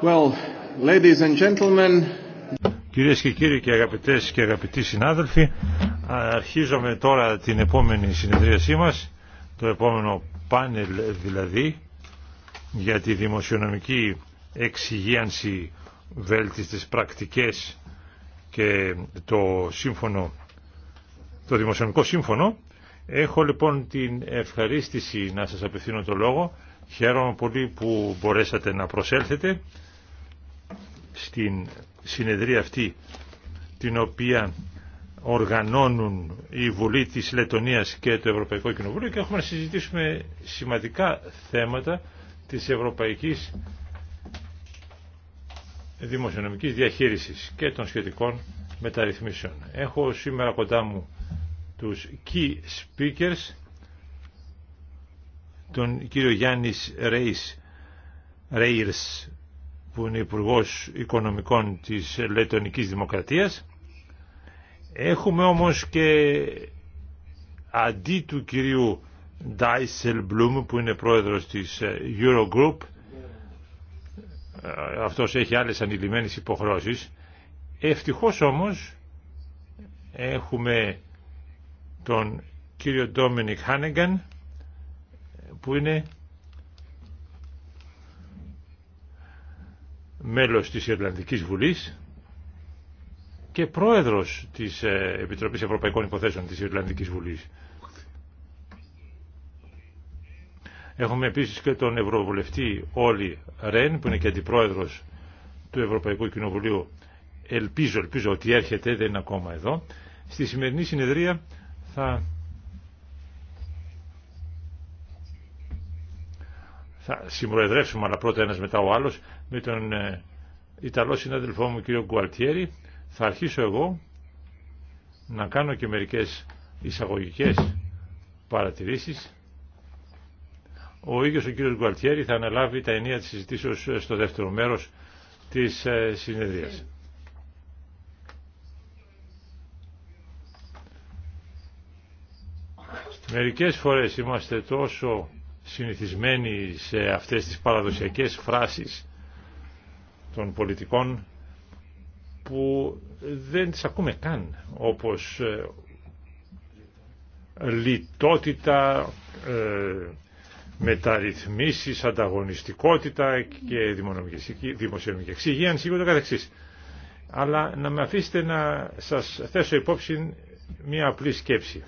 Κυρίε Κυρίες και κύριοι και αγαπητές και αγαπητοί συνάδελφοι, αρχίζουμε τώρα την επόμενη συνεδρίασή μας, το επόμενο πάνελ δηλαδή, για τη δημοσιονομική εξυγίανση βέλτιστες πρακτικές και το σύμφωνο, το δημοσιονομικό σύμφωνο. Έχω λοιπόν την ευχαρίστηση να σας απευθύνω το λόγο. Χαίρομαι πολύ που μπορέσατε να προσέλθετε στην συνεδρία αυτή την οποία οργανώνουν η Βουλή της Λετωνίας και το Ευρωπαϊκό Κοινοβούλιο και έχουμε να συζητήσουμε σημαντικά θέματα της ευρωπαϊκής δημοσιονομικής διαχείρισης και των σχετικών μεταρρυθμίσεων. Έχω σήμερα κοντά μου τους key speakers, τον κύριο Γιάννης Ρέις, Ρέιρς που είναι υπουργό Οικονομικών της Λετωνικής Δημοκρατίας. Έχουμε όμως και αντί του κυρίου Ντάισελ Μπλουμ, που είναι πρόεδρος της ε, Eurogroup ε, αυτός έχει άλλες ανηλυμένες υποχρώσεις ευτυχώς όμως έχουμε τον κύριο Ντόμινικ Χάνεγκαν που είναι μέλος της Ιρλανδικής Βουλής και πρόεδρος της ε, Επιτροπής Ευρωπαϊκών Υποθέσεων της Ιρλανδικής Βουλής. Έχουμε επίσης και τον Ευρωβουλευτή Όλη Ρεν, που είναι και αντιπρόεδρος του Ευρωπαϊκού Κοινοβουλίου. Ελπίζω, ελπίζω ότι έρχεται, δεν είναι ακόμα εδώ. Στη σημερινή συνεδρία θα θα συμπροεδρεύσουμε αλλά πρώτα ένας μετά ο άλλος με τον ε, Ιταλό συνάδελφό μου κύριο Γκουαλτιέρη θα αρχίσω εγώ να κάνω και μερικές εισαγωγικές παρατηρήσεις ο ίδιος ο κύριος Γκουαλτιέρη θα αναλάβει τα ενία της συζητήσεως στο δεύτερο μέρος της ε, συνεδρίας. Μερικές φορές είμαστε τόσο συνηθισμένοι σε αυτές τις παραδοσιακές φράσεις των πολιτικών που δεν τις ακούμε καν όπως ε, λιτότητα, ε, μεταρρυθμίσεις, ανταγωνιστικότητα και δημοσιονομική εξυγίανση και ούτω καθεξής. Αλλά να με αφήσετε να σας θέσω υπόψη μια απλή σκέψη.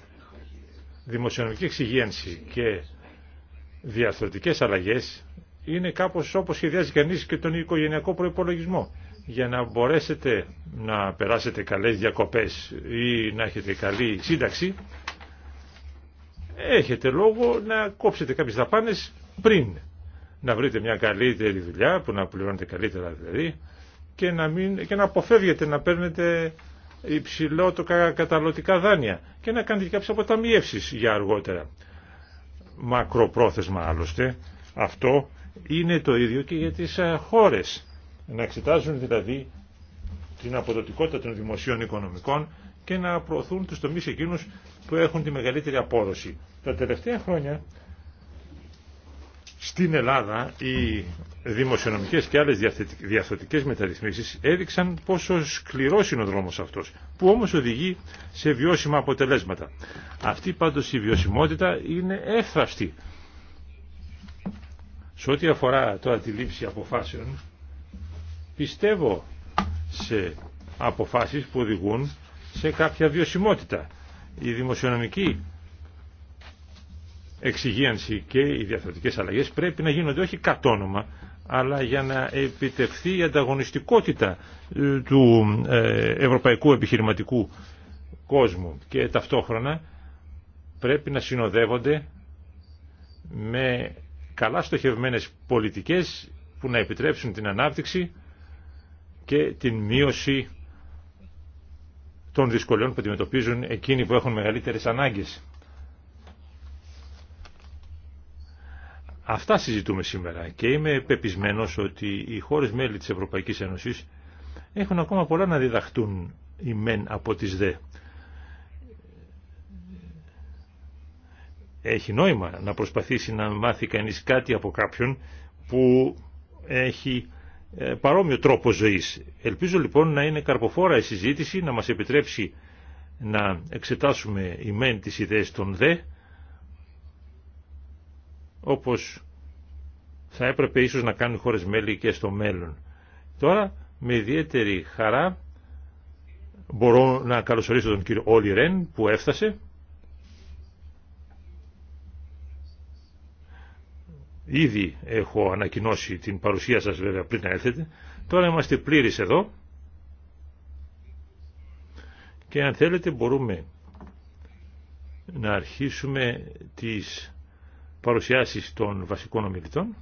Δημοσιονομική εξυγίανση και διαρθρωτικές αλλαγές είναι κάπως όπως σχεδιάζει κανείς και τον οικογενειακό προϋπολογισμό. Για να μπορέσετε να περάσετε καλές διακοπές ή να έχετε καλή σύνταξη, έχετε λόγο να κόψετε κάποιες δαπάνες πριν. Να βρείτε μια καλύτερη δουλειά που να πληρώνετε καλύτερα δηλαδή και να, μην, και να αποφεύγετε να παίρνετε το καταλωτικά δάνεια και να κάνετε κάποιες αποταμιεύσεις για αργότερα μακροπρόθεσμα άλλωστε. Αυτό είναι το ίδιο και για τις ε, χώρες. Να εξετάζουν δηλαδή την αποδοτικότητα των δημοσίων οικονομικών και να προωθούν τους τομείς εκείνους που έχουν τη μεγαλύτερη απόδοση. Τα τελευταία χρόνια στην Ελλάδα οι δημοσιονομικές και άλλες διαθωτικές μεταρρυθμίσεις έδειξαν πόσο σκληρός είναι ο δρόμος αυτός, που όμως οδηγεί σε βιώσιμα αποτελέσματα. Αυτή πάντως η βιωσιμότητα είναι εύθραυστη. Σε ό,τι αφορά το αντιλήψη αποφάσεων, πιστεύω σε αποφάσεις που οδηγούν σε κάποια βιωσιμότητα. Η δημοσιονομική εξυγίανση και οι διαθροτικές αλλαγές πρέπει να γίνονται όχι κατόνομα αλλά για να επιτευχθεί η ανταγωνιστικότητα ε, του ε, ευρωπαϊκού επιχειρηματικού κόσμου και ταυτόχρονα πρέπει να συνοδεύονται με καλά στοχευμένες πολιτικές που να επιτρέψουν την ανάπτυξη και την μείωση των δυσκολιών που αντιμετωπίζουν εκείνοι που έχουν μεγαλύτερες ανάγκες. Αυτά συζητούμε σήμερα και είμαι πεπισμένο ότι οι χώρες μέλη της Ευρωπαϊκής Ένωσης έχουν ακόμα πολλά να διδαχτούν οι μεν από τις δε. Έχει νόημα να προσπαθήσει να μάθει κανείς κάτι από κάποιον που έχει ε, παρόμοιο τρόπο ζωής. Ελπίζω λοιπόν να είναι καρποφόρα η συζήτηση, να μας επιτρέψει να εξετάσουμε οι μεν τις ιδέες των δε όπως θα έπρεπε ίσως να κάνουν χώρες μέλη και στο μέλλον. Τώρα με ιδιαίτερη χαρά μπορώ να καλωσορίσω τον κύριο Όλι Ρεν που έφτασε. Ήδη έχω ανακοινώσει την παρουσία σας βέβαια πριν να έρθετε. Τώρα είμαστε πλήρεις εδώ και αν θέλετε μπορούμε να αρχίσουμε τις παρουσιάσεις των βασικών ομιλητών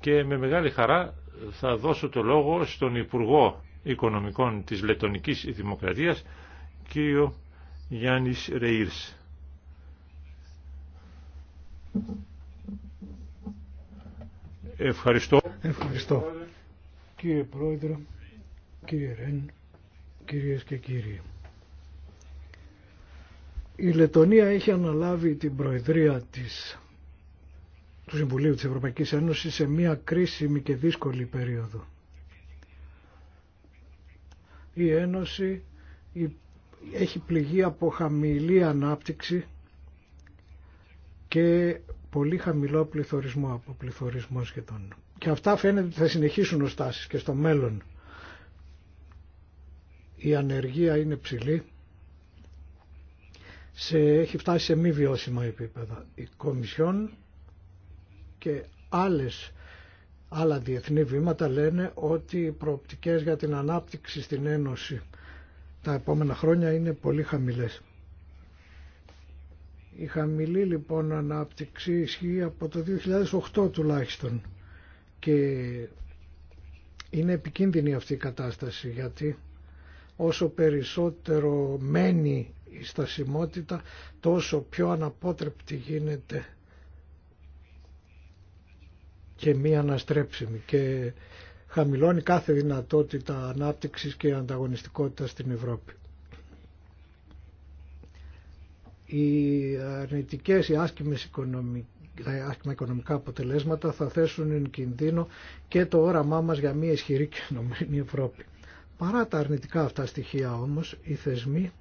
και με μεγάλη χαρά θα δώσω το λόγο στον Υπουργό Οικονομικών της Λετωνικής Δημοκρατίας, κύριο Γιάννης Ρεΐρς. Ευχαριστώ. Ευχαριστώ. Κύριε Πρόεδρε, κύριε Ρεν, κυρίες και κύριοι. Η Λετωνία έχει αναλάβει την προεδρία της, του Συμβουλίου της Ευρωπαϊκής Ένωσης σε μια κρίσιμη και δύσκολη περίοδο. Η Ένωση έχει πληγεί από χαμηλή ανάπτυξη και πολύ χαμηλό πληθωρισμό από πληθωρισμό σχεδόν. Και αυτά φαίνεται ότι θα συνεχίσουν ως τάσεις και στο μέλλον. Η ανεργία είναι ψηλή σε, έχει φτάσει σε μη βιώσιμα επίπεδα. Η Κομισιόν και άλλες, άλλα διεθνή βήματα λένε ότι οι προοπτικές για την ανάπτυξη στην Ένωση τα επόμενα χρόνια είναι πολύ χαμηλές. Η χαμηλή λοιπόν ανάπτυξη ισχύει από το 2008 τουλάχιστον και είναι επικίνδυνη αυτή η κατάσταση γιατί όσο περισσότερο μένει η στασιμότητα τόσο πιο αναπότρεπτη γίνεται και μη αναστρέψιμη και χαμηλώνει κάθε δυνατότητα ανάπτυξης και ανταγωνιστικότητα στην Ευρώπη. Οι αρνητικές, οι άσκημες οικονομικά αποτελέσματα θα θέσουν εν κινδύνο και το όραμά μας για μια ισχυρή και ενωμένη Ευρώπη. Παρά τα αρνητικά αυτά στοιχεία όμως, οι θεσμοί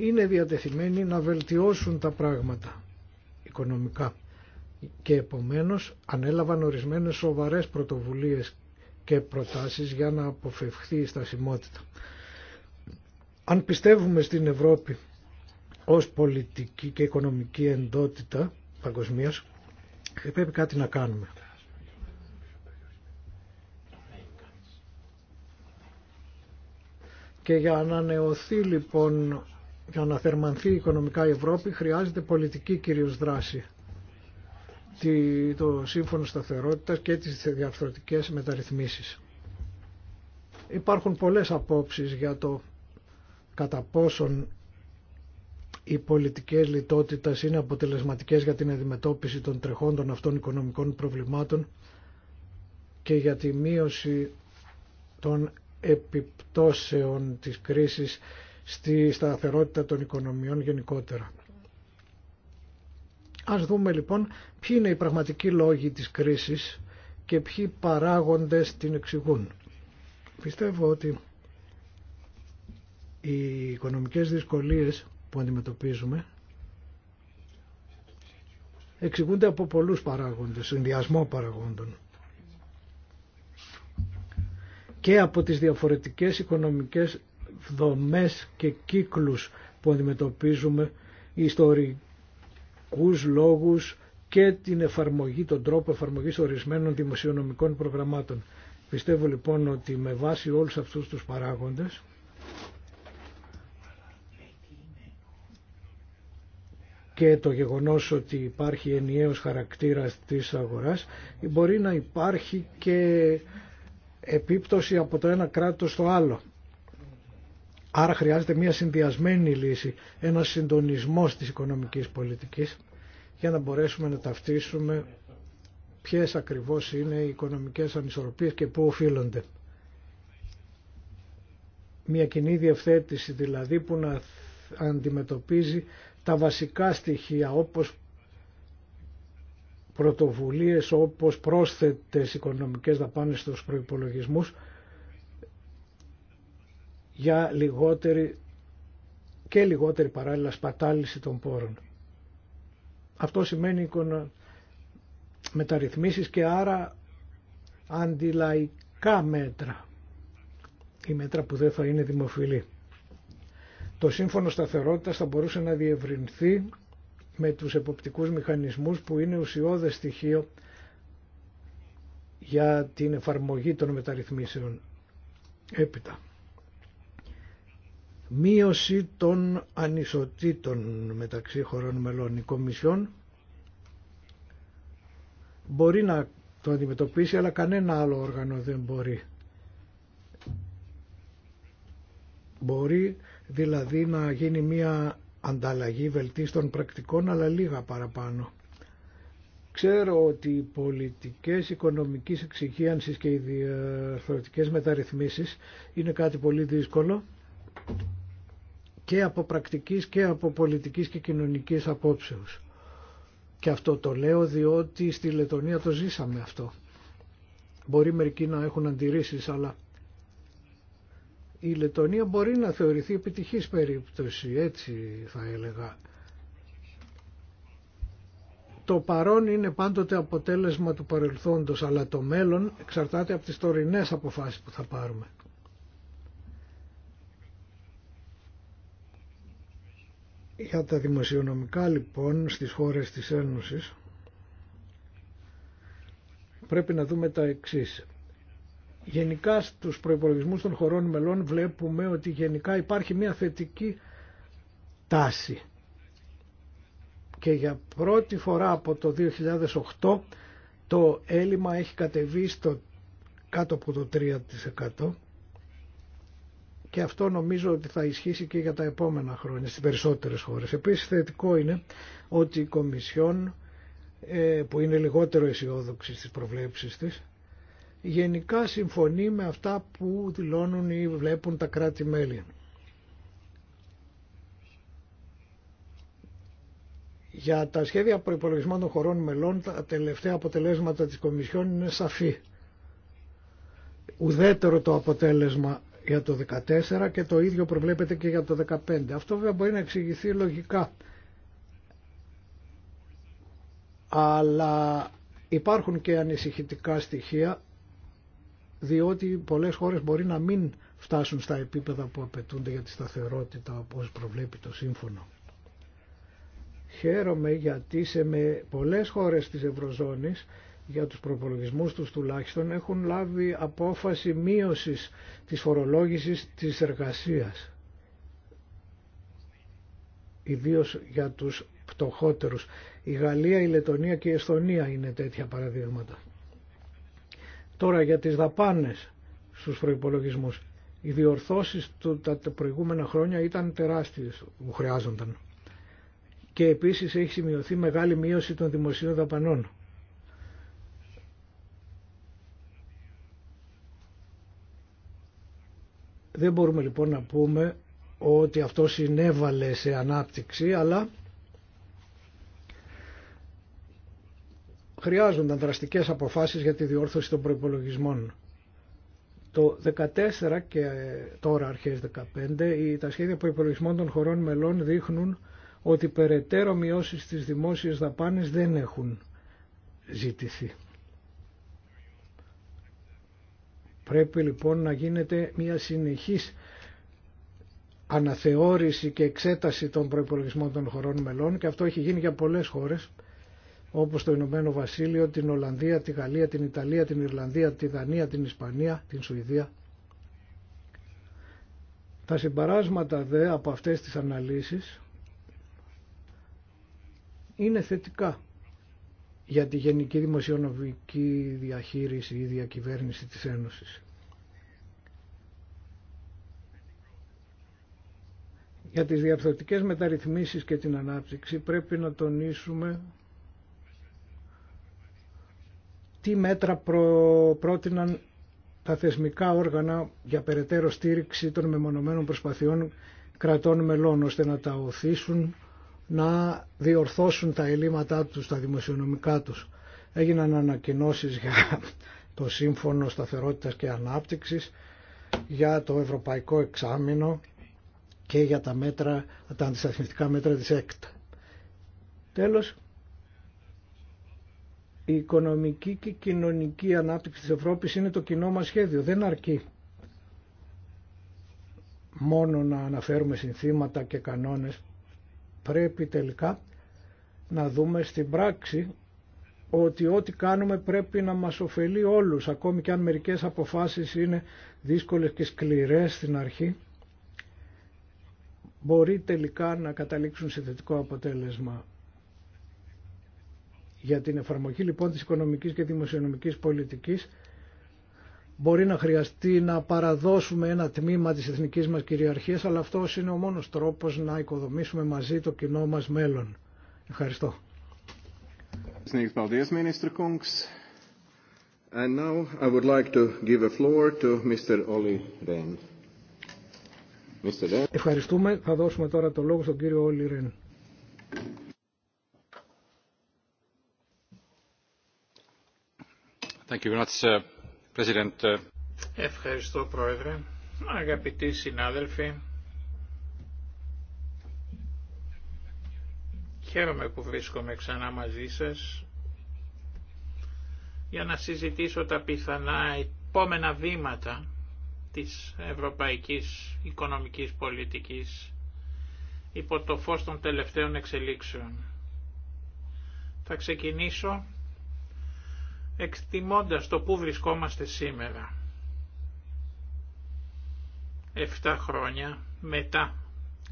είναι διατεθειμένοι να βελτιώσουν τα πράγματα οικονομικά και επομένως ανέλαβαν ορισμένες σοβαρές πρωτοβουλίες και προτάσεις για να αποφευχθεί η στασιμότητα. Αν πιστεύουμε στην Ευρώπη ως πολιτική και οικονομική εντότητα παγκοσμίας, πρέπει κάτι να κάνουμε. Και για να ανανεωθεί λοιπόν για να θερμανθεί οικονομικά η Ευρώπη χρειάζεται πολιτική κυρίως δράση. Το σύμφωνο σταθερότητας και τις διαφορετικές μεταρρυθμίσεις. Υπάρχουν πολλές απόψεις για το κατά πόσον οι πολιτικές λιτότητας είναι αποτελεσματικές για την αντιμετώπιση των τρεχόντων αυτών οικονομικών προβλημάτων και για τη μείωση των επιπτώσεων της κρίσης στη σταθερότητα των οικονομιών γενικότερα. Ας δούμε λοιπόν ποιοι είναι οι πραγματικοί λόγοι της κρίσης και ποιοι παράγοντες την εξηγούν. Πιστεύω ότι οι οικονομικές δυσκολίες που αντιμετωπίζουμε εξηγούνται από πολλούς παράγοντες, συνδυασμό παραγόντων και από τις διαφορετικές οικονομικές δομές και κύκλους που αντιμετωπίζουμε, ιστορικούς λόγους και την εφαρμογή, τον τρόπο εφαρμογής ορισμένων δημοσιονομικών προγραμμάτων. Πιστεύω λοιπόν ότι με βάση όλους αυτούς τους παράγοντες και το γεγονός ότι υπάρχει ενιαίος χαρακτήρας της αγοράς μπορεί να υπάρχει και επίπτωση από το ένα κράτος στο άλλο. Άρα χρειάζεται μια συνδυασμένη λύση, ένας συντονισμός της οικονομικής πολιτικής για να μπορέσουμε να ταυτίσουμε ποιες ακριβώς είναι οι οικονομικές ανισορροπίες και πού οφείλονται. Μια κοινή διευθέτηση δηλαδή που να αντιμετωπίζει τα βασικά στοιχεία όπως πρωτοβουλίες όπως πρόσθετες οικονομικές δαπάνες στους προϋπολογισμούς για λιγότερη και λιγότερη παράλληλα σπατάληση των πόρων. Αυτό σημαίνει μεταρρυθμίσεις και άρα αντιλαϊκά μέτρα ή μέτρα που δεν θα είναι δημοφιλή. Το σύμφωνο σταθερότητας θα μπορούσε να διευρυνθεί με τους εποπτικούς μηχανισμούς που είναι ουσιώδες στοιχείο για την εφαρμογή των μεταρρυθμίσεων έπειτα μείωση των ανισοτήτων μεταξύ χωρών μελών. Η Κομισιόν μπορεί να το αντιμετωπίσει αλλά κανένα άλλο όργανο δεν μπορεί. Μπορεί δηλαδή να γίνει μία ανταλλαγή βελτίστων πρακτικών αλλά λίγα παραπάνω. Ξέρω ότι οι πολιτικές οικονομικές εξυγίανσης και οι διαρθρωτικές μεταρρυθμίσεις είναι κάτι πολύ δύσκολο και από πρακτικής και από πολιτικής και κοινωνικής απόψεως. Και αυτό το λέω διότι στη Λετωνία το ζήσαμε αυτό. Μπορεί μερικοί να έχουν αντιρρήσεις, αλλά η Λετωνία μπορεί να θεωρηθεί επιτυχής περίπτωση, έτσι θα έλεγα. Το παρόν είναι πάντοτε αποτέλεσμα του παρελθόντος, αλλά το μέλλον εξαρτάται από τις τωρινές αποφάσεις που θα πάρουμε. Για τα δημοσιονομικά λοιπόν στις χώρες της Ένωσης πρέπει να δούμε τα εξής. Γενικά στους προϋπολογισμούς των χωρών μελών βλέπουμε ότι γενικά υπάρχει μια θετική τάση. Και για πρώτη φορά από το 2008 το έλλειμμα έχει κατεβεί στο κάτω από το 3% και αυτό νομίζω ότι θα ισχύσει και για τα επόμενα χρόνια στις περισσότερες χώρες. Επίσης θετικό είναι ότι η Κομισιόν ε, που είναι λιγότερο αισιόδοξη στις προβλέψεις της γενικά συμφωνεί με αυτά που δηλώνουν ή βλέπουν τα κράτη-μέλη. Για τα σχέδια προϋπολογισμού των χωρών μελών τα τελευταία αποτελέσματα της Κομισιόν είναι σαφή. Ουδέτερο το αποτέλεσμα για το 14 και το ίδιο προβλέπεται και για το 15. Αυτό βέβαια μπορεί να εξηγηθεί λογικά. Αλλά υπάρχουν και ανησυχητικά στοιχεία διότι πολλές χώρες μπορεί να μην φτάσουν στα επίπεδα που απαιτούνται για τη σταθερότητα όπως προβλέπει το σύμφωνο. Χαίρομαι γιατί σε με πολλές χώρες της Ευρωζώνης για τους προπολογισμούς τους τουλάχιστον έχουν λάβει απόφαση μείωσης της φορολόγησης της εργασίας ιδίως για τους πτωχότερους. Η Γαλλία, η Λετωνία και η Εσθονία είναι τέτοια παραδείγματα. Τώρα για τις δαπάνες στους προϋπολογισμούς. Οι διορθώσεις του τα προηγούμενα χρόνια ήταν τεράστιες που χρειάζονταν. Και επίσης έχει σημειωθεί μεγάλη μείωση των δημοσίων δαπανών. Δεν μπορούμε λοιπόν να πούμε ότι αυτό συνέβαλε σε ανάπτυξη, αλλά χρειάζονταν δραστικές αποφάσεις για τη διόρθωση των προϋπολογισμών. Το 14 και τώρα αρχές 15 τα σχέδια προϋπολογισμών των χωρών μελών δείχνουν ότι περαιτέρω μειώσεις στις δημόσιες δαπάνες δεν έχουν ζητηθεί. Πρέπει λοιπόν να γίνεται μια συνεχής αναθεώρηση και εξέταση των προϋπολογισμών των χωρών μελών και αυτό έχει γίνει για πολλές χώρες όπως το Ηνωμένο Βασίλειο, την Ολλανδία, τη Γαλλία, την Ιταλία, την Ιρλανδία, τη Δανία, την Ισπανία, την Σουηδία. Τα συμπαράσματα δε από αυτές τις αναλύσεις είναι θετικά για τη γενική δημοσιονομική διαχείριση ή διακυβέρνηση της Ένωσης. Για τις διαρθρωτικές μεταρρυθμίσεις και την ανάπτυξη πρέπει να τονίσουμε τι μέτρα προ... πρότειναν τα θεσμικά όργανα για περαιτέρω στήριξη των μεμονωμένων προσπαθειών κρατών μελών ώστε να τα οθήσουν να διορθώσουν τα ελλείμματά τους, τα δημοσιονομικά τους. Έγιναν ανακοινώσεις για το Σύμφωνο Σταθερότητας και Ανάπτυξης, για το Ευρωπαϊκό Εξάμεινο και για τα, μέτρα, τα αντισταθμιστικά μέτρα της ΕΚΤ. Τέλος, η οικονομική και κοινωνική ανάπτυξη της Ευρώπης είναι το κοινό μας σχέδιο. Δεν αρκεί μόνο να αναφέρουμε συνθήματα και κανόνες πρέπει τελικά να δούμε στην πράξη ότι ό,τι κάνουμε πρέπει να μας ωφελεί όλους, ακόμη και αν μερικές αποφάσεις είναι δύσκολες και σκληρές στην αρχή, μπορεί τελικά να καταλήξουν σε θετικό αποτέλεσμα. Για την εφαρμογή λοιπόν της οικονομικής και δημοσιονομικής πολιτικής Μπορεί να χρειαστεί να παραδώσουμε ένα τμήμα της εθνικής μας κυριαρχίας, αλλά αυτός είναι ο μόνος τρόπος να οικοδομήσουμε μαζί το κοινό μας μέλλον. Ευχαριστώ. And now I would like to give a floor to Mr. Mr. Ευχαριστούμε. Θα δώσουμε τώρα το λόγο στον κύριο Όλι Ρεν. Ευχαριστώ Πρόεδρε. Αγαπητοί συνάδελφοι, χαίρομαι που βρίσκομαι ξανά μαζί σας για να συζητήσω τα πιθανά επόμενα βήματα της ευρωπαϊκής οικονομικής πολιτικής υπό το φως των τελευταίων εξελίξεων. Θα ξεκινήσω εκτιμώντας το που βρισκόμαστε σήμερα. Εφτά χρόνια μετά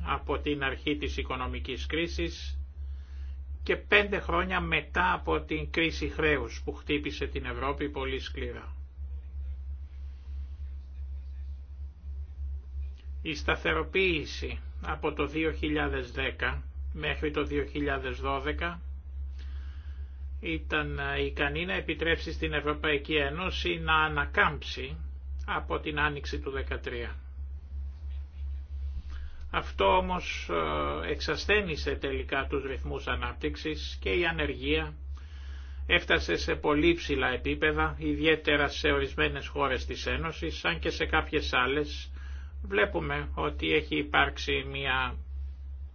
από την αρχή της οικονομικής κρίσης και πέντε χρόνια μετά από την κρίση χρέους που χτύπησε την Ευρώπη πολύ σκληρά. Η σταθεροποίηση από το 2010 μέχρι το 2012 ήταν ε, ικανή να επιτρέψει στην Ευρωπαϊκή Ένωση να ανακάμψει από την άνοιξη του 2013. Αυτό όμως ε, εξασθένισε τελικά τους ρυθμούς ανάπτυξης και η ανεργία έφτασε σε πολύ ψηλά επίπεδα, ιδιαίτερα σε ορισμένες χώρες της Ένωσης, σαν και σε κάποιες άλλες, βλέπουμε ότι έχει υπάρξει μια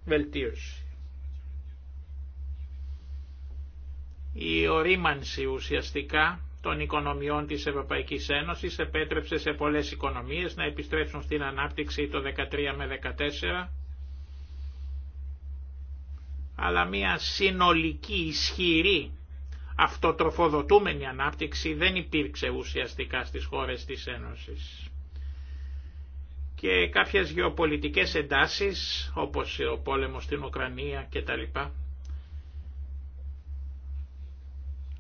βελτίωση. Η ορίμανση ουσιαστικά των οικονομιών της Ευρωπαϊκής Ένωσης επέτρεψε σε πολλές οικονομίες να επιστρέψουν στην ανάπτυξη το 13 με 2014 αλλά μια συνολική ισχυρή αυτοτροφοδοτούμενη ανάπτυξη δεν υπήρξε ουσιαστικά στις χώρες της Ένωσης. Και κάποιες γεωπολιτικές εντάσεις όπως ο πόλεμος στην Ουκρανία κτλ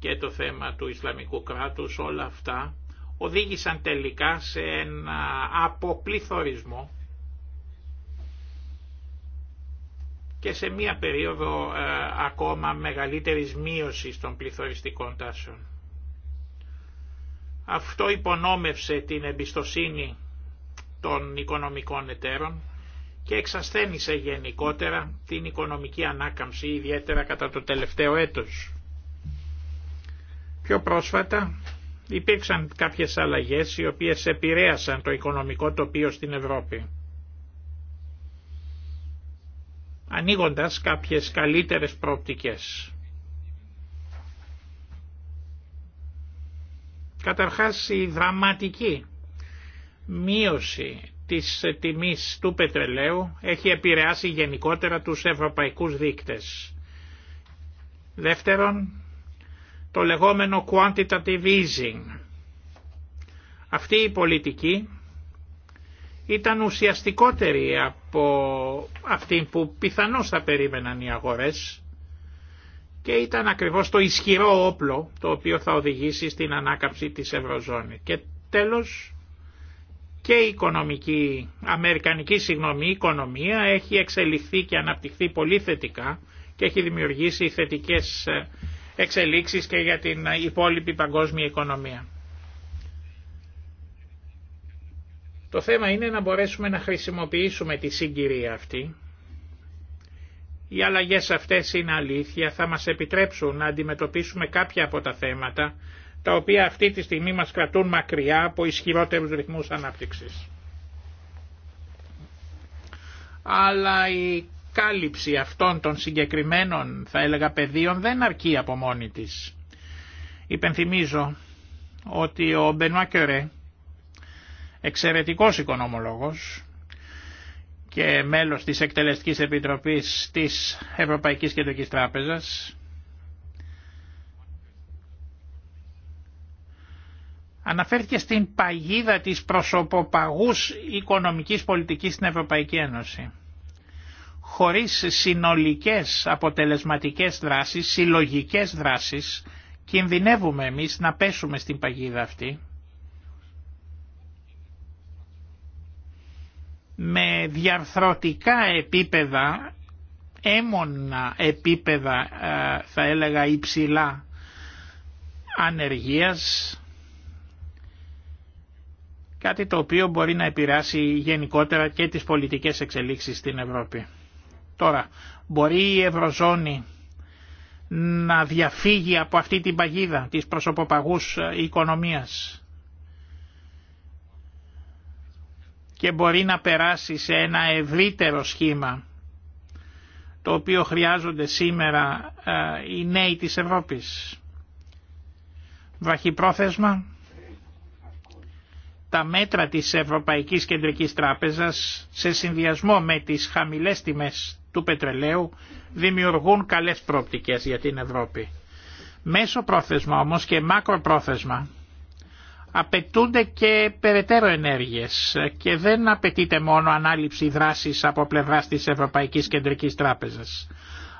και το θέμα του Ισλαμικού κράτους, όλα αυτά οδήγησαν τελικά σε ένα αποπληθωρισμό και σε μία περίοδο ε, ακόμα μεγαλύτερης μείωσης των πληθωριστικών τάσεων. Αυτό υπονόμευσε την εμπιστοσύνη των οικονομικών εταίρων και εξασθένησε γενικότερα την οικονομική ανάκαμψη, ιδιαίτερα κατά το τελευταίο έτος. Πιο πρόσφατα υπήρξαν κάποιες αλλαγές οι οποίες επηρέασαν το οικονομικό τοπίο στην Ευρώπη. ανοίγοντας κάποιες καλύτερες προοπτικές. Καταρχάς η δραματική μείωση της τιμής του πετρελαίου έχει επηρεάσει γενικότερα τους ευρωπαϊκούς δείκτες. Δεύτερον, το λεγόμενο quantitative easing. Αυτή η πολιτική ήταν ουσιαστικότερη από αυτή που πιθανώς θα περίμεναν οι αγορές και ήταν ακριβώς το ισχυρό όπλο το οποίο θα οδηγήσει στην ανάκαψη της Ευρωζώνης. Και τέλος και η οικονομική, αμερικανική συγγνώμη, οικονομία έχει εξελιχθεί και αναπτυχθεί πολύ θετικά και έχει δημιουργήσει θετικές ε, εξελίξεις και για την υπόλοιπη παγκόσμια οικονομία. Το θέμα είναι να μπορέσουμε να χρησιμοποιήσουμε τη συγκυρία αυτή. Οι αλλαγές αυτές είναι αλήθεια, θα μας επιτρέψουν να αντιμετωπίσουμε κάποια από τα θέματα τα οποία αυτή τη στιγμή μας κρατούν μακριά από ισχυρότερους ρυθμούς ανάπτυξης. Αλλά η κάλυψη αυτών των συγκεκριμένων θα έλεγα πεδίων δεν αρκεί από μόνη της. Υπενθυμίζω ότι ο Μπενουά Κερέ, εξαιρετικός οικονομολόγος και μέλος της Εκτελεστικής Επιτροπής της Ευρωπαϊκής Κεντρικής Τράπεζας, αναφέρθηκε στην παγίδα της προσωποπαγούς οικονομικής πολιτικής στην Ευρωπαϊκή Ένωση χωρίς συνολικές αποτελεσματικές δράσεις, συλλογικές δράσεις, κινδυνεύουμε εμείς να πέσουμε στην παγίδα αυτή. Με διαρθρωτικά επίπεδα, έμονα επίπεδα ε, θα έλεγα υψηλά ανεργίας, κάτι το οποίο μπορεί να επηρεάσει γενικότερα και τις πολιτικές εξελίξεις στην Ευρώπη. Τώρα, μπορεί η Ευρωζώνη να διαφύγει από αυτή την παγίδα της προσωποπαγούς ε, οικονομίας και μπορεί να περάσει σε ένα ευρύτερο σχήμα το οποίο χρειάζονται σήμερα ε, οι νέοι της Ευρώπης. Βραχυπρόθεσμα, τα μέτρα της Ευρωπαϊκής Κεντρικής Τράπεζας σε συνδυασμό με τις χαμηλές τιμές του πετρελαίου δημιουργούν καλές πρόπτικες για την Ευρώπη. Μέσο πρόθεσμα όμως και μάκρο πρόθεσμα απαιτούνται και περαιτέρω ενέργειες και δεν απαιτείται μόνο ανάληψη δράσης από πλευράς της Ευρωπαϊκής Κεντρικής Τράπεζας.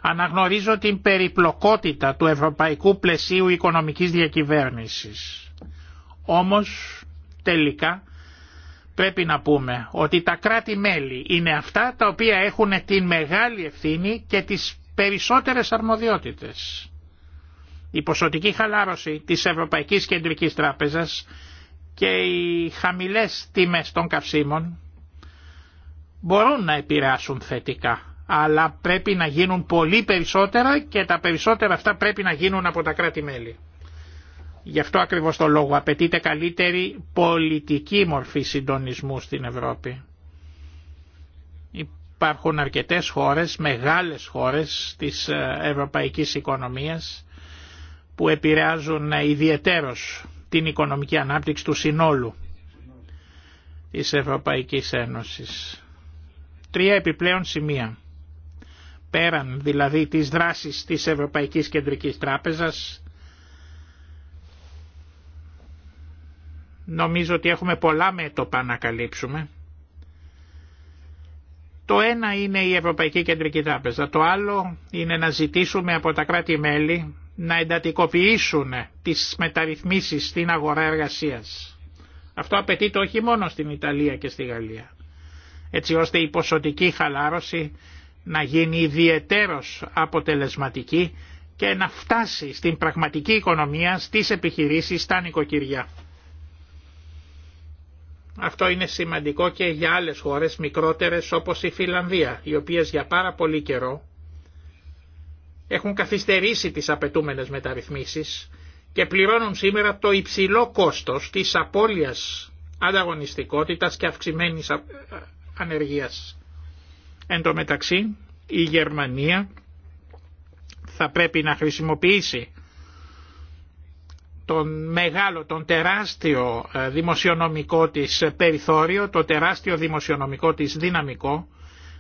Αναγνωρίζω την περιπλοκότητα του ευρωπαϊκού πλαισίου οικονομικής διακυβέρνησης. Όμως τελικά πρέπει να πούμε ότι τα κράτη-μέλη είναι αυτά τα οποία έχουν την μεγάλη ευθύνη και τις περισσότερες αρμοδιότητες. Η ποσοτική χαλάρωση της Ευρωπαϊκής Κεντρικής Τράπεζας και οι χαμηλές τιμές των καυσίμων μπορούν να επηρεάσουν θετικά, αλλά πρέπει να γίνουν πολύ περισσότερα και τα περισσότερα αυτά πρέπει να γίνουν από τα κράτη-μέλη. Γι' αυτό ακριβώς το λόγο απαιτείται καλύτερη πολιτική μορφή συντονισμού στην Ευρώπη. Υπάρχουν αρκετές χώρες, μεγάλες χώρες της ε, ευρωπαϊκής οικονομίας που επηρεάζουν ε, ιδιαιτέρως την οικονομική ανάπτυξη του συνόλου της Ευρωπαϊκής Ένωσης. Τρία επιπλέον σημεία. Πέραν δηλαδή της δράσης της Ευρωπαϊκής Κεντρικής Τράπεζας, Νομίζω ότι έχουμε πολλά μέτωπα να καλύψουμε. Το ένα είναι η Ευρωπαϊκή Κεντρική Τράπεζα. Το άλλο είναι να ζητήσουμε από τα κράτη-μέλη να εντατικοποιήσουν τις μεταρρυθμίσεις στην αγορά εργασίας. Αυτό απαιτείται όχι μόνο στην Ιταλία και στη Γαλλία. Έτσι ώστε η ποσοτική χαλάρωση να γίνει ιδιαιτέρως αποτελεσματική και να φτάσει στην πραγματική οικονομία, στις επιχειρήσεις, στα νοικοκυριά. Αυτό είναι σημαντικό και για άλλες χώρες μικρότερες όπως η Φιλανδία, οι οποίες για πάρα πολύ καιρό έχουν καθυστερήσει τις απαιτούμενες μεταρρυθμίσεις και πληρώνουν σήμερα το υψηλό κόστος της απώλειας ανταγωνιστικότητας και αυξημένης ανεργίας. Εν τω μεταξύ η Γερμανία θα πρέπει να χρησιμοποιήσει τον μεγάλο, τον τεράστιο ε, δημοσιονομικό της περιθώριο, το τεράστιο δημοσιονομικό της δυναμικό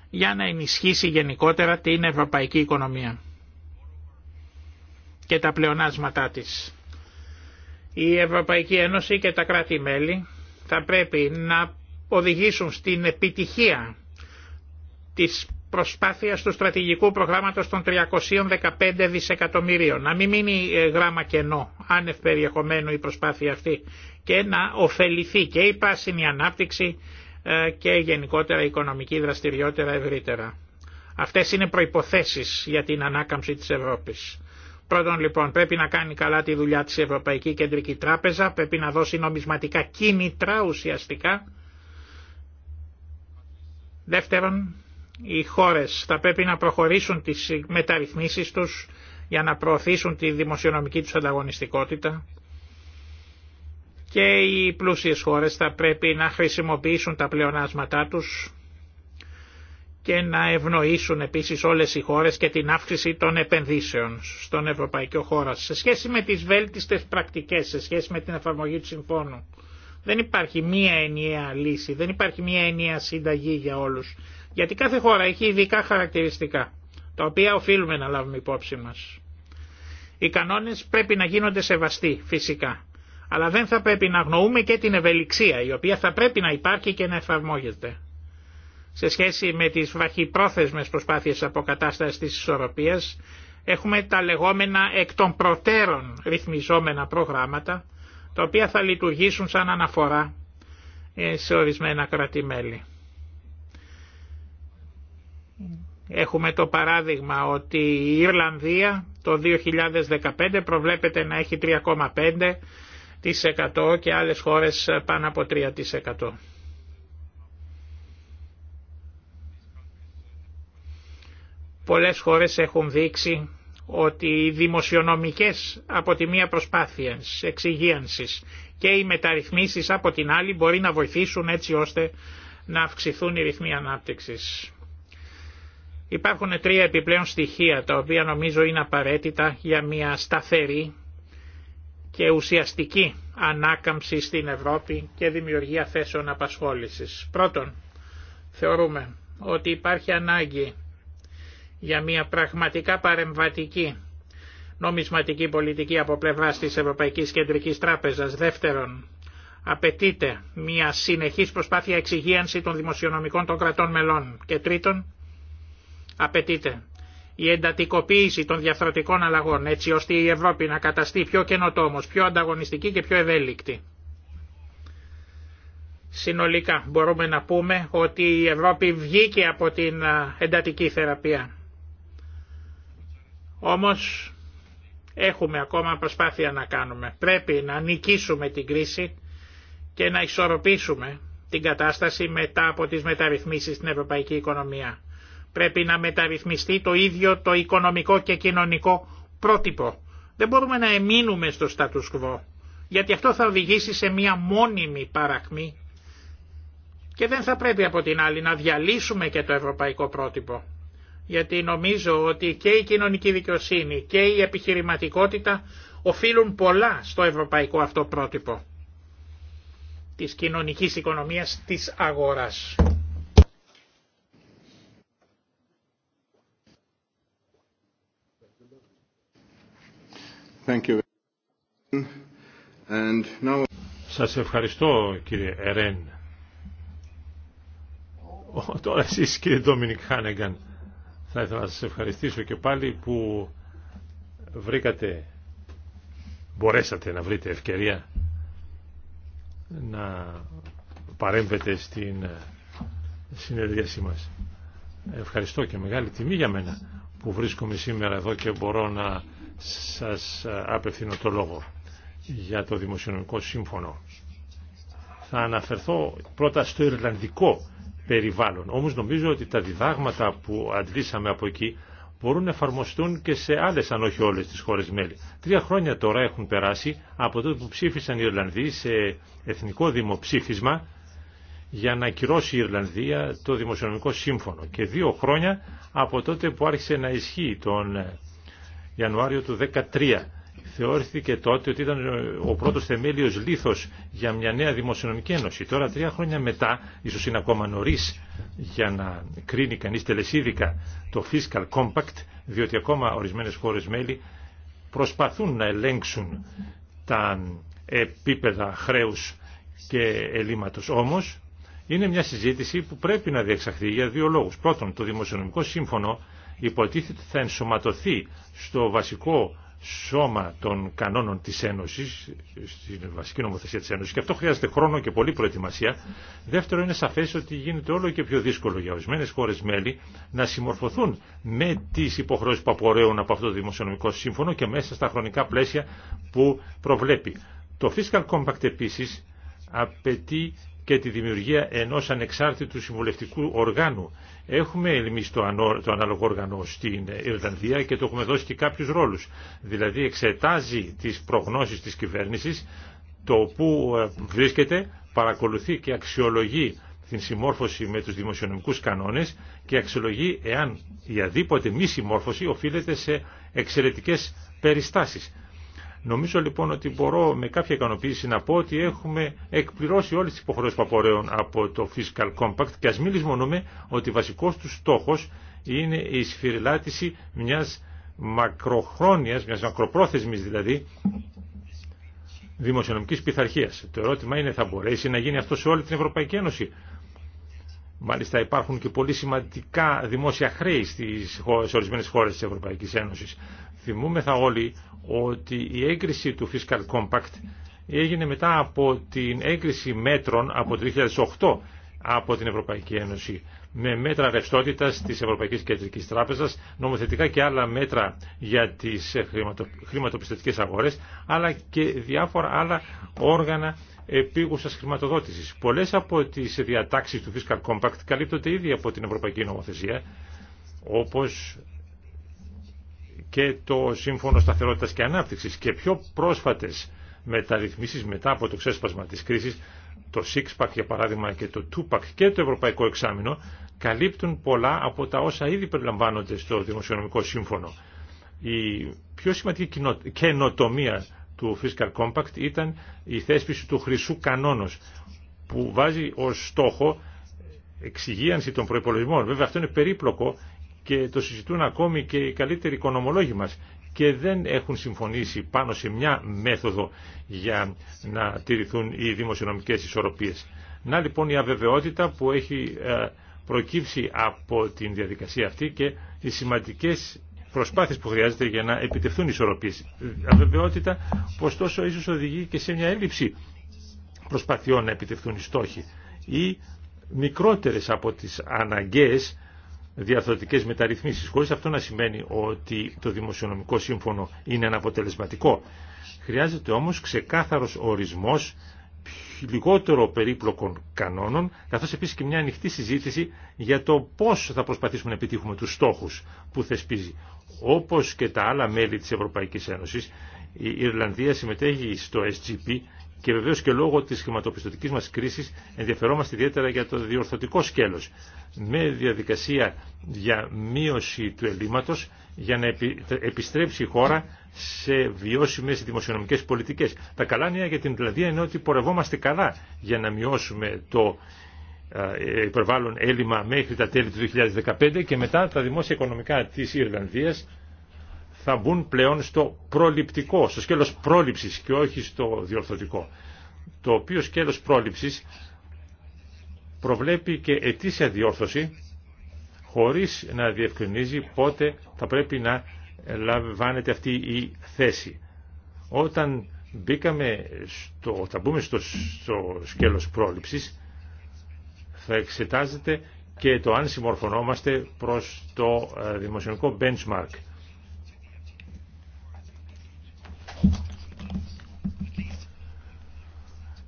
για να ενισχύσει γενικότερα την ευρωπαϊκή οικονομία και τα πλεονάσματά της. Η Ευρωπαϊκή Ένωση και τα κράτη-μέλη θα πρέπει να οδηγήσουν στην επιτυχία της προσπάθεια του στρατηγικού προγράμματος των 315 δισεκατομμυρίων. Να μην μείνει ε, γράμμα κενό, άνευ περιεχομένου η προσπάθεια αυτή και να ωφεληθεί και η πράσινη ανάπτυξη ε, και γενικότερα η οικονομική δραστηριότητα ευρύτερα. Αυτές είναι προϋποθέσεις για την ανάκαμψη της Ευρώπης. Πρώτον λοιπόν πρέπει να κάνει καλά τη δουλειά της Ευρωπαϊκή Κεντρική Τράπεζα, πρέπει να δώσει νομισματικά κίνητρα ουσιαστικά. Δεύτερον, οι χώρες θα πρέπει να προχωρήσουν τις μεταρρυθμίσεις τους για να προωθήσουν τη δημοσιονομική τους ανταγωνιστικότητα και οι πλούσιες χώρες θα πρέπει να χρησιμοποιήσουν τα πλεονάσματά τους και να ευνοήσουν επίσης όλες οι χώρες και την αύξηση των επενδύσεων στον ευρωπαϊκό χώρο. Σε σχέση με τις βέλτιστες πρακτικές, σε σχέση με την εφαρμογή του συμφώνου, δεν υπάρχει μία ενιαία λύση, δεν υπάρχει μία ενιαία συνταγή για όλους. Γιατί κάθε χώρα έχει ειδικά χαρακτηριστικά, τα οποία οφείλουμε να λάβουμε υπόψη μας. Οι κανόνες πρέπει να γίνονται σεβαστοί φυσικά, αλλά δεν θα πρέπει να αγνοούμε και την ευελιξία, η οποία θα πρέπει να υπάρχει και να εφαρμόγεται. Σε σχέση με τις βαχυπρόθεσμες προσπάθειες αποκατάστασης της ισορροπίας, έχουμε τα λεγόμενα εκ των προτέρων ρυθμιζόμενα προγράμματα, τα οποία θα λειτουργήσουν σαν αναφορά ε, σε ορισμένα Έχουμε το παράδειγμα ότι η Ιρλανδία το 2015 προβλέπεται να έχει 3,5% και άλλες χώρες πάνω από 3%. Πολλές χώρες έχουν δείξει ότι οι δημοσιονομικές από τη μία προσπάθειες εξυγίανσης και οι μεταρρυθμίσεις από την άλλη μπορεί να βοηθήσουν έτσι ώστε να αυξηθούν οι ρυθμοί ανάπτυξης. Υπάρχουν τρία επιπλέον στοιχεία τα οποία νομίζω είναι απαραίτητα για μια σταθερή και ουσιαστική ανάκαμψη στην Ευρώπη και δημιουργία θέσεων απασχόλησης. Πρώτον, θεωρούμε ότι υπάρχει ανάγκη για μια πραγματικά παρεμβατική νομισματική πολιτική από πλευρά τη Ευρωπαϊκή Κεντρική Τράπεζα Δεύτερον, απαιτείται μια συνεχής προσπάθεια εξυγίανση των δημοσιονομικών των κρατών μελών. Και τρίτον, Απαιτείται η εντατικοποίηση των διαφθορτικών αλλαγών έτσι ώστε η Ευρώπη να καταστεί πιο καινοτόμος, πιο ανταγωνιστική και πιο ευέλικτη. Συνολικά μπορούμε να πούμε ότι η Ευρώπη βγήκε από την εντατική θεραπεία. Όμως έχουμε ακόμα προσπάθεια να κάνουμε. Πρέπει να νικήσουμε την κρίση και να ισορροπήσουμε την κατάσταση μετά από τις μεταρρυθμίσεις στην ευρωπαϊκή οικονομία. Πρέπει να μεταρρυθμιστεί το ίδιο το οικονομικό και κοινωνικό πρότυπο. Δεν μπορούμε να εμείνουμε στο status quo, γιατί αυτό θα οδηγήσει σε μία μόνιμη παρακμή και δεν θα πρέπει από την άλλη να διαλύσουμε και το ευρωπαϊκό πρότυπο. Γιατί νομίζω ότι και η κοινωνική δικαιοσύνη και η επιχειρηματικότητα οφείλουν πολλά στο ευρωπαϊκό αυτό πρότυπο της κοινωνικής οικονομίας της αγοράς. Σας ευχαριστώ κύριε Ερέν. Τώρα εσείς κύριε Ντόμινικ Χάνεγκαν θα ήθελα να σας ευχαριστήσω και πάλι που βρήκατε, μπορέσατε να βρείτε ευκαιρία να παρέμβετε στην συνεδρίασή μας. Ευχαριστώ και μεγάλη τιμή για μένα που βρίσκομαι σήμερα εδώ και μπορώ να σας απευθύνω το λόγο για το Δημοσιονομικό Σύμφωνο. Θα αναφερθώ πρώτα στο Ιρλανδικό περιβάλλον. Όμως νομίζω ότι τα διδάγματα που αντλήσαμε από εκεί μπορούν να εφαρμοστούν και σε άλλες αν όχι όλες τις χώρες μέλη. Τρία χρόνια τώρα έχουν περάσει από τότε που ψήφισαν οι Ιρλανδοί σε εθνικό δημοψήφισμα για να ακυρώσει η Ιρλανδία το δημοσιονομικό σύμφωνο και δύο χρόνια από τότε που άρχισε να ισχύει τον Ιανουάριο του 2013. Θεώρηθηκε τότε ότι ήταν ο πρώτος θεμέλιος λήθος για μια νέα δημοσιονομική ένωση. Τώρα τρία χρόνια μετά, ίσως είναι ακόμα νωρί για να κρίνει κανείς τελεσίδικα το Fiscal Compact, διότι ακόμα ορισμένες χώρες μέλη προσπαθούν να ελέγξουν τα επίπεδα χρέους και ελλείμματος. Όμως, είναι μια συζήτηση που πρέπει να διεξαχθεί για δύο λόγους. Πρώτον, το Δημοσιονομικό Σύμφωνο υποτίθεται θα ενσωματωθεί στο βασικό σώμα των κανόνων της Ένωσης, στην βασική νομοθεσία της Ένωσης και αυτό χρειάζεται χρόνο και πολλή προετοιμασία. Δεύτερο είναι σαφές ότι γίνεται όλο και πιο δύσκολο για ορισμένες χώρες μέλη να συμμορφωθούν με τις υποχρεώσεις που απορρέουν από αυτό το δημοσιονομικό σύμφωνο και μέσα στα χρονικά πλαίσια που προβλέπει. Το Fiscal Compact επίσης απαιτεί και τη δημιουργία ενός ανεξάρτητου συμβουλευτικού οργάνου. Έχουμε εμεί το, ανάλογο όργανο στην Ιρλανδία και το έχουμε δώσει και κάποιους ρόλους. Δηλαδή εξετάζει τις προγνώσεις της κυβέρνησης, το που ε, βρίσκεται, παρακολουθεί και αξιολογεί την συμμόρφωση με τους δημοσιονομικούς κανόνες και αξιολογεί εάν η αδίποτε μη συμμόρφωση οφείλεται σε εξαιρετικές περιστάσεις. Νομίζω λοιπόν ότι μπορώ με κάποια ικανοποίηση να πω ότι έχουμε εκπληρώσει όλες τις υποχρεώσεις που από το Fiscal Compact και ας μην λησμονούμε ότι βασικός του στόχος είναι η σφυριλάτηση μιας μακροχρόνιας, μιας μακροπρόθεσμης δηλαδή, δημοσιονομικής πειθαρχίας. Το ερώτημα είναι θα μπορέσει να γίνει αυτό σε όλη την Ευρωπαϊκή Ένωση. Μάλιστα υπάρχουν και πολύ σημαντικά δημόσια χρέη στις, σε ορισμένες χώρες της Ευρωπαϊκής Ένωσης. Θυμούμεθα όλοι ότι η έγκριση του Fiscal Compact έγινε μετά από την έγκριση μέτρων από το 2008 από την Ευρωπαϊκή Ένωση με μέτρα ρευστότητα της Ευρωπαϊκής Κεντρικής Τράπεζας, νομοθετικά και άλλα μέτρα για τις χρηματοπιστωτικές αγορές, αλλά και διάφορα άλλα όργανα επίγουσας χρηματοδότησης. Πολλές από τις διατάξεις του Fiscal Compact καλύπτονται ήδη από την Ευρωπαϊκή Νομοθεσία, όπως και το Σύμφωνο Σταθερότητας και Ανάπτυξης και πιο πρόσφατες μεταρρυθμίσεις μετά από το ξέσπασμα της κρίσης, το ΣΥΚΣΠΑΚ για παράδειγμα και το ΤΟΥΠΑΚ και το Ευρωπαϊκό Εξάμεινο καλύπτουν πολλά από τα όσα ήδη περιλαμβάνονται στο Δημοσιονομικό Σύμφωνο. Η πιο σημαντική καινοτομία του Fiscal Compact ήταν η θέσπιση του χρυσού κανόνος που βάζει ως στόχο εξυγίανση των προϋπολογισμών. Βέβαια αυτό είναι περίπλοκο και το συζητούν ακόμη και οι καλύτεροι οικονομολόγοι μας και δεν έχουν συμφωνήσει πάνω σε μια μέθοδο για να τηρηθούν οι δημοσιονομικές ισορροπίες. Να λοιπόν η αβεβαιότητα που έχει ε, προκύψει από την διαδικασία αυτή και οι σημαντικές προσπάθειες που χρειάζεται για να επιτευθούν οι ισορροπίες. Αβεβαιότητα που ωστόσο ίσως οδηγεί και σε μια έλλειψη προσπαθειών να επιτευθούν οι στόχοι ή μικρότερες από τις αναγκαίες διαρθρωτικέ μεταρρυθμίσεις, χωρίς αυτό να σημαίνει ότι το δημοσιονομικό σύμφωνο είναι αναποτελεσματικό. Χρειάζεται όμω ξεκάθαρο ορισμός λιγότερο περίπλοκων κανόνων, καθώς επίσης και μια ανοιχτή συζήτηση για το πώς θα προσπαθήσουμε να επιτύχουμε τους στόχους που θεσπίζει. Όπως και τα άλλα μέλη τη Ευρωπαϊκή Ένωση, η Ιρλανδία συμμετέχει στο SGP και βεβαίως και λόγω της χρηματοπιστωτικής μας κρίσης ενδιαφερόμαστε ιδιαίτερα για το διορθωτικό σκέλος με διαδικασία για μείωση του ελλείμματος για να επιστρέψει η χώρα σε βιώσιμες δημοσιονομικές πολιτικές. Τα καλά νέα για την Ιρλανδία είναι ότι πορευόμαστε καλά για να μειώσουμε το ε, υπερβάλλον έλλειμμα μέχρι τα τέλη του 2015 και μετά τα δημόσια οικονομικά της Ιρλανδίας θα μπουν πλέον στο προληπτικό, στο σκέλος πρόληψης και όχι στο διορθωτικό. Το οποίο σκέλος πρόληψης προβλέπει και ετήσια διόρθωση χωρίς να διευκρινίζει πότε θα πρέπει να λαμβάνεται αυτή η θέση. Όταν μπήκαμε στο, θα μπούμε στο, στο σκέλος πρόληψης θα εξετάζεται και το αν συμμορφωνόμαστε προς το ε, δημοσιονομικό benchmark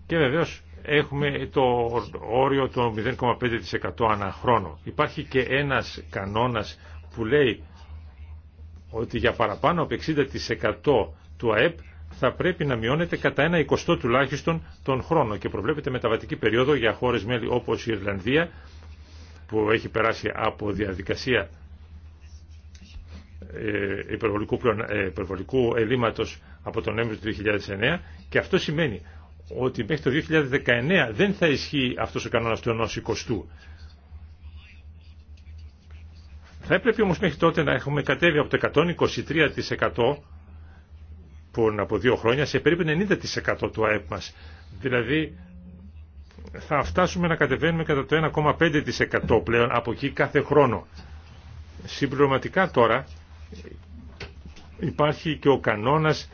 Και βεβαίως έχουμε το όριο των 0,5% ανά χρόνο. Υπάρχει και ένας κανόνας που λέει ότι για παραπάνω από 60% του ΑΕΠ θα πρέπει να μειώνεται κατά ένα εικοστό τουλάχιστον τον χρόνο και προβλέπεται μεταβατική περίοδο για χώρες μέλη όπως η Ιρλανδία που έχει περάσει από διαδικασία ε, ε, υπερβολικού, ελλείμματος από τον Νέμβριο του 2009 και αυτό σημαίνει ότι μέχρι το 2019 δεν θα ισχύει αυτός ο κανόνας του ενός εικοστού. Θα έπρεπε όμως μέχρι τότε να έχουμε κατέβει από το 123% που από δύο χρόνια σε περίπου 90% του ΑΕΠ μας. Δηλαδή θα φτάσουμε να κατεβαίνουμε κατά το 1,5% πλέον από εκεί κάθε χρόνο. Συμπληρωματικά τώρα υπάρχει και ο κανόνας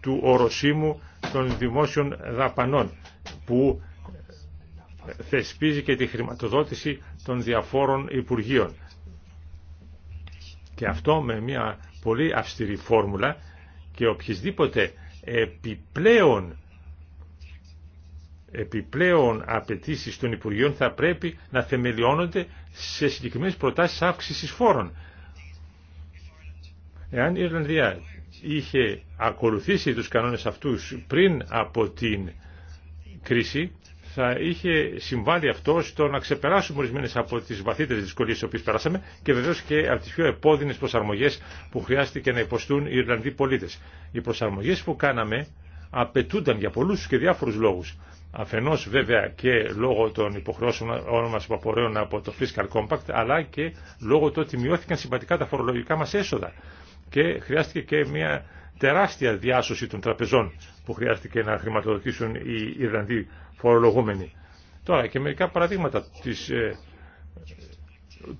του οροσίμου των δημόσιων δαπανών που θεσπίζει και τη χρηματοδότηση των διαφόρων Υπουργείων. Και αυτό με μια πολύ αυστηρή φόρμουλα και οποιασδήποτε επιπλέον επιπλέον απαιτήσει των Υπουργείων θα πρέπει να θεμελιώνονται σε συγκεκριμένες προτάσεις αύξησης φόρων. Εάν η Ιρλανδία είχε ακολουθήσει τους κανόνες αυτούς πριν από την κρίση, θα είχε συμβάλει αυτό στο να ξεπεράσουμε ορισμένε από τι βαθύτερε δυσκολίε τι οποίε περάσαμε και βεβαίω και από τι πιο επώδυνε προσαρμογέ που χρειάστηκε να υποστούν οι Ιρλανδοί πολίτε. Οι προσαρμογέ που κάναμε απαιτούνταν για πολλού και διάφορου λόγου. Αφενό βέβαια και λόγω των υποχρεώσεων μα που απορρέουν από το Fiscal Compact, αλλά και λόγω του ότι μειώθηκαν συμπατικά τα φορολογικά μα έσοδα και χρειάστηκε και μια τεράστια διάσωση των τραπεζών που χρειάστηκε να χρηματοδοτήσουν οι Ιρλανδοί φορολογούμενοι. Τώρα και μερικά παραδείγματα της, ε,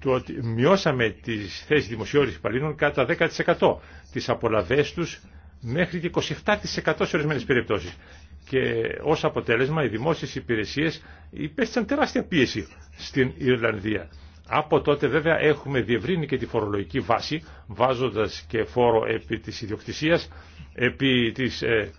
του ότι μειώσαμε τις θέσεις δημοσιόρης υπαλλήλων κατά 10% τις απολαβές τους μέχρι και 27% σε ορισμένες περιπτώσεις. Και ως αποτέλεσμα οι δημόσιες υπηρεσίες υπέστησαν τεράστια πίεση στην Ιρλανδία. Από τότε βέβαια έχουμε διευρύνει και τη φορολογική βάση βάζοντας και φόρο επί της ιδιοκτησίας, επί της ε,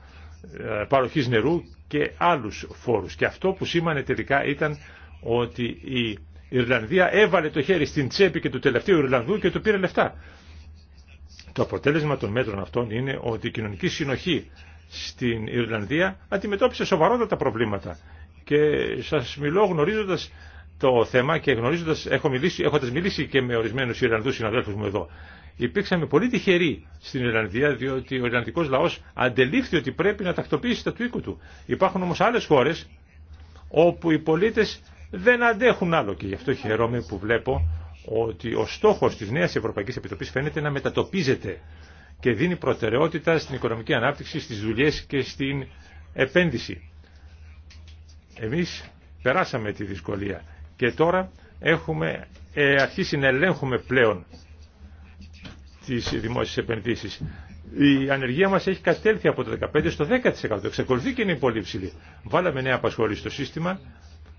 ε, παροχής νερού και άλλους φόρους. Και αυτό που σήμανε τελικά ήταν ότι η Ιρλανδία έβαλε το χέρι στην τσέπη και του τελευταίου Ιρλανδού και του πήρε λεφτά. Το αποτέλεσμα των μέτρων αυτών είναι ότι η κοινωνική συνοχή στην Ιρλανδία αντιμετώπισε σοβαρότατα προβλήματα. Και σας μιλώ γνωρίζοντας το θέμα και γνωρίζοντα, έχω μιλήσει, μιλήσει και με ορισμένου Ιρλανδού συναδέλφου μου εδώ, υπήρξαμε πολύ τυχεροί στην Ιρλανδία διότι ο Ιρλανδικό λαό αντελήφθη ότι πρέπει να τακτοποιήσει τα του οίκου του. Υπάρχουν όμω άλλε χώρε όπου οι πολίτε δεν αντέχουν άλλο και γι' αυτό χαιρόμαι που βλέπω ότι ο στόχο τη νέα ευρωπαϊκή Επιτροπή φαίνεται να μετατοπίζεται και δίνει προτεραιότητα στην οικονομική ανάπτυξη, στι δουλειέ και στην επένδυση. Εμεί περάσαμε τη δυσκολία και τώρα έχουμε ε, αρχίσει να ελέγχουμε πλέον τις δημόσιες επενδύσεις. Η ανεργία μας έχει κατέλθει από το 15% στο 10%. Εξακολουθεί και είναι πολύ ψηλή. Βάλαμε νέα απασχόληση στο σύστημα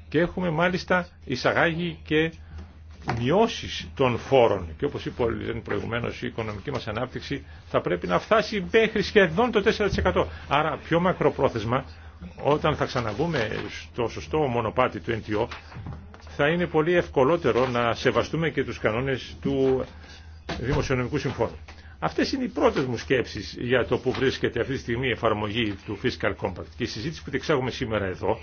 και έχουμε μάλιστα εισαγάγει και μειώσει των φόρων. Και όπως είπε προηγουμένως η οικονομική μας ανάπτυξη θα πρέπει να φτάσει μέχρι σχεδόν το 4%. Άρα πιο μακροπρόθεσμα όταν θα ξαναβούμε στο σωστό μονοπάτι του NTO θα είναι πολύ ευκολότερο να σεβαστούμε και τους κανόνες του Δημοσιονομικού Συμφώνου. Αυτές είναι οι πρώτες μου σκέψεις για το που βρίσκεται αυτή τη στιγμή η εφαρμογή του Fiscal Compact. Και η συζήτηση που διεξάγουμε σήμερα εδώ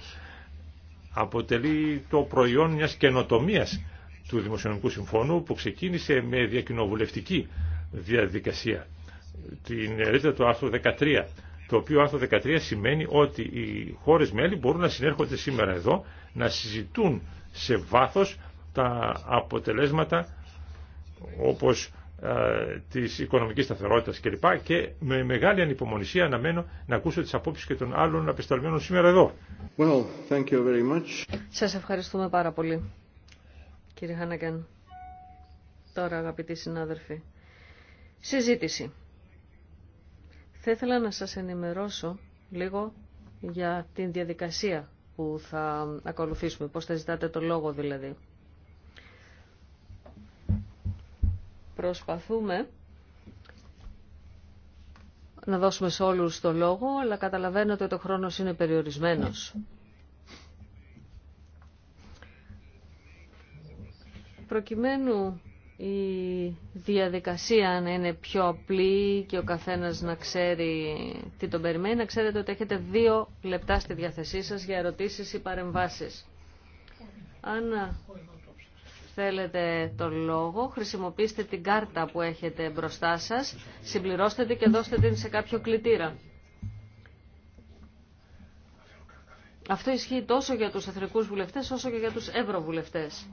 αποτελεί το προϊόν μιας καινοτομίας του Δημοσιονομικού Συμφώνου που ξεκίνησε με διακοινοβουλευτική διαδικασία. Την ρίτα του άρθρου 13, το οποίο άρθρο 13 σημαίνει ότι οι χώρες μέλη μπορούν να συνέρχονται σήμερα εδώ, να συζητούν σε βάθος τα αποτελέσματα όπως ε, της οικονομικής σταθερότητας κλπ. Και με μεγάλη ανυπομονησία αναμένω να ακούσω τις απόψεις και των άλλων απεσταλμένων σήμερα εδώ. Well, thank you very much. Σας ευχαριστούμε πάρα πολύ, κύριε Χάνακεν. Τώρα, αγαπητοί συνάδελφοι, συζήτηση. Θα ήθελα να σας ενημερώσω λίγο για την διαδικασία που θα ακολουθήσουμε, πώς θα ζητάτε το λόγο δηλαδή. Προσπαθούμε να δώσουμε σε όλους το λόγο, αλλά καταλαβαίνετε ότι ο χρόνος είναι περιορισμένος. Προκειμένου η διαδικασία να είναι πιο απλή και ο καθένας να ξέρει τι τον περιμένει. Να ξέρετε ότι έχετε δύο λεπτά στη διάθεσή σας για ερωτήσεις ή παρεμβάσεις. Αν θέλετε το λόγο, χρησιμοποιήστε την κάρτα που έχετε μπροστά σας, συμπληρώστε την και δώστε την σε κάποιο κλητήρα. Αυτό ισχύει τόσο για τους εθνικούς βουλευτές όσο και για τους ευρωβουλευτές.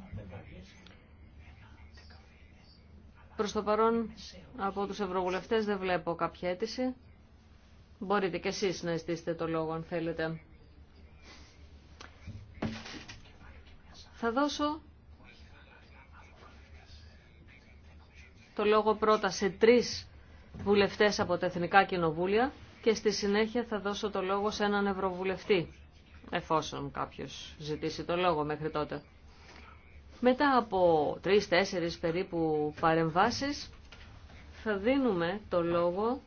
Προς το παρόν από τους ευρωβουλευτές δεν βλέπω κάποια αίτηση. Μπορείτε και εσείς να αισθήσετε το λόγο αν θέλετε. Θα δώσω το λόγο πρώτα σε τρεις βουλευτές από τα Εθνικά Κοινοβούλια και στη συνέχεια θα δώσω το λόγο σε έναν Ευρωβουλευτή, εφόσον κάποιος ζητήσει το λόγο μέχρι τότε. Μετά από τρεις-τέσσερις περίπου παρεμβάσεις θα δίνουμε το λόγο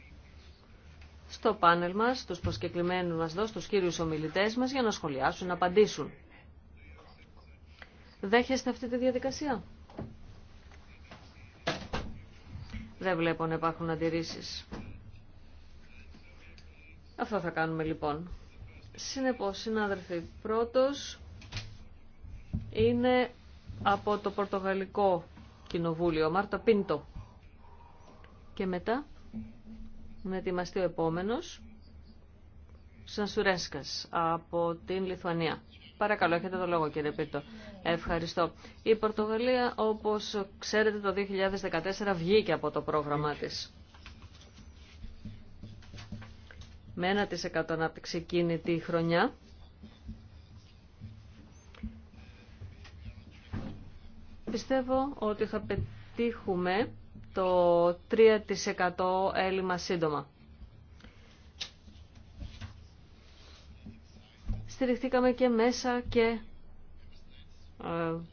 στο πάνελ μας, στους προσκεκλημένους μας εδώ, στους κύριους ομιλητές μας για να σχολιάσουν, να απαντήσουν. Δέχεστε αυτή τη διαδικασία. Δεν βλέπω να υπάρχουν αντιρρήσεις. Αυτό θα κάνουμε λοιπόν. Συνεπώς, συνάδελφοι, πρώτος είναι από το Πορτογαλικό Κοινοβούλιο, Μάρτα Πίντο. Και μετά, να ετοιμαστεί ο επόμενος, Σανσουρέσκας από την Λιθουανία. Παρακαλώ, έχετε το λόγο κύριε Πίντο. Ευχαριστώ. Η Πορτογαλία, όπως ξέρετε, το 2014 βγήκε από το πρόγραμμά της. Με 1% ανάπτυξη εκείνη τη χρονιά Πιστεύω ότι θα πετύχουμε το 3% έλλειμμα σύντομα. Στηριχτήκαμε και μέσα και ε,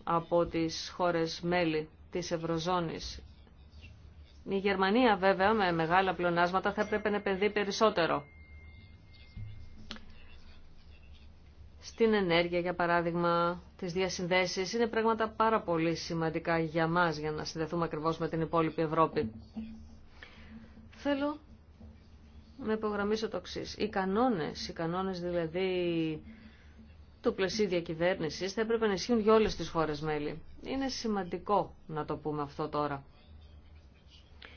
από τις χώρες μέλη της Ευρωζώνης. Η Γερμανία βέβαια με μεγάλα πλονάσματα θα έπρεπε να επενδύει περισσότερο. στην ενέργεια, για παράδειγμα, τις διασυνδέσεις. Είναι πράγματα πάρα πολύ σημαντικά για μας, για να συνδεθούμε ακριβώς με την υπόλοιπη Ευρώπη. Θέλω να υπογραμμίσω το εξή. Οι κανόνες, οι κανόνες δηλαδή του πλαισίου διακυβέρνηση θα έπρεπε να ισχύουν για όλες τις χώρες μέλη. Είναι σημαντικό να το πούμε αυτό τώρα.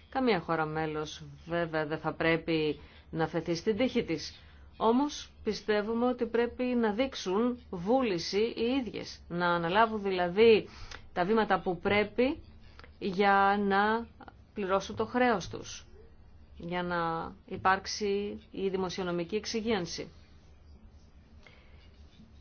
Καμία χώρα μέλος βέβαια δεν θα πρέπει να φεθεί στην τύχη της όμως πιστεύουμε ότι πρέπει να δείξουν βούληση οι ίδιες, να αναλάβουν δηλαδή τα βήματα που πρέπει για να πληρώσουν το χρέος τους, για να υπάρξει η δημοσιονομική εξυγίανση.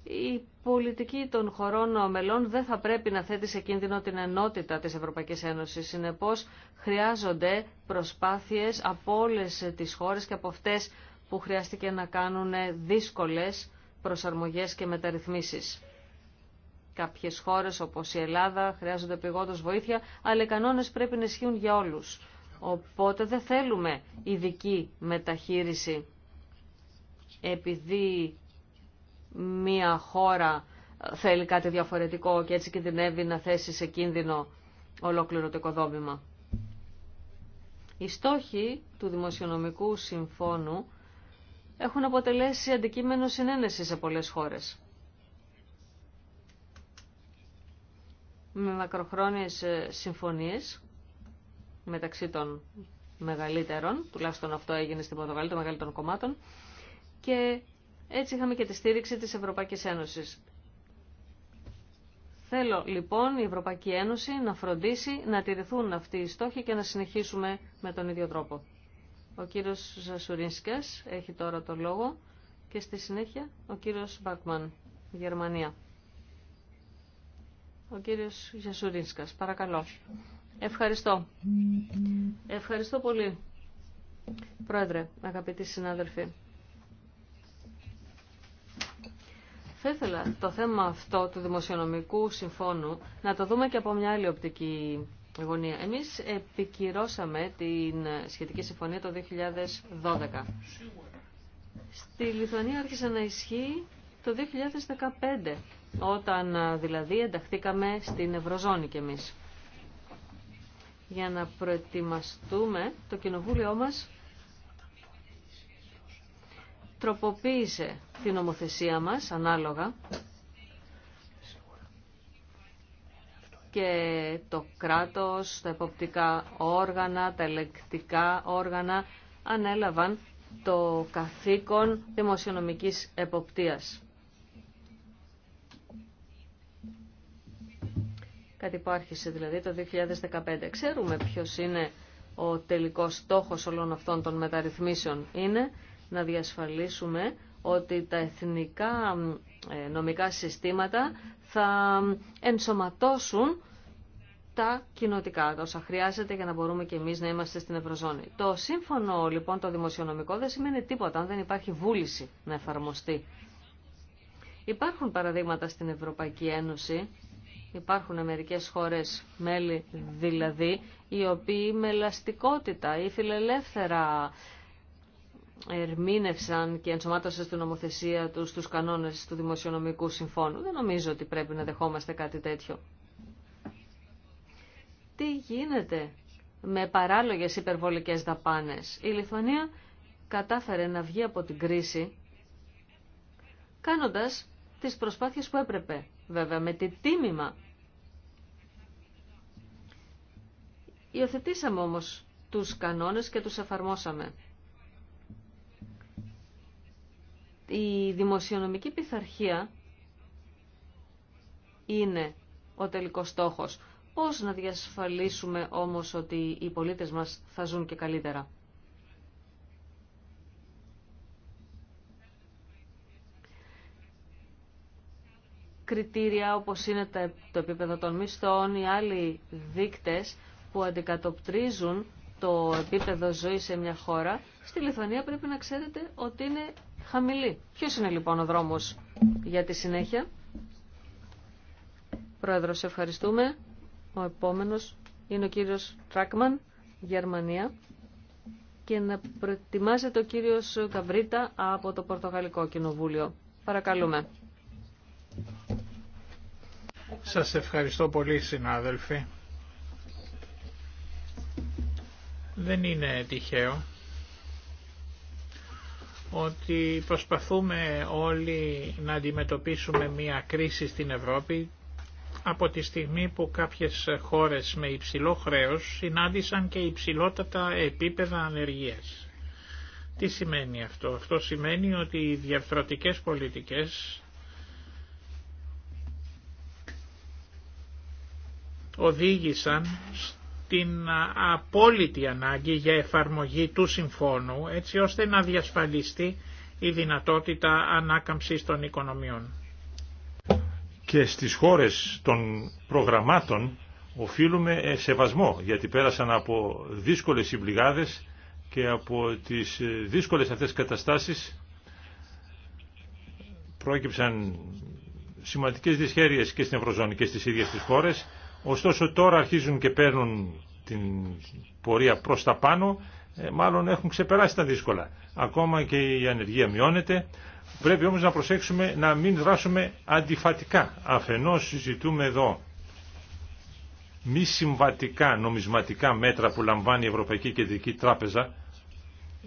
Η πολιτική των χωρών μελών δεν θα πρέπει να θέτει σε κίνδυνο την ενότητα της Ευρωπαϊκής Ένωσης. Συνεπώς χρειάζονται προσπάθειες από όλες τις χώρες και από αυτές που χρειάστηκε να κάνουν δύσκολες προσαρμογές και μεταρρυθμίσεις. Κάποιες χώρες όπως η Ελλάδα χρειάζονται επιγόντως βοήθεια, αλλά οι κανόνες πρέπει να ισχύουν για όλους. Οπότε δεν θέλουμε ειδική μεταχείριση επειδή μία χώρα θέλει κάτι διαφορετικό και έτσι κινδυνεύει να θέσει σε κίνδυνο ολόκληρο το οικοδόμημα. Οι στόχοι του Δημοσιονομικού Συμφώνου έχουν αποτελέσει αντικείμενο συνένεση σε πολλές χώρες. Με μακροχρόνιες ε, συμφωνίες μεταξύ των μεγαλύτερων, τουλάχιστον αυτό έγινε στην Πορτογαλία, των μεγαλύτερων κομμάτων, και έτσι είχαμε και τη στήριξη της Ευρωπαϊκής Ένωσης. Θέλω λοιπόν η Ευρωπαϊκή Ένωση να φροντίσει να τηρηθούν αυτοί οι στόχοι και να συνεχίσουμε με τον ίδιο τρόπο. Ο κύριος Ζασουρίνσκας έχει τώρα το λόγο και στη συνέχεια ο κύριος Μπακμαν, Γερμανία. Ο κύριος Ζασουρίνσκας, παρακαλώ. Ευχαριστώ. Ευχαριστώ πολύ. Πρόεδρε, αγαπητοί συνάδελφοι. Θα ήθελα το θέμα αυτό του Δημοσιονομικού Συμφώνου να το δούμε και από μια άλλη οπτική γωνία. Εμείς επικυρώσαμε την σχετική συμφωνία το 2012. Στη Λιθουανία άρχισε να ισχύει το 2015, όταν δηλαδή ενταχθήκαμε στην Ευρωζώνη κι εμείς. Για να προετοιμαστούμε, το κοινοβούλιο μας τροποποίησε την νομοθεσία μας ανάλογα και το κράτος, τα εποπτικά όργανα, τα ελεκτικά όργανα ανέλαβαν το καθήκον δημοσιονομικής εποπτείας. Κάτι που άρχισε δηλαδή το 2015. Ξέρουμε ποιος είναι ο τελικός στόχος όλων αυτών των μεταρρυθμίσεων. Είναι να διασφαλίσουμε ότι τα εθνικά ε, νομικά συστήματα θα ενσωματώσουν τα κοινοτικά, όσα χρειάζεται για να μπορούμε και εμείς να είμαστε στην Ευρωζώνη. Το σύμφωνο λοιπόν το δημοσιονομικό δεν σημαίνει τίποτα αν δεν υπάρχει βούληση να εφαρμοστεί. Υπάρχουν παραδείγματα στην Ευρωπαϊκή Ένωση, υπάρχουν μερικές χώρες μέλη δηλαδή, οι οποίοι με ελαστικότητα ή φιλελεύθερα ερμήνευσαν και ενσωμάτωσαν στην νομοθεσία του τους κανόνες του Δημοσιονομικού Συμφώνου. Δεν νομίζω ότι πρέπει να δεχόμαστε κάτι τέτοιο. Τι γίνεται με παράλογες υπερβολικές δαπάνες. Η Λιθουανία κατάφερε να βγει από την κρίση κάνοντας τις προσπάθειες που έπρεπε, βέβαια, με τη τίμημα. Υιοθετήσαμε όμως τους κανόνες και τους εφαρμόσαμε. Η δημοσιονομική πειθαρχία είναι ο τελικός στόχος. Πώς να διασφαλίσουμε όμως ότι οι πολίτες μας θα ζουν και καλύτερα. κριτήρια όπως είναι το επίπεδο των μισθών ή άλλοι δείκτες που αντικατοπτρίζουν το επίπεδο ζωής σε μια χώρα, στη Λιθουανία πρέπει να ξέρετε ότι είναι χαμηλή. Ποιος είναι λοιπόν ο δρόμος για τη συνέχεια. Πρόεδρος, ευχαριστούμε. Ο επόμενος είναι ο κύριος Τράκμαν, Γερμανία. Και να προετοιμάζεται ο κύριος Καβρίτα από το Πορτογαλικό Κοινοβούλιο. Παρακαλούμε. Σας ευχαριστώ πολύ συνάδελφοι. Δεν είναι τυχαίο ότι προσπαθούμε όλοι να αντιμετωπίσουμε μία κρίση στην Ευρώπη από τη στιγμή που κάποιες χώρες με υψηλό χρέος συνάντησαν και υψηλότατα επίπεδα ανεργίας. Τι σημαίνει αυτό. Αυτό σημαίνει ότι οι διαφθρωτικές πολιτικές οδήγησαν την απόλυτη ανάγκη για εφαρμογή του συμφώνου έτσι ώστε να διασφαλιστεί η δυνατότητα ανάκαμψης των οικονομιών. Και στις χώρες των προγραμμάτων οφείλουμε ε, σεβασμό γιατί πέρασαν από δύσκολες συμπληγάδες και από τις ε, δύσκολες αυτές καταστάσεις πρόκειψαν σημαντικές δυσχέρειες και στην Ευρωζώνη και στις ίδιες τις χώρες Ωστόσο τώρα αρχίζουν και παίρνουν την πορεία προς τα πάνω, ε, μάλλον έχουν ξεπεράσει τα δύσκολα. Ακόμα και η ανεργία μειώνεται. Πρέπει όμως να προσέξουμε να μην δράσουμε αντιφατικά. Αφενός συζητούμε εδώ μη συμβατικά νομισματικά μέτρα που λαμβάνει η Ευρωπαϊκή Κεντρική Τράπεζα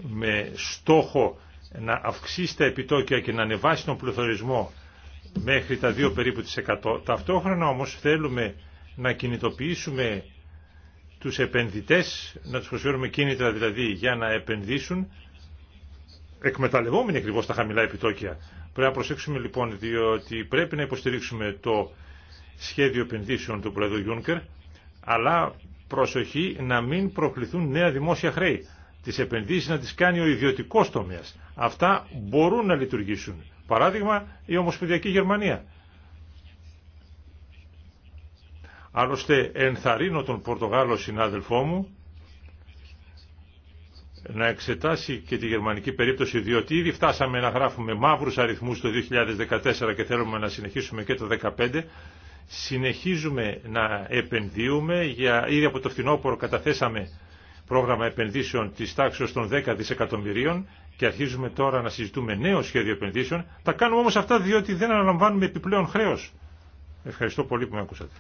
με στόχο να αυξήσει τα επιτόκια και να ανεβάσει τον πληθωρισμό μέχρι τα 2 περίπου της 100. Ταυτόχρονα όμως θέλουμε να κινητοποιήσουμε τους επενδυτές, να τους προσφέρουμε κίνητρα δηλαδή για να επενδύσουν, εκμεταλλευόμενοι ακριβώ τα χαμηλά επιτόκια. Πρέπει να προσέξουμε λοιπόν, διότι πρέπει να υποστηρίξουμε το σχέδιο επενδύσεων του Πρόεδρου Γιούνκερ, αλλά προσοχή να μην προκληθούν νέα δημόσια χρέη. Τις επενδύσεις να τις κάνει ο ιδιωτικός τομέας. Αυτά μπορούν να λειτουργήσουν. Παράδειγμα, η Ομοσπονδιακή Γερμανία. Άλλωστε ενθαρρύνω τον Πορτογάλο συνάδελφό μου να εξετάσει και τη γερμανική περίπτωση διότι ήδη φτάσαμε να γράφουμε μαύρους αριθμούς το 2014 και θέλουμε να συνεχίσουμε και το 2015 συνεχίζουμε να επενδύουμε για, ήδη από το φθινόπωρο καταθέσαμε πρόγραμμα επενδύσεων της τάξης των 10 δισεκατομμυρίων και αρχίζουμε τώρα να συζητούμε νέο σχέδιο επενδύσεων τα κάνουμε όμως αυτά διότι δεν αναλαμβάνουμε επιπλέον χρέος Ευχαριστώ πολύ που με ακούσατε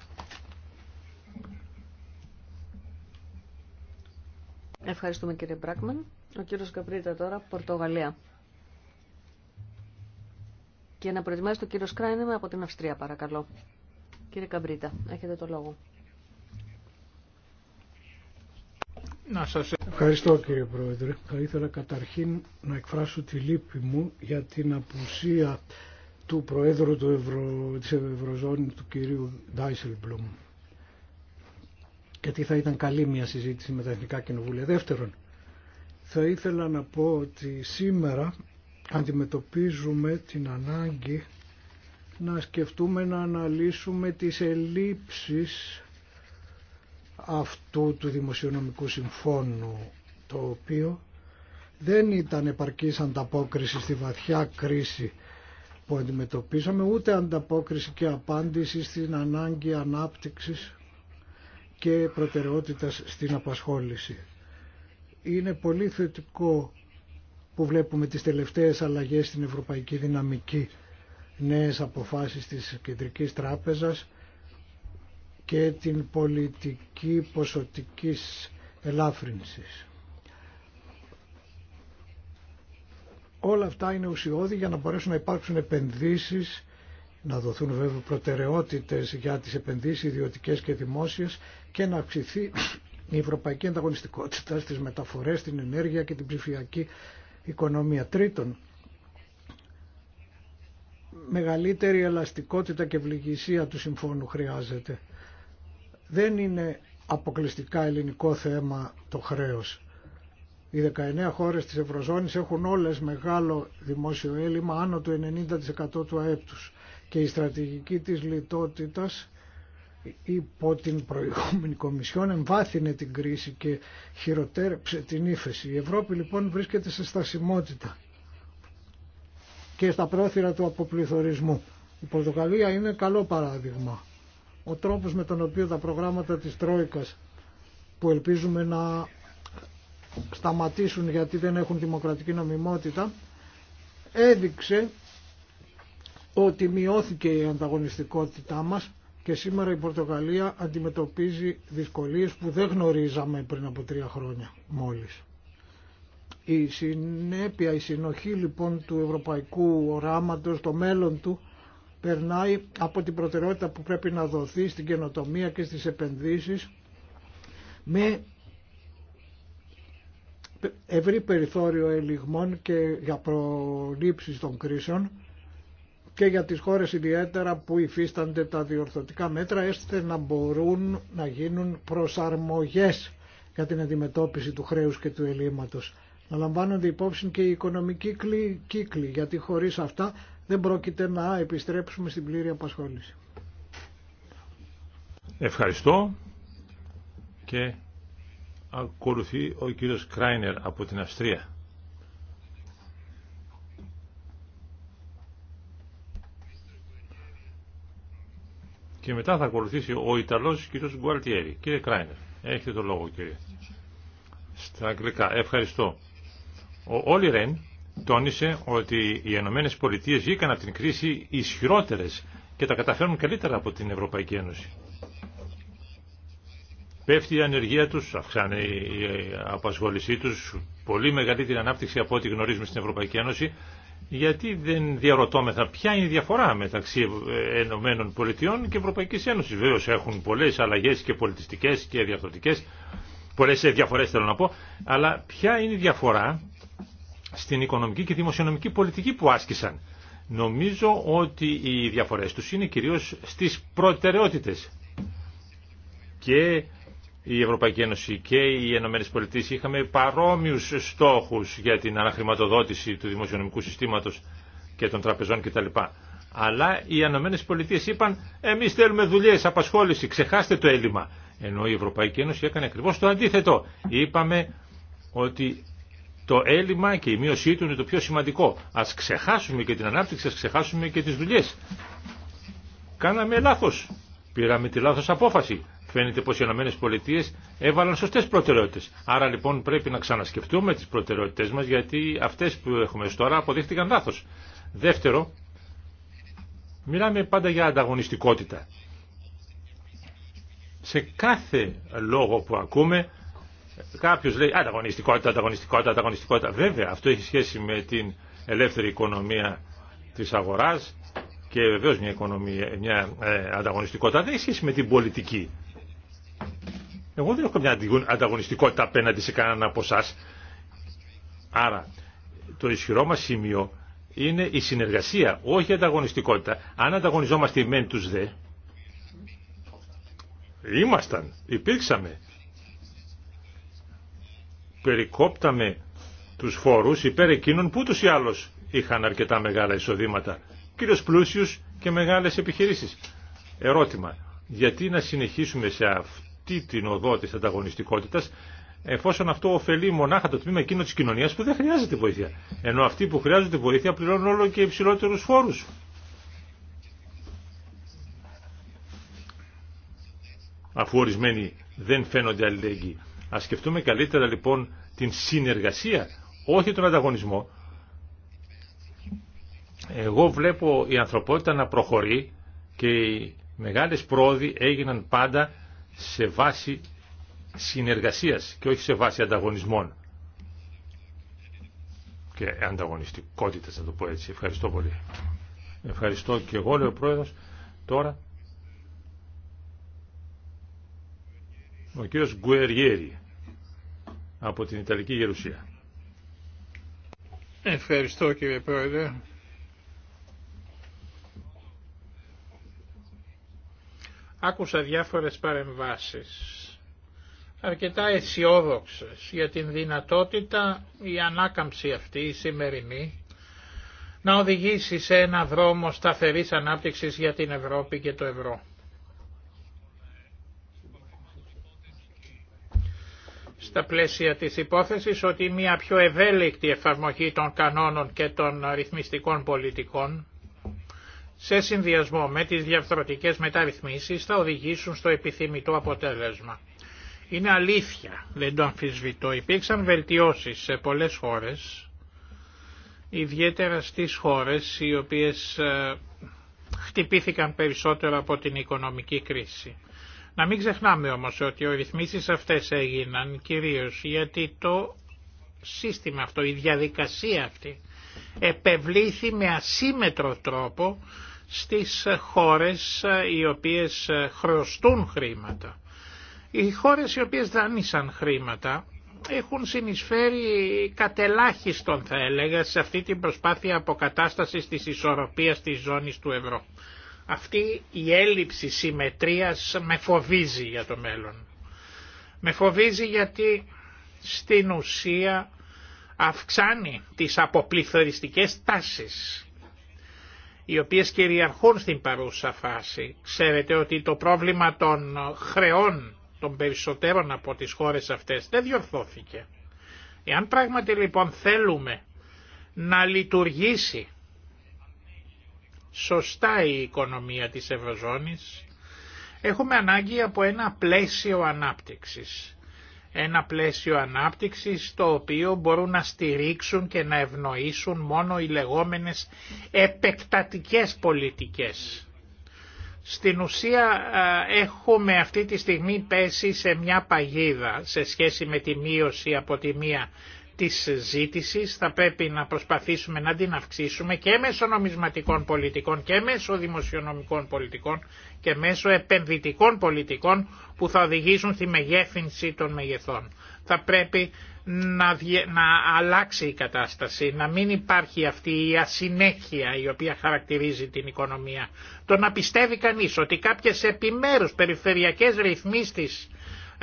Ευχαριστούμε κύριε Μπράκμαν. Ο κύριος Καπρίτα τώρα, Πορτογαλία. Και να προετοιμάσει το κύριο Σκράινεμα από την Αυστρία, παρακαλώ. Κύριε Καμπρίτα, έχετε το λόγο. Να σας... Ευχαριστώ κύριε Πρόεδρε. Θα ήθελα καταρχήν να εκφράσω τη λύπη μου για την απουσία του Προέδρου του Ευρω... της Ευρωζώνης του κυρίου Ντάισελμπλουμ γιατί θα ήταν καλή μια συζήτηση με τα Εθνικά Κοινοβούλια. Δεύτερον, θα ήθελα να πω ότι σήμερα αντιμετωπίζουμε την ανάγκη να σκεφτούμε να αναλύσουμε τις ελλείψεις αυτού του δημοσιονομικού συμφώνου το οποίο δεν ήταν επαρκής ανταπόκριση στη βαθιά κρίση που αντιμετωπίσαμε ούτε ανταπόκριση και απάντηση στην ανάγκη ανάπτυξης και προτεραιότητας στην απασχόληση. Είναι πολύ θετικό που βλέπουμε τις τελευταίες αλλαγές στην ευρωπαϊκή δυναμική νέες αποφάσεις της Κεντρικής Τράπεζας και την πολιτική ποσοτικής ελάφρυνσης. Όλα αυτά είναι ουσιώδη για να μπορέσουν να υπάρξουν επενδύσεις, να δοθούν βέβαια προτεραιότητες για τις επενδύσεις ιδιωτικές και δημόσιες και να αυξηθεί η ευρωπαϊκή ανταγωνιστικότητα στις μεταφορές, την ενέργεια και την ψηφιακή οικονομία. Τρίτον, μεγαλύτερη ελαστικότητα και ευληγησία του συμφώνου χρειάζεται. Δεν είναι αποκλειστικά ελληνικό θέμα το χρέος. Οι 19 χώρες της Ευρωζώνης έχουν όλες μεγάλο δημόσιο έλλειμμα άνω του 90% του ΑΕΠ και η στρατηγική της λιτότητας υπό την προηγούμενη Κομισιόν εμβάθυνε την κρίση και χειροτέρεψε την ύφεση. Η Ευρώπη λοιπόν βρίσκεται σε στασιμότητα και στα πρόθυρα του αποπληθωρισμού. Η Πορτογαλία είναι καλό παράδειγμα. Ο τρόπος με τον οποίο τα προγράμματα της Τρόικας που ελπίζουμε να σταματήσουν γιατί δεν έχουν δημοκρατική νομιμότητα έδειξε ότι μειώθηκε η ανταγωνιστικότητά μας και σήμερα η Πορτογαλία αντιμετωπίζει δυσκολίες που δεν γνωρίζαμε πριν από τρία χρόνια μόλις. Η συνέπεια, η συνοχή λοιπόν του ευρωπαϊκού οράματος, το μέλλον του, περνάει από την προτεραιότητα που πρέπει να δοθεί στην καινοτομία και στις επενδύσεις με ευρύ περιθώριο ελιγμών και για προλήψεις των κρίσεων και για τις χώρες ιδιαίτερα που υφίστανται τα διορθωτικά μέτρα έστε να μπορούν να γίνουν προσαρμογές για την αντιμετώπιση του χρέους και του ελλείμματος. Να λαμβάνονται υπόψη και οι οικονομικοί κύκλοι, γιατί χωρίς αυτά δεν πρόκειται να επιστρέψουμε στην πλήρη απασχόληση. Ευχαριστώ και ακολουθεί ο κύριος Κράινερ από την Αυστρία. και μετά θα ακολουθήσει ο Ιταλός κ. Γκουαλτιέρη. Κύριε Κράινερ, έχετε το λόγο κύριε. Στα αγγλικά, ευχαριστώ. Ο Όλι Ρεν τόνισε ότι οι ΗΠΑ Πολιτείε βγήκαν από την κρίση ισχυρότερε και τα καταφέρνουν καλύτερα από την Ευρωπαϊκή Ένωση. Πέφτει η ανεργία τους, αυξάνει η απασχόλησή τους, πολύ μεγαλύτερη ανάπτυξη από ό,τι γνωρίζουμε στην Ευρωπαϊκή Ένωση γιατί δεν διαρωτώμεθα ποια είναι η διαφορά μεταξύ ε, Ενωμένων Πολιτειών και Ευρωπαϊκής Ένωσης. Βεβαίως έχουν πολλές αλλαγές και πολιτιστικές και διαφορετικές, πολλές ε, διαφορές θέλω να πω, αλλά ποια είναι η διαφορά στην οικονομική και δημοσιονομική πολιτική που άσκησαν. Νομίζω ότι οι διαφορές τους είναι κυρίως στις προτεραιότητες και η Ευρωπαϊκή Ένωση και οι Ενωμένες Πολιτείες είχαμε παρόμοιους στόχους για την αναχρηματοδότηση του δημοσιονομικού συστήματος και των τραπεζών κτλ. Αλλά οι Ηνωμένε Πολιτείε είπαν εμεί θέλουμε δουλειέ, απασχόληση, ξεχάστε το έλλειμμα. Ενώ η Ευρωπαϊκή Ένωση έκανε ακριβώ το αντίθετο. Είπαμε ότι το έλλειμμα και η μείωσή του είναι το πιο σημαντικό. Α ξεχάσουμε και την ανάπτυξη, α ξεχάσουμε και τι δουλειέ. Κάναμε λάθο. Πήραμε τη λάθο απόφαση. Φαίνεται πως οι Ηνωμένες έβαλαν σωστές προτεραιότητες. Άρα λοιπόν πρέπει να ξανασκεφτούμε τις προτεραιότητες μας γιατί αυτές που έχουμε τώρα αποδείχτηκαν λάθος. Δεύτερο, μιλάμε πάντα για ανταγωνιστικότητα. Σε κάθε λόγο που ακούμε κάποιος λέει ανταγωνιστικότητα, ανταγωνιστικότητα, ανταγωνιστικότητα. Βέβαια αυτό έχει σχέση με την ελεύθερη οικονομία της αγοράς και βεβαίως μια, οικονομία, μια ε, ανταγωνιστικότητα δεν έχει σχέση με την πολιτική. Εγώ δεν έχω μια ανταγωνιστικότητα απέναντι σε κανέναν από εσά. Άρα, το ισχυρό μα σημείο είναι η συνεργασία, όχι η ανταγωνιστικότητα. Αν ανταγωνιζόμαστε μεν του δε, ήμασταν, υπήρξαμε, περικόπταμε τους φόρους υπέρ εκείνων που τους ή άλλως είχαν αρκετά μεγάλα εισοδήματα, κυρίως πλούσιους και μεγάλες επιχειρήσεις. Ερώτημα, γιατί να συνεχίσουμε σε αυτό αυτή την οδό της ανταγωνιστικότητας εφόσον αυτό ωφελεί μονάχα το τμήμα εκείνο της κοινωνίας που δεν χρειάζεται βοήθεια. Ενώ αυτοί που χρειάζονται βοήθεια πληρώνουν όλο και υψηλότερους φόρους. Αφού ορισμένοι δεν φαίνονται αλληλεγγύοι. Α σκεφτούμε καλύτερα λοιπόν την συνεργασία, όχι τον ανταγωνισμό. Εγώ βλέπω η ανθρωπότητα να προχωρεί και οι μεγάλες πρόοδοι έγιναν πάντα σε βάση συνεργασίας και όχι σε βάση ανταγωνισμών και ανταγωνιστικότητας να το πω έτσι. Ευχαριστώ πολύ. Ευχαριστώ και εγώ λέει ο Πρόεδρος. Τώρα ο κύριος Γκουεριέρη από την Ιταλική Γερουσία. Ευχαριστώ κύριε Πρόεδρε. Άκουσα διάφορες παρεμβάσεις, αρκετά αισιόδοξε για την δυνατότητα η ανάκαμψη αυτή η σημερινή να οδηγήσει σε ένα δρόμο σταθερής ανάπτυξης για την Ευρώπη και το ευρώ. στα πλαίσια της υπόθεσης ότι μια πιο ευέλικτη εφαρμογή των κανόνων και των αριθμιστικών πολιτικών σε συνδυασμό με τις διαφθορτικές μεταρρυθμίσεις θα οδηγήσουν στο επιθυμητό αποτέλεσμα. Είναι αλήθεια, δεν το αμφισβητώ. Υπήρξαν βελτιώσεις σε πολλές χώρες, ιδιαίτερα στις χώρες οι οποίες ε, χτυπήθηκαν περισσότερο από την οικονομική κρίση. Να μην ξεχνάμε όμως ότι οι ρυθμίσεις αυτές έγιναν κυρίως γιατί το σύστημα αυτό, η διαδικασία αυτή, επευλήθη με ασύμετρο τρόπο στις χώρες ε, οι οποίες ε, χρωστούν χρήματα. Οι χώρες οι οποίες δανείσαν χρήματα έχουν συνεισφέρει κατελάχιστον θα έλεγα σε αυτή την προσπάθεια αποκατάστασης της ισορροπίας της ζώνης του ευρώ. Αυτή η έλλειψη συμμετρίας με φοβίζει για το μέλλον. Με φοβίζει γιατί στην ουσία αυξάνει τις αποπληθωριστικές τάσεις οι οποίες κυριαρχούν στην παρούσα φάση. Ξέρετε ότι το πρόβλημα των χρεών των περισσότερων από τις χώρες αυτές δεν διορθώθηκε. Εάν πράγματι λοιπόν θέλουμε να λειτουργήσει σωστά η οικονομία της Ευρωζώνης, έχουμε ανάγκη από ένα πλαίσιο ανάπτυξης ένα πλαίσιο ανάπτυξης το οποίο μπορούν να στηρίξουν και να ευνοήσουν μόνο οι λεγόμενες επεκτατικές πολιτικές. Στην ουσία έχουμε αυτή τη στιγμή πέσει σε μια παγίδα σε σχέση με τη μείωση από τη μία της ζήτησης θα πρέπει να προσπαθήσουμε να την αυξήσουμε και μέσω νομισματικών πολιτικών και μέσω δημοσιονομικών πολιτικών και μέσω επενδυτικών πολιτικών που θα οδηγήσουν στη μεγέθυνση των μεγεθών. Θα πρέπει να, να αλλάξει η κατάσταση, να μην υπάρχει αυτή η ασυνέχεια η οποία χαρακτηρίζει την οικονομία. Το να πιστεύει κανείς ότι κάποιες επιμέρους περιφερειακές ρυθμίσεις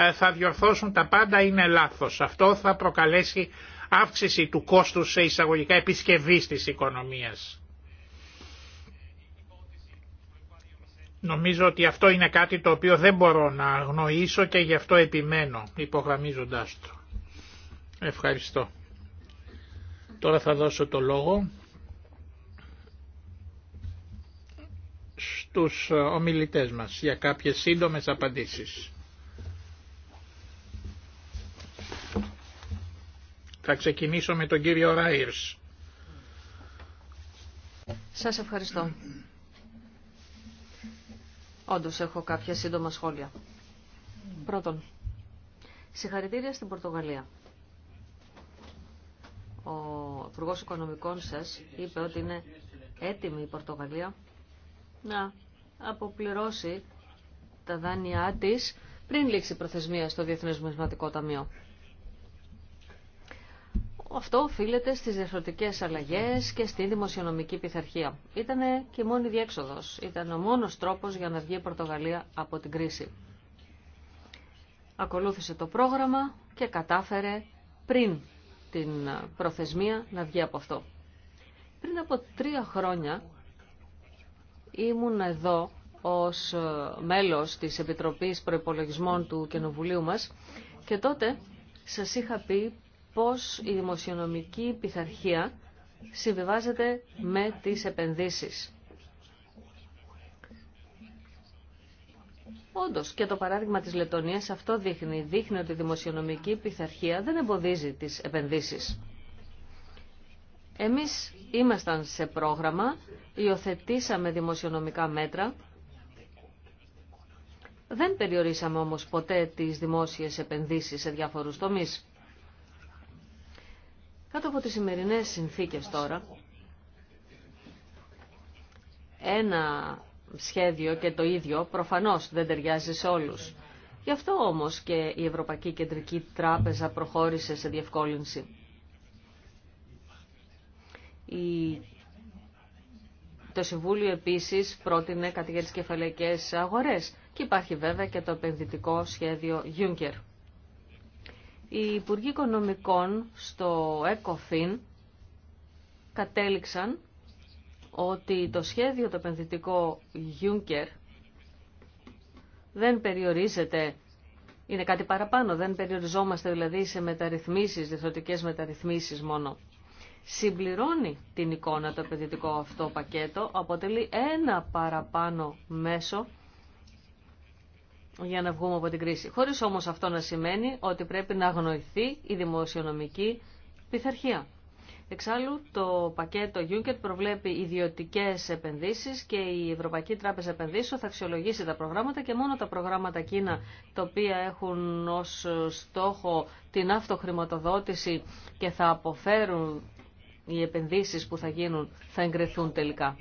ε, θα διορθώσουν τα πάντα είναι λάθος. Αυτό θα προκαλέσει αύξηση του κόστου σε εισαγωγικά επισκευή της οικονομίας. Νομίζω ότι αυτό είναι κάτι το οποίο δεν μπορώ να αγνοήσω και γι' αυτό επιμένω υπογραμμίζοντάς το. Ευχαριστώ. Τώρα θα δώσω το λόγο στους ομιλητές μας για κάποιες σύντομες απαντήσεις. Θα ξεκινήσω με τον κύριο Ράιρς. Σας ευχαριστώ. Όντως έχω κάποια σύντομα σχόλια. Πρώτον, συγχαρητήρια στην Πορτογαλία. Ο Υπουργό Οικονομικών σας είπε ότι είναι έτοιμη η Πορτογαλία να αποπληρώσει τα δάνειά της πριν λήξει προθεσμία στο Διεθνές Μεσματικό Ταμείο αυτό οφείλεται στις διαφορετικές αλλαγές και στη δημοσιονομική πειθαρχία. Ήταν και η μόνη διέξοδος. Ήταν ο μόνος τρόπος για να βγει η Πορτογαλία από την κρίση. Ακολούθησε το πρόγραμμα και κατάφερε πριν την προθεσμία να βγει από αυτό. Πριν από τρία χρόνια ήμουν εδώ ως μέλος της Επιτροπής Προϋπολογισμών του Κοινοβουλίου μας και τότε σας είχα πει πώς η δημοσιονομική πειθαρχία συμβιβάζεται με τις επενδύσεις. Όντω, και το παράδειγμα της Λετωνίας αυτό δείχνει. Δείχνει ότι η δημοσιονομική πειθαρχία δεν εμποδίζει τις επενδύσεις. Εμείς ήμασταν σε πρόγραμμα, υιοθετήσαμε δημοσιονομικά μέτρα, δεν περιορίσαμε όμως ποτέ τις δημόσιες επενδύσεις σε διάφορους τομείς. Κάτω από τις σημερινές συνθήκες τώρα, ένα σχέδιο και το ίδιο προφανώς δεν ταιριάζει σε όλους. Γι' αυτό όμως και η Ευρωπαϊκή Κεντρική Τράπεζα προχώρησε σε διευκόλυνση. Το Συμβούλιο επίσης πρότεινε κάτι για τις κεφαλαϊκές αγορές και υπάρχει βέβαια και το επενδυτικό σχέδιο Juncker. Οι Υπουργοί Οικονομικών στο ΕΚΟΦΗΝ κατέληξαν ότι το σχέδιο το επενδυτικό Juncker δεν περιορίζεται, είναι κάτι παραπάνω, δεν περιοριζόμαστε δηλαδή σε μεταρρυθμίσεις, διευθυντικές μεταρρυθμίσεις μόνο. Συμπληρώνει την εικόνα το επενδυτικό αυτό πακέτο, αποτελεί ένα παραπάνω μέσο για να βγούμε από την κρίση. Χωρίς όμως αυτό να σημαίνει ότι πρέπει να αγνοηθεί η δημοσιονομική πειθαρχία. Εξάλλου, το πακέτο Juncker προβλέπει ιδιωτικέ επενδύσει και η Ευρωπαϊκή Τράπεζα Επενδύσεων θα αξιολογήσει τα προγράμματα και μόνο τα προγράμματα εκείνα τα οποία έχουν ω στόχο την αυτοχρηματοδότηση και θα αποφέρουν οι επενδύσεις που θα γίνουν θα εγκριθούν τελικά.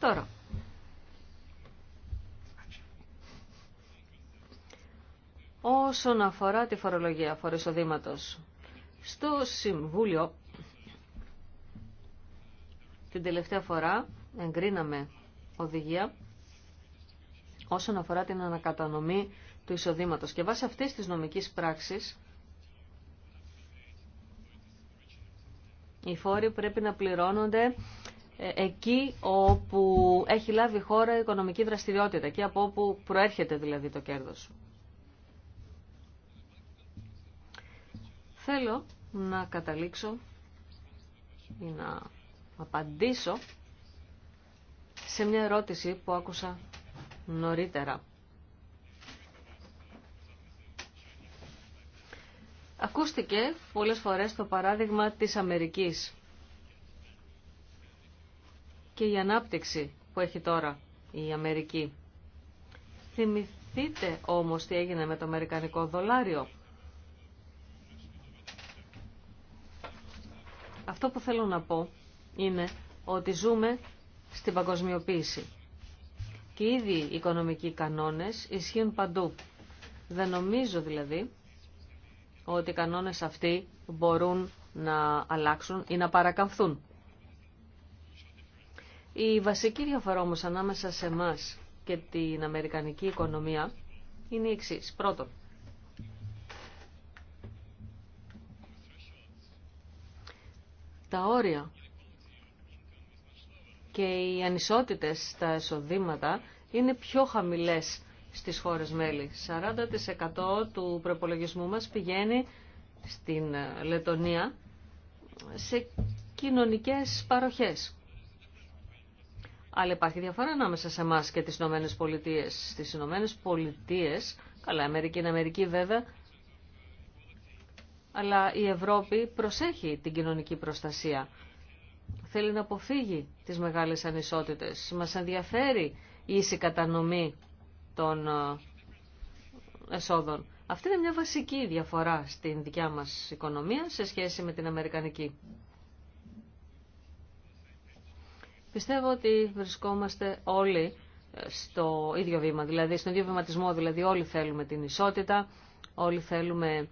Τώρα, όσον αφορά τη φορολογία φορεσοδήματος. Στο Συμβούλιο την τελευταία φορά εγκρίναμε οδηγία όσον αφορά την ανακατανομή του εισοδήματος. Και βάσει αυτής της νομικής πράξης οι φόροι πρέπει να πληρώνονται ε, εκεί όπου έχει λάβει η χώρα οικονομική δραστηριότητα και από όπου προέρχεται δηλαδή το κέρδος. Θέλω να καταλήξω ή να απαντήσω σε μια ερώτηση που άκουσα νωρίτερα. Ακούστηκε πολλές φορές το παράδειγμα της Αμερικής και η ανάπτυξη που έχει τώρα η Αμερική. Θυμηθείτε όμως τι έγινε με το αμερικανικό δολάριο. Αυτό που θέλω να πω είναι ότι ζούμε στην παγκοσμιοποίηση. Και οι οι οικονομικοί κανόνες ισχύουν παντού. Δεν νομίζω δηλαδή ότι οι κανόνες αυτοί μπορούν να αλλάξουν ή να παρακαμφθούν. Η βασική διαφορά όμως ανάμεσα σε εμά και την Αμερικανική οικονομία είναι η εξή. Πρώτον, τα όρια και οι ανισότητες στα εισοδήματα είναι πιο χαμηλές στις χώρες μέλη. 40% του προπολογισμού μας πηγαίνει στην ε, Λετωνία σε κοινωνικές παροχές. Αλλά υπάρχει διαφορά ανάμεσα σε εμά και τις Ηνωμένε Πολιτείες. Στις Ηνωμένε Πολιτείες, καλά Αμερική είναι Αμερική βέβαια, αλλά η Ευρώπη προσέχει την κοινωνική προστασία. Θέλει να αποφύγει τις μεγάλες ανισότητες. Μας ενδιαφέρει η ίση κατανομή των ε, εσόδων. Αυτή είναι μια βασική διαφορά στην δικιά μας οικονομία σε σχέση με την Αμερικανική. Πιστεύω ότι βρισκόμαστε όλοι ε, στο ίδιο βήμα, δηλαδή στον ίδιο βηματισμό, δηλαδή όλοι θέλουμε την ισότητα, όλοι θέλουμε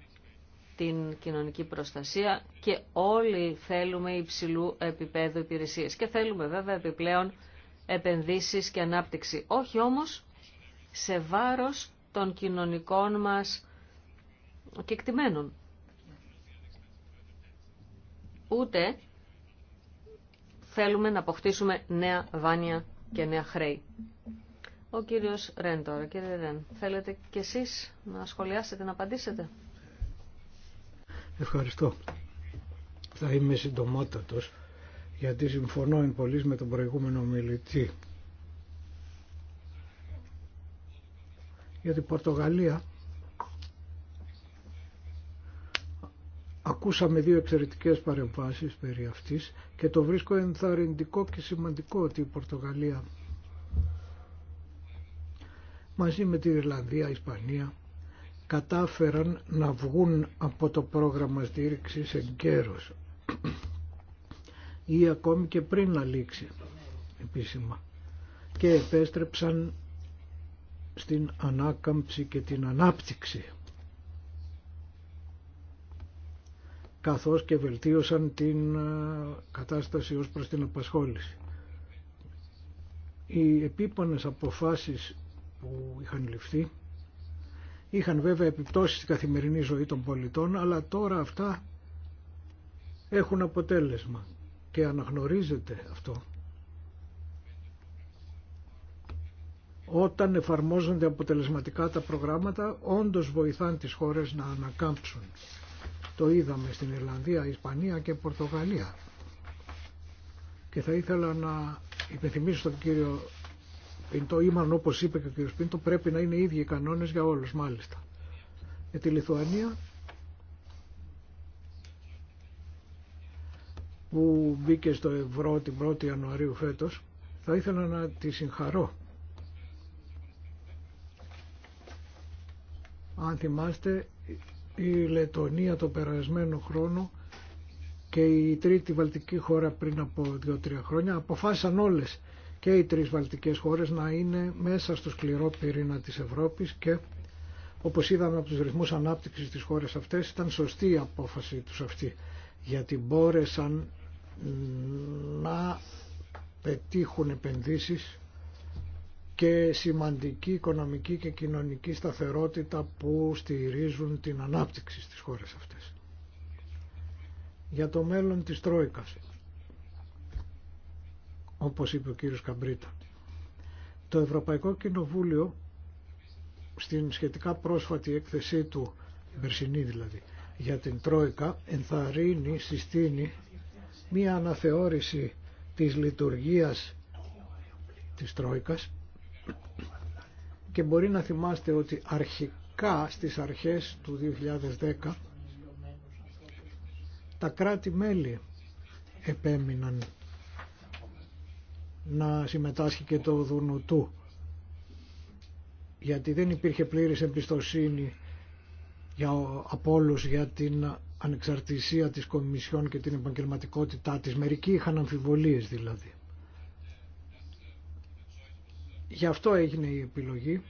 την κοινωνική προστασία και όλοι θέλουμε υψηλού επίπεδου υπηρεσίες. Και θέλουμε βέβαια επιπλέον επενδύσεις και ανάπτυξη. Όχι όμως σε βάρος των κοινωνικών μας κεκτημένων. Ούτε θέλουμε να αποκτήσουμε νέα δάνεια και νέα χρέη. Ο κύριος Ρεν τώρα. Κύριε Ρεν, θέλετε κι εσείς να σχολιάσετε, να απαντήσετε. Ευχαριστώ. Θα είμαι συντομότατος γιατί συμφωνώ εν με τον προηγούμενο μιλητή. Για την Πορτογαλία ακούσαμε δύο εξαιρετικές παρεμβάσεις περί αυτής και το βρίσκω ενθαρρυντικό και σημαντικό ότι η Πορτογαλία μαζί με την Ιρλανδία, Ισπανία κατάφεραν να βγουν από το πρόγραμμα στήριξης εγκαίρως ή ακόμη και πριν να λήξει επίσημα και επέστρεψαν στην ανάκαμψη και την ανάπτυξη καθώς και βελτίωσαν την ε, κατάσταση ως προς την απασχόληση. Οι επίπονες αποφάσεις που είχαν ληφθεί Είχαν βέβαια επιπτώσεις στην καθημερινή ζωή των πολιτών, αλλά τώρα αυτά έχουν αποτέλεσμα και αναγνωρίζεται αυτό. Όταν εφαρμόζονται αποτελεσματικά τα προγράμματα, όντως βοηθάνε τις χώρες να ανακάμψουν. Το είδαμε στην Ιρλανδία, Ισπανία και Πορτογαλία. Και θα ήθελα να υπενθυμίσω τον κύριο Πίντο ή όπως είπε και ο κύριος Πίντο πρέπει να είναι οι ίδιοι οι κανόνε για όλου μάλιστα. Για τη Λιθουανία που μπήκε στο ευρώ την 1η Ιανουαρίου φέτο θα ήθελα να τη συγχαρώ. Αν θυμάστε η Λετωνία το περασμένο χρόνο και η τρίτη βαλτική χώρα πριν από 2-3 χρόνια αποφάσισαν όλες και οι τρεις βαλτικές χώρες να είναι μέσα στο σκληρό πυρήνα της Ευρώπης και όπως είδαμε από τους ρυθμούς ανάπτυξης της χώρες αυτές ήταν σωστή η απόφαση τους αυτή γιατί μπόρεσαν να πετύχουν επενδύσεις και σημαντική οικονομική και κοινωνική σταθερότητα που στηρίζουν την ανάπτυξη στις χώρες αυτές. Για το μέλλον της Τρόικας όπως είπε ο κύριος Καμπρίτα. Το Ευρωπαϊκό Κοινοβούλιο στην σχετικά πρόσφατη έκθεσή του, περσινή δηλαδή, για την Τρόικα ενθαρρύνει, συστήνει μία αναθεώρηση της λειτουργίας της Τρόικας και μπορεί να θυμάστε ότι αρχικά στις αρχές του 2010 τα κράτη-μέλη επέμειναν να συμμετάσχει και το Δουνουτού γιατί δεν υπήρχε πλήρης εμπιστοσύνη για, από όλους για την ανεξαρτησία της Κομισιόν και την επαγγελματικότητά της. Μερικοί είχαν αμφιβολίες δηλαδή. Γι' αυτό έγινε η επιλογή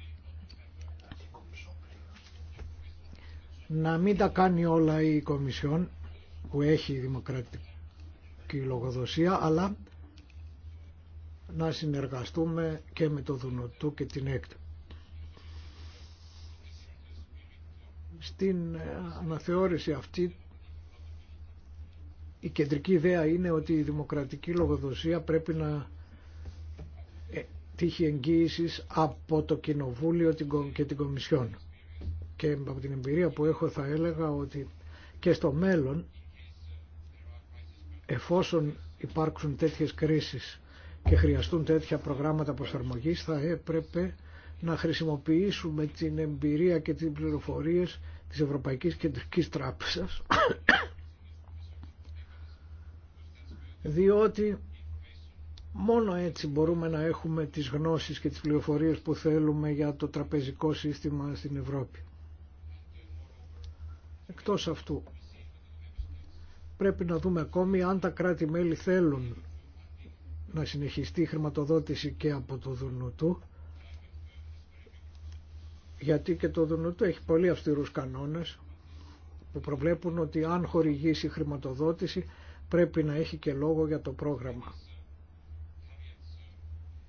να μην τα κάνει όλα η Κομισιόν που έχει δημοκρατική λογοδοσία αλλά να συνεργαστούμε και με το δουνοτού και την ΕΚΤ. Στην ε, αναθεώρηση αυτή η κεντρική ιδέα είναι ότι η δημοκρατική λογοδοσία πρέπει να ε, τύχει εγγύησης από το Κοινοβούλιο και την Κομισιόν. Και από την εμπειρία που έχω θα έλεγα ότι και στο μέλλον εφόσον υπάρξουν τέτοιες κρίσεις και χρειαστούν τέτοια προγράμματα προσαρμογή, θα έπρεπε να χρησιμοποιήσουμε την εμπειρία και τις πληροφορίες της Ευρωπαϊκής Κεντρικής Τράπεζας διότι μόνο έτσι μπορούμε να έχουμε τις γνώσεις και τις πληροφορίες που θέλουμε για το τραπεζικό σύστημα στην Ευρώπη. Εκτός αυτού πρέπει να δούμε ακόμη αν τα κράτη-μέλη θέλουν να συνεχιστεί η χρηματοδότηση και από το Δουνουτού γιατί και το Δουνουτού έχει πολύ αυστηρούς κανόνες που προβλέπουν ότι αν χορηγήσει χρηματοδότηση πρέπει να έχει και λόγο για το πρόγραμμα.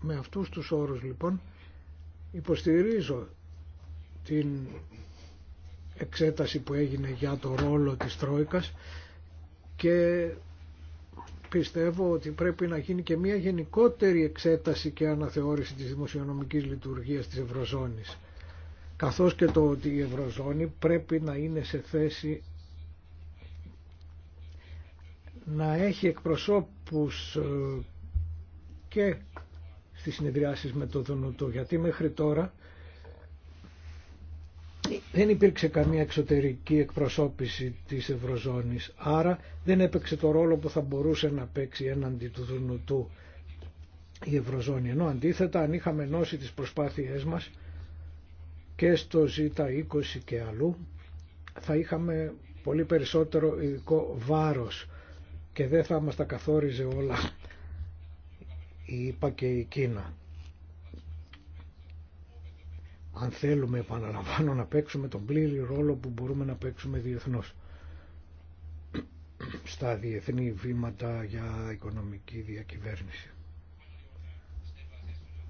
Με αυτούς τους όρους λοιπόν υποστηρίζω την εξέταση που έγινε για το ρόλο της Τρόικας και πιστεύω ότι πρέπει να γίνει και μια γενικότερη εξέταση και αναθεώρηση της δημοσιονομικής λειτουργίας της Ευρωζώνης. Καθώς και το ότι η Ευρωζώνη πρέπει να είναι σε θέση να έχει εκπροσώπους ε, και στις συνεδριάσεις με το ΔΝΤ, γιατί μέχρι τώρα δεν υπήρξε καμία εξωτερική εκπροσώπηση της Ευρωζώνης, άρα δεν έπαιξε το ρόλο που θα μπορούσε να παίξει έναντι του Δουνουτού η Ευρωζώνη. Ενώ αντίθετα αν είχαμε ενώσει τις προσπάθειές μας και στο Z20 και αλλού θα είχαμε πολύ περισσότερο ειδικό βάρος και δεν θα μας τα καθόριζε όλα η ΙΠΑ και η Κίνα αν θέλουμε επαναλαμβάνω να παίξουμε τον πλήρη ρόλο που μπορούμε να παίξουμε διεθνώς στα διεθνή βήματα για οικονομική διακυβέρνηση.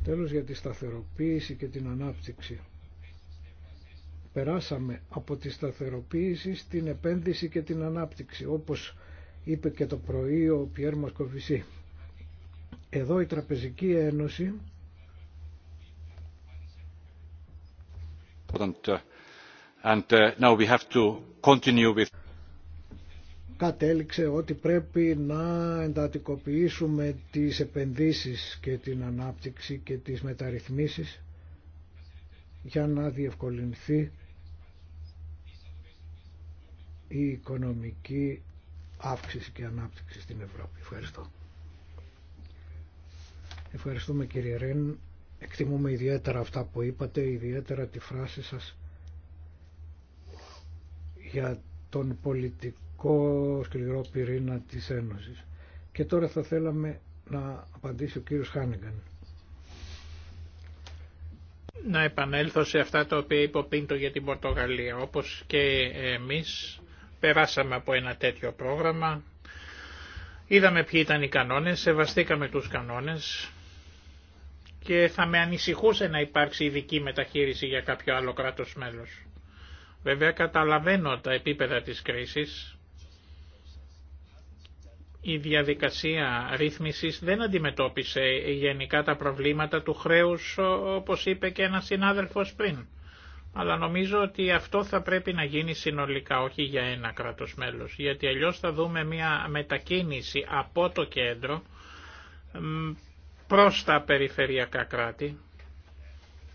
Τέλος για τη σταθεροποίηση και την ανάπτυξη. Περάσαμε από τη σταθεροποίηση στην επένδυση και την ανάπτυξη, όπως είπε και το πρωί ο Πιέρ Μασκοβισή. Εδώ η Τραπεζική Ένωση Uh, and uh, now we have to continue with... Κατέληξε ότι πρέπει να εντατικοποιήσουμε τις επενδύσεις και την ανάπτυξη και τις μεταρρυθμίσεις για να διευκολυνθεί η οικονομική αύξηση και ανάπτυξη στην Ευρώπη. Ευχαριστώ. Ευχαριστούμε κύριε Ρέν. Εκτιμούμε ιδιαίτερα αυτά που είπατε, ιδιαίτερα τη φράση σας για τον πολιτικό σκληρό πυρήνα της Ένωσης. Και τώρα θα θέλαμε να απαντήσει ο κύριος Χάνιγκαν. Να επανέλθω σε αυτά τα οποία είπε ο Πίντο για την Πορτογαλία. Όπως και εμείς περάσαμε από ένα τέτοιο πρόγραμμα, είδαμε ποιοι ήταν οι κανόνες, σεβαστήκαμε τους κανόνες, και θα με ανησυχούσε να υπάρξει ειδική μεταχείριση για κάποιο άλλο κράτος μέλος. Βέβαια καταλαβαίνω τα επίπεδα της κρίσης. Η διαδικασία ρύθμισης δεν αντιμετώπισε γενικά τα προβλήματα του χρέους όπως είπε και ένας συνάδελφος πριν. Αλλά νομίζω ότι αυτό θα πρέπει να γίνει συνολικά, όχι για ένα κράτος μέλος, γιατί αλλιώς θα δούμε μια μετακίνηση από το κέντρο προς τα περιφερειακά κράτη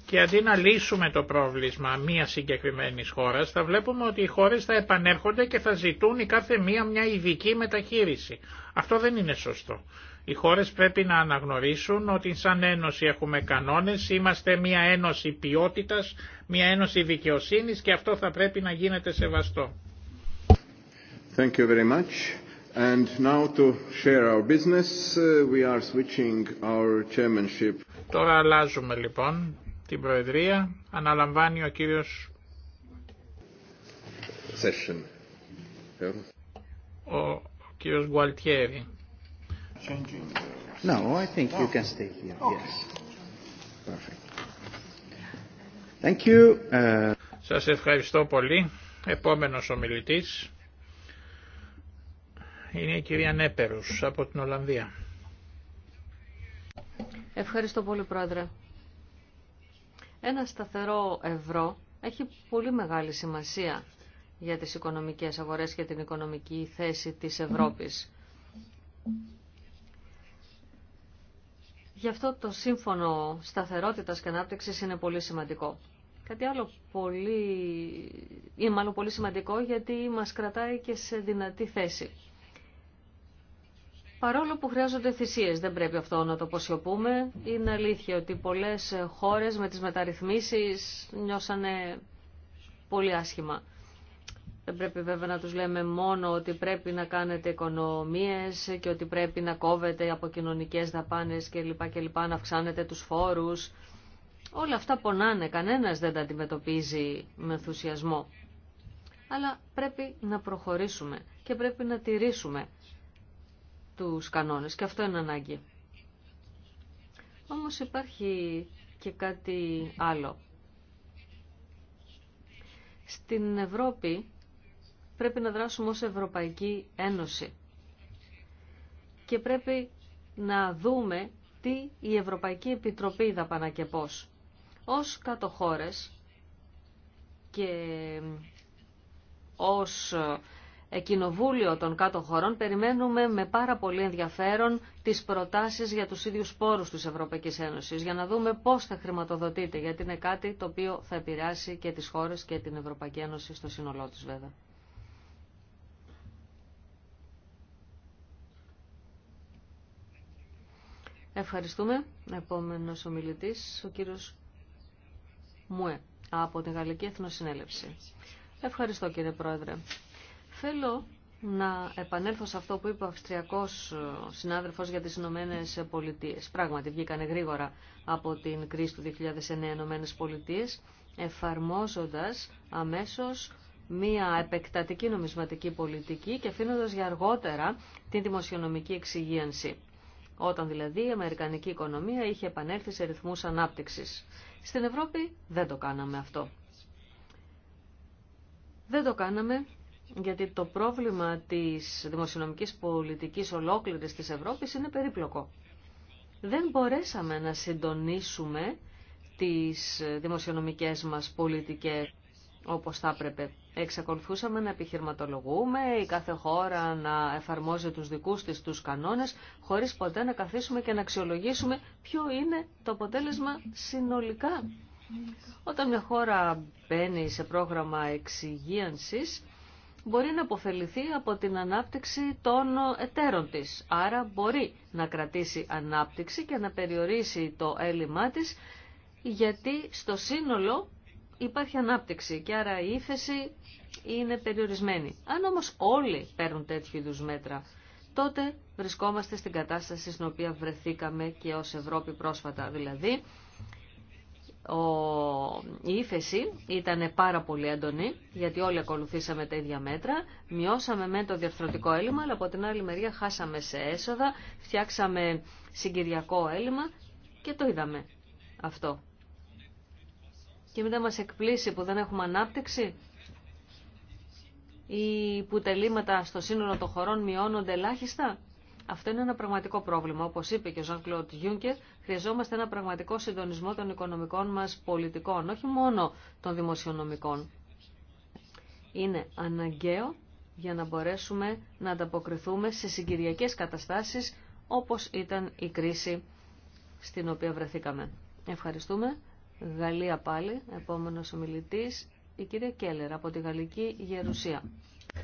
και αντί να λύσουμε το πρόβλημα μια συγκεκριμένη χώρα. θα βλέπουμε ότι οι χώρες θα επανέρχονται και θα ζητούν η κάθε μία μια ειδική μεταχείριση. Αυτό δεν είναι σωστό. Οι χώρες πρέπει να αναγνωρίσουν ότι σαν ένωση έχουμε κανόνες, είμαστε μια ένωση ποιότητας, μια ένωση δικαιοσύνης και αυτό θα πρέπει να γίνεται σεβαστό. Thank you very much. And now to share our business, we are switching our chairmanship. Τώρα αλλάζουμε λοιπόν την Προεδρία. Αναλαμβάνει ο κύριος Session. Ο κύριος Γουαλτιέρη. No, I think you can stay here. Yes. Perfect. Thank you. Σας ευχαριστώ πολύ. Επόμενος ομιλητής είναι η κυρία Νέπερους από την Ολλανδία. Ευχαριστώ πολύ, Πρόεδρε. Ένα σταθερό ευρώ έχει πολύ μεγάλη σημασία για τις οικονομικές αγορές και την οικονομική θέση της Ευρώπης. Γι' αυτό το σύμφωνο σταθερότητας και ανάπτυξης είναι πολύ σημαντικό. Κάτι άλλο πολύ, ή μάλλον πολύ σημαντικό γιατί μας κρατάει και σε δυνατή θέση. Παρόλο που χρειάζονται θυσίες, δεν πρέπει αυτό να το αποσιωπούμε. Είναι αλήθεια ότι πολλέ χώρες με τις μεταρρυθμίσει νιώσανε πολύ άσχημα. Δεν πρέπει βέβαια να τους λέμε μόνο ότι πρέπει να κάνετε οικονομίες και ότι πρέπει να κόβετε από κοινωνικές δαπάνες κλπ. κλπ να αυξάνετε τους φόρους. Όλα αυτά πονάνε, κανένας δεν τα αντιμετωπίζει με ενθουσιασμό. Αλλά πρέπει να προχωρήσουμε και πρέπει να τηρήσουμε τους κανόνες και αυτό είναι ανάγκη. Όμως υπάρχει και κάτι άλλο. Στην Ευρώπη πρέπει να δράσουμε ως Ευρωπαϊκή Ένωση και πρέπει να δούμε τι η Ευρωπαϊκή Επιτροπή δαπανά και πώς. Ως κάτω χώρες και ως κοινοβούλιο των κάτω χωρών περιμένουμε με πάρα πολύ ενδιαφέρον τις προτάσεις για τους ίδιους πόρου της Ευρωπαϊκής Ένωσης για να δούμε πώς θα χρηματοδοτείται γιατί είναι κάτι το οποίο θα επηρεάσει και τις χώρες και την Ευρωπαϊκή Ένωση στο σύνολό της βέβαια. Ευχαριστούμε. Επόμενος ομιλητής, ο κύριος Μουέ από τη Γαλλική Εθνοσυνέλευση. Ευχαριστώ κύριε Πρόεδρε. Θέλω να επανέλθω σε αυτό που είπε ο Αυστριακός συνάδελφος για τις Ηνωμένε Πολιτείε. Πράγματι βγήκανε γρήγορα από την κρίση του 2009 Ηνωμένε Πολιτείε, εφαρμόζοντας αμέσως μία επεκτατική νομισματική πολιτική και αφήνοντας για αργότερα την δημοσιονομική εξυγίανση. Όταν δηλαδή η Αμερικανική οικονομία είχε επανέλθει σε ρυθμούς ανάπτυξης. Στην Ευρώπη δεν το κάναμε αυτό. Δεν το κάναμε γιατί το πρόβλημα της δημοσιονομικής πολιτικής ολόκληρης της Ευρώπης είναι περίπλοκο. Δεν μπορέσαμε να συντονίσουμε τις δημοσιονομικές μας πολιτικές όπως θα έπρεπε. Εξακολουθούσαμε να επιχειρηματολογούμε, η κάθε χώρα να εφαρμόζει τους δικούς της τους κανόνες, χωρίς ποτέ να καθίσουμε και να αξιολογήσουμε ποιο είναι το αποτέλεσμα συνολικά. Όταν μια χώρα μπαίνει σε πρόγραμμα εξυγίανσης, μπορεί να αποφεληθεί από την ανάπτυξη των εταίρων της. Άρα μπορεί να κρατήσει ανάπτυξη και να περιορίσει το έλλειμμά της, γιατί στο σύνολο υπάρχει ανάπτυξη και άρα η ύφεση είναι περιορισμένη. Αν όμως όλοι παίρνουν τέτοιου είδους μέτρα, τότε βρισκόμαστε στην κατάσταση στην οποία βρεθήκαμε και ως Ευρώπη πρόσφατα, δηλαδή η ύφεση ήταν πάρα πολύ έντονη, γιατί όλοι ακολουθήσαμε τα ίδια μέτρα, μειώσαμε με το διαρθρωτικό έλλειμμα, αλλά από την άλλη μεριά χάσαμε σε έσοδα, φτιάξαμε συγκυριακό έλλειμμα και το είδαμε αυτό. Και μετά μας εκπλήσει που δεν έχουμε ανάπτυξη ή που τελήματα στο σύνολο των χωρών μειώνονται ελάχιστα. Αυτό είναι ένα πραγματικό πρόβλημα. Όπω είπε και ο Ζαν Κλοντ Γιούγκερ, χρειαζόμαστε ένα πραγματικό συντονισμό των οικονομικών μα πολιτικών, όχι μόνο των δημοσιονομικών. Είναι αναγκαίο για να μπορέσουμε να ανταποκριθούμε σε συγκυριακές καταστάσεις όπως ήταν η κρίση στην οποία βρεθήκαμε. Ευχαριστούμε. Γαλλία πάλι, επόμενος ομιλητής, η κυρία Κέλλερ από τη Γαλλική Γερουσία.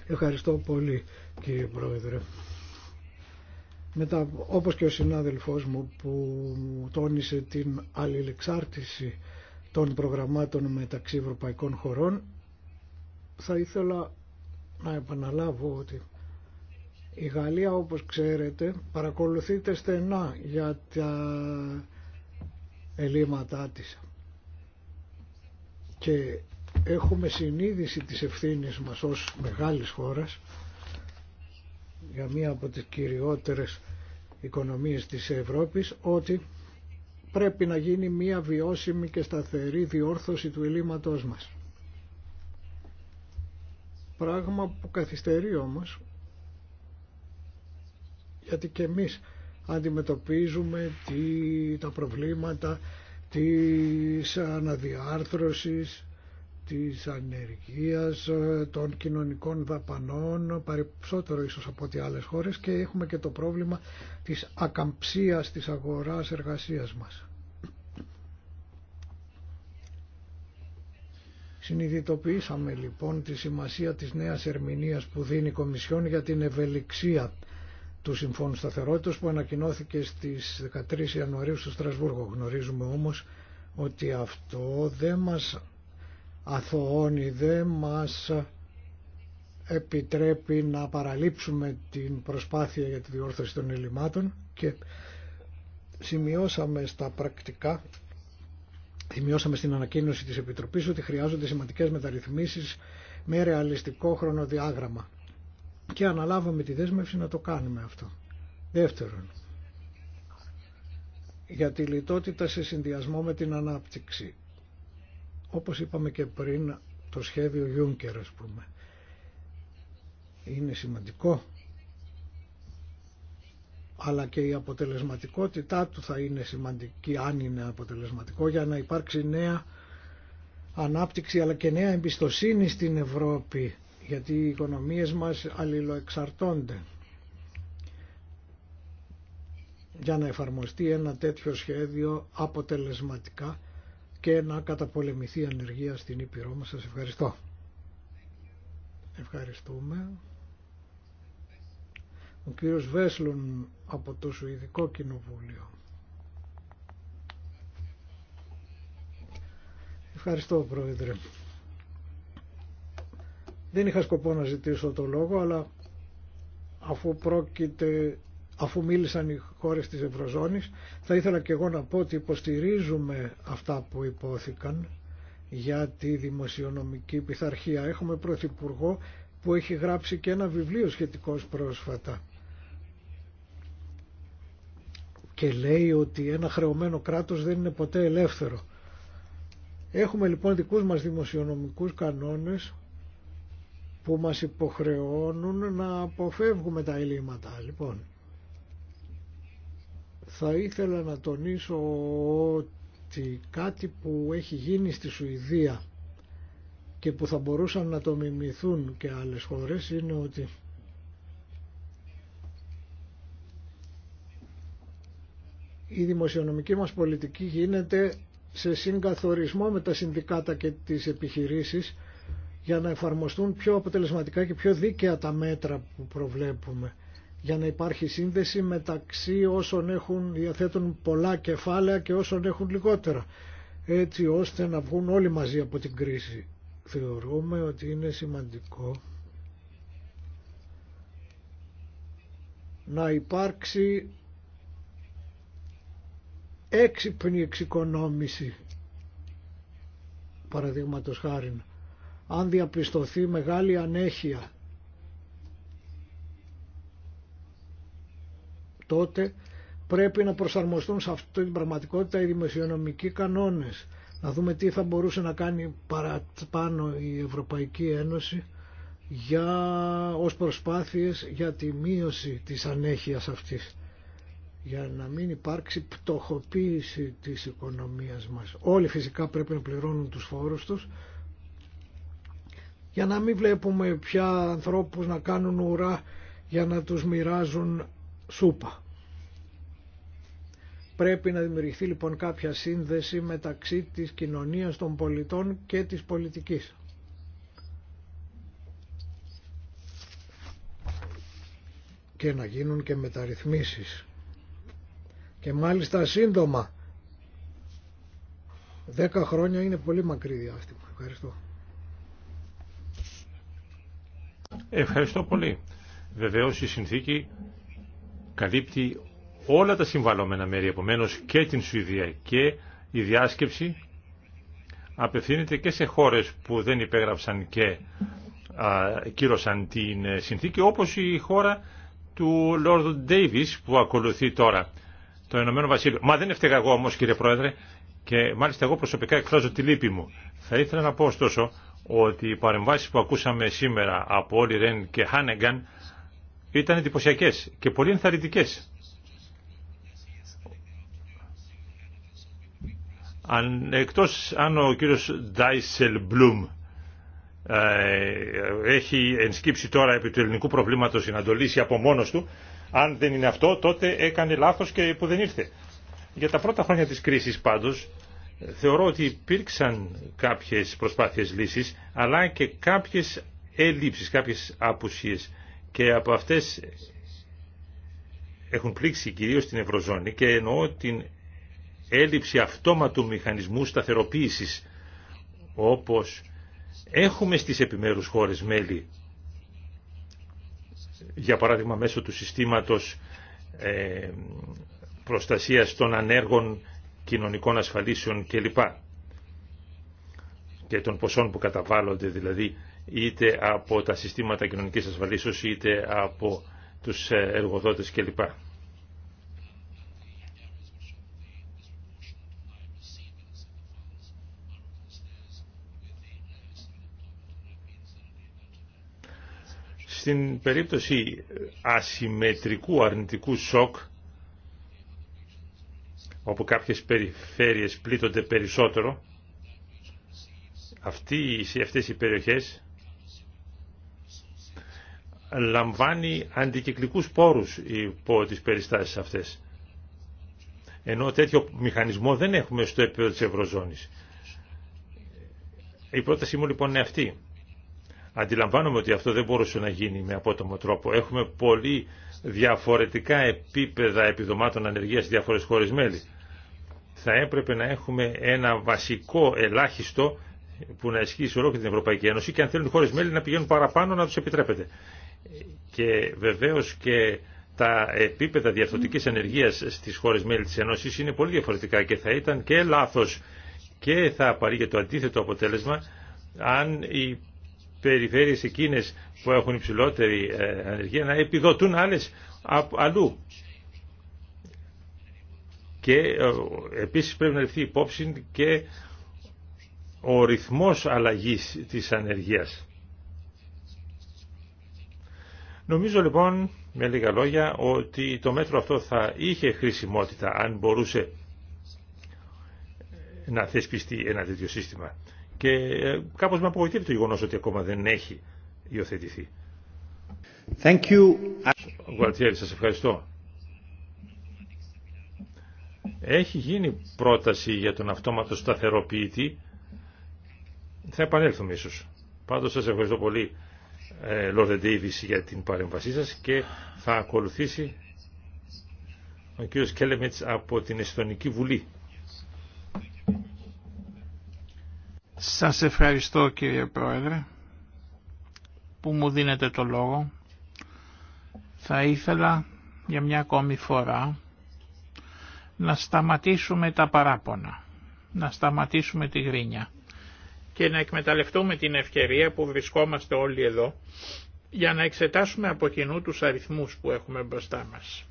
Ευχαριστώ πολύ κύριε Πρόεδρε. Μετά, όπως και ο συνάδελφός μου που τόνισε την αλληλεξάρτηση των προγραμμάτων μεταξύ ευρωπαϊκών χωρών, θα ήθελα να επαναλάβω ότι η Γαλλία όπως ξέρετε παρακολουθείται στενά για τα ελλείμματά της και έχουμε συνείδηση της ευθύνης μας ως μεγάλης χώρας για μία από τις κυριότερες οικονομίες της Ευρώπης ότι πρέπει να γίνει μία βιώσιμη και σταθερή διόρθωση του ελλείμματός μας. Πράγμα που καθυστερεί όμως γιατί και εμείς αντιμετωπίζουμε τα προβλήματα της αναδιάρθρωσης της ανεργίας, ε, των κοινωνικών δαπανών, περισσότερο ίσως από ό,τι άλλες χώρες και έχουμε και το πρόβλημα της ακαμψίας της αγοράς εργασίας μας. Συνειδητοποιήσαμε λοιπόν τη σημασία της νέας ερμηνείας που δίνει η Κομισιόν για την ευελιξία του Συμφώνου Σταθερότητας που ανακοινώθηκε στις 13 Ιανουαρίου στο Στρασβούργο. Γνωρίζουμε όμως ότι αυτό δεν μας αθωώνει δε μας επιτρέπει να παραλείψουμε την προσπάθεια για τη διόρθωση των ελλημάτων και σημειώσαμε στα πρακτικά σημειώσαμε στην ανακοίνωση της Επιτροπής ότι χρειάζονται σημαντικές μεταρρυθμίσεις με ρεαλιστικό χρονοδιάγραμμα και αναλάβαμε τη δέσμευση να το κάνουμε αυτό. Δεύτερον, για τη λιτότητα σε συνδυασμό με την ανάπτυξη. Όπως είπαμε και πριν, το σχέδιο Juncker, ας πούμε, είναι σημαντικό, αλλά και η αποτελεσματικότητά του θα είναι σημαντική, αν είναι αποτελεσματικό, για να υπάρξει νέα ανάπτυξη, αλλά και νέα εμπιστοσύνη στην Ευρώπη, γιατί οι οικονομίες μας αλληλοεξαρτώνται. Για να εφαρμοστεί ένα τέτοιο σχέδιο αποτελεσματικά, και να καταπολεμηθεί η ανεργία στην Ήπειρό μας. ευχαριστώ. Ευχαριστούμε. Ο κύριος Βέσλον από το Σουηδικό Κοινοβούλιο. Ευχαριστώ Πρόεδρε. Δεν είχα σκοπό να ζητήσω το λόγο, αλλά αφού πρόκειται αφού μίλησαν οι χώρες της Ευρωζώνης, θα ήθελα και εγώ να πω ότι υποστηρίζουμε αυτά που υπόθηκαν για τη δημοσιονομική πειθαρχία. Έχουμε πρωθυπουργό που έχει γράψει και ένα βιβλίο σχετικό πρόσφατα και λέει ότι ένα χρεωμένο κράτος δεν είναι ποτέ ελεύθερο. Έχουμε λοιπόν δικούς μας δημοσιονομικούς κανόνες που μας υποχρεώνουν να αποφεύγουμε τα ελλείμματα. Λοιπόν, θα ήθελα να τονίσω ότι κάτι που έχει γίνει στη Σουηδία και που θα μπορούσαν να το μιμηθούν και άλλες χώρες είναι ότι η δημοσιονομική μας πολιτική γίνεται σε συγκαθορισμό με τα συνδικάτα και τις επιχειρήσεις για να εφαρμοστούν πιο αποτελεσματικά και πιο δίκαια τα μέτρα που προβλέπουμε για να υπάρχει σύνδεση μεταξύ όσων έχουν, διαθέτουν πολλά κεφάλαια και όσων έχουν λιγότερα έτσι ώστε να βγουν όλοι μαζί από την κρίση. Θεωρούμε ότι είναι σημαντικό να υπάρξει έξυπνη εξοικονόμηση παραδείγματος χάρη αν διαπιστωθεί μεγάλη ανέχεια τότε πρέπει να προσαρμοστούν σε αυτή την πραγματικότητα οι δημοσιονομικοί κανόνες. Να δούμε τι θα μπορούσε να κάνει παραπάνω η Ευρωπαϊκή Ένωση για, ως προσπάθειες για τη μείωση της ανέχειας αυτής για να μην υπάρξει πτωχοποίηση της οικονομίας μας. Όλοι φυσικά πρέπει να πληρώνουν τους φόρους τους για να μην βλέπουμε πια ανθρώπους να κάνουν ουρά για να τους μοιράζουν σούπα. Πρέπει να δημιουργηθεί λοιπόν κάποια σύνδεση μεταξύ της κοινωνίας των πολιτών και της πολιτικής. Και να γίνουν και μεταρρυθμίσεις. Και μάλιστα σύντομα. Δέκα χρόνια είναι πολύ μακρύ διάστημα. Ευχαριστώ. Ευχαριστώ πολύ. Βεβαίως η συνθήκη καλύπτει όλα τα συμβαλόμενα μέρη, επομένω και την Σουηδία και η διάσκεψη απευθύνεται και σε χώρες που δεν υπέγραψαν και α, κύρωσαν την ε, συνθήκη, όπως η χώρα του Λόρδου Ντέιβις που ακολουθεί τώρα το Ηνωμένο Βασίλειο. Μα δεν έφταιγα εγώ όμως κύριε Πρόεδρε και μάλιστα εγώ προσωπικά εκφράζω τη λύπη μου. Θα ήθελα να πω ωστόσο ότι οι παρεμβάσεις που ακούσαμε σήμερα από όλοι Ρεν και Χάνεγκαν ήταν εντυπωσιακέ και πολύ ενθαρρυντικέ. Αν, εκτός αν ο κύριος Ντάισελ Μπλουμ έχει ενσκύψει τώρα επί του ελληνικού προβλήματος να το λύσει από μόνος του, αν δεν είναι αυτό τότε έκανε λάθος και που δεν ήρθε. Για τα πρώτα χρόνια της κρίσης πάντως θεωρώ ότι υπήρξαν κάποιες προσπάθειες λύσης αλλά και κάποιες ελλείψεις, κάποιες απουσίες και από αυτές έχουν πλήξει κυρίως την Ευρωζώνη και εννοώ την έλλειψη αυτόματου μηχανισμού σταθεροποίησης όπως έχουμε στις επιμέρους χώρες μέλη για παράδειγμα μέσω του συστήματος ε, προστασίας των ανέργων κοινωνικών ασφαλίσεων κλπ. Και των ποσών που καταβάλλονται δηλαδή είτε από τα συστήματα κοινωνικής ασφαλίσεως, είτε από τους ε, εργοδότες κλπ. Στην περίπτωση ασυμμετρικού αρνητικού σοκ, όπου κάποιες περιφέρειες πλήττονται περισσότερο, αυτοί, αυτές οι περιοχές λαμβάνει αντικυκλικούς πόρους υπό τις περιστάσεις αυτές. Ενώ τέτοιο μηχανισμό δεν έχουμε στο επίπεδο της Ευρωζώνης. Η πρότασή μου λοιπόν είναι αυτή. Αντιλαμβάνομαι ότι αυτό δεν μπορούσε να γίνει με απότομο τρόπο. Έχουμε πολύ διαφορετικά επίπεδα επιδομάτων ανεργίας σε διάφορες χώρες μέλη. Θα έπρεπε να έχουμε ένα βασικό ελάχιστο που να ισχύει σε ολόκληρη την Ευρωπαϊκή Ένωση και αν θέλουν οι χώρε μέλη να πηγαίνουν παραπάνω να του επιτρέπεται και βεβαίως και τα επίπεδα διαρθρωτικής ενεργείας στις χώρες μέλη της Ενώσης είναι πολύ διαφορετικά και θα ήταν και λάθος και θα παρήγε το αντίθετο αποτέλεσμα αν οι περιφέρειες εκείνες που έχουν υψηλότερη ενεργεία να επιδοτούν άλλες αλλού. Και ε, επίσης πρέπει να ληφθεί υπόψη και ο ρυθμός αλλαγής της ανεργίας. Νομίζω λοιπόν, με λίγα λόγια, ότι το μέτρο αυτό θα είχε χρησιμότητα αν μπορούσε να θεσπιστεί ένα τέτοιο σύστημα. Και ε, κάπως με απογοητεύει το γεγονός ότι ακόμα δεν έχει υιοθετηθεί. Thank you. σας ευχαριστώ. Έχει γίνει πρόταση για τον αυτόματο σταθεροποιητή. Θα επανέλθουμε ίσως. Πάντως σας ευχαριστώ πολύ ε, Λόρδε Ντέιβις για την παρέμβασή σας και θα ακολουθήσει ο κύριος Κέλεμετς από την Εστονική Βουλή. Σας ευχαριστώ κύριε Πρόεδρε που μου δίνετε το λόγο. Θα ήθελα για μια ακόμη φορά να σταματήσουμε τα παράπονα, να σταματήσουμε τη γρίνια και να εκμεταλλευτούμε την ευκαιρία που βρισκόμαστε όλοι εδώ για να εξετάσουμε από κοινού τους αριθμούς που έχουμε μπροστά μας.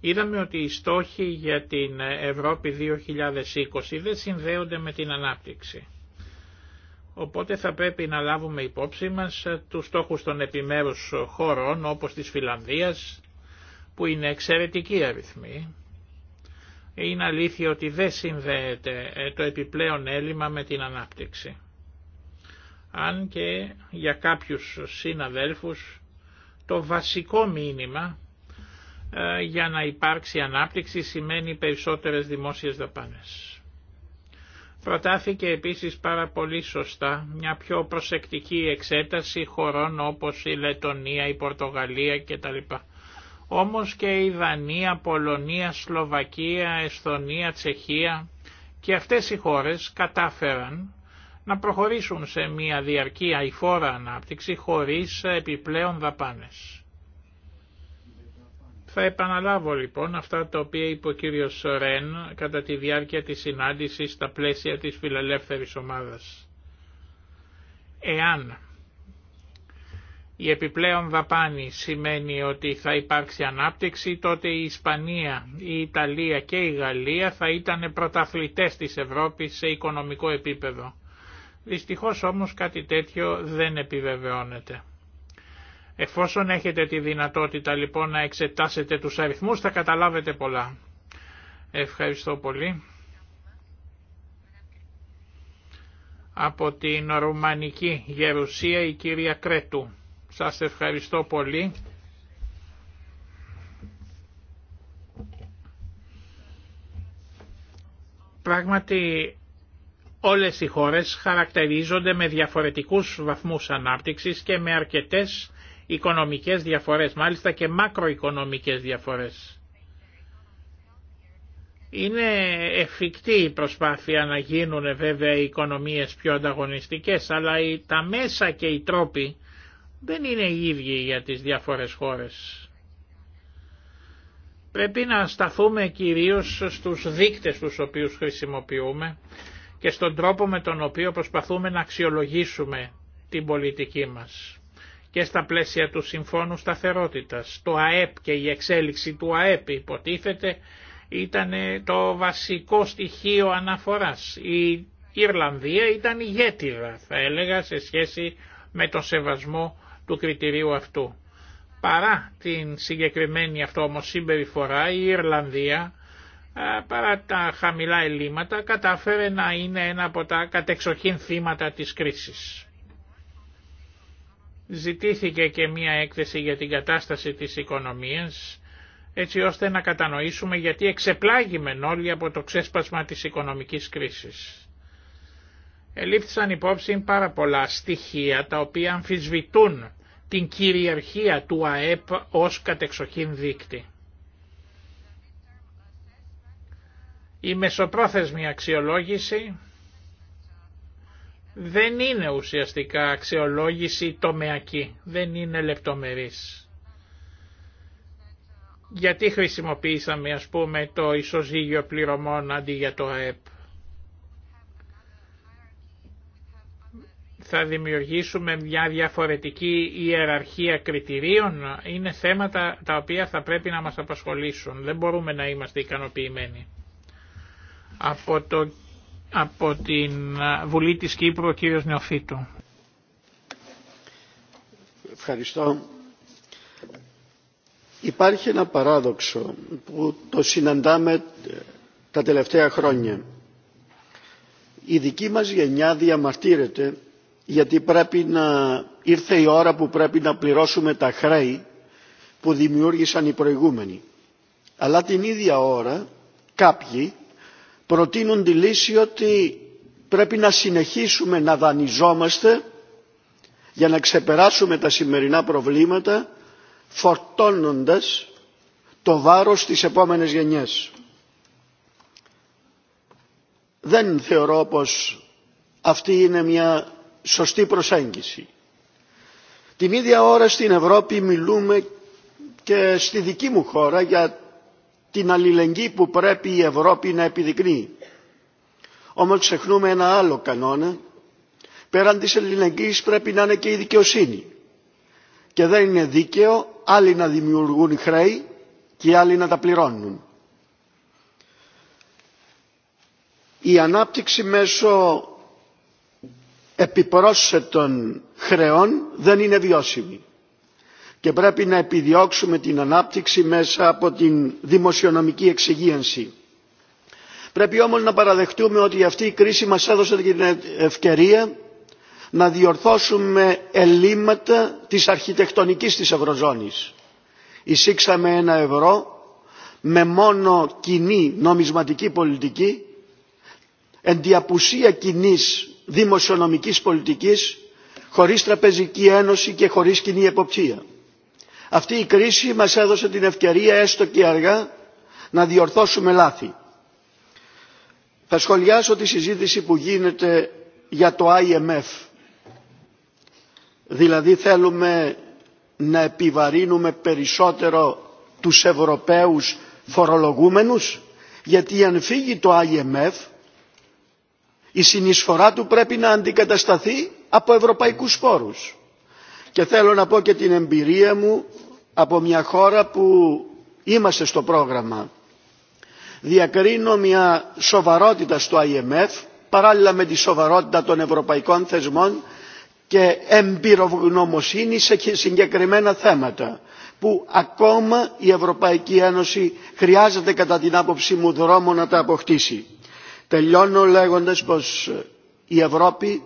Είδαμε ότι οι στόχοι για την Ευρώπη 2020 δεν συνδέονται με την ανάπτυξη. Οπότε θα πρέπει να λάβουμε υπόψη μας τους στόχους των επιμέρους χωρών όπως της Φιλανδίας που είναι εξαιρετικοί αριθμοί είναι αλήθεια ότι δεν συνδέεται ε, το επιπλέον έλλειμμα με την ανάπτυξη. Αν και για κάποιους συναδέλφους το βασικό μήνυμα ε, για να υπάρξει ανάπτυξη σημαίνει περισσότερες δημόσιες δαπάνες. Προτάθηκε επίσης πάρα πολύ σωστά μια πιο προσεκτική εξέταση χωρών όπως η Λετωνία, η Πορτογαλία κτλ όμως και η Δανία, Πολωνία, Σλοβακία, Εσθονία, Τσεχία και αυτές οι χώρες κατάφεραν να προχωρήσουν σε μια διαρκή αηφόρα ανάπτυξη χωρίς επιπλέον δαπάνες. Θα επαναλάβω λοιπόν αυτά τα οποία είπε ο κύριος Σορέν κατά τη διάρκεια της συνάντησης στα πλαίσια της φιλελεύθερης ομάδας. Εάν η επιπλέον δαπάνη σημαίνει ότι θα υπάρξει ανάπτυξη, τότε η Ισπανία, η Ιταλία και η Γαλλία θα ήταν πρωταθλητές της Ευρώπης σε οικονομικό επίπεδο. Δυστυχώς όμως κάτι τέτοιο δεν επιβεβαιώνεται. Εφόσον έχετε τη δυνατότητα λοιπόν να εξετάσετε τους αριθμούς θα καταλάβετε πολλά. Ευχαριστώ πολύ. Από την Ρουμανική Γερουσία η κυρία Κρέτου. Σας ευχαριστώ πολύ. Πράγματι όλες οι χώρες χαρακτηρίζονται με διαφορετικούς βαθμούς ανάπτυξης και με αρκετές οικονομικές διαφορές, μάλιστα και μακροοικονομικές διαφορές. Είναι εφικτή η προσπάθεια να γίνουν βέβαια οι οικονομίες πιο ανταγωνιστικές, αλλά τα μέσα και οι τρόποι δεν είναι οι ίδιοι για τις διάφορες χώρες. Πρέπει να σταθούμε κυρίως στους δείκτες τους οποίους χρησιμοποιούμε και στον τρόπο με τον οποίο προσπαθούμε να αξιολογήσουμε την πολιτική μας και στα πλαίσια του Συμφώνου Σταθερότητας. Το ΑΕΠ και η εξέλιξη του ΑΕΠ υποτίθεται ήταν το βασικό στοιχείο αναφοράς. Η Ιρλανδία ήταν ηγέτιδα θα έλεγα σε σχέση με τον σεβασμό του κριτηρίου αυτού. Παρά την συγκεκριμένη αυτό όμως συμπεριφορά η Ιρλανδία παρά τα χαμηλά ελλείμματα κατάφερε να είναι ένα από τα κατεξοχήν θύματα της κρίσης. Ζητήθηκε και μία έκθεση για την κατάσταση της οικονομίας έτσι ώστε να κατανοήσουμε γιατί εξεπλάγημεν όλοι από το ξέσπασμα της οικονομικής κρίσης. Ελήφθησαν υπόψη πάρα πολλά στοιχεία τα οποία αμφισβητούν την κυριαρχία του ΑΕΠ ως κατεξοχήν δίκτυ. Η μεσοπρόθεσμη αξιολόγηση δεν είναι ουσιαστικά αξιολόγηση τομεακή, δεν είναι λεπτομερής. Γιατί χρησιμοποίησαμε ας πούμε το ισοζύγιο πληρωμών αντί για το ΑΕΠ. θα δημιουργήσουμε μια διαφορετική ιεραρχία κριτηρίων. Είναι θέματα τα οποία θα πρέπει να μας απασχολήσουν. Δεν μπορούμε να είμαστε ικανοποιημένοι. Από, το, από την Βουλή της Κύπρου ο κύριος Νεοφίτου. Ευχαριστώ. Υπάρχει ένα παράδοξο που το συναντάμε ε, τα τελευταία χρόνια. Η δική μας γενιά διαμαρτύρεται γιατί πρέπει να ήρθε η ώρα που πρέπει να πληρώσουμε τα χρέη που δημιούργησαν οι προηγούμενοι. Αλλά την ίδια ώρα κάποιοι προτείνουν τη λύση ότι πρέπει να συνεχίσουμε να δανειζόμαστε για να ξεπεράσουμε τα σημερινά προβλήματα φορτώνοντας το βάρος στις επόμενες γενιές. Δεν θεωρώ πως αυτή είναι μια σωστή προσέγγιση. Την ίδια ώρα στην Ευρώπη μιλούμε και στη δική μου χώρα για την αλληλεγγύη που πρέπει η Ευρώπη να επιδεικνύει. Όμως ξεχνούμε ένα άλλο κανόνα. Πέραν της αλληλεγγύης πρέπει να είναι και η δικαιοσύνη. Και δεν είναι δίκαιο άλλοι να δημιουργούν χρέη και άλλοι να τα πληρώνουν. Η ανάπτυξη μέσω επιπρόσθετων χρεών δεν είναι βιώσιμη και πρέπει να επιδιώξουμε την ανάπτυξη μέσα από την δημοσιονομική εξυγίανση. Πρέπει όμως να παραδεχτούμε ότι αυτή η κρίση μας έδωσε την ευκαιρία να διορθώσουμε ελλείμματα της αρχιτεκτονικής της Ευρωζώνης. Εισήξαμε ένα ευρώ με μόνο κοινή νομισματική πολιτική, εν διαπουσία δημοσιονομικής πολιτικής χωρίς τραπεζική ένωση και χωρίς κοινή εποπτεία. Αυτή η κρίση μας έδωσε την ευκαιρία έστω και αργά να διορθώσουμε λάθη. Θα σχολιάσω τη συζήτηση που γίνεται για το IMF. Δηλαδή θέλουμε να επιβαρύνουμε περισσότερο τους Ευρωπαίους φορολογούμενους γιατί αν φύγει το IMF η συνεισφορά του πρέπει να αντικατασταθεί από ευρωπαϊκούς φόρους. Και θέλω να πω και την εμπειρία μου από μια χώρα που είμαστε στο πρόγραμμα. Διακρίνω μια σοβαρότητα στο IMF παράλληλα με τη σοβαρότητα των ευρωπαϊκών θεσμών και εμπειρογνωμοσύνη σε συγκεκριμένα θέματα που ακόμα η Ευρωπαϊκή Ένωση χρειάζεται κατά την άποψή μου δρόμο να τα αποκτήσει. Τελειώνω λέγοντας πως ε, η Ευρώπη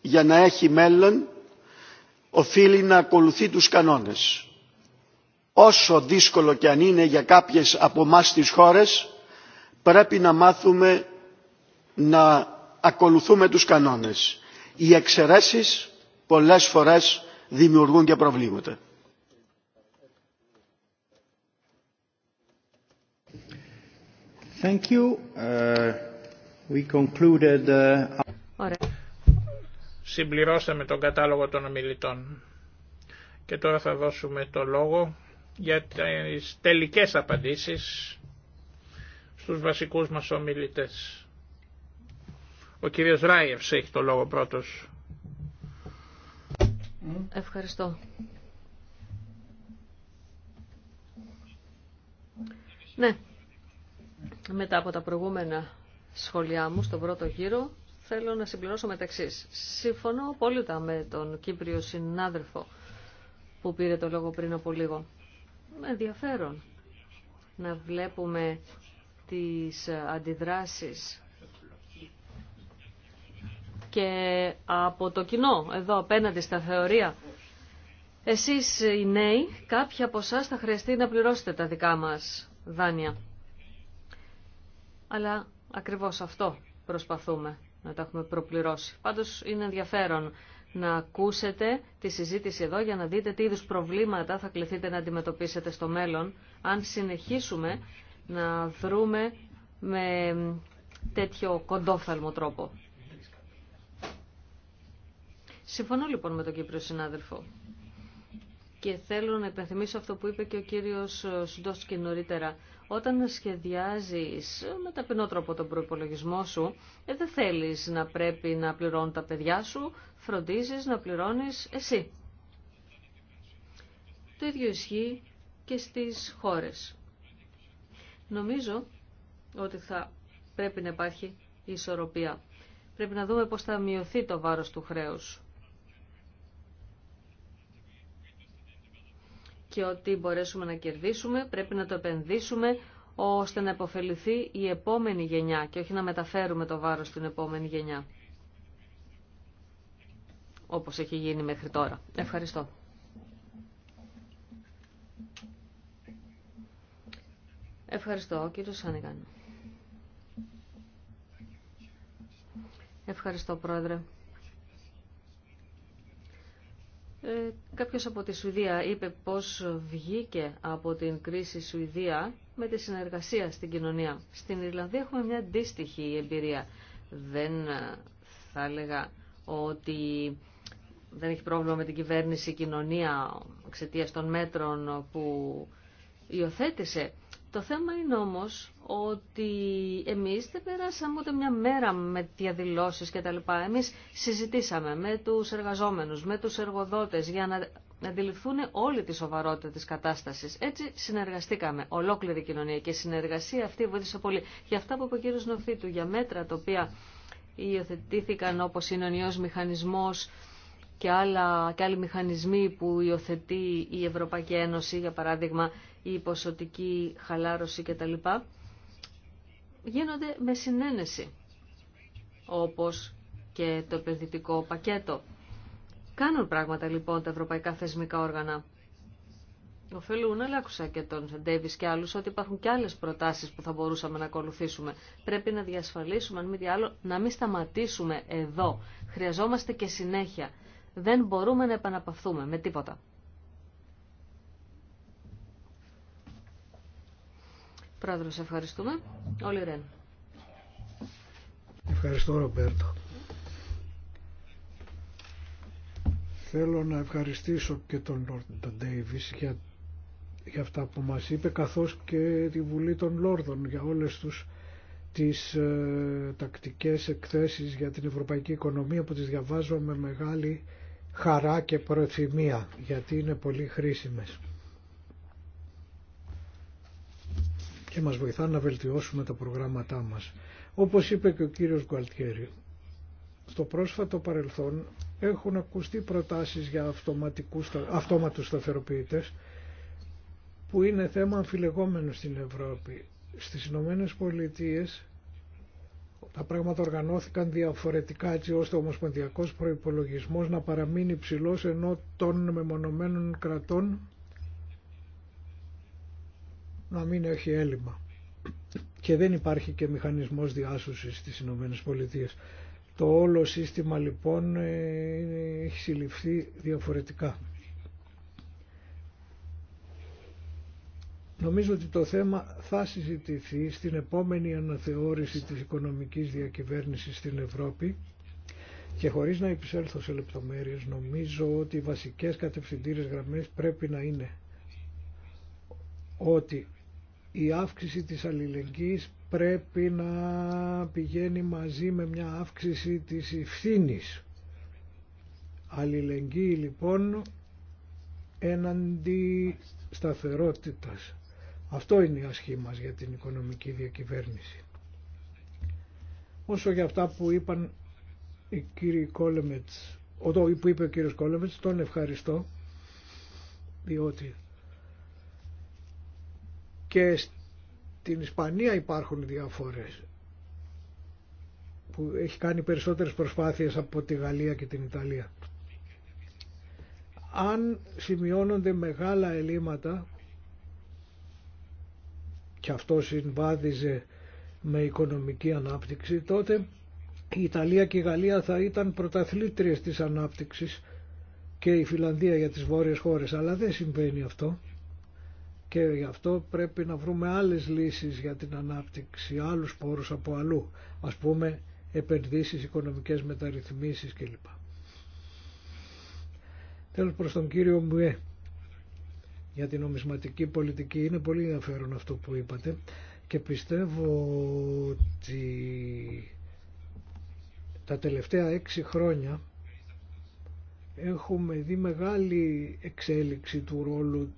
για να έχει μέλλον οφείλει να ακολουθεί τους κανόνες. Όσο δύσκολο και αν είναι για κάποιες από εμά τις χώρες πρέπει να μάθουμε να ακολουθούμε τους κανόνες. Οι εξαιρέσει πολλές φορές δημιουργούν και προβλήματα. Thank ε, Uh, Συμπληρώσαμε τον κατάλογο των ομιλητών. Και τώρα θα δώσουμε το λόγο για τις τελικές απαντήσεις στους βασικούς μας ομιλητές. Ο κύριος Ράιευς έχει το λόγο πρώτος. Ευχαριστώ. Ναι, μετά από τα προηγούμενα σχολιά μου στον πρώτο γύρο, θέλω να συμπληρώσω μεταξύ. Συμφωνώ απόλυτα με τον Κύπριο συνάδελφο που πήρε το λόγο πριν από λίγο. Με ενδιαφέρον να βλέπουμε τις αντιδράσεις και από το κοινό εδώ απέναντι στα θεωρία. Εσείς οι νέοι, κάποιοι από εσά θα χρειαστεί να πληρώσετε τα δικά μας δάνεια. Αλλά Ακριβώς αυτό προσπαθούμε να τα έχουμε προπληρώσει. Πάντως είναι ενδιαφέρον να ακούσετε τη συζήτηση εδώ για να δείτε τι είδους προβλήματα θα κληθείτε να αντιμετωπίσετε στο μέλλον αν συνεχίσουμε να δρούμε με τέτοιο κοντόφθαλμο τρόπο. Συμφωνώ λοιπόν με τον Κύπριο συνάδελφο και θέλω να υπενθυμίσω αυτό που είπε και ο κύριος Σντόσκι νωρίτερα όταν σχεδιάζεις με ταπεινό τρόπο τον προϋπολογισμό σου, ε, δεν θέλεις να πρέπει να πληρώνουν τα παιδιά σου, φροντίζεις να πληρώνεις εσύ. Το ίδιο ισχύει και στις χώρες. Νομίζω ότι θα πρέπει να υπάρχει ισορροπία. Πρέπει να δούμε πώς θα μειωθεί το βάρος του χρέους. και ό,τι μπορέσουμε να κερδίσουμε πρέπει να το επενδύσουμε ώστε να υποφεληθεί η επόμενη γενιά και όχι να μεταφέρουμε το βάρος στην επόμενη γενιά όπως έχει γίνει μέχρι τώρα. Ευχαριστώ. Ευχαριστώ, κύριο Σάνιγκαν. Ευχαριστώ, Πρόεδρε. Ε, κάποιος από τη Σουηδία είπε πώς βγήκε από την κρίση Σουηδία με τη συνεργασία στην κοινωνία. Στην Ιρλανδία έχουμε μια αντίστοιχη εμπειρία. Δεν ε, θα έλεγα ότι δεν έχει πρόβλημα με την κυβέρνηση η κοινωνία εξαιτία των μέτρων που υιοθέτησε. Το θέμα είναι όμως ότι εμείς δεν περάσαμε ούτε μια μέρα με διαδηλώσεις κτλ. Εμείς συζητήσαμε με τους εργαζόμενους, με τους εργοδότες για να αντιληφθούν όλη τη σοβαρότητα της κατάστασης. Έτσι συνεργαστήκαμε. Ολόκληρη η κοινωνία και η συνεργασία αυτή βοήθησε πολύ. Για αυτά που είπε ο κύριος Νοφίτου, για μέτρα τα οποία υιοθετήθηκαν όπως είναι ο νέος μηχανισμός και, άλλα, και άλλοι μηχανισμοί που υιοθετεί η Ευρωπαϊκή Ένωση, για παράδειγμα, η ποσοτική χαλάρωση κτλ. γίνονται με συνένεση, όπως και το επενδυτικό πακέτο. Κάνουν πράγματα λοιπόν τα ευρωπαϊκά θεσμικά όργανα. Οφελούν, αλλά άκουσα και τον Ντέβι και άλλου ότι υπάρχουν και άλλε προτάσει που θα μπορούσαμε να ακολουθήσουμε. Πρέπει να διασφαλίσουμε, αν μη τι άλλο, να μην σταματήσουμε εδώ. Χρειαζόμαστε και συνέχεια. Δεν μπορούμε να επαναπαυθούμε με τίποτα. Πρόεδρος, ευχαριστούμε. Όλοι Ρεν. Ευχαριστώ Ρομπέρτο. Θέλω να ευχαριστήσω και τον τον Ντέιβις για, για αυτά που μας είπε καθώς και τη Βουλή των Λόρδων για όλες τους τις ε, τακτικές εκθέσεις για την ευρωπαϊκή οικονομία που τις διαβάζω με μεγάλη χαρά και προθυμία γιατί είναι πολύ χρήσιμες. και μας βοηθά να βελτιώσουμε τα προγράμματά μας. Όπως είπε και ο κύριος Γκουαλτιέρη, στο πρόσφατο παρελθόν έχουν ακουστεί προτάσεις για αυτόματους σταθεροποιητές που είναι θέμα αμφιλεγόμενο στην Ευρώπη. Στις Ηνωμένε Πολιτείε τα πράγματα οργανώθηκαν διαφορετικά έτσι ώστε ο ομοσπονδιακός προϋπολογισμός να παραμείνει ψηλός ενώ των μεμονωμένων κρατών να μην έχει έλλειμμα. Και δεν υπάρχει και μηχανισμός διάσωσης στις Ηνωμένες Πολιτείες. Το όλο σύστημα λοιπόν ε, έχει συλληφθεί διαφορετικά. Νομίζω ότι το θέμα θα συζητηθεί στην επόμενη αναθεώρηση της οικονομικής διακυβέρνησης στην Ευρώπη και χωρίς να επισέλθω σε λεπτομέρειες νομίζω ότι οι βασικές κατευθυντήρες γραμμές πρέπει να είναι ότι η αύξηση της αλληλεγγύης πρέπει να πηγαίνει μαζί με μια αύξηση της ευθύνη. Αλληλεγγύη λοιπόν έναντι σταθερότητας. Αυτό είναι η ασχή μας για την οικονομική διακυβέρνηση. Όσο για αυτά που είπαν οι κύριοι Κόλεμετς, που είπε ο κύριος Κόλεμετς, τον ευχαριστώ, διότι και στην Ισπανία υπάρχουν διαφορές που έχει κάνει περισσότερες προσπάθειες από τη Γαλλία και την Ιταλία. Αν σημειώνονται μεγάλα ελλείμματα και αυτό συμβάδιζε με οικονομική ανάπτυξη τότε η Ιταλία και η Γαλλία θα ήταν πρωταθλήτριες της ανάπτυξης και η Φιλανδία για τις βόρειες χώρες αλλά δεν συμβαίνει αυτό και γι' αυτό πρέπει να βρούμε άλλες λύσεις για την ανάπτυξη, άλλους πόρους από αλλού, ας πούμε επενδύσεις, οικονομικές μεταρρυθμίσεις κλπ. Τέλος προς τον κύριο Μουέ για την νομισματική πολιτική είναι πολύ ενδιαφέρον αυτό που είπατε και πιστεύω ότι τα τελευταία έξι χρόνια έχουμε δει μεγάλη εξέλιξη του ρόλου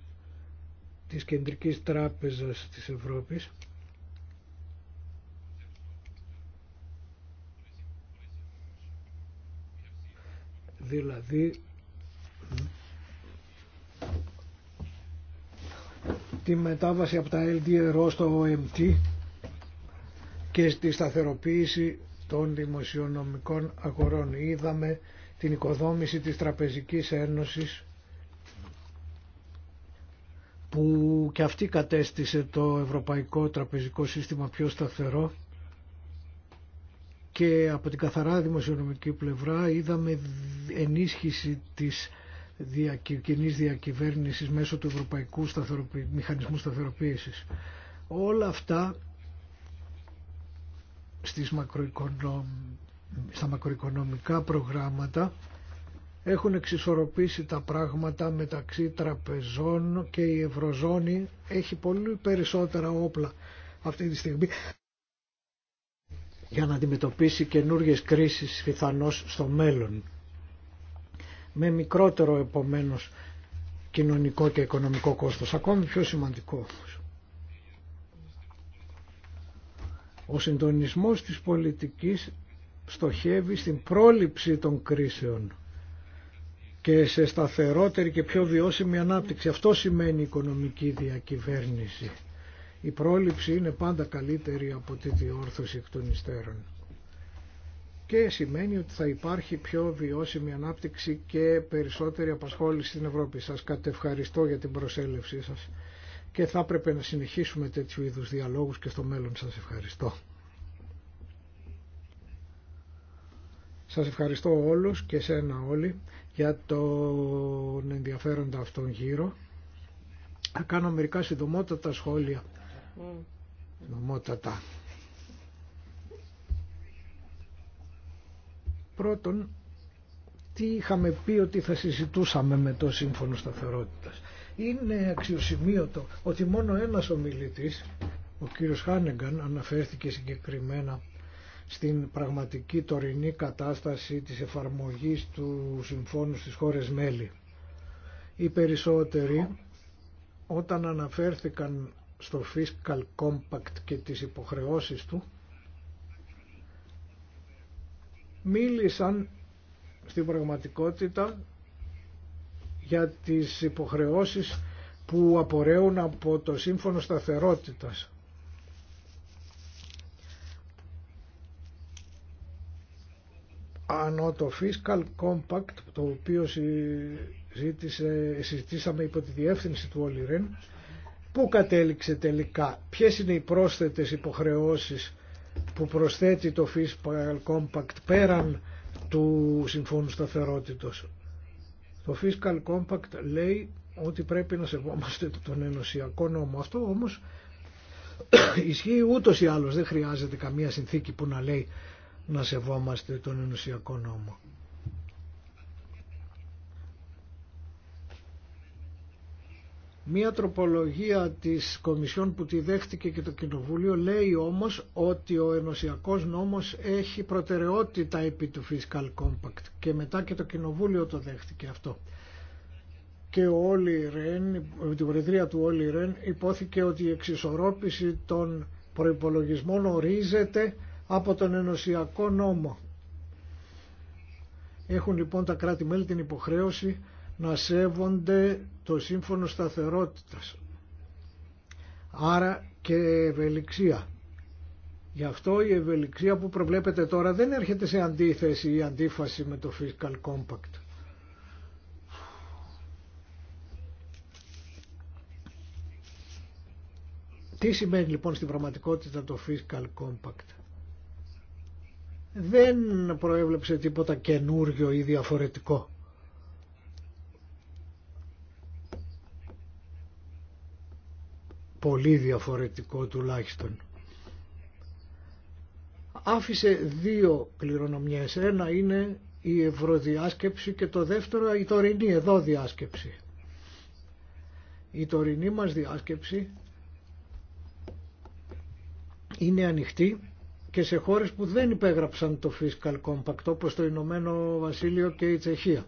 της Κεντρικής Τράπεζας της Ευρώπης δηλαδή τη μετάβαση από τα LDRO στο OMT και στη σταθεροποίηση των δημοσιονομικών αγορών. Είδαμε την οικοδόμηση της Τραπεζικής Ένωσης που και αυτή κατέστησε το ευρωπαϊκό τραπεζικό σύστημα πιο σταθερό και από την καθαρά δημοσιονομική πλευρά είδαμε ενίσχυση της κοινή διακυβέρνησης μέσω του Ευρωπαϊκού Μηχανισμού Σταθεροποίησης. Όλα αυτά στις μακροοικονομ... στα μακροοικονομικά προγράμματα έχουν εξισορροπήσει τα πράγματα μεταξύ τραπεζών και η Ευρωζώνη έχει πολύ περισσότερα όπλα αυτή τη στιγμή για να αντιμετωπίσει καινούργιες κρίσεις πιθανώς στο μέλλον. Με μικρότερο επομένως κοινωνικό και οικονομικό κόστος, ακόμη πιο σημαντικό Ο συντονισμός της πολιτικής στοχεύει στην πρόληψη των κρίσεων και σε σταθερότερη και πιο βιώσιμη ανάπτυξη. Αυτό σημαίνει οικονομική διακυβέρνηση. Η πρόληψη είναι πάντα καλύτερη από τη διόρθωση εκ των υστέρων. Και σημαίνει ότι θα υπάρχει πιο βιώσιμη ανάπτυξη και περισσότερη απασχόληση στην Ευρώπη. Σας κατευχαριστώ για την προσέλευσή σας και θα έπρεπε να συνεχίσουμε τέτοιου είδους διαλόγους και στο μέλλον. Σας ευχαριστώ. Σας ευχαριστώ όλους και σένα όλοι για τον ενδιαφέροντα αυτόν γύρο. Θα κάνω μερικά συντομότατα σχόλια. Συντομότατα. Πρώτον, τι είχαμε πει ότι θα συζητούσαμε με το Σύμφωνο Σταθερότητας. Είναι αξιοσημείωτο ότι μόνο ένας ομιλητής, ο κύριος Χάνεγκαν, αναφέρθηκε συγκεκριμένα στην πραγματική τωρινή κατάσταση της εφαρμογής του συμφώνου στις χώρες μέλη. Οι περισσότεροι όταν αναφέρθηκαν στο Fiscal Compact και τις υποχρεώσεις του μίλησαν στην πραγματικότητα για τις υποχρεώσεις που απορρέουν από το Σύμφωνο Σταθερότητας Ανώ το Fiscal Compact, το οποίο συζήτησε, συζητήσαμε υπό τη διεύθυνση του Ολυρέν που προσθέτει το Fiscal Compact πέραν του Συμφώνου Σταθερότητος. Το Fiscal Compact λέει ότι πρέπει να σεβόμαστε τον ενωσιακό νόμο. Αυτό όμως ισχύει ούτως ή άλλως, δεν χρειάζεται καμία συνθήκη που να λέει να σεβόμαστε τον ενωσιακό νόμο. Μία τροπολογία της Κομισιόν που τη δέχτηκε και το Κοινοβούλιο λέει όμως ότι ο ενωσιακός νόμος έχει προτεραιότητα επί του Fiscal Compact και μετά και το Κοινοβούλιο το δέχτηκε αυτό. Και ο Όλη Ρεν, την Προεδρία του Όλη Ρεν υπόθηκε ότι η εξισορρόπηση των προϋπολογισμών ορίζεται από τον ενωσιακό νόμο. Έχουν λοιπόν τα κράτη-μέλη την υποχρέωση να σέβονται το σύμφωνο σταθερότητας. Άρα και ευελιξία. Γι' αυτό η ευελιξία που προβλέπετε τώρα δεν έρχεται σε αντίθεση ή αντίφαση με το Fiscal Compact. Τι σημαίνει λοιπόν στην πραγματικότητα το Fiscal Compact δεν προέβλεψε τίποτα καινούριο ή διαφορετικό. Πολύ διαφορετικό τουλάχιστον. Άφησε δύο κληρονομιές. Ένα είναι η ευρωδιάσκεψη και το δεύτερο η τωρινή εδώ διάσκεψη. Η τωρινή μας διάσκεψη είναι ανοιχτή και σε χώρες που δεν υπέγραψαν το Fiscal Compact όπως το Ηνωμένο Βασίλειο και η Τσεχία.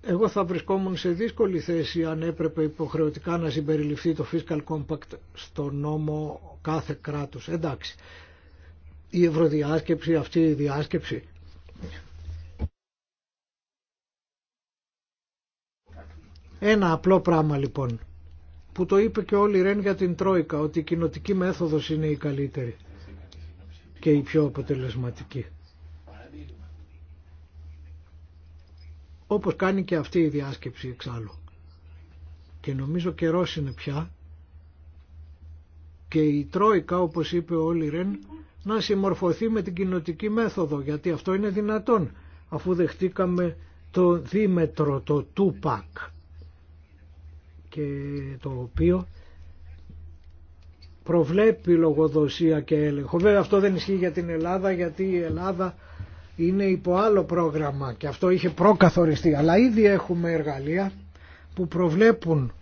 Εγώ θα βρισκόμουν σε δύσκολη θέση αν έπρεπε υποχρεωτικά να συμπεριληφθεί το Fiscal Compact στο νόμο κάθε κράτους. Εντάξει, η ευρωδιάσκεψη, αυτή η διάσκεψη. Ένα απλό πράγμα λοιπόν που το είπε και όλοι Ρεν για την Τρόικα, ότι η κοινοτική μέθοδος είναι η καλύτερη και η πιο αποτελεσματική. Όπως κάνει και αυτή η διάσκεψη εξάλλου. Και νομίζω καιρό είναι πια και η Τρόικα, όπως είπε όλοι Ρεν, να συμμορφωθεί με την κοινοτική μέθοδο, γιατί αυτό είναι δυνατόν, αφού δεχτήκαμε το δίμετρο, το Τούπακ και το οποίο προβλέπει λογοδοσία και έλεγχο. Βέβαια αυτό δεν ισχύει για την Ελλάδα γιατί η Ελλάδα είναι υπό άλλο πρόγραμμα και αυτό είχε προκαθοριστεί. Αλλά ήδη έχουμε εργαλεία που προβλέπουν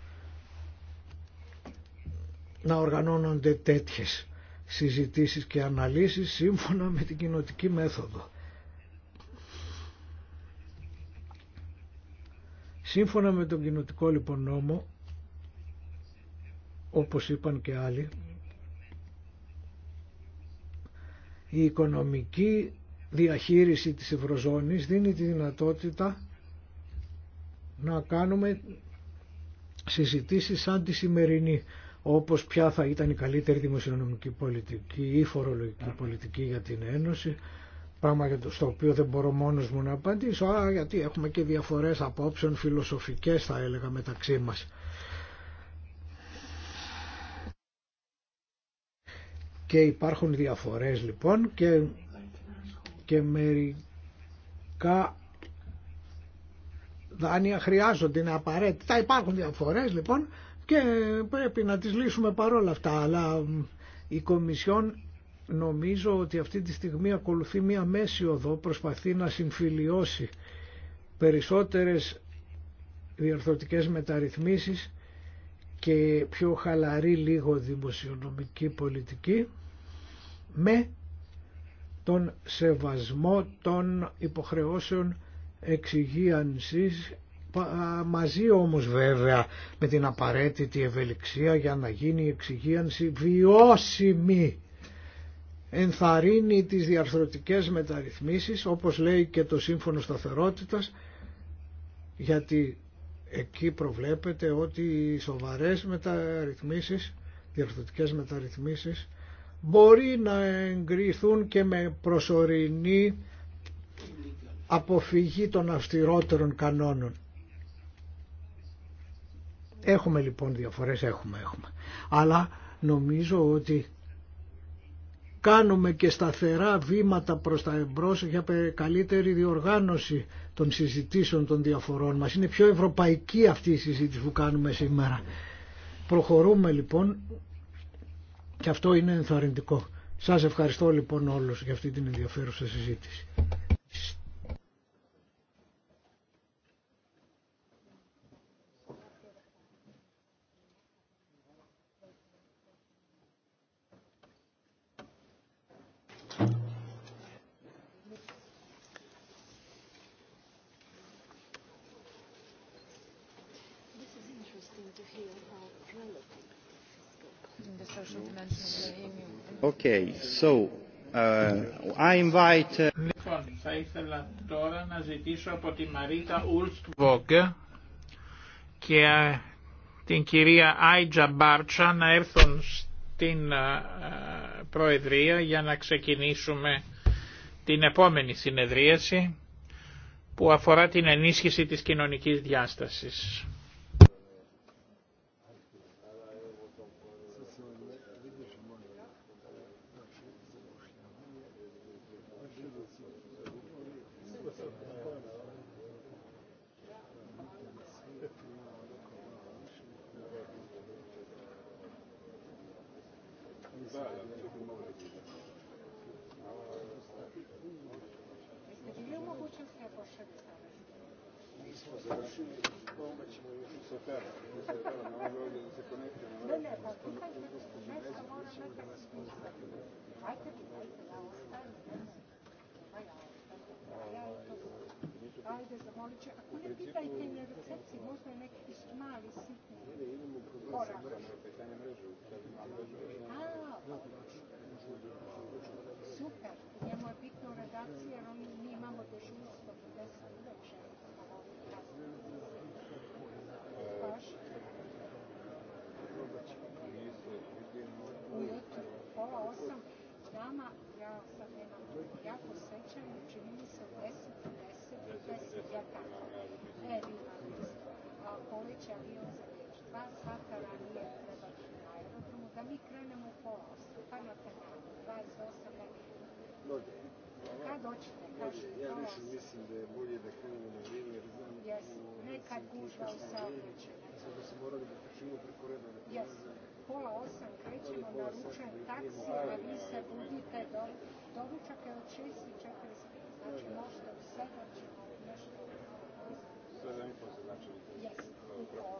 να οργανώνονται τέτοιες συζητήσεις και αναλύσεις σύμφωνα με την κοινοτική μέθοδο. Σύμφωνα με τον κοινοτικό λοιπόν νόμο όπως είπαν και άλλοι, η οικονομική διαχείριση της Ευρωζώνης δίνει τη δυνατότητα να κάνουμε συζητήσεις σαν τη σημερινή όπως ποια θα ήταν η καλύτερη δημοσιονομική πολιτική ή φορολογική πολιτική για την Ένωση πράγμα στο οποίο δεν μπορώ μόνος μου να απαντήσω αλλά γιατί έχουμε και διαφορές απόψεων φιλοσοφικές θα έλεγα μεταξύ μας Και υπάρχουν διαφορές λοιπόν και, και μερικά δάνεια χρειάζονται, είναι απαραίτητα. Υπάρχουν διαφορές λοιπόν και πρέπει να τις λύσουμε παρόλα αυτά. Αλλά η Κομισιόν νομίζω ότι αυτή τη στιγμή ακολουθεί μία μέση οδό, προσπαθεί να συμφιλιώσει περισσότερες διορθωτικές μεταρρυθμίσεις και πιο χαλαρή λίγο δημοσιονομική πολιτική με τον σεβασμό των υποχρεώσεων εξυγίανσης μαζί όμως βέβαια με την απαραίτητη ευελιξία για να γίνει η εξυγίανση βιώσιμη ενθαρρύνει τις διαρθρωτικές μεταρρυθμίσεις όπως λέει και το Σύμφωνο Σταθερότητας γιατί εκεί προβλέπεται ότι οι σοβαρές μεταρρυθμίσεις, διαρθρωτικές μεταρρυθμίσεις, μπορεί να εγκριθούν και με προσωρινή αποφυγή των αυστηρότερων κανόνων. Έχουμε λοιπόν διαφορές, έχουμε, έχουμε. Αλλά νομίζω ότι κάνουμε και σταθερά βήματα προς τα εμπρός για καλύτερη διοργάνωση των συζητήσεων των διαφορών μας. Είναι πιο ευρωπαϊκή αυτή η συζήτηση που κάνουμε σήμερα. Προχωρούμε λοιπόν και αυτό είναι ενθαρρυντικό. Σας ευχαριστώ λοιπόν όλους για αυτή την ενδιαφέρουσα συζήτηση. Okay, so uh, I uh, Λοιπόν, θα ήθελα τώρα να ζητήσω από τη Μαρίτα Ουλστβόγκ και ε, την κυρία Άιτζα Μπάρτσα να έρθουν στην ε, Προεδρία για να ξεκινήσουμε την επόμενη συνεδρίαση που αφορά την ενίσχυση της κοινωνικής διάστασης. Pola osam krećemo na ručan taksi, do... Doručak je od znači možda u nešto...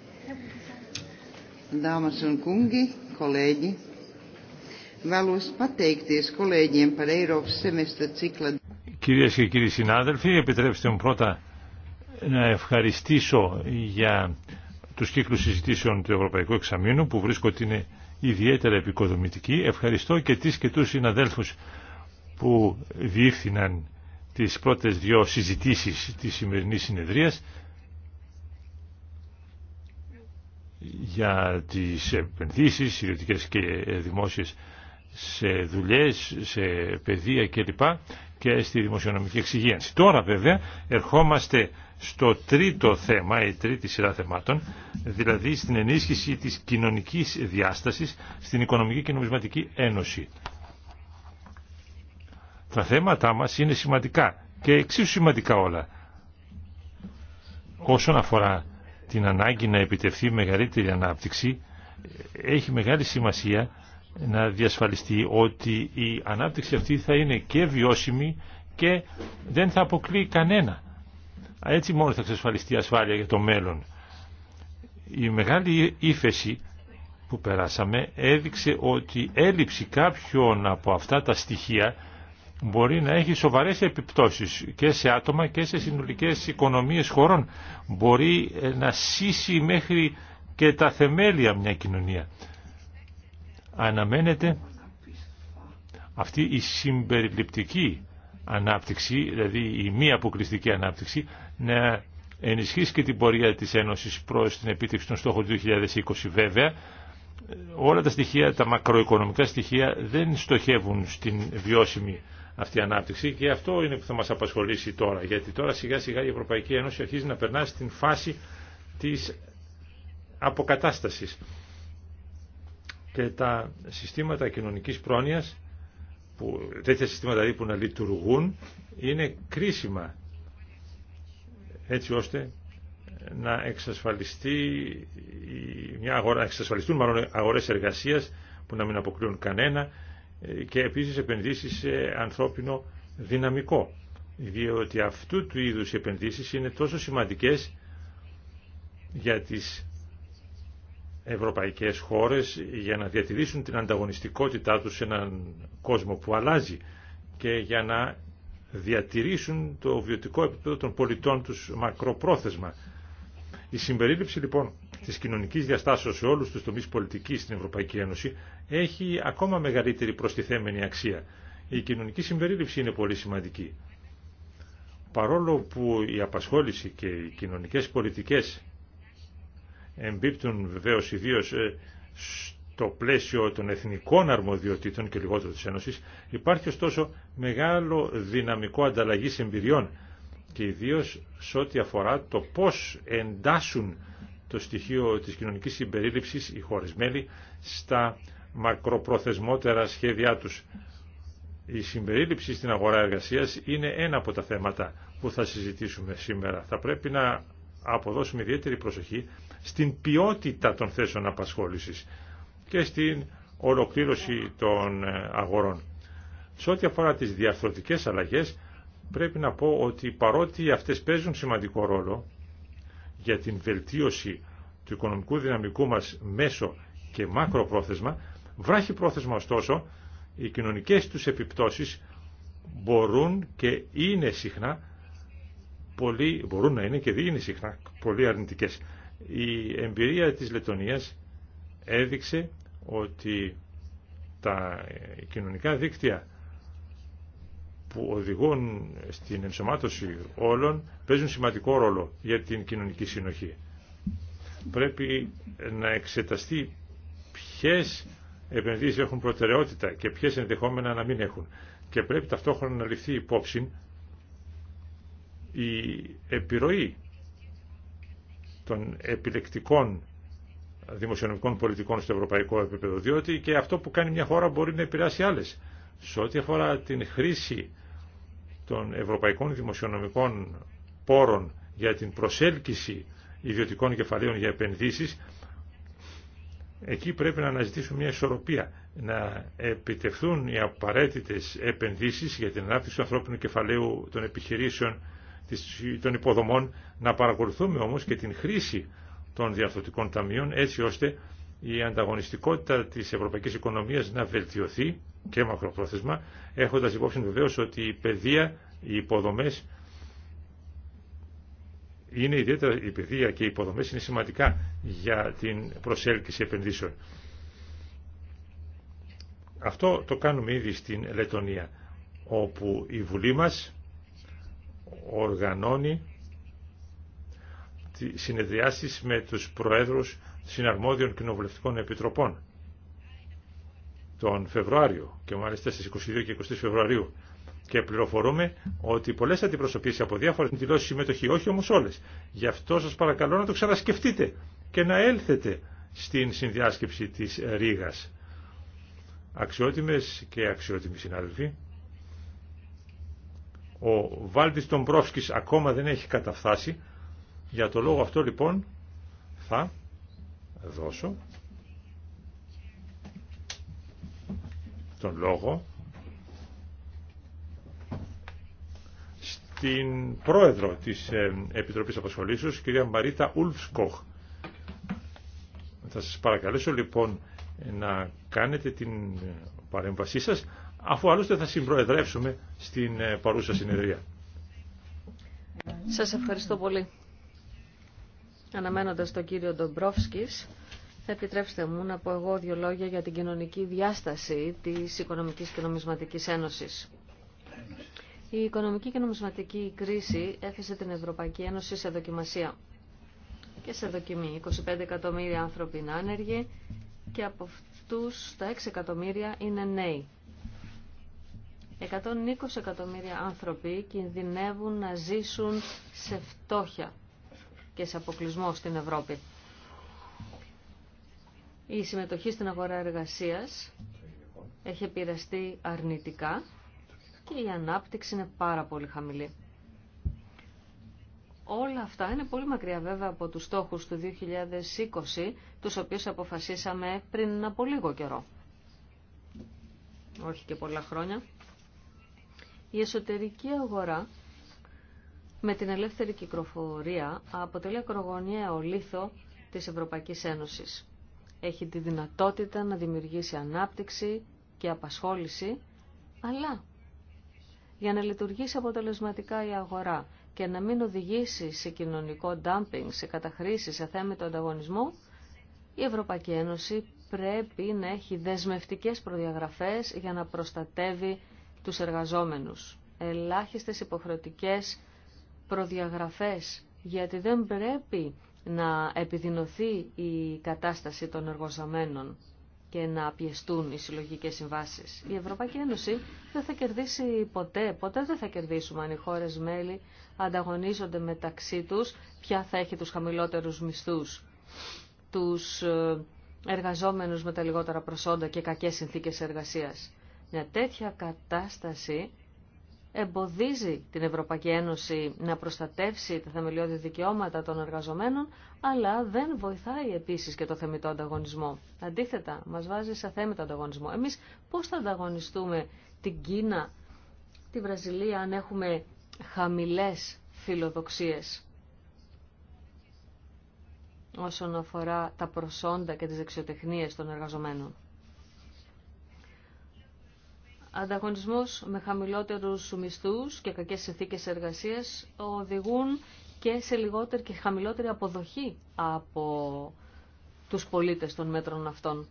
Dāmas Κυρίες και κύριοι συνάδελφοι, επιτρέψτε μου πρώτα να ευχαριστήσω για τους κύκλους συζητήσεων του Ευρωπαϊκού Εξαμήνου που βρίσκω ότι είναι ιδιαίτερα επικοδομητικοί. Ευχαριστώ και τις και τους συναδέλφους που διήφθηναν τις πρώτες δύο συζητήσεις της σημερινής συνεδρίας. για τις επενδύσεις, ιδιωτικές και δημόσιες, σε δουλειές, σε παιδεία κλπ. και στη δημοσιονομική εξυγίανση. Τώρα βέβαια ερχόμαστε στο τρίτο θέμα, η τρίτη σειρά θεμάτων, δηλαδή στην ενίσχυση της κοινωνικής διάστασης στην Οικονομική και Νομισματική Ένωση. Τα θέματα μας είναι σημαντικά και εξίσου σημαντικά όλα όσον αφορά την ανάγκη να επιτευχθεί μεγαλύτερη ανάπτυξη, έχει μεγάλη σημασία να διασφαλιστεί ότι η ανάπτυξη αυτή θα είναι και βιώσιμη και δεν θα αποκλεί κανένα. Έτσι μόνο θα εξασφαλιστεί ασφάλεια για το μέλλον. Η μεγάλη ύφεση που περάσαμε έδειξε ότι έλλειψη κάποιων από αυτά τα στοιχεία μπορεί να έχει σοβαρές επιπτώσεις και σε άτομα και σε συνολικές οικονομίες χωρών. Μπορεί ε, να σύσει μέχρι και τα θεμέλια μια κοινωνία. Αναμένεται αυτή η συμπεριληπτική ανάπτυξη, δηλαδή η μη αποκλειστική ανάπτυξη, να ενισχύσει και την πορεία της Ένωσης προς την επίτευξη των στόχων του 2020 βέβαια. Όλα τα στοιχεία, τα μακροοικονομικά στοιχεία δεν στοχεύουν στην βιώσιμη αυτή η ανάπτυξη και αυτό είναι που θα μας απασχολήσει τώρα γιατί τώρα σιγά σιγά η Ευρωπαϊκή Ένωση αρχίζει να περνά στην φάση της αποκατάστασης και τα συστήματα κοινωνικής πρόνοιας που, τέτοια συστήματα δηλαδή που να λειτουργούν είναι κρίσιμα έτσι ώστε να εξασφαλιστεί μια αγορά, εξασφαλιστούν μάλλον αγορές εργασίας που να μην αποκλείουν κανένα και επίσης επενδύσεις σε ανθρώπινο δυναμικό διότι αυτού του είδους οι επενδύσεις είναι τόσο σημαντικές για τις ευρωπαϊκές χώρες για να διατηρήσουν την ανταγωνιστικότητά τους σε έναν κόσμο που αλλάζει και για να διατηρήσουν το βιωτικό επίπεδο των πολιτών τους μακροπρόθεσμα. Η συμπερίληψη λοιπόν της κοινωνικής διαστάσεω σε όλους τους τομείς πολιτικής στην Ευρωπαϊκή Ένωση έχει ακόμα μεγαλύτερη προστιθέμενη αξία. Η κοινωνική συμπερίληψη είναι πολύ σημαντική. Παρόλο που η απασχόληση και οι κοινωνικές πολιτικές εμπίπτουν βεβαίω ιδίω ε, στο πλαίσιο των εθνικών αρμοδιοτήτων και λιγότερο τη Ένωση, υπάρχει ωστόσο μεγάλο δυναμικό ανταλλαγή εμπειριών και ιδίως σε ό,τι αφορά το πώς εντάσσουν το στοιχείο της κοινωνικής συμπερίληψης οι χώρες μέλη στα μακροπροθεσμότερα σχέδιά τους. Η συμπερίληψη στην αγορά εργασίας είναι ένα από τα θέματα που θα συζητήσουμε σήμερα. Θα πρέπει να αποδώσουμε ιδιαίτερη προσοχή στην ποιότητα των θέσεων απασχόλησης και στην ολοκλήρωση των αγορών. Σε ό,τι αφορά τις διαρθρωτικές αλλαγές πρέπει να πω ότι παρότι αυτές παίζουν σημαντικό ρόλο για την βελτίωση του οικονομικού δυναμικού μας μέσω και μακροπρόθεσμα, βράχει πρόθεσμα ωστόσο, οι κοινωνικές τους επιπτώσεις μπορούν και είναι συχνά πολύ, μπορούν να είναι και είναι συχνά πολύ αρνητικές. Η εμπειρία της Λετωνίας έδειξε ότι τα κοινωνικά δίκτυα που οδηγούν στην ενσωμάτωση όλων παίζουν σημαντικό ρόλο για την κοινωνική συνοχή. Πρέπει να εξεταστεί ποιες επενδύσεις έχουν προτεραιότητα και ποιες ενδεχόμενα να μην έχουν. Και πρέπει ταυτόχρονα να ληφθεί υπόψη η επιρροή των επιλεκτικών δημοσιονομικών πολιτικών στο ευρωπαϊκό επίπεδο, διότι και αυτό που κάνει μια χώρα μπορεί να επηρεάσει άλλες. Σε ό,τι αφορά την χρήση των ευρωπαϊκών δημοσιονομικών πόρων για την προσέλκυση ιδιωτικών κεφαλαίων για επενδύσεις, εκεί πρέπει να αναζητήσουμε μια ισορροπία, να επιτευθούν οι απαραίτητες επενδύσεις για την ανάπτυξη του ανθρώπινου κεφαλαίου των επιχειρήσεων, των υποδομών, να παρακολουθούμε όμως και την χρήση των διαρθρωτικών ταμείων, έτσι ώστε η ανταγωνιστικότητα της ευρωπαϊκής οικονομίας να βελτιωθεί και μακροπρόθεσμα, έχοντας υπόψη βεβαίως ότι η παιδεία, οι υποδομές είναι ιδιαίτερα η παιδεία και οι υποδομές είναι σημαντικά για την προσέλκυση επενδύσεων. Αυτό το κάνουμε ήδη στην Λετωνία, όπου η Βουλή μας οργανώνει συνεδριάσεις με τους Προέδρους συναρμόδιων κοινοβουλευτικών επιτροπών τον Φεβρουάριο και μάλιστα στις 22 και 23 Φεβρουαρίου και πληροφορούμε ότι πολλέ αντιπροσωπήσεις από διάφορε δηλώσει συμμετοχή, όχι όμω όλε. Γι' αυτό σα παρακαλώ να το ξανασκεφτείτε και να έλθετε στην συνδιάσκεψη τη Ρήγα. Αξιότιμε και αξιότιμοι συνάδελφοι, ο Βάλτη Πρόσκης ακόμα δεν έχει καταφθάσει. Για το λόγο αυτό λοιπόν θα δώσω τον λόγο στην πρόεδρο της ε, Επιτροπής Απασχολήσεως, κυρία Μαρίτα Ουλφσκοχ. Θα σας παρακαλέσω λοιπόν να κάνετε την παρέμβασή σας, αφού άλλωστε θα συμπροεδρεύσουμε στην ε, παρούσα συνεδρία. Σας ευχαριστώ πολύ. Αναμένοντας τον κύριο Ντομπρόφσκης, θα επιτρέψτε μου να πω εγώ δύο λόγια για την κοινωνική διάσταση της Οικονομικής και Νομισματικής Ένωσης. Η οικονομική και νομισματική κρίση έφεσε την Ευρωπαϊκή Ένωση σε δοκιμασία και σε δοκιμή. 25 εκατομμύρια άνθρωποι είναι άνεργοι και από αυτούς τα 6 εκατομμύρια είναι νέοι. 120 εκατομμύρια άνθρωποι κινδυνεύουν να ζήσουν σε φτώχεια και σε αποκλεισμό στην Ευρώπη η συμμετοχή στην αγορά εργασίας έχει επηρεαστεί αρνητικά και η ανάπτυξη είναι πάρα πολύ χαμηλή. Όλα αυτά είναι πολύ μακριά βέβαια από τους στόχους του 2020, τους οποίους αποφασίσαμε πριν από λίγο καιρό. Όχι και πολλά χρόνια. Η εσωτερική αγορά με την ελεύθερη κυκλοφορία αποτελεί ακρογωνιαίο λίθο της Ευρωπαϊκής Ένωσης έχει τη δυνατότητα να δημιουργήσει ανάπτυξη και απασχόληση, αλλά για να λειτουργήσει αποτελεσματικά η αγορά και να μην οδηγήσει σε κοινωνικό ντάμπινγκ, σε καταχρήσεις, σε θέμα του ανταγωνισμού, η Ευρωπαϊκή Ένωση πρέπει να έχει δεσμευτικές προδιαγραφές για να προστατεύει τους εργαζόμενους. Ελάχιστες υποχρεωτικές προδιαγραφές, γιατί δεν πρέπει να επιδεινωθεί η κατάσταση των εργοζαμένων και να πιεστούν οι συλλογικέ συμβάσει. Η Ευρωπαϊκή Ένωση δεν θα κερδίσει ποτέ, ποτέ δεν θα κερδίσουμε αν οι χώρε μέλη ανταγωνίζονται μεταξύ τους ποια θα έχει τους χαμηλότερου μισθού, τους ε, εργαζόμενου με τα λιγότερα προσόντα και κακέ συνθήκε εργασία. Μια τέτοια κατάσταση εμποδίζει την Ευρωπαϊκή Ένωση να προστατεύσει τα θεμελιώδη δικαιώματα των εργαζομένων, αλλά δεν βοηθάει επίσης και το θεμητό ανταγωνισμό. Αντίθετα, μας βάζει σε θέμητο ανταγωνισμό. Εμείς πώς θα ανταγωνιστούμε την Κίνα, τη Βραζιλία, αν έχουμε χαμηλές φιλοδοξίες όσον αφορά τα προσόντα και τις δεξιοτεχνίες των εργαζομένων. Ανταγωνισμός με χαμηλότερους μισθούς και κακές συνθήκες εργασίας οδηγούν και σε λιγότερη και χαμηλότερη αποδοχή από τους πολίτες των μέτρων αυτών.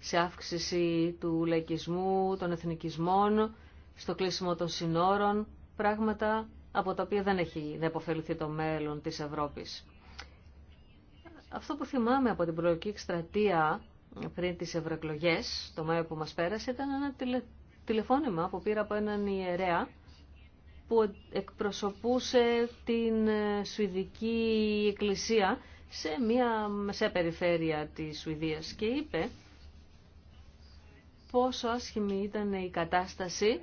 Σε αύξηση του λαϊκισμού, των εθνικισμών, στο κλείσιμο των συνόρων, πράγματα από τα οποία δεν έχει να το μέλλον της Ευρώπης. Αυτό που θυμάμαι από την προεκλογική εκστρατεία πριν τις ευρωεκλογέ, το Μάιο που μας πέρασε, ήταν ένα τηλεφώνημα που πήρα από έναν ιερέα που εκπροσωπούσε την ε, Σουηδική Εκκλησία σε μια μεσαία περιφέρεια της Σουηδίας και είπε πόσο άσχημη ήταν η κατάσταση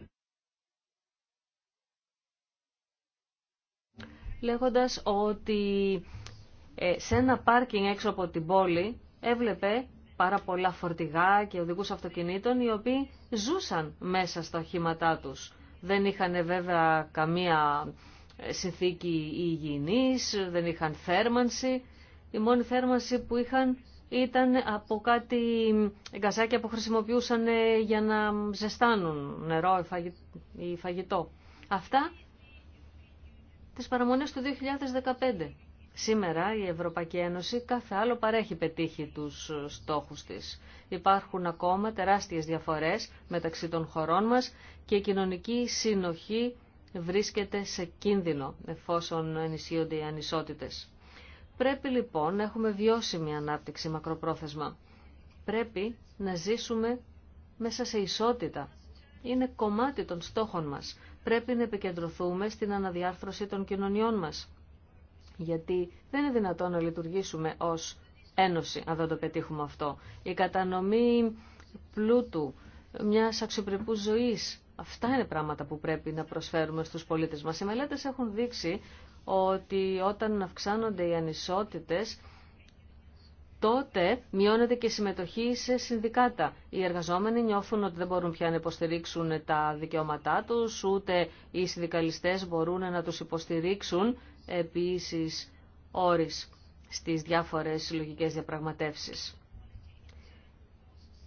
λέγοντας ότι ε, σε ένα πάρκινγκ έξω από την πόλη έβλεπε πάρα πολλά φορτηγά και οδηγούς αυτοκινήτων οι οποίοι ζούσαν μέσα στα οχήματά τους. Δεν είχαν βέβαια καμία ε, συνθήκη υγιεινής, δεν είχαν θέρμανση. Η μόνη θέρμανση που είχαν ήταν από κάτι γκαζάκια που χρησιμοποιούσαν ε, για να ζεστάνουν νερό ή φαγητό. Αυτά τις παραμονές του 2015. Σήμερα η Ευρωπαϊκή Ένωση κάθε άλλο παρέχει πετύχει τους στόχους της. Υπάρχουν ακόμα τεράστιες διαφορές μεταξύ των χωρών μας και η κοινωνική συνοχή βρίσκεται σε κίνδυνο εφόσον ενισχύονται οι ανισότητες. Πρέπει λοιπόν να έχουμε βιώσιμη ανάπτυξη μακροπρόθεσμα. Πρέπει να ζήσουμε μέσα σε ισότητα. Είναι κομμάτι των στόχων μας. Πρέπει να επικεντρωθούμε στην αναδιάρθρωση των κοινωνιών μας γιατί δεν είναι δυνατόν να λειτουργήσουμε ως ένωση αν δεν το πετύχουμε αυτό. Η κατανομή πλούτου, μια αξιοπρεπού ζωής, αυτά είναι πράγματα που πρέπει να προσφέρουμε στους πολίτες μας. Οι μελέτες έχουν δείξει ότι όταν αυξάνονται οι ανισότητες, τότε μειώνεται και η συμμετοχή σε συνδικάτα. Οι εργαζόμενοι νιώθουν ότι δεν μπορούν πια να υποστηρίξουν τα δικαιώματά τους, ούτε οι συνδικαλιστές μπορούν να τους υποστηρίξουν επίσης όρις στις διάφορες συλλογικές διαπραγματεύσεις.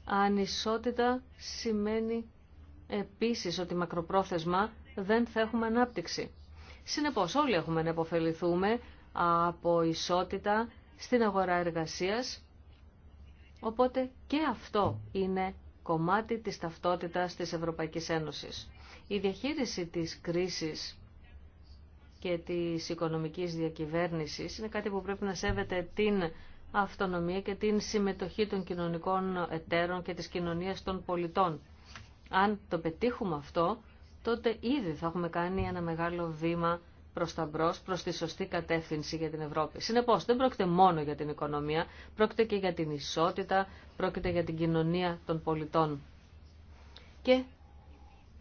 Ανισότητα σημαίνει επίσης ότι μακροπρόθεσμα δεν θα έχουμε ανάπτυξη. Συνεπώς όλοι έχουμε να υποφεληθούμε από ισότητα στην αγορά εργασίας, οπότε και αυτό είναι κομμάτι της ταυτότητας της Ευρωπαϊκής Ένωσης. Η διαχείριση της κρίσης και της οικονομικής διακυβέρνησης είναι κάτι που πρέπει να σέβεται την αυτονομία και την συμμετοχή των κοινωνικών εταίρων και της κοινωνίας των πολιτών. Αν το πετύχουμε αυτό, τότε ήδη θα έχουμε κάνει ένα μεγάλο βήμα προς τα μπρος, προς τη σωστή κατεύθυνση για την Ευρώπη. Συνεπώς, δεν πρόκειται μόνο για την οικονομία, πρόκειται και για την ισότητα, πρόκειται για την κοινωνία των πολιτών. Και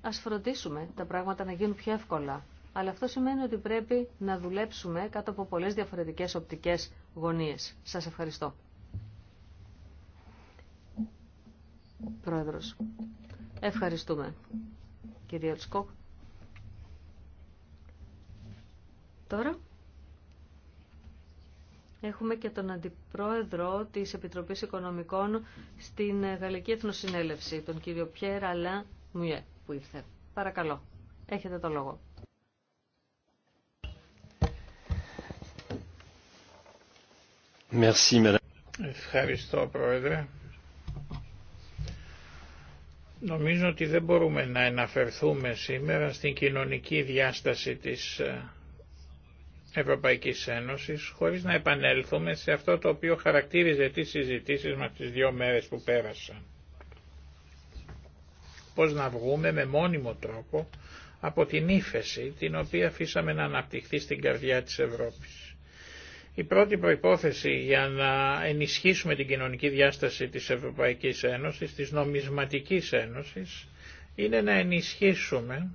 ας φροντίσουμε τα πράγματα να γίνουν πιο εύκολα αλλά αυτό σημαίνει ότι πρέπει να δουλέψουμε κάτω από πολλές διαφορετικές οπτικές γωνίες. Σας ευχαριστώ. Πρόεδρος, ευχαριστούμε. Κυρία Τσκόκ. Τώρα έχουμε και τον Αντιπρόεδρο της Επιτροπής Οικονομικών στην Γαλλική Εθνοσυνέλευση, τον κύριο Πιέρ Αλά Μουιέ, που ήρθε. Παρακαλώ, έχετε το λόγο. Ευχαριστώ Πρόεδρε. Νομίζω ότι δεν μπορούμε να εναφερθούμε σήμερα στην κοινωνική διάσταση της ε, Ευρωπαϊκής Ένωσης χωρίς να επανέλθουμε σε αυτό το οποίο χαρακτήριζε τις συζητήσεις μας τις δύο μέρες που πέρασαν. Πώς να βγούμε με μόνιμο τρόπο από την ύφεση την οποία αφήσαμε να αναπτυχθεί στην καρδιά της Ευρώπης. Η πρώτη προϋπόθεση για να ενισχύσουμε την κοινωνική διάσταση της Ευρωπαϊκής Ένωσης, της νομισματικής ένωσης, είναι να ενισχύσουμε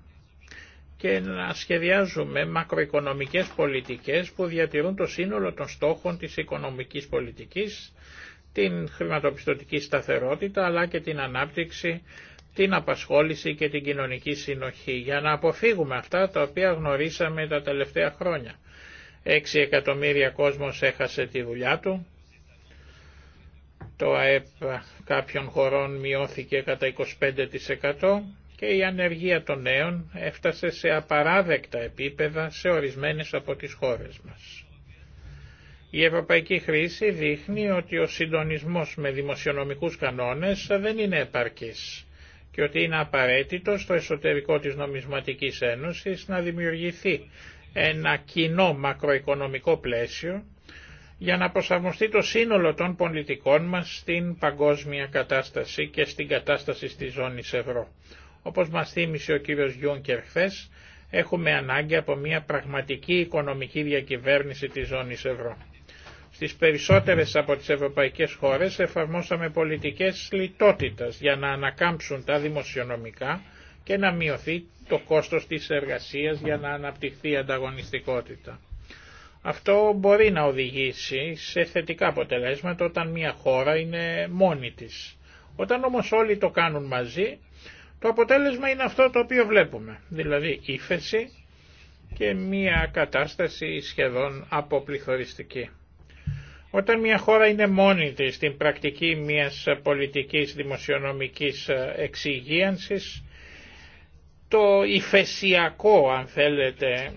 και να σχεδιάζουμε μακροοικονομικές πολιτικές που διατηρούν το σύνολο των στόχων της οικονομικής πολιτικής, την χρηματοπιστωτική σταθερότητα αλλά και την ανάπτυξη, την απασχόληση και την κοινωνική συνοχή για να αποφύγουμε αυτά τα οποία γνωρίσαμε τα τελευταία χρόνια. 6 εκατομμύρια κόσμος έχασε τη δουλειά του. Το ΑΕΠ κάποιων χωρών μειώθηκε κατά 25% και η ανεργία των νέων έφτασε σε απαράδεκτα επίπεδα σε ορισμένες από τις χώρες μας. Η ευρωπαϊκή χρήση δείχνει ότι ο συντονισμός με δημοσιονομικούς κανόνες δεν είναι επαρκής και ότι είναι απαραίτητο στο εσωτερικό της νομισματικής ένωσης να δημιουργηθεί ένα κοινό μακροοικονομικό πλαίσιο για να προσαρμοστεί το σύνολο των πολιτικών μας στην παγκόσμια κατάσταση και στην κατάσταση στη ζώνη ευρώ. Όπως μας θύμισε ο κύριος Γιούνκερ χθε, έχουμε ανάγκη από μια πραγματική οικονομική διακυβέρνηση της ζώνης ευρώ. Στις περισσότερες από τις ευρωπαϊκές χώρες εφαρμόσαμε πολιτικές λιτότητας για να ανακάμψουν τα δημοσιονομικά και να μειωθεί το κόστος της εργασίας για να αναπτυχθεί η ανταγωνιστικότητα. Αυτό μπορεί να οδηγήσει σε θετικά αποτελέσματα όταν μια χώρα είναι μόνη της. Όταν όμως όλοι το κάνουν μαζί, το αποτέλεσμα είναι αυτό το οποίο βλέπουμε, δηλαδή ύφεση και μια κατάσταση σχεδόν αποπληθωριστική. Όταν μια χώρα είναι μόνη της στην πρακτική μιας πολιτικής δημοσιονομικής εξυγίανσης, το ηφεσιακό αν θέλετε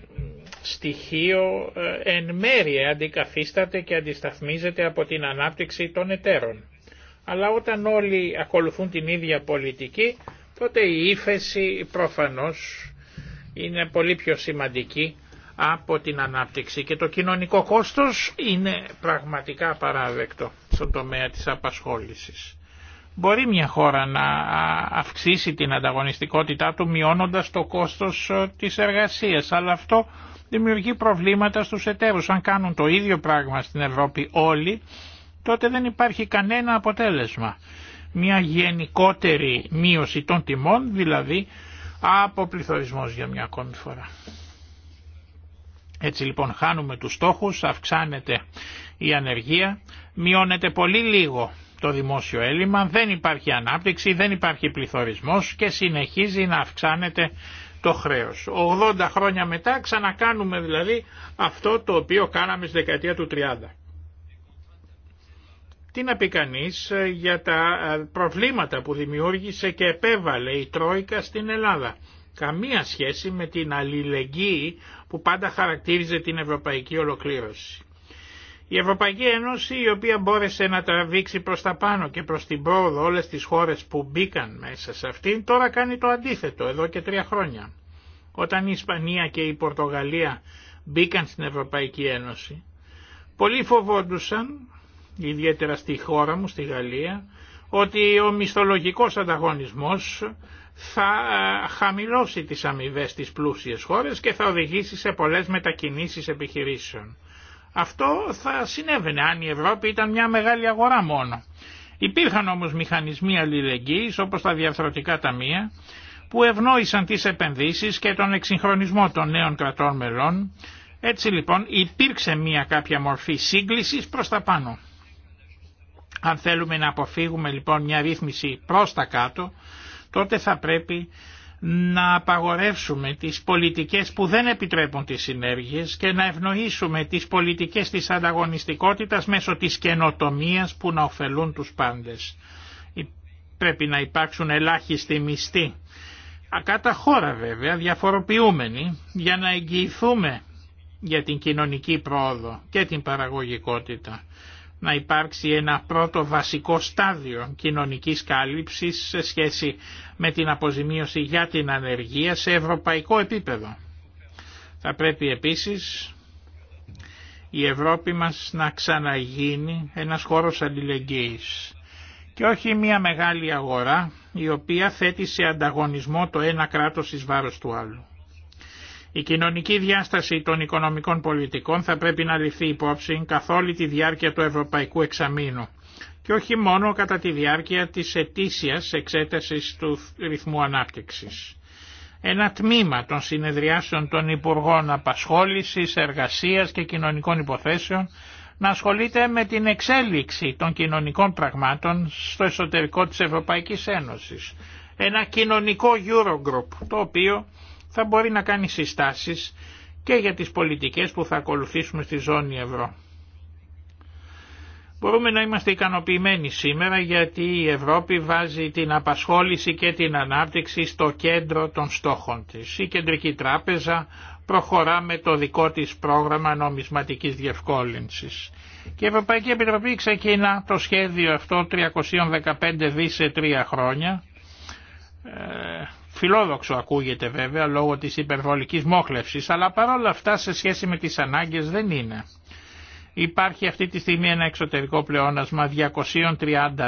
στοιχείο ε, εν μέρει αντικαθίσταται και αντισταθμίζεται από την ανάπτυξη των εταίρων. Αλλά όταν όλοι ακολουθούν την ίδια πολιτική, τότε η ύφεση προφανώς είναι πολύ πιο σημαντική από την ανάπτυξη και το κοινωνικό κόστος είναι πραγματικά παράδεκτο στον τομέα της απασχόλησης. Μπορεί μια χώρα να αυξήσει την ανταγωνιστικότητά του μειώνοντας το κόστος ε, της εργασίας, αλλά αυτό δημιουργεί προβλήματα στους εταίρους. Αν κάνουν το ίδιο πράγμα στην Ευρώπη όλοι, τότε δεν υπάρχει κανένα αποτέλεσμα. Μια γενικότερη μείωση των τιμών, δηλαδή αποπληθωρισμός για μια ακόμη φορά. Έτσι λοιπόν χάνουμε τους στόχους, αυξάνεται η ανεργία, μειώνεται πολύ λίγο το δημόσιο έλλειμμα, δεν υπάρχει ανάπτυξη, δεν υπάρχει πληθωρισμός και συνεχίζει να αυξάνεται το χρέος. 80 χρόνια μετά ξανακάνουμε δηλαδή αυτό το οποίο κάναμε στη δεκαετία του 30. Τι να πει κανεί ε, για τα ε, προβλήματα που δημιούργησε και επέβαλε η Τρόικα στην Ελλάδα. Καμία σχέση με την αλληλεγγύη που πάντα χαρακτήριζε την ευρωπαϊκή ολοκλήρωση. Η Ευρωπαϊκή Ένωση η οποία μπόρεσε να τραβήξει προς τα πάνω και προς την πρόοδο όλες τις χώρες που μπήκαν μέσα σε αυτήν τώρα κάνει το αντίθετο εδώ και τρία χρόνια. Όταν η Ισπανία και η Πορτογαλία μπήκαν στην Ευρωπαϊκή Ένωση πολλοί φοβόντουσαν, ιδιαίτερα στη χώρα μου, στη Γαλλία, ότι ο μισθολογικός ανταγωνισμός θα ε, χαμηλώσει τις αμοιβέ στις πλούσιες χώρες και θα οδηγήσει σε πολλές μετακινήσεις επιχειρήσεων. Αυτό θα συνέβαινε αν η Ευρώπη ήταν μια μεγάλη αγορά μόνο. Υπήρχαν όμως μηχανισμοί αλληλεγγύης όπως τα διαρθρωτικά ταμεία που ευνόησαν τις επενδύσεις και τον εξυγχρονισμό των νέων κρατών μελών. Έτσι λοιπόν υπήρξε μια κάποια μορφή σύγκλησης προς τα πάνω. Αν θέλουμε να αποφύγουμε λοιπόν μια ρύθμιση προς τα κάτω, τότε θα πρέπει να απαγορεύσουμε τις πολιτικές που δεν επιτρέπουν τις συνέργειες και να ευνοήσουμε τις πολιτικές της ανταγωνιστικότητας μέσω της καινοτομίας που να ωφελούν τους πάντες. Πρέπει να υπάρξουν ελάχιστοι μισθοί. Ακάτα χώρα βέβαια, διαφοροποιούμενοι, για να εγγυηθούμε για την κοινωνική πρόοδο και την παραγωγικότητα να υπάρξει ένα πρώτο βασικό στάδιο κοινωνικής κάλυψης σε σχέση με την αποζημίωση για την ανεργία σε ευρωπαϊκό επίπεδο. Θα πρέπει επίσης η Ευρώπη μας να ξαναγίνει ένας χώρος αλληλεγγύης και όχι μια μεγάλη αγορά η οποία θέτει σε ανταγωνισμό το ένα κράτος εις βάρος του άλλου. Η κοινωνική διάσταση των οικονομικών πολιτικών θα πρέπει να ληφθεί υπόψη καθ' όλη τη διάρκεια του Ευρωπαϊκού Εξαμήνου και όχι μόνο κατά τη διάρκεια της ετήσιας εξέτασης του ρυθμού ανάπτυξης. Ένα τμήμα των συνεδριάσεων των Υπουργών Απασχόλησης, Εργασίας και Κοινωνικών Υποθέσεων να ασχολείται με την εξέλιξη των κοινωνικών πραγμάτων στο εσωτερικό της Ευρωπαϊκής Ένωσης. Ένα κοινωνικό Eurogroup, το οποίο θα μπορεί να κάνει συστάσεις και για τις πολιτικές που θα ακολουθήσουμε στη ζώνη ευρώ. Μπορούμε να είμαστε ικανοποιημένοι σήμερα γιατί η Ευρώπη βάζει την απασχόληση και την ανάπτυξη στο κέντρο των στόχων της. Η Κεντρική Τράπεζα προχωρά με το δικό της πρόγραμμα νομισματικής διευκόλυνσης. Και η Ευρωπαϊκή Επιτροπή ξεκινά το σχέδιο αυτό 315 δις σε τρία χρόνια. Ε, Φιλόδοξο ακούγεται βέβαια λόγω της υπερβολικής μόχλευσης, αλλά παρόλα αυτά σε σχέση με τις ανάγκες δεν είναι. Υπάρχει αυτή τη στιγμή ένα εξωτερικό πλεόνασμα 230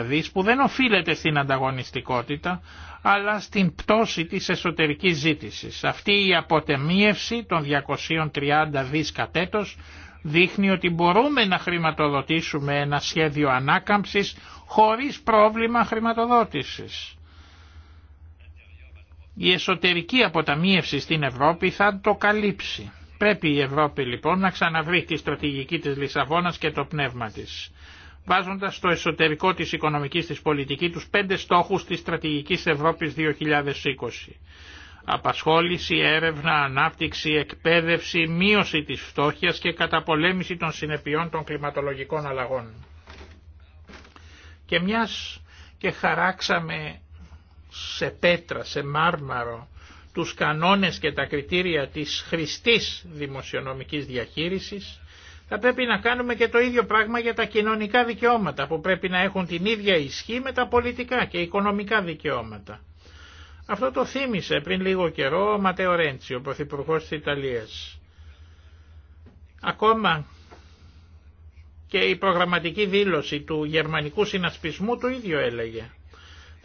δις που δεν οφείλεται στην ανταγωνιστικότητα, αλλά στην πτώση της εσωτερικής ζήτησης. Αυτή η αποτεμίευση των 230 δις κατέτος δείχνει ότι μπορούμε να χρηματοδοτήσουμε ένα σχέδιο ανάκαμψης χωρίς πρόβλημα χρηματοδότησης. Η εσωτερική αποταμίευση στην Ευρώπη θα το καλύψει. Πρέπει η Ευρώπη λοιπόν να ξαναβρει τη στρατηγική της Λισαβόνας και το πνεύμα της, βάζοντας στο εσωτερικό της οικονομικής της πολιτική τους πέντε στόχους της στρατηγικής Ευρώπης 2020. Απασχόληση, έρευνα, ανάπτυξη, εκπαίδευση, μείωση της φτώχειας και καταπολέμηση των συνεπειών των κλιματολογικών αλλαγών. Και μιας και χαράξαμε σε πέτρα, σε μάρμαρο, τους κανόνες και τα κριτήρια της χρηστής δημοσιονομικής διαχείρισης, θα πρέπει να κάνουμε και το ίδιο πράγμα για τα κοινωνικά δικαιώματα που πρέπει να έχουν την ίδια ισχύ με τα πολιτικά και οικονομικά δικαιώματα. Αυτό το θύμισε πριν λίγο καιρό ο Ματέο Ρέντσι, ο Πρωθυπουργός της Ιταλίας. Ακόμα και η προγραμματική δήλωση του γερμανικού συνασπισμού το ίδιο έλεγε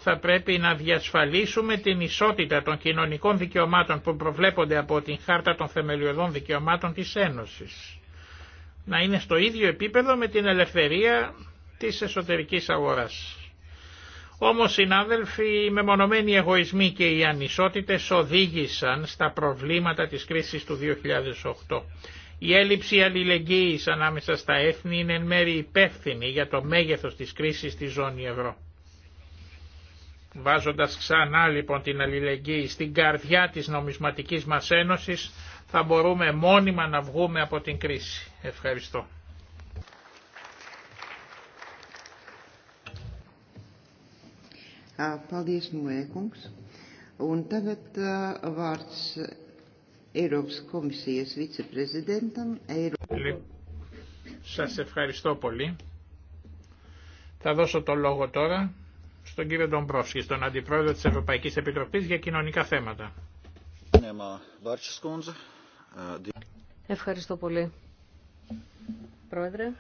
θα πρέπει να διασφαλίσουμε την ισότητα των κοινωνικών δικαιωμάτων που προβλέπονται από την Χάρτα των Θεμελιωδών Δικαιωμάτων της Ένωσης. Να είναι στο ίδιο επίπεδο με την ελευθερία της εσωτερικής αγοράς. Όμως συνάδελφοι, οι μεμονωμένοι εγωισμοί και οι ανισότητες οδήγησαν στα προβλήματα της κρίσης του 2008. Η έλλειψη αλληλεγγύης ανάμεσα στα έθνη είναι εν μέρη υπεύθυνη για το μέγεθος της κρίσης στη ζώνη ευρώ. Βάζοντας ξανά λοιπόν την αλληλεγγύη στην καρδιά της νομισματικής μας ένωσης θα μπορούμε μόνιμα να βγούμε από την κρίση. Ευχαριστώ. Σας ευχαριστώ πολύ. Θα δώσω το λόγο τώρα στον κύριο Ντομπρόφσκι, στον Αντιπρόεδρο της Ευρωπαϊκής Επιτροπής για κοινωνικά θέματα. Ευχαριστώ πολύ. Πρόεδρε,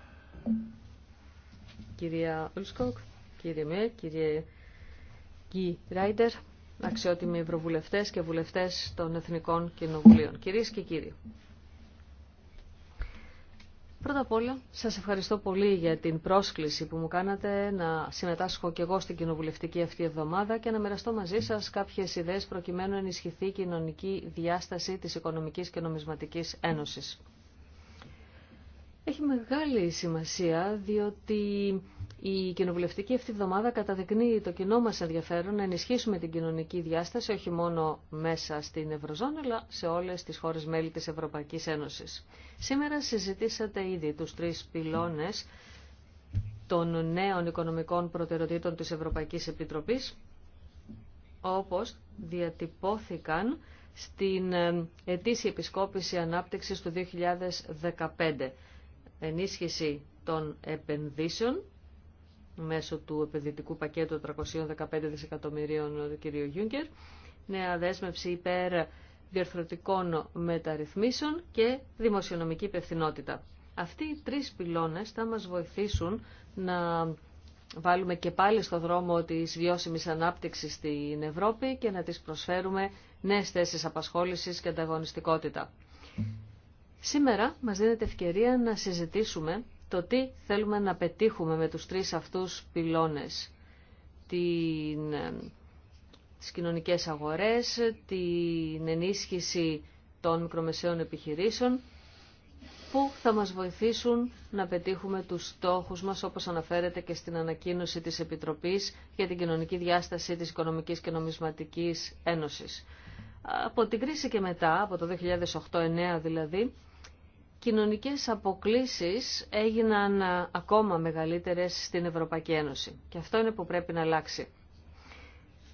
κυρία Ουλσκοκ, κύριε Μέ, κύριε Γκί Ράιντερ, αξιότιμοι ευρωβουλευτές και βουλευτές των Εθνικών Κοινοβουλίων. Κυρίες και κύριοι, Πρώτα απ' όλα, σας ευχαριστώ πολύ για την πρόσκληση που μου κάνατε να συμμετάσχω και εγώ στην κοινοβουλευτική αυτή εβδομάδα και να μοιραστώ μαζί σας κάποιες ιδέες προκειμένου να ενισχυθεί η κοινωνική διάσταση της Οικονομικής και Νομισματικής Ένωσης. Έχει μεγάλη σημασία διότι η κοινοβουλευτική αυτή εβδομάδα καταδεικνύει το κοινό μας ενδιαφέρον να ενισχύσουμε την κοινωνική διάσταση όχι μόνο μέσα στην Ευρωζώνη αλλά σε όλες τις χώρες μέλη της Ευρωπαϊκής Ένωσης. Σήμερα συζητήσατε ήδη τους τρεις πυλώνες των νέων οικονομικών προτεραιοτήτων της Ευρωπαϊκής Επιτροπής όπως διατυπώθηκαν στην ετήσια επισκόπηση ανάπτυξης του 2015. Ενίσχυση των επενδύσεων μέσω του επενδυτικού πακέτου 315 δισεκατομμυρίων του κ. Γιούγκερ, νέα δέσμευση υπέρ διορθωτικών μεταρρυθμίσεων και δημοσιονομική υπευθυνότητα. Αυτοί οι τρεις πυλώνες θα μας βοηθήσουν να βάλουμε και πάλι στο δρόμο της βιώσιμης ανάπτυξης στην Ευρώπη και να της προσφέρουμε νέες θέσεις απασχόλησης και ανταγωνιστικότητα. Σήμερα μας δίνεται ευκαιρία να συζητήσουμε το τι θέλουμε να πετύχουμε με τους τρεις αυτούς πυλώνες. Την, ε, τις κοινωνικές αγορές, την ενίσχυση των μικρομεσαίων επιχειρήσεων που θα μας βοηθήσουν να πετύχουμε τους στόχους μας όπως αναφέρεται και στην ανακοίνωση της Επιτροπής για την κοινωνική διάσταση της Οικονομικής και Νομισματικής Ένωσης. Από την κρίση και μετά, από το 2008-2009 δηλαδή, κοινωνικές αποκλίσεις έγιναν ακόμα μεγαλύτερες στην Ευρωπαϊκή Ένωση. Και αυτό είναι που πρέπει να αλλάξει.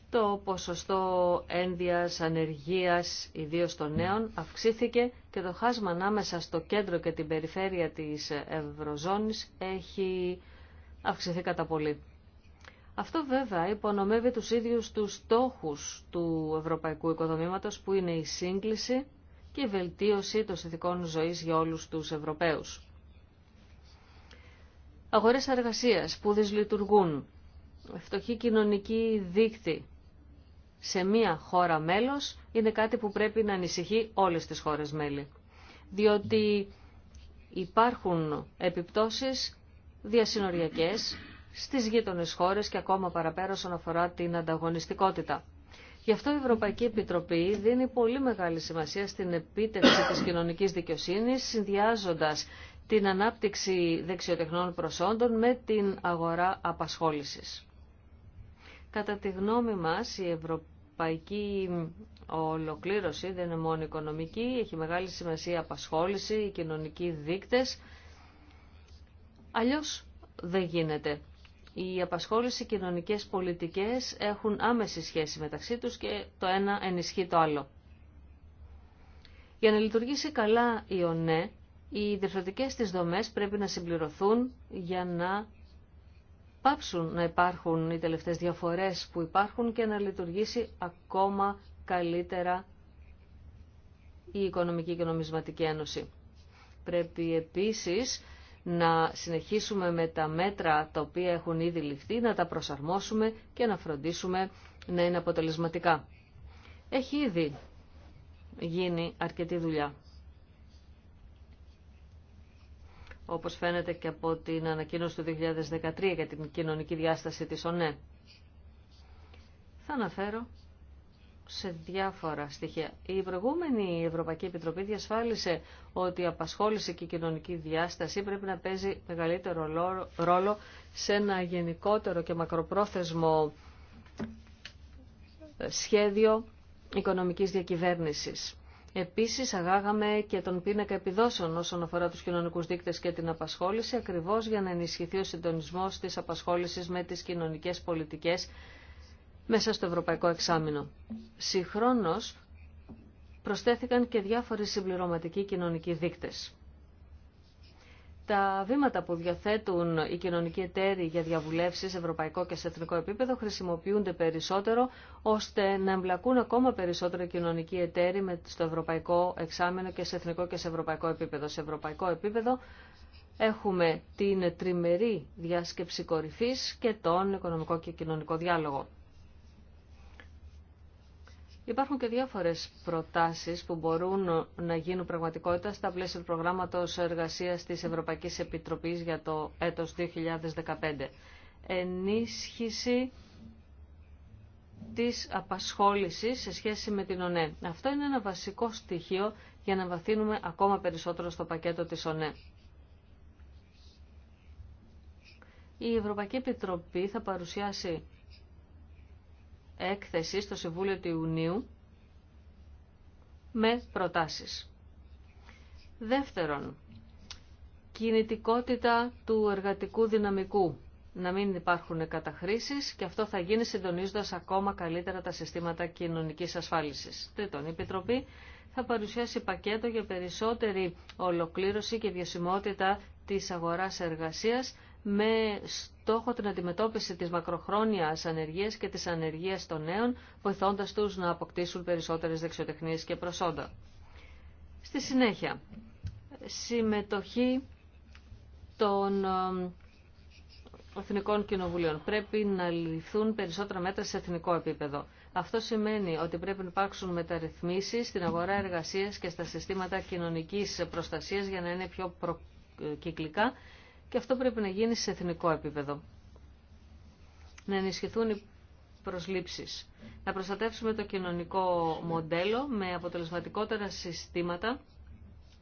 Το ποσοστό ένδυας, ανεργίας, ιδίως των νέων, αυξήθηκε και το χάσμα ανάμεσα στο κέντρο και την περιφέρεια της Ευρωζώνης έχει αυξηθεί κατά πολύ. Αυτό βέβαια υπονομεύει τους ίδιους τους στόχους του Ευρωπαϊκού Οικοδομήματος που είναι η σύγκληση και βελτίωση των συνθηκών ζωής για όλους τους Ευρωπαίους. Αγορές εργασίας που δυσλειτουργούν, φτωχή κοινωνική δίκτυ σε μία χώρα μέλος είναι κάτι που πρέπει να ανησυχεί όλες τις χώρες μέλη. Διότι υπάρχουν επιπτώσεις διασυνοριακές στις γείτονες χώρες και ακόμα παραπέρα όσον αφορά την ανταγωνιστικότητα. Γι' αυτό η Ευρωπαϊκή Επιτροπή δίνει πολύ μεγάλη σημασία στην επίτευξη της κοινωνικής δικαιοσύνης, συνδυάζοντας την ανάπτυξη δεξιοτεχνών προσόντων με την αγορά απασχόλησης. Κατά τη γνώμη μας, η ευρωπαϊκή ολοκλήρωση δεν είναι μόνο οικονομική, έχει μεγάλη σημασία απασχόληση, οι κοινωνικοί δείκτες. Αλλιώς δεν γίνεται. Οι απασχόληση κοινωνικές πολιτικές έχουν άμεση σχέση μεταξύ τους και το ένα ενισχύει το άλλο. Για να λειτουργήσει καλά η ΟΝΕ, οι διευθυντικές της δομές πρέπει να συμπληρωθούν για να πάψουν να υπάρχουν οι τελευταίες διαφορές που υπάρχουν και να λειτουργήσει ακόμα καλύτερα η Οικονομική και Νομισματική Ένωση. Πρέπει επίσης να συνεχίσουμε με τα μέτρα τα οποία έχουν ήδη ληφθεί, να τα προσαρμόσουμε και να φροντίσουμε να είναι αποτελεσματικά. Έχει ήδη γίνει αρκετή δουλειά. όπως φαίνεται και από την ανακοίνωση του 2013 για την κοινωνική διάσταση της ΟΝΕ. Θα αναφέρω σε διάφορα στοιχεία. Η προηγούμενη Ευρωπαϊκή Επιτροπή διασφάλισε ότι η απασχόληση και η κοινωνική διάσταση πρέπει να παίζει μεγαλύτερο ρόλο σε ένα γενικότερο και μακροπρόθεσμο ε, σχέδιο οικονομικής διακυβέρνησης. Επίσης αγάγαμε και τον πίνακα επιδόσεων όσον αφορά τους κοινωνικούς δείκτες και την απασχόληση, ακριβώς για να ενισχυθεί ο συντονισμός της απασχόλησης με τις κοινωνικές πολιτικές μέσα στο Ευρωπαϊκό Εξάμεινο. Συγχρόνως προσθέθηκαν και διάφοροι συμπληρωματικοί κοινωνικοί δείκτες. Τα βήματα που διαθέτουν οι κοινωνικοί εταίροι για διαβουλεύσεις σε ευρωπαϊκό και σε εθνικό επίπεδο χρησιμοποιούνται περισσότερο ώστε να εμπλακούν ακόμα περισσότερο οι κοινωνικοί εταίροι στο ευρωπαϊκό εξάμεινο και σε εθνικό και σε ευρωπαϊκό επίπεδο. Σε ευρωπαϊκό επίπεδο έχουμε την τριμερή διάσκεψη κορυφή και τον οικονομικό και κοινωνικό διάλογο. Υπάρχουν και διάφορες προτάσεις που μπορούν να γίνουν πραγματικότητα στα πλαίσια του προγράμματος εργασίας της Ευρωπαϊκής Επιτροπής για το έτος 2015. Ενίσχυση της απασχόλησης σε σχέση με την ΟΝΕ. Αυτό είναι ένα βασικό στοιχείο για να βαθύνουμε ακόμα περισσότερο στο πακέτο της ΟΝΕ. Η Ευρωπαϊκή Επιτροπή θα παρουσιάσει έκθεση στο Συμβούλιο του Ιουνίου με προτάσεις. Δεύτερον, κινητικότητα του εργατικού δυναμικού. Να μην υπάρχουν καταχρήσεις και αυτό θα γίνει συντονίζοντας ακόμα καλύτερα τα συστήματα κοινωνικής ασφάλισης. Τρίτον, η Επιτροπή θα παρουσιάσει πακέτο για περισσότερη ολοκλήρωση και διασημότητα της αγοράς εργασίας με στόχο την αντιμετώπιση της μακροχρόνιας ανεργίας και της ανεργίας των νέων, βοηθώντας τους να αποκτήσουν περισσότερες δεξιοτεχνίες και προσόντα. Στη συνέχεια, συμμετοχή των ε, εθνικών κοινοβουλίων. Πρέπει να ληφθούν περισσότερα μέτρα σε εθνικό επίπεδο. Αυτό σημαίνει ότι πρέπει να υπάρξουν μεταρρυθμίσεις στην αγορά εργασίας και στα συστήματα κοινωνικής προστασίας για να είναι πιο ε, κυκλικά και αυτό πρέπει να γίνει σε εθνικό επίπεδο. Να ενισχυθούν οι προσλήψεις. Να προστατεύσουμε το κοινωνικό μοντέλο με αποτελεσματικότερα συστήματα,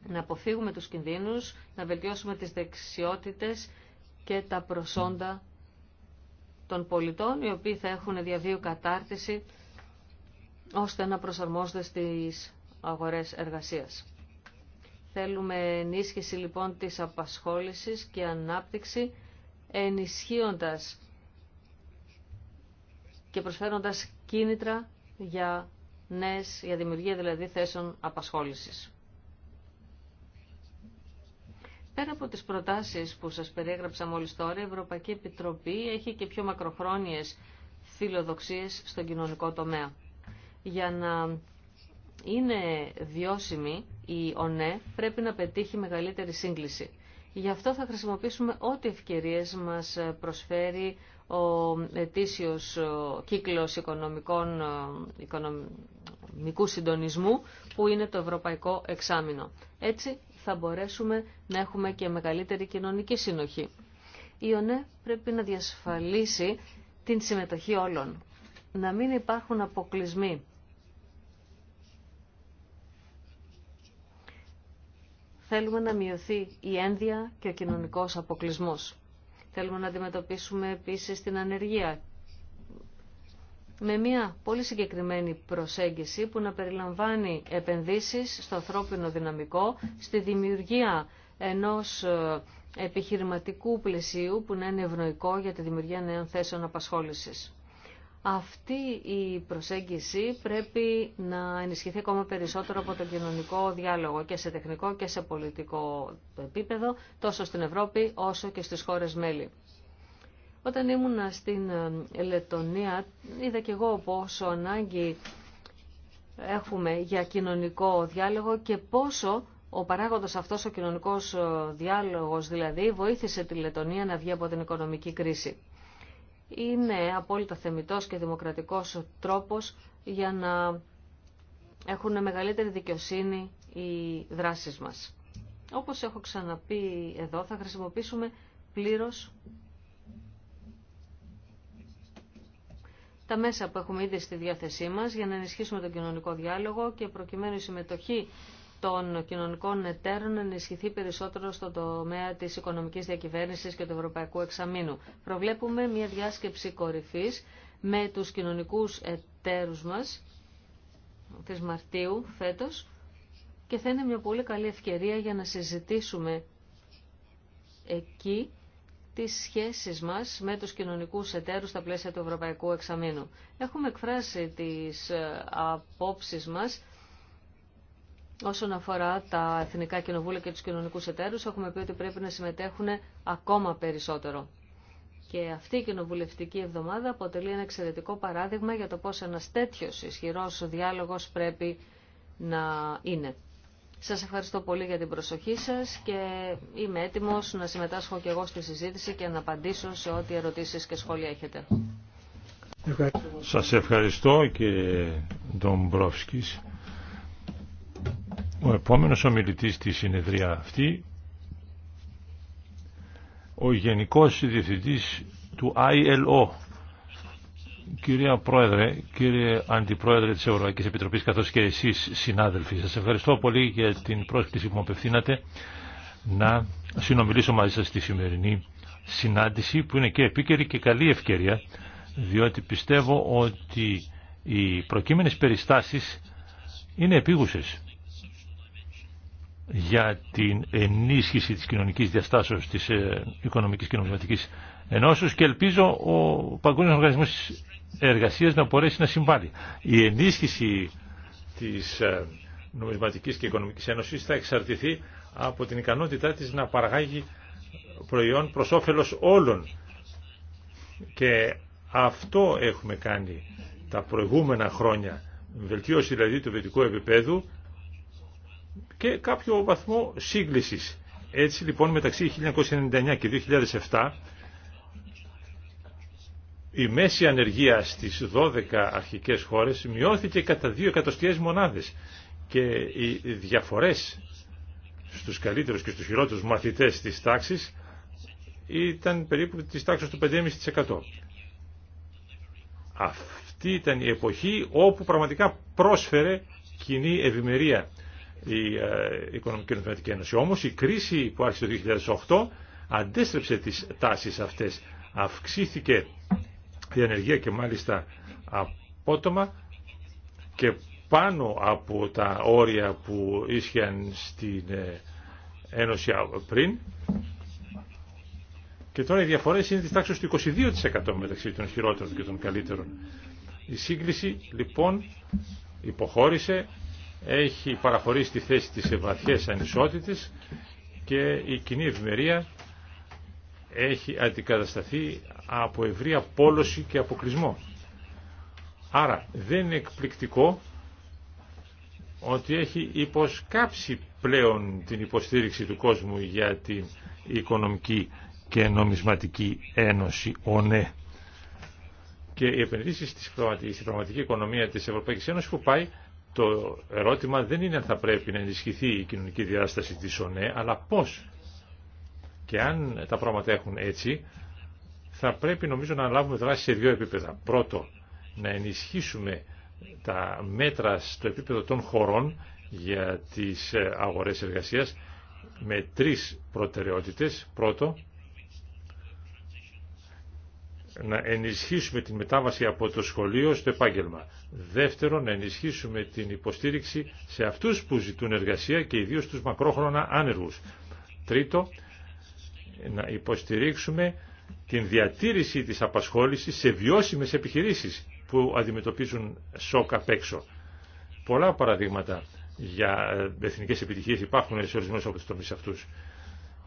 να αποφύγουμε τους κινδύνους, να βελτιώσουμε τις δεξιότητες και τα προσόντα των πολιτών, οι οποίοι θα έχουν διαβίου κατάρτιση, ώστε να προσαρμόζονται στις αγορές εργασίας. Θέλουμε ενίσχυση λοιπόν της απασχόλησης και ανάπτυξη ενισχύοντας και προσφέροντας κίνητρα για νέες, για δημιουργία δηλαδή θέσεων απασχόλησης. Πέρα από τις προτάσεις που σας περιέγραψα μόλις τώρα, η Ευρωπαϊκή Επιτροπή έχει και πιο μακροχρόνιες φιλοδοξίες στον κοινωνικό τομέα. Για να είναι βιώσιμη η ΟΝΕ πρέπει να πετύχει μεγαλύτερη σύγκληση. Γι' αυτό θα χρησιμοποιήσουμε ό,τι ευκαιρίες μας προσφέρει ο ετήσιος κύκλος οικονομικών, οικονομικού συντονισμού που είναι το Ευρωπαϊκό Εξάμεινο. Έτσι θα μπορέσουμε να έχουμε και μεγαλύτερη κοινωνική συνοχή. Η ΟΝΕ πρέπει να διασφαλίσει την συμμετοχή όλων. Να μην υπάρχουν αποκλεισμοί Θέλουμε να μειωθεί η ένδια και ο κοινωνικός αποκλεισμός. Θέλουμε να αντιμετωπίσουμε επίσης την ανεργία με μια πολύ συγκεκριμένη προσέγγιση που να περιλαμβάνει επενδύσεις στο ανθρώπινο δυναμικό, στη δημιουργία ενός ε, επιχειρηματικού πλαισίου που να είναι ευνοϊκό για τη δημιουργία νέων θέσεων απασχόλησης. Αυτή η προσέγγιση πρέπει να ενισχυθεί ακόμα περισσότερο από τον κοινωνικό διάλογο και σε τεχνικό και σε πολιτικό επίπεδο, τόσο στην Ευρώπη όσο και στις χώρες μέλη. Όταν ήμουν στην ε, Λετωνία είδα και εγώ πόσο ανάγκη έχουμε για κοινωνικό διάλογο και πόσο ο παράγοντας αυτός, ο κοινωνικός ε, διάλογος δηλαδή, βοήθησε τη Λετωνία να βγει από την οικονομική κρίση είναι απόλυτα θεμητός και δημοκρατικός τρόπος για να έχουν μεγαλύτερη δικαιοσύνη οι δράσεις μας. Όπως έχω ξαναπεί εδώ, θα χρησιμοποιήσουμε πλήρως τα μέσα που έχουμε ήδη στη διάθεσή μας για να ενισχύσουμε τον κοινωνικό διάλογο και προκειμένου η συμμετοχή των κοινωνικών εταίρων ενισχυθεί περισσότερο στο τομέα της οικονομικής διακυβέρνησης και του Ευρωπαϊκού Εξαμήνου. Προβλέπουμε μια διάσκεψη κορυφής με τους κοινωνικούς εταίρους μας της Μαρτίου φέτος και θα είναι μια πολύ καλή ευκαιρία για να συζητήσουμε εκεί τις σχέσεις μας με τους κοινωνικούς εταίρους στα πλαίσια του Ευρωπαϊκού Εξαμήνου. Έχουμε εκφράσει τις ε, απόψεις μας Όσον αφορά τα Εθνικά Κοινοβούλια και τους κοινωνικούς εταίρους, έχουμε πει ότι πρέπει να συμμετέχουν ακόμα περισσότερο. Και αυτή η κοινοβουλευτική εβδομάδα αποτελεί ένα εξαιρετικό παράδειγμα για το πώς ένας τέτοιος ισχυρός διάλογος πρέπει να είναι. Σας ευχαριστώ πολύ για την προσοχή σας και είμαι έτοιμος να συμμετάσχω και εγώ στη συζήτηση και να απαντήσω σε ό,τι ερωτήσεις και σχόλια έχετε. Σας ευχαριστώ και τον Μπρόφσκης. Ο επόμενος ομιλητής στη συνεδρία αυτή, ο Γενικός Διευθυντής του ILO. Κυρία Πρόεδρε, κύριε Αντιπρόεδρε της Ευρωπαϊκής Επιτροπής, καθώς και εσείς συνάδελφοι, σας ευχαριστώ πολύ για την πρόσκληση που μου απευθύνατε να συνομιλήσω μαζί σας στη σημερινή συνάντηση που είναι και επίκαιρη και καλή ευκαιρία διότι πιστεύω ότι οι προκείμενες περιστάσεις είναι επίγουσες για την ενίσχυση της κοινωνικής διαστάσεως της ε, Οικονομικής και νομιματικής Ενώσεως και ελπίζω ο Παγκόσμιος Οργανισμός Εργασίας να μπορέσει να συμβάλλει. Η ενίσχυση της ε, Νομισματικής και Οικονομικής Ένωσης θα εξαρτηθεί από την ικανότητά της να παραγάγει προϊόν προς όφελος όλων. Και αυτό έχουμε κάνει τα προηγούμενα χρόνια. Βελτίωση δηλαδή του βιωτικού επίπεδου και κάποιο βαθμό σύγκλησης. Έτσι λοιπόν μεταξύ 1999 και 2007 η μέση ανεργία στις 12 αρχικές χώρες μειώθηκε κατά 2 εκατοστιαίες μονάδες και οι διαφορές στους καλύτερους και στους χειρότερους μαθητές της τάξης ήταν περίπου της τάξης του 5,5%. Αυτή ήταν η εποχή όπου πραγματικά πρόσφερε κοινή ευημερία ε, η Οικονομική Ένωση. Όμως η κρίση που άρχισε το 2008 αντέστρεψε τις τάσεις αυτές. Αυξήθηκε η ανεργία και μάλιστα απότομα και πάνω από τα όρια που ίσχυαν στην ε, Ένωση πριν. Και τώρα οι διαφορές είναι της τάξης του 22% μεταξύ των χειρότερων και των καλύτερων. Η σύγκληση λοιπόν υποχώρησε έχει παραχωρήσει τη θέση της σε βαθιές ανισότητες και η κοινή ευημερία έχει αντικατασταθεί από ευρεία πόλωση και αποκλεισμό. Άρα δεν είναι εκπληκτικό ότι έχει υποσκάψει πλέον την υποστήριξη του κόσμου για την οικονομική και νομισματική ένωση ΟΝΕ. Και οι επενδύσεις στην πραγματική οικονομία της Ευρωπαϊκής Ένωσης που πάει το ερώτημα δεν είναι αν θα πρέπει να ενισχυθεί η κοινωνική διάσταση της ΟΝΕ, αλλά πώς. Και αν τα πράγματα έχουν έτσι, θα πρέπει νομίζω να λάβουμε δράση σε δύο επίπεδα. Πρώτο, να ενισχύσουμε τα μέτρα στο επίπεδο των χωρών για τις ε, αγορές εργασίας με τρεις προτεραιότητες. Πρώτο, να ενισχύσουμε την μετάβαση από το σχολείο στο επάγγελμα. Δεύτερον, να ενισχύσουμε την υποστήριξη σε αυτούς που ζητούν εργασία και ιδίως τους μακρόχρονα άνεργους. Τρίτο, να υποστηρίξουμε την διατήρηση της απασχόλησης σε βιώσιμες επιχειρήσεις που αντιμετωπίζουν σοκ απ' έξω. Πολλά παραδείγματα για ε, εθνικές επιτυχίες υπάρχουν σε ορισμένους από τους τομείς αυτούς.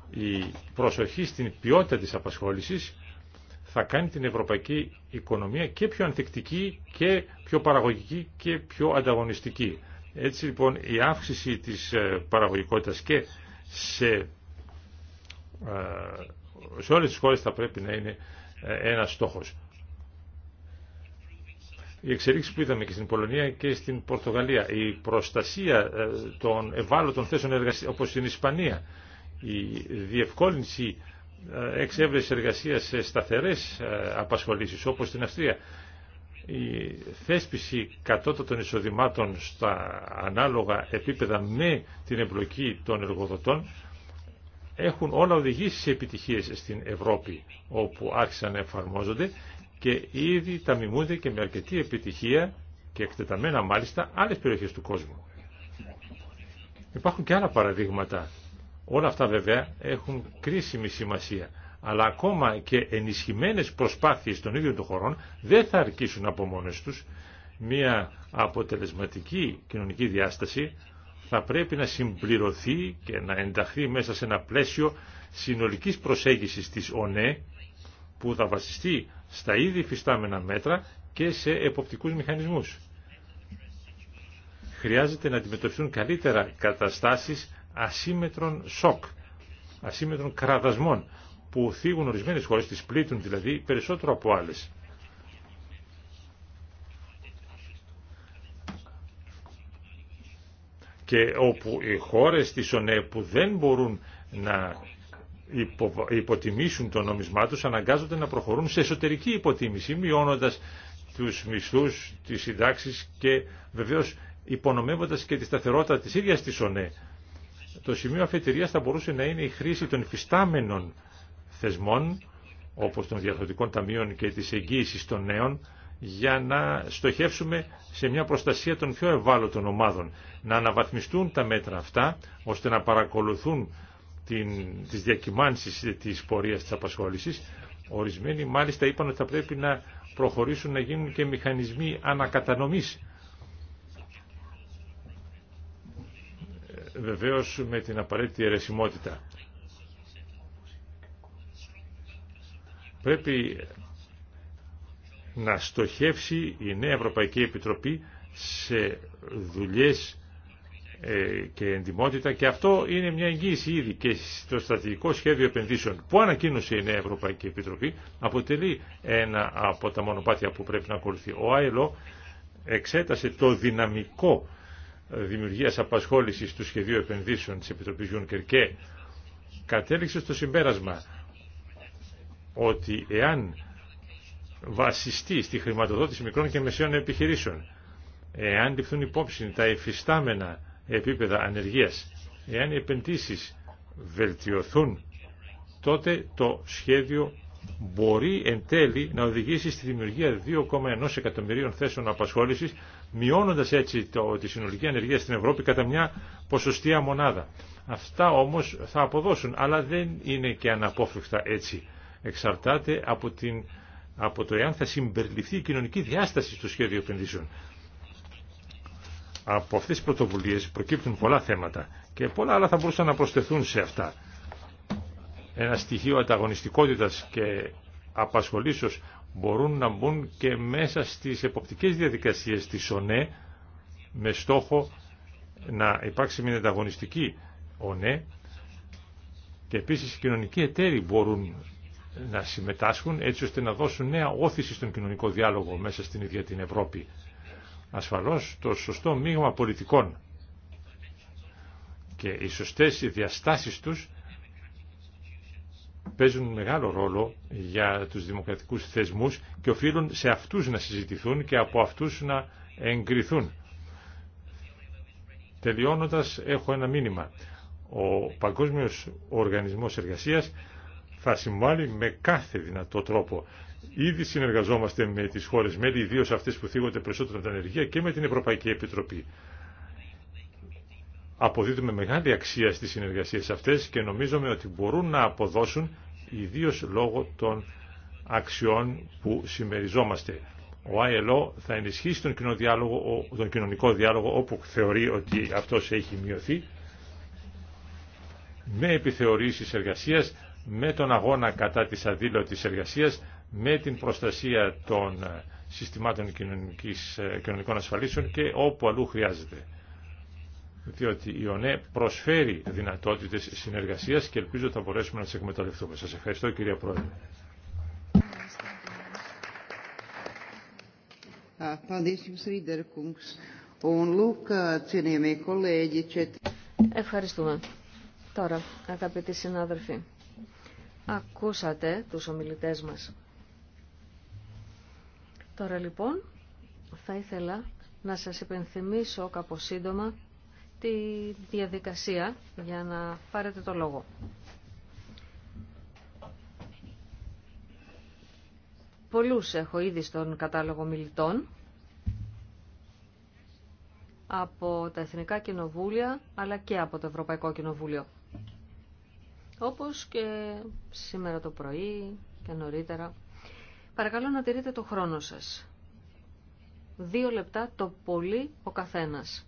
Η προσοχή στην ποιότητα της απασχόλησης θα κάνει την ευρωπαϊκή οικονομία και πιο ανθεκτική και πιο παραγωγική και πιο ανταγωνιστική. Έτσι λοιπόν η αύξηση της ε, παραγωγικότητας και σε, ε, σε όλες τις χώρες θα πρέπει να είναι ε, ένας στόχος. Η εξελίξη που είδαμε και στην Πολωνία και στην Πορτογαλία, η προστασία των ευάλωτων θέσεων εργασίας όπως στην Ισπανία, η διευκόλυνση ε, εξέβρεση εργασίας σε σταθερές ε, απασχολήσει όπως στην Αυστρία. Η θέσπιση κατώτατων εισοδημάτων στα ανάλογα επίπεδα με την εμπλοκή των εργοδοτών έχουν όλα οδηγήσει σε επιτυχίες στην Ευρώπη όπου άρχισαν να εφαρμόζονται και ήδη τα μιμούνται και με αρκετή επιτυχία και εκτεταμένα μάλιστα άλλες περιοχές του κόσμου. Υπάρχουν και άλλα παραδείγματα Όλα αυτά βέβαια έχουν κρίσιμη σημασία. Αλλά ακόμα και ενισχυμένες προσπάθειες των ίδιων των χωρών δεν θα αρκίσουν από μόνες τους. Μία αποτελεσματική κοινωνική διάσταση θα πρέπει να συμπληρωθεί και να ενταχθεί μέσα σε ένα πλαίσιο συνολικής προσέγγισης της ΟΝΕ που θα βασιστεί στα ήδη φυστάμενα μέτρα και σε εποπτικούς μηχανισμούς. Χρειάζεται να αντιμετωπιστούν καλύτερα καταστάσεις ασύμετρων σοκ, ασύμετρων κραδασμών που θίγουν ορισμένες χώρες, τις πλήττουν δηλαδή περισσότερο από άλλες. και όπου οι χώρες της ΩΝΕ που δεν μπορούν να υποτιμήσουν το νόμισμά τους αναγκάζονται να προχωρούν σε εσωτερική υποτίμηση μειώνοντας τους μισθούς, τις συντάξεις και βεβαίως υπονομεύοντας και τη σταθερότητα της ίδιας της ΩΝΕ το σημείο αφετηρίας θα μπορούσε να είναι η χρήση των υφιστάμενων θεσμών, όπως των διαρθρωτικών ταμείων και της εγγύησης των νέων, για να στοχεύσουμε σε μια προστασία των πιο ευάλωτων ομάδων. Να αναβαθμιστούν τα μέτρα αυτά, ώστε να παρακολουθούν την, τις διακυμάνσεις της πορείας της απασχόλησης. Ορισμένοι μάλιστα είπαν ότι θα πρέπει να προχωρήσουν να γίνουν και μηχανισμοί ανακατανομής βεβαίως με την απαραίτητη αιρεσιμότητα. Πρέπει να στοχεύσει η νέα Ευρωπαϊκή Επιτροπή σε δουλειές ε, και εντιμότητα και αυτό είναι μια εγγύηση ήδη και στο στρατηγικό σχέδιο επενδύσεων που ανακοίνωσε η Νέα Ευρωπαϊκή Επιτροπή αποτελεί ένα από τα μονοπάτια που πρέπει να ακολουθεί. Ο ΆΕΛΟ εξέτασε το δυναμικό Δημιουργία απασχόλησης του σχεδίου επενδύσεων τη Επιτροπή Γιούνκερ και κατέληξε στο συμπέρασμα ότι εάν βασιστεί στη χρηματοδότηση μικρών και μεσαίων επιχειρήσεων, εάν ληφθούν υπόψη τα εφιστάμενα επίπεδα ανεργίας, εάν οι επενδύσεις βελτιωθούν, τότε το σχέδιο μπορεί εν τέλει να οδηγήσει στη δημιουργία 2,1 εκατομμυρίων θέσεων απασχόλησης μειώνοντας έτσι το, τη συνολική ανεργία στην Ευρώπη κατά μια ποσοστία μονάδα. Αυτά όμως θα αποδώσουν, αλλά δεν είναι και αναπόφευκτα έτσι. Εξαρτάται από, το εάν θα συμπεριληφθεί η κοινωνική διάσταση στο σχέδιο επενδύσεων. Από αυτές τις πρωτοβουλίες προκύπτουν πολλά θέματα και πολλά άλλα θα μπορούσαν να προσθεθούν σε αυτά. Ένα στοιχείο ανταγωνιστικότητας και απασχολήσεως μπορούν να μπουν και μέσα στις εποπτικές διαδικασίες της ΟΝΕ με στόχο να υπάρξει μια ανταγωνιστική ΟΝΕ και επίσης οι κοινωνικοί εταίροι μπορούν να συμμετάσχουν έτσι ώστε να δώσουν νέα όθηση στον κοινωνικό διάλογο μέσα στην ίδια την Ευρώπη. Ασφαλώς το σωστό μείγμα πολιτικών και οι σωστές διαστάσεις τους παίζουν μεγάλο ρόλο για τους δημοκρατικούς θεσμούς και οφείλουν σε αυτούς να συζητηθούν και από αυτούς να εγκριθούν. Τελειώνοντας, έχω ένα μήνυμα. Ο Παγκόσμιος Οργανισμός Εργασίας θα συμβάλλει με κάθε δυνατό τρόπο. Ήδη συνεργαζόμαστε με τις χώρες μέλη, ιδίως αυτές που θίγονται περισσότερο από την ανεργία και με την Ευρωπαϊκή Επιτροπή αποδίδουμε μεγάλη αξία στις συνεργασίες αυτές και νομίζουμε ότι μπορούν να αποδώσουν ιδίω λόγω των αξιών που συμμεριζόμαστε. Ο ILO θα ενισχύσει τον, διάλογο, τον κοινωνικό διάλογο όπου θεωρεί ότι αυτός έχει μειωθεί με επιθεωρήσεις εργασίας, με τον αγώνα κατά της αδίλωτης εργασίας, με την προστασία των συστημάτων ε, κοινωνικών ασφαλίσεων και όπου αλλού χρειάζεται διότι η ΟΝΕ προσφέρει δυνατότητες συνεργασίας και ελπίζω θα μπορέσουμε να τις εκμεταλλευτούμε. Σας ευχαριστώ κυρία Πρόεδρε. Ευχαριστούμε. Τώρα, αγαπητοί συνάδελφοι, ακούσατε τους ομιλητές μας. Τώρα λοιπόν, θα ήθελα να σας υπενθυμίσω κάπως σύντομα τη διαδικασία για να πάρετε το λόγο. Πολλούς έχω ήδη στον κατάλογο μιλητών από τα Εθνικά Κοινοβούλια αλλά και από το Ευρωπαϊκό Κοινοβούλιο. Όπως και σήμερα το πρωί και νωρίτερα. Παρακαλώ να τηρείτε το χρόνο σας. Δύο λεπτά το πολύ ο καθένας.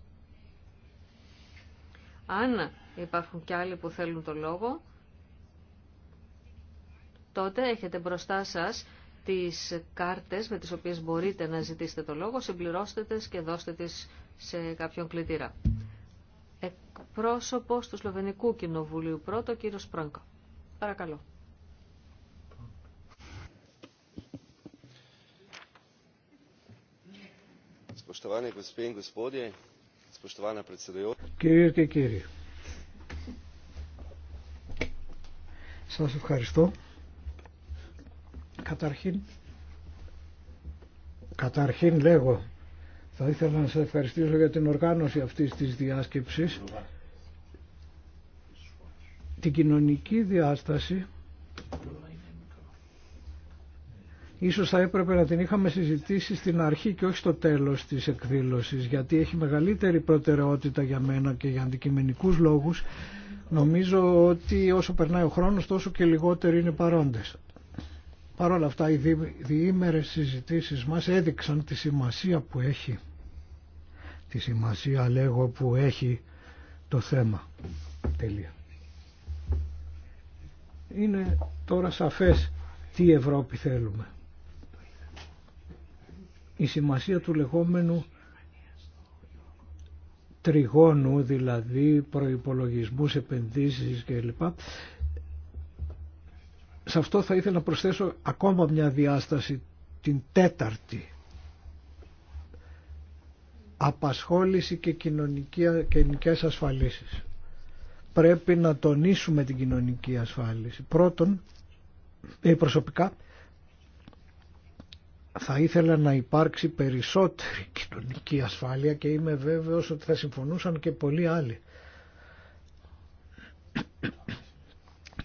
Αν υπάρχουν κι άλλοι που θέλουν το λόγο, τότε έχετε μπροστά σας τις κάρτες με τις οποίες μπορείτε να ζητήσετε το λόγο, συμπληρώστε τις και δώστε τις σε κάποιον κλητήρα. Εκπρόσωπος του Σλοβενικού Κοινοβουλίου πρώτο, κύριο Πράνκα. Παρακαλώ. Σποστοβάνε, Spoštovana Κυρίε και κύριοι, σα ευχαριστώ. Καταρχήν, καταρχήν λέγω, θα ήθελα να σας ευχαριστήσω για την οργάνωση αυτής της διάσκεψης. Την κοινωνική διάσταση Ίσως θα έπρεπε να την είχαμε συζητήσει στην αρχή και όχι στο τέλος της εκδήλωσης, γιατί έχει μεγαλύτερη προτεραιότητα για μένα και για αντικειμενικούς λόγους. Νομίζω ότι όσο περνάει ο χρόνος τόσο και λιγότεροι είναι παρόντες. Παρ' όλα αυτά οι διήμερες συζητήσεις μας έδειξαν τη σημασία που έχει, τη σημασία λέγω που έχει το θέμα. Τελεία. Είναι τώρα σαφές τι Ευρώπη θέλουμε η σημασία του λεγόμενου τριγώνου, δηλαδή προϋπολογισμούς, επενδύσεις κλπ. Σε αυτό θα ήθελα να προσθέσω ακόμα μια διάσταση, την τέταρτη. Απασχόληση και κοινωνικές ασφαλίσεις. Πρέπει να τονίσουμε την κοινωνική ασφάλιση. Πρώτον, ε, προσωπικά, θα ήθελα να υπάρξει περισσότερη κοινωνική ασφάλεια και είμαι βέβαιος ότι θα συμφωνούσαν και πολλοί άλλοι.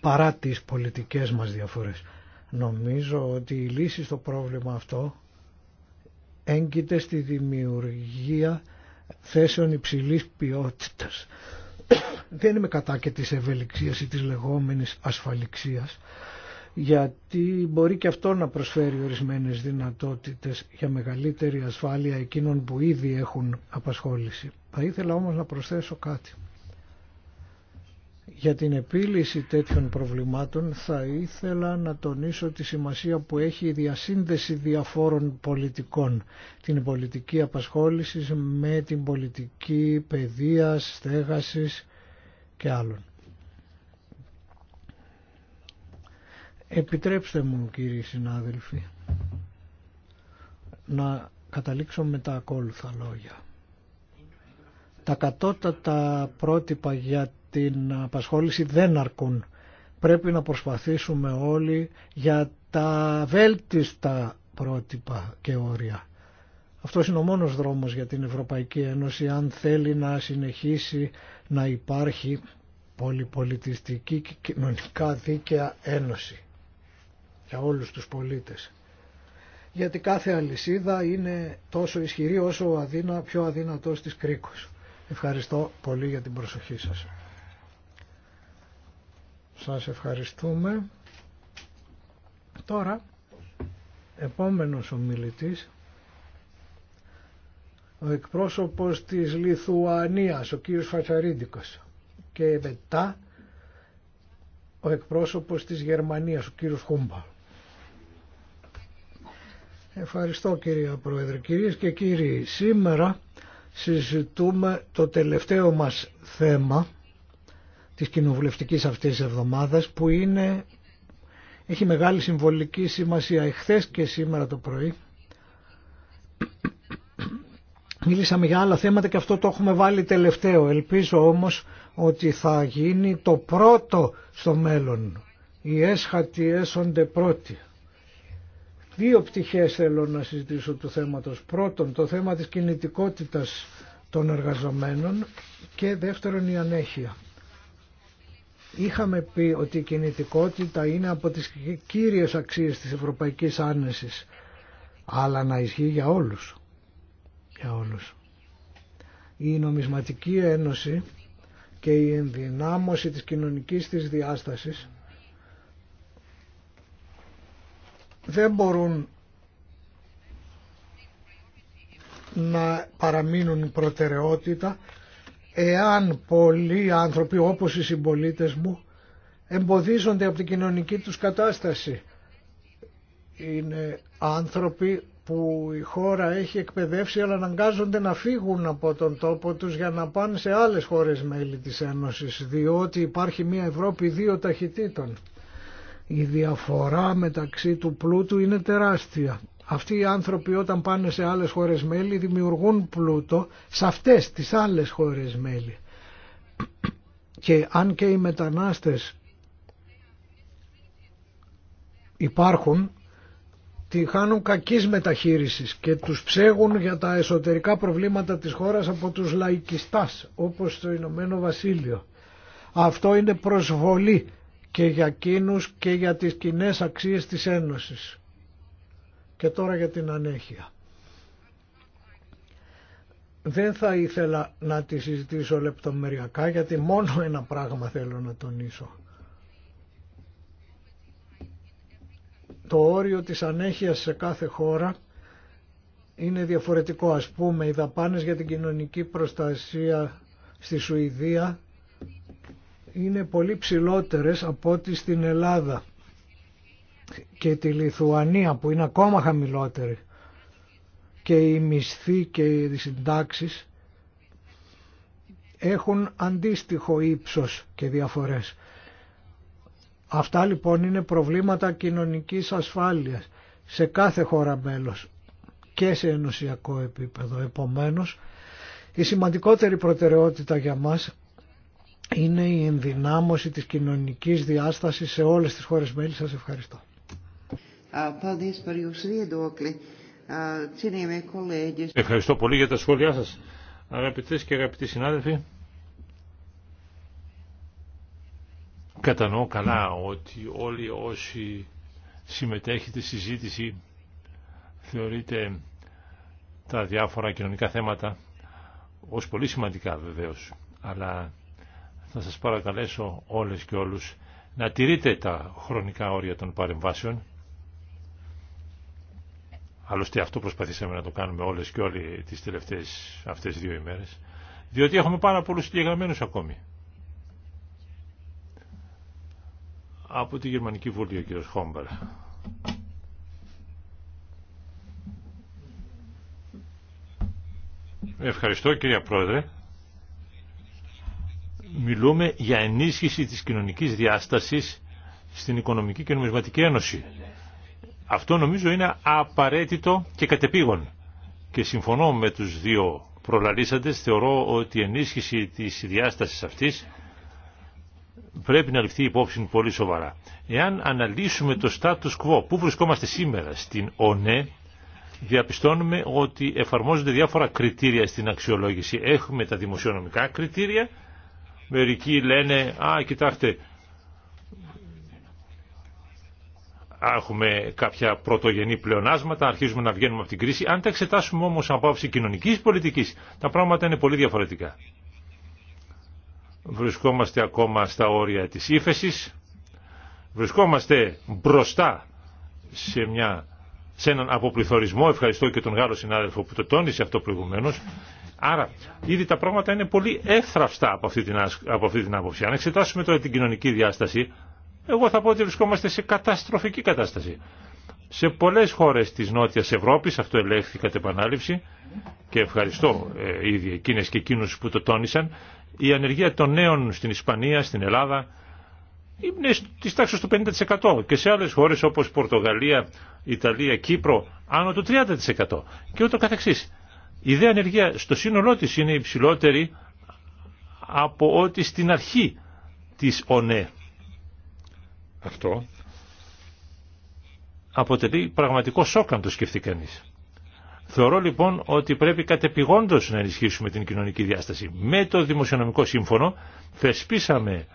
Παρά τις πολιτικές μας διαφορές. Νομίζω ότι η λύση στο πρόβλημα αυτό έγκυται στη δημιουργία θέσεων υψηλής ποιότητας. Δεν είμαι κατά και της ευελιξίας ή της λεγόμενης ασφαλιξίας, γιατί μπορεί και αυτό να προσφέρει ορισμένες δυνατότητες για μεγαλύτερη ασφάλεια εκείνων που ήδη έχουν απασχόληση. Θα ήθελα όμως να προσθέσω κάτι. Για την επίλυση τέτοιων προβλημάτων θα ήθελα να τονίσω τη σημασία που έχει η διασύνδεση διαφόρων πολιτικών. Την πολιτική απασχόλησης με την πολιτική παιδείας, στέγασης και άλλων. Επιτρέψτε μου κύριοι συνάδελφοι να καταλήξω με τα ακόλουθα λόγια. Τα κατώτατα πρότυπα για την απασχόληση δεν αρκούν. Πρέπει να προσπαθήσουμε όλοι για τα βέλτιστα πρότυπα και όρια. Αυτός είναι ο μόνος δρόμος για την Ευρωπαϊκή Ένωση αν θέλει να συνεχίσει να υπάρχει πολυπολιτιστική και κοινωνικά δίκαια ένωση για όλους τους πολίτες. Γιατί κάθε αλυσίδα είναι τόσο ισχυρή όσο ο αδύνα, πιο αδύνατος της κρίκος. Ευχαριστώ πολύ για την προσοχή σας. Σας ευχαριστούμε. Τώρα, επόμενος ομιλητής, ο εκπρόσωπος της Λιθουανίας, ο κύριος Φατσαρίντικος. Και μετά, ο εκπρόσωπος της Γερμανίας, ο κύριος Χούμπα. Ευχαριστώ κυρία Πρόεδρε. Κυρίες και κύριοι, σήμερα συζητούμε το τελευταίο μας θέμα της κοινοβουλευτικής αυτής εβδομάδας που είναι, έχει μεγάλη συμβολική σημασία. Εχθές και σήμερα το πρωί μίλησαμε για άλλα θέματα και αυτό το έχουμε βάλει τελευταίο. Ελπίζω όμως ότι θα γίνει το πρώτο στο μέλλον. Οι έσχατοι έσονται πρώτοι. Δύο πτυχές θέλω να συζητήσω του θέματος. Πρώτον, το θέμα της κινητικότητας των εργαζομένων και δεύτερον η ανέχεια. Είχαμε πει ότι η κινητικότητα είναι από τις κύριες αξίες της ευρωπαϊκής άνεσης, αλλά να ισχύει για όλους. Για όλους. Η νομισματική ένωση και η ενδυνάμωση της κοινωνικής της διάστασης δεν μπορούν να παραμείνουν προτεραιότητα εάν πολλοί άνθρωποι όπως οι συμπολίτε μου εμποδίζονται από την κοινωνική τους κατάσταση. Είναι άνθρωποι που η χώρα έχει εκπαιδεύσει αλλά αναγκάζονται να φύγουν από τον τόπο τους για να πάνε σε άλλες χώρες μέλη της Ένωσης διότι υπάρχει μια Ευρώπη δύο ταχυτήτων. Η διαφορά μεταξύ του πλούτου είναι τεράστια. Αυτοί οι άνθρωποι όταν πάνε σε άλλες χώρες μέλη δημιουργούν πλούτο σε αυτές τις άλλες χώρες μέλη. Και αν και οι μετανάστες υπάρχουν, τη χάνουν κακής μεταχείρισης και τους ψέγουν για τα εσωτερικά προβλήματα της χώρας από τους λαϊκιστάς, όπως το Ηνωμένο Βασίλειο. Αυτό είναι προσβολή και για εκείνους και για τις κοινέ αξίες της Ένωσης. Και τώρα για την ανέχεια. Δεν θα ήθελα να τη συζητήσω λεπτομεριακά γιατί μόνο ένα πράγμα θέλω να τονίσω. Το όριο της ανέχειας σε κάθε χώρα είναι διαφορετικό. Ας πούμε οι δαπάνες για την κοινωνική προστασία στη Σουηδία είναι πολύ ψηλότερες από ό,τι στην Ελλάδα και τη Λιθουανία που είναι ακόμα χαμηλότερη και οι μισθοί και οι συντάξεις έχουν αντίστοιχο ύψος και διαφορές. Αυτά λοιπόν είναι προβλήματα κοινωνικής ασφάλειας σε κάθε χώρα μέλος και σε ενωσιακό επίπεδο. Επομένως, η σημαντικότερη προτεραιότητα για μας είναι η ενδυνάμωση της κοινωνικής διάστασης σε όλες τις χώρες μέλη. Σας ευχαριστώ. Ευχαριστώ πολύ για τα σχόλιά σας. Αγαπητές και αγαπητοί συνάδελφοι, κατανοώ καλά ότι όλοι όσοι συμμετέχετε στη συζήτηση θεωρείτε τα διάφορα κοινωνικά θέματα ως πολύ σημαντικά βεβαίως, αλλά θα σας παρακαλέσω όλες και όλους να τηρείτε τα χρονικά όρια των παρεμβάσεων. Άλλωστε αυτό προσπαθήσαμε να το κάνουμε όλες και όλοι τις τελευταίες αυτές δύο ημέρες. Διότι έχουμε πάρα πολλούς διαγραμμένους ακόμη. Από τη Γερμανική Βουλή ο κύριος Χόμπερ. Ευχαριστώ κυρία Πρόεδρε μιλούμε για ενίσχυση της κοινωνικής διάστασης στην Οικονομική και Νομισματική Ένωση. Αυτό νομίζω είναι απαραίτητο και κατεπήγον. Και συμφωνώ με τους δύο προλαλήσαντες, θεωρώ ότι η ενίσχυση της διάστασης αυτής πρέπει να ληφθεί υπόψη πολύ σοβαρά. Εάν αναλύσουμε το status quo, που βρισκόμαστε σήμερα στην ΟΝΕ, διαπιστώνουμε ότι εφαρμόζονται διάφορα κριτήρια στην αξιολόγηση. Έχουμε τα δημοσιονομικά κριτήρια Μερικοί λένε, α, κοιτάξτε, έχουμε κάποια πρωτογενή πλεονάσματα, αρχίζουμε να βγαίνουμε από την κρίση. Αν τα εξετάσουμε όμως από άψη κοινωνικής πολιτικής, τα πράγματα είναι πολύ διαφορετικά. Βρισκόμαστε ακόμα στα όρια της ύφεση, βρισκόμαστε μπροστά σε, μια, σε έναν αποπληθωρισμό, ευχαριστώ και τον Γάλλο συνάδελφο που το τόνισε αυτό προηγουμένως, Άρα, ήδη τα πράγματα είναι πολύ εύθραυστα από αυτή την, από αυτή την άποψη. Αν εξετάσουμε τώρα την κοινωνική διάσταση, εγώ θα πω ότι βρισκόμαστε σε καταστροφική κατάσταση. Σε πολλές χώρες της Νότιας Ευρώπης, αυτό ελέγχθη κατ' επανάληψη, και ευχαριστώ ε, ήδη εκείνες και εκείνους που το τόνισαν, η ανεργία των νέων στην Ισπανία, στην Ελλάδα, είναι τη τάξη του 50% και σε άλλες χώρες όπως Πορτογαλία, Ιταλία, Κύπρο, άνω του 30% και ούτω καθεξής. Η ιδέα ανεργία στο σύνολό της είναι υψηλότερη από ό,τι στην αρχή της ΟΝΕ. Αυτό αποτελεί πραγματικό σοκ αν το σκεφτεί κανείς. Θεωρώ λοιπόν ότι πρέπει κατεπηγόντως να ενισχύσουμε την κοινωνική διάσταση. Με το Δημοσιονομικό Σύμφωνο θεσπίσαμε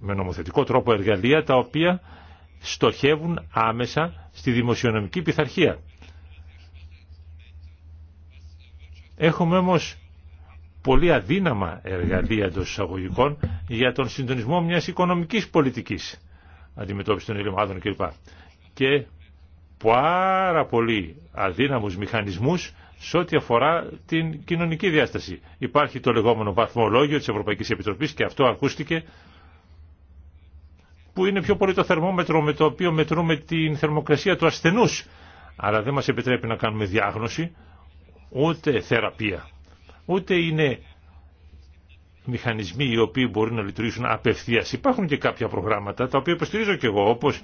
με νομοθετικό τρόπο εργαλεία τα οποία στοχεύουν άμεσα στη δημοσιονομική πειθαρχία. Έχουμε όμως πολύ αδύναμα εργαλεία εντό εισαγωγικών για τον συντονισμό μιας οικονομικής πολιτικής αντιμετώπιση των ελλημάτων κλπ. Και πάρα πολύ αδύναμους μηχανισμούς σε ό,τι αφορά την κοινωνική διάσταση. Υπάρχει το λεγόμενο βαθμολόγιο της Ευρωπαϊκής Επιτροπής και αυτό ακούστηκε που είναι πιο πολύ το θερμόμετρο με το οποίο μετρούμε την θερμοκρασία του ασθενούς αλλά δεν μας επιτρέπει να κάνουμε διάγνωση ούτε θεραπεία, ούτε είναι μηχανισμοί οι οποίοι μπορούν να λειτουργήσουν απευθείας. Υπάρχουν και κάποια προγράμματα τα οποία υποστηρίζω και εγώ, όπως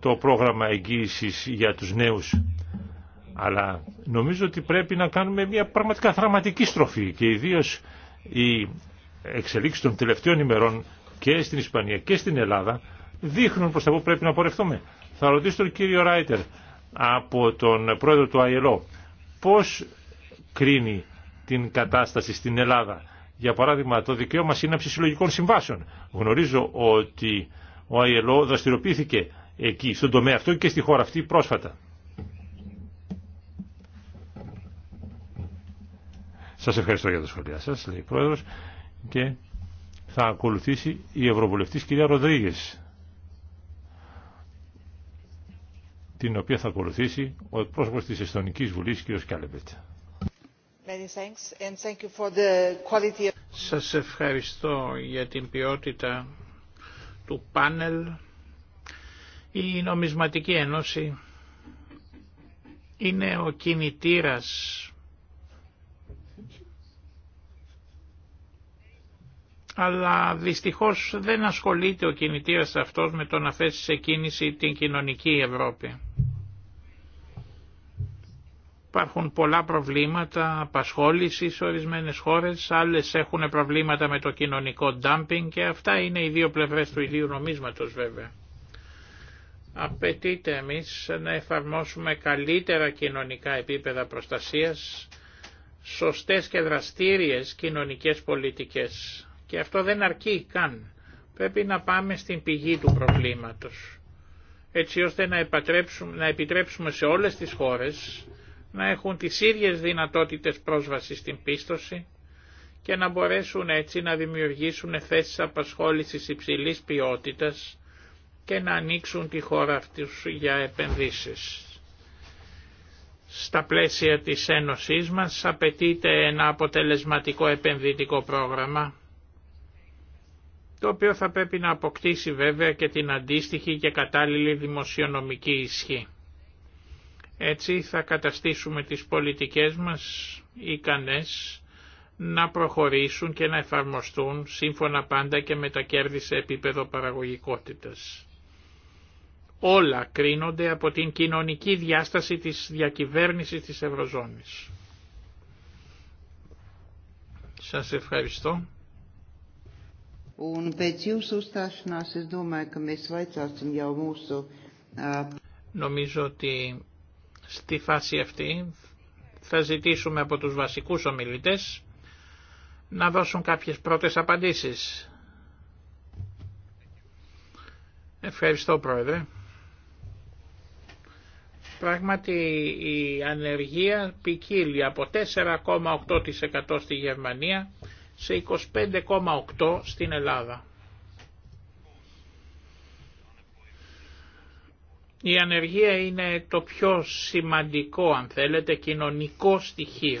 το πρόγραμμα εγγύησης για τους νέους. Αλλά νομίζω ότι πρέπει να κάνουμε μια πραγματικά δραματική στροφή και ιδίως η εξελίξη των τελευταίων ημερών και στην Ισπανία και στην Ελλάδα δείχνουν προς τα που πρέπει να πορευτούμε. Θα ρωτήσω τον κύριο Ράιτερ από τον πρόεδρο του ΑΕΛΟ πώς κρίνει την κατάσταση στην Ελλάδα. Για παράδειγμα, το δικαίωμα σύναψη συλλογικών συμβάσεων. Γνωρίζω ότι ο ΑΕΛΟ δραστηριοποιήθηκε εκεί, στον τομέα αυτό και στη χώρα αυτή πρόσφατα. Σας ευχαριστώ για τα σχόλιά σα, λέει η και θα ακολουθήσει η Ευρωβουλευτής κυρία Ροδρίγες, την οποία θα ακολουθήσει ο εκπρόσωπος της Εστονικής Βουλής, κύριος Κάλεμπετ. Σας ευχαριστώ για την ποιότητα του πάνελ. Η Νομισματική Ένωση είναι ο κινητήρας αλλά δυστυχώς δεν ασχολείται ο κινητήρας αυτός με το να θέσει σε κίνηση την κοινωνική Ευρώπη. Υπάρχουν πολλά προβλήματα απασχόληση σε ορισμένες χώρες, άλλες έχουν προβλήματα με το κοινωνικό ντάμπινγκ και αυτά είναι οι δύο πλευρέ του ιδίου νομίσματος βέβαια. Απαιτείται εμεί να εφαρμόσουμε καλύτερα κοινωνικά επίπεδα προστασίας, σωστές και δραστήριε κοινωνικέ πολιτικέ. Και αυτό δεν αρκεί καν. Πρέπει να πάμε στην πηγή του προβλήματος. Έτσι ώστε να, επιτρέψουμε σε όλες τις χώρες να έχουν τις ίδιες δυνατότητες πρόσβασης στην πίστοση και να μπορέσουν έτσι να δημιουργήσουν θέσεις απασχόλησης υψηλής ποιότητας και να ανοίξουν τη χώρα αυτούς για επενδύσεις. Στα πλαίσια της Ένωσής μας απαιτείται ένα αποτελεσματικό επενδυτικό πρόγραμμα, το οποίο θα πρέπει να αποκτήσει βέβαια και την αντίστοιχη και κατάλληλη δημοσιονομική ισχύ. Έτσι θα καταστήσουμε τις πολιτικές μας ικανές να προχωρήσουν και να εφαρμοστούν σύμφωνα πάντα και με τα κέρδη σε επίπεδο παραγωγικότητας. Όλα κρίνονται από την κοινωνική διάσταση της διακυβέρνησης της Ευρωζώνης. Σας ευχαριστώ. Νομίζω ότι Στη φάση αυτή θα ζητήσουμε από τους βασικούς ομιλητές να δώσουν κάποιες πρώτες απαντήσεις. Ευχαριστώ Πρόεδρε. Πράγματι η ανεργία ποικίλει από 4,8% στη Γερμανία σε 25,8% στην Ελλάδα. Η ανεργία είναι το πιο σημαντικό, αν θέλετε, κοινωνικό στοιχείο.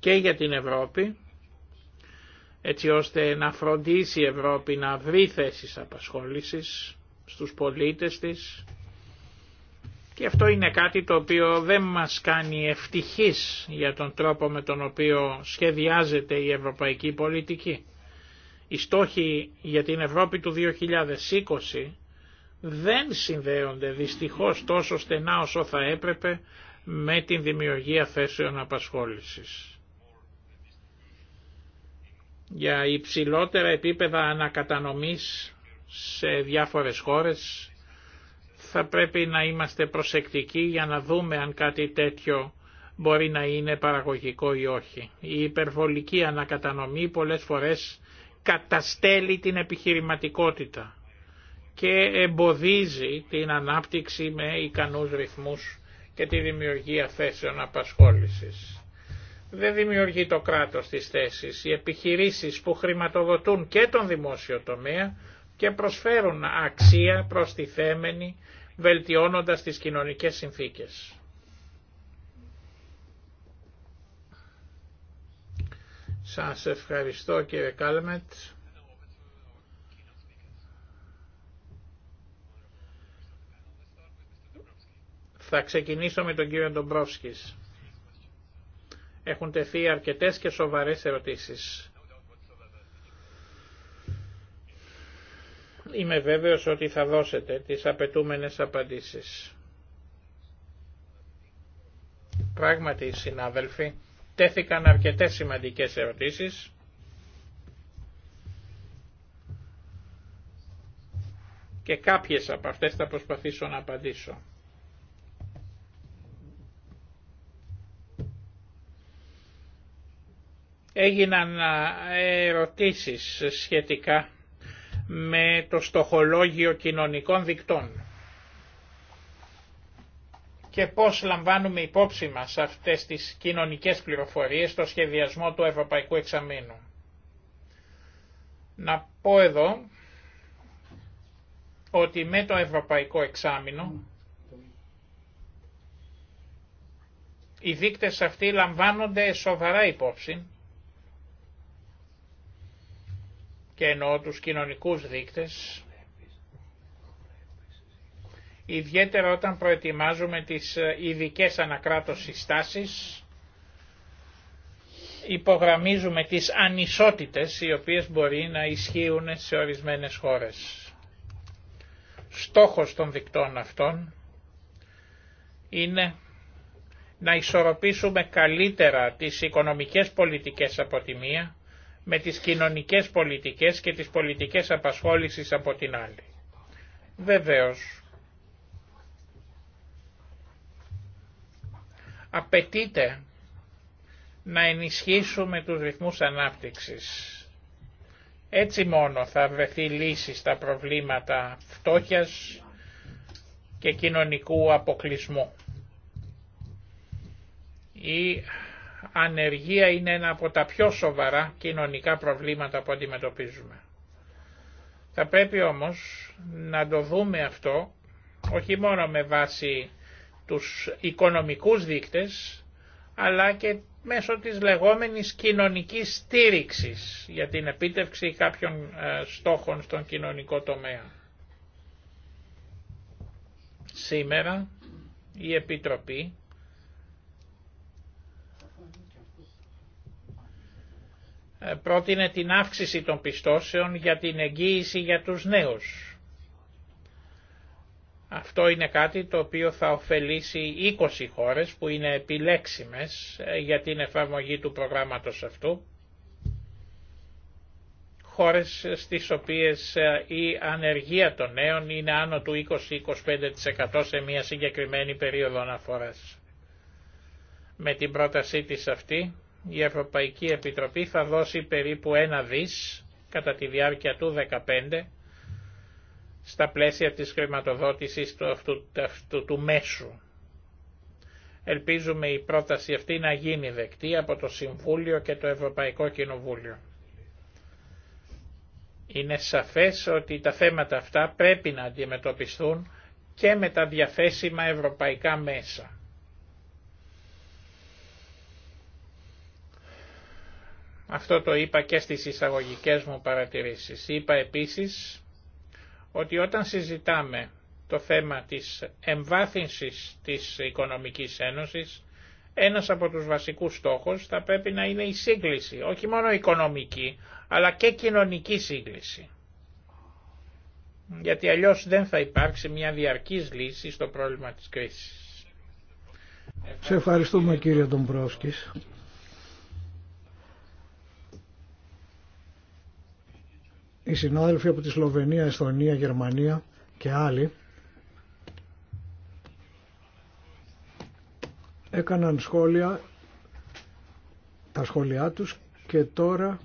Και για την Ευρώπη, έτσι ώστε να φροντίσει η Ευρώπη να βρει θέσεις απασχόλησης στους πολίτες της. Και αυτό είναι κάτι το οποίο δεν μας κάνει ευτυχής για τον τρόπο με τον οποίο σχεδιάζεται η ευρωπαϊκή πολιτική οι στόχοι για την Ευρώπη του 2020 δεν συνδέονται δυστυχώς τόσο στενά όσο θα έπρεπε με την δημιουργία θέσεων απασχόλησης. Για υψηλότερα επίπεδα ανακατανομής σε διάφορες χώρες θα πρέπει να είμαστε προσεκτικοί για να δούμε αν κάτι τέτοιο μπορεί να είναι παραγωγικό ή όχι. Η υπερβολική ανακατανομή πολλές φορές καταστέλει την επιχειρηματικότητα και εμποδίζει την ανάπτυξη με ικανούς ρυθμούς και τη δημιουργία θέσεων απασχόλησης. Δεν δημιουργεί το κράτος τις θέσεις. Οι επιχειρήσεις που χρηματοδοτούν και τον δημόσιο τομέα και προσφέρουν αξία τη θέμενη βελτιώνοντας τις κοινωνικές συνθήκες. Σας ευχαριστώ κύριε Κάλμετ. Θα ξεκινήσω με τον κύριο Ντομπρόφσκης. Έχουν τεθεί αρκετές και σοβαρές ερωτήσεις. Είμαι βέβαιος ότι θα δώσετε τις απαιτούμενες απαντήσεις. Πράγματι, συνάδελφοι, τέθηκαν αρκετές σημαντικές ερωτήσεις. Και κάποιες από αυτές θα προσπαθήσω να απαντήσω. Έγιναν ερωτήσεις σχετικά με το στοχολόγιο κοινωνικών δικτών και πώς λαμβάνουμε υπόψη μας αυτές τις κοινωνικές πληροφορίες στο σχεδιασμό του Ευρωπαϊκού Εξαμήνου. Να πω εδώ ότι με το Ευρωπαϊκό Εξάμεινο οι δείκτες αυτοί λαμβάνονται σοβαρά υπόψη και εννοώ τους κοινωνικούς δείκτες ιδιαίτερα όταν προετοιμάζουμε τις ε, ειδικέ ανακράτως στάσεις υπογραμμίζουμε τις ανισότητες οι οποίες μπορεί να ισχύουν σε ορισμένες χώρες. Στόχος των δικτών αυτών είναι να ισορροπήσουμε καλύτερα τις οικονομικές πολιτικές από τη μία με τις κοινωνικές πολιτικές και τις πολιτικές απασχόλησης από την άλλη. Βεβαίως, απαιτείται να ενισχύσουμε τους ρυθμούς ανάπτυξης. Έτσι μόνο θα βρεθεί λύση στα προβλήματα φτώχειας και κοινωνικού αποκλεισμού. Η ανεργία είναι ένα από τα πιο σοβαρά κοινωνικά προβλήματα που αντιμετωπίζουμε. Θα πρέπει όμως να το δούμε αυτό όχι μόνο με βάση τους οικονομικούς δείκτες αλλά και μέσω της λεγόμενης κοινωνικής στήριξης για την επίτευξη κάποιων ε, στόχων στον κοινωνικό τομέα. Σήμερα η Επιτροπή ε, πρότεινε την αύξηση των πιστώσεων για την εγγύηση για τους νέους αυτό είναι κάτι το οποίο θα ωφελήσει 20 χώρες που είναι επιλέξιμες ε, για την εφαρμογή του προγράμματος αυτού. Χώρες ε, στις οποίες ε, η ανεργία των νέων είναι άνω του 20-25% σε μια συγκεκριμένη περίοδο αναφοράς. Με την πρότασή της αυτή η Ευρωπαϊκή Επιτροπή θα δώσει περίπου ένα δις κατά τη διάρκεια του 2015 στα πλαίσια της χρηματοδότησης του, αυτού, του μέσου. Ελπίζουμε η πρόταση αυτή να γίνει δεκτή από το Συμβούλιο και το Ευρωπαϊκό Κοινοβούλιο. Είναι σαφές ότι τα θέματα αυτά πρέπει να αντιμετωπιστούν και με τα διαθέσιμα ευρωπαϊκά μέσα. Αυτό το είπα και στις εισαγωγικές μου παρατηρήσεις. Είπα επίσης ότι όταν συζητάμε το θέμα της εμβάθυνσης της Οικονομικής Ένωσης, ένας από τους βασικούς στόχους θα πρέπει να είναι η σύγκληση, όχι μόνο οικονομική, αλλά και κοινωνική σύγκληση. Γιατί αλλιώς δεν θα υπάρξει μια διαρκής λύση στο πρόβλημα της κρίσης. Σε ευχαριστούμε κύριε Ντομπρόσκης. οι συνάδελφοι από τη Σλοβενία, Εσθονία, Γερμανία και άλλοι έκαναν σχόλια τα σχόλιά τους και τώρα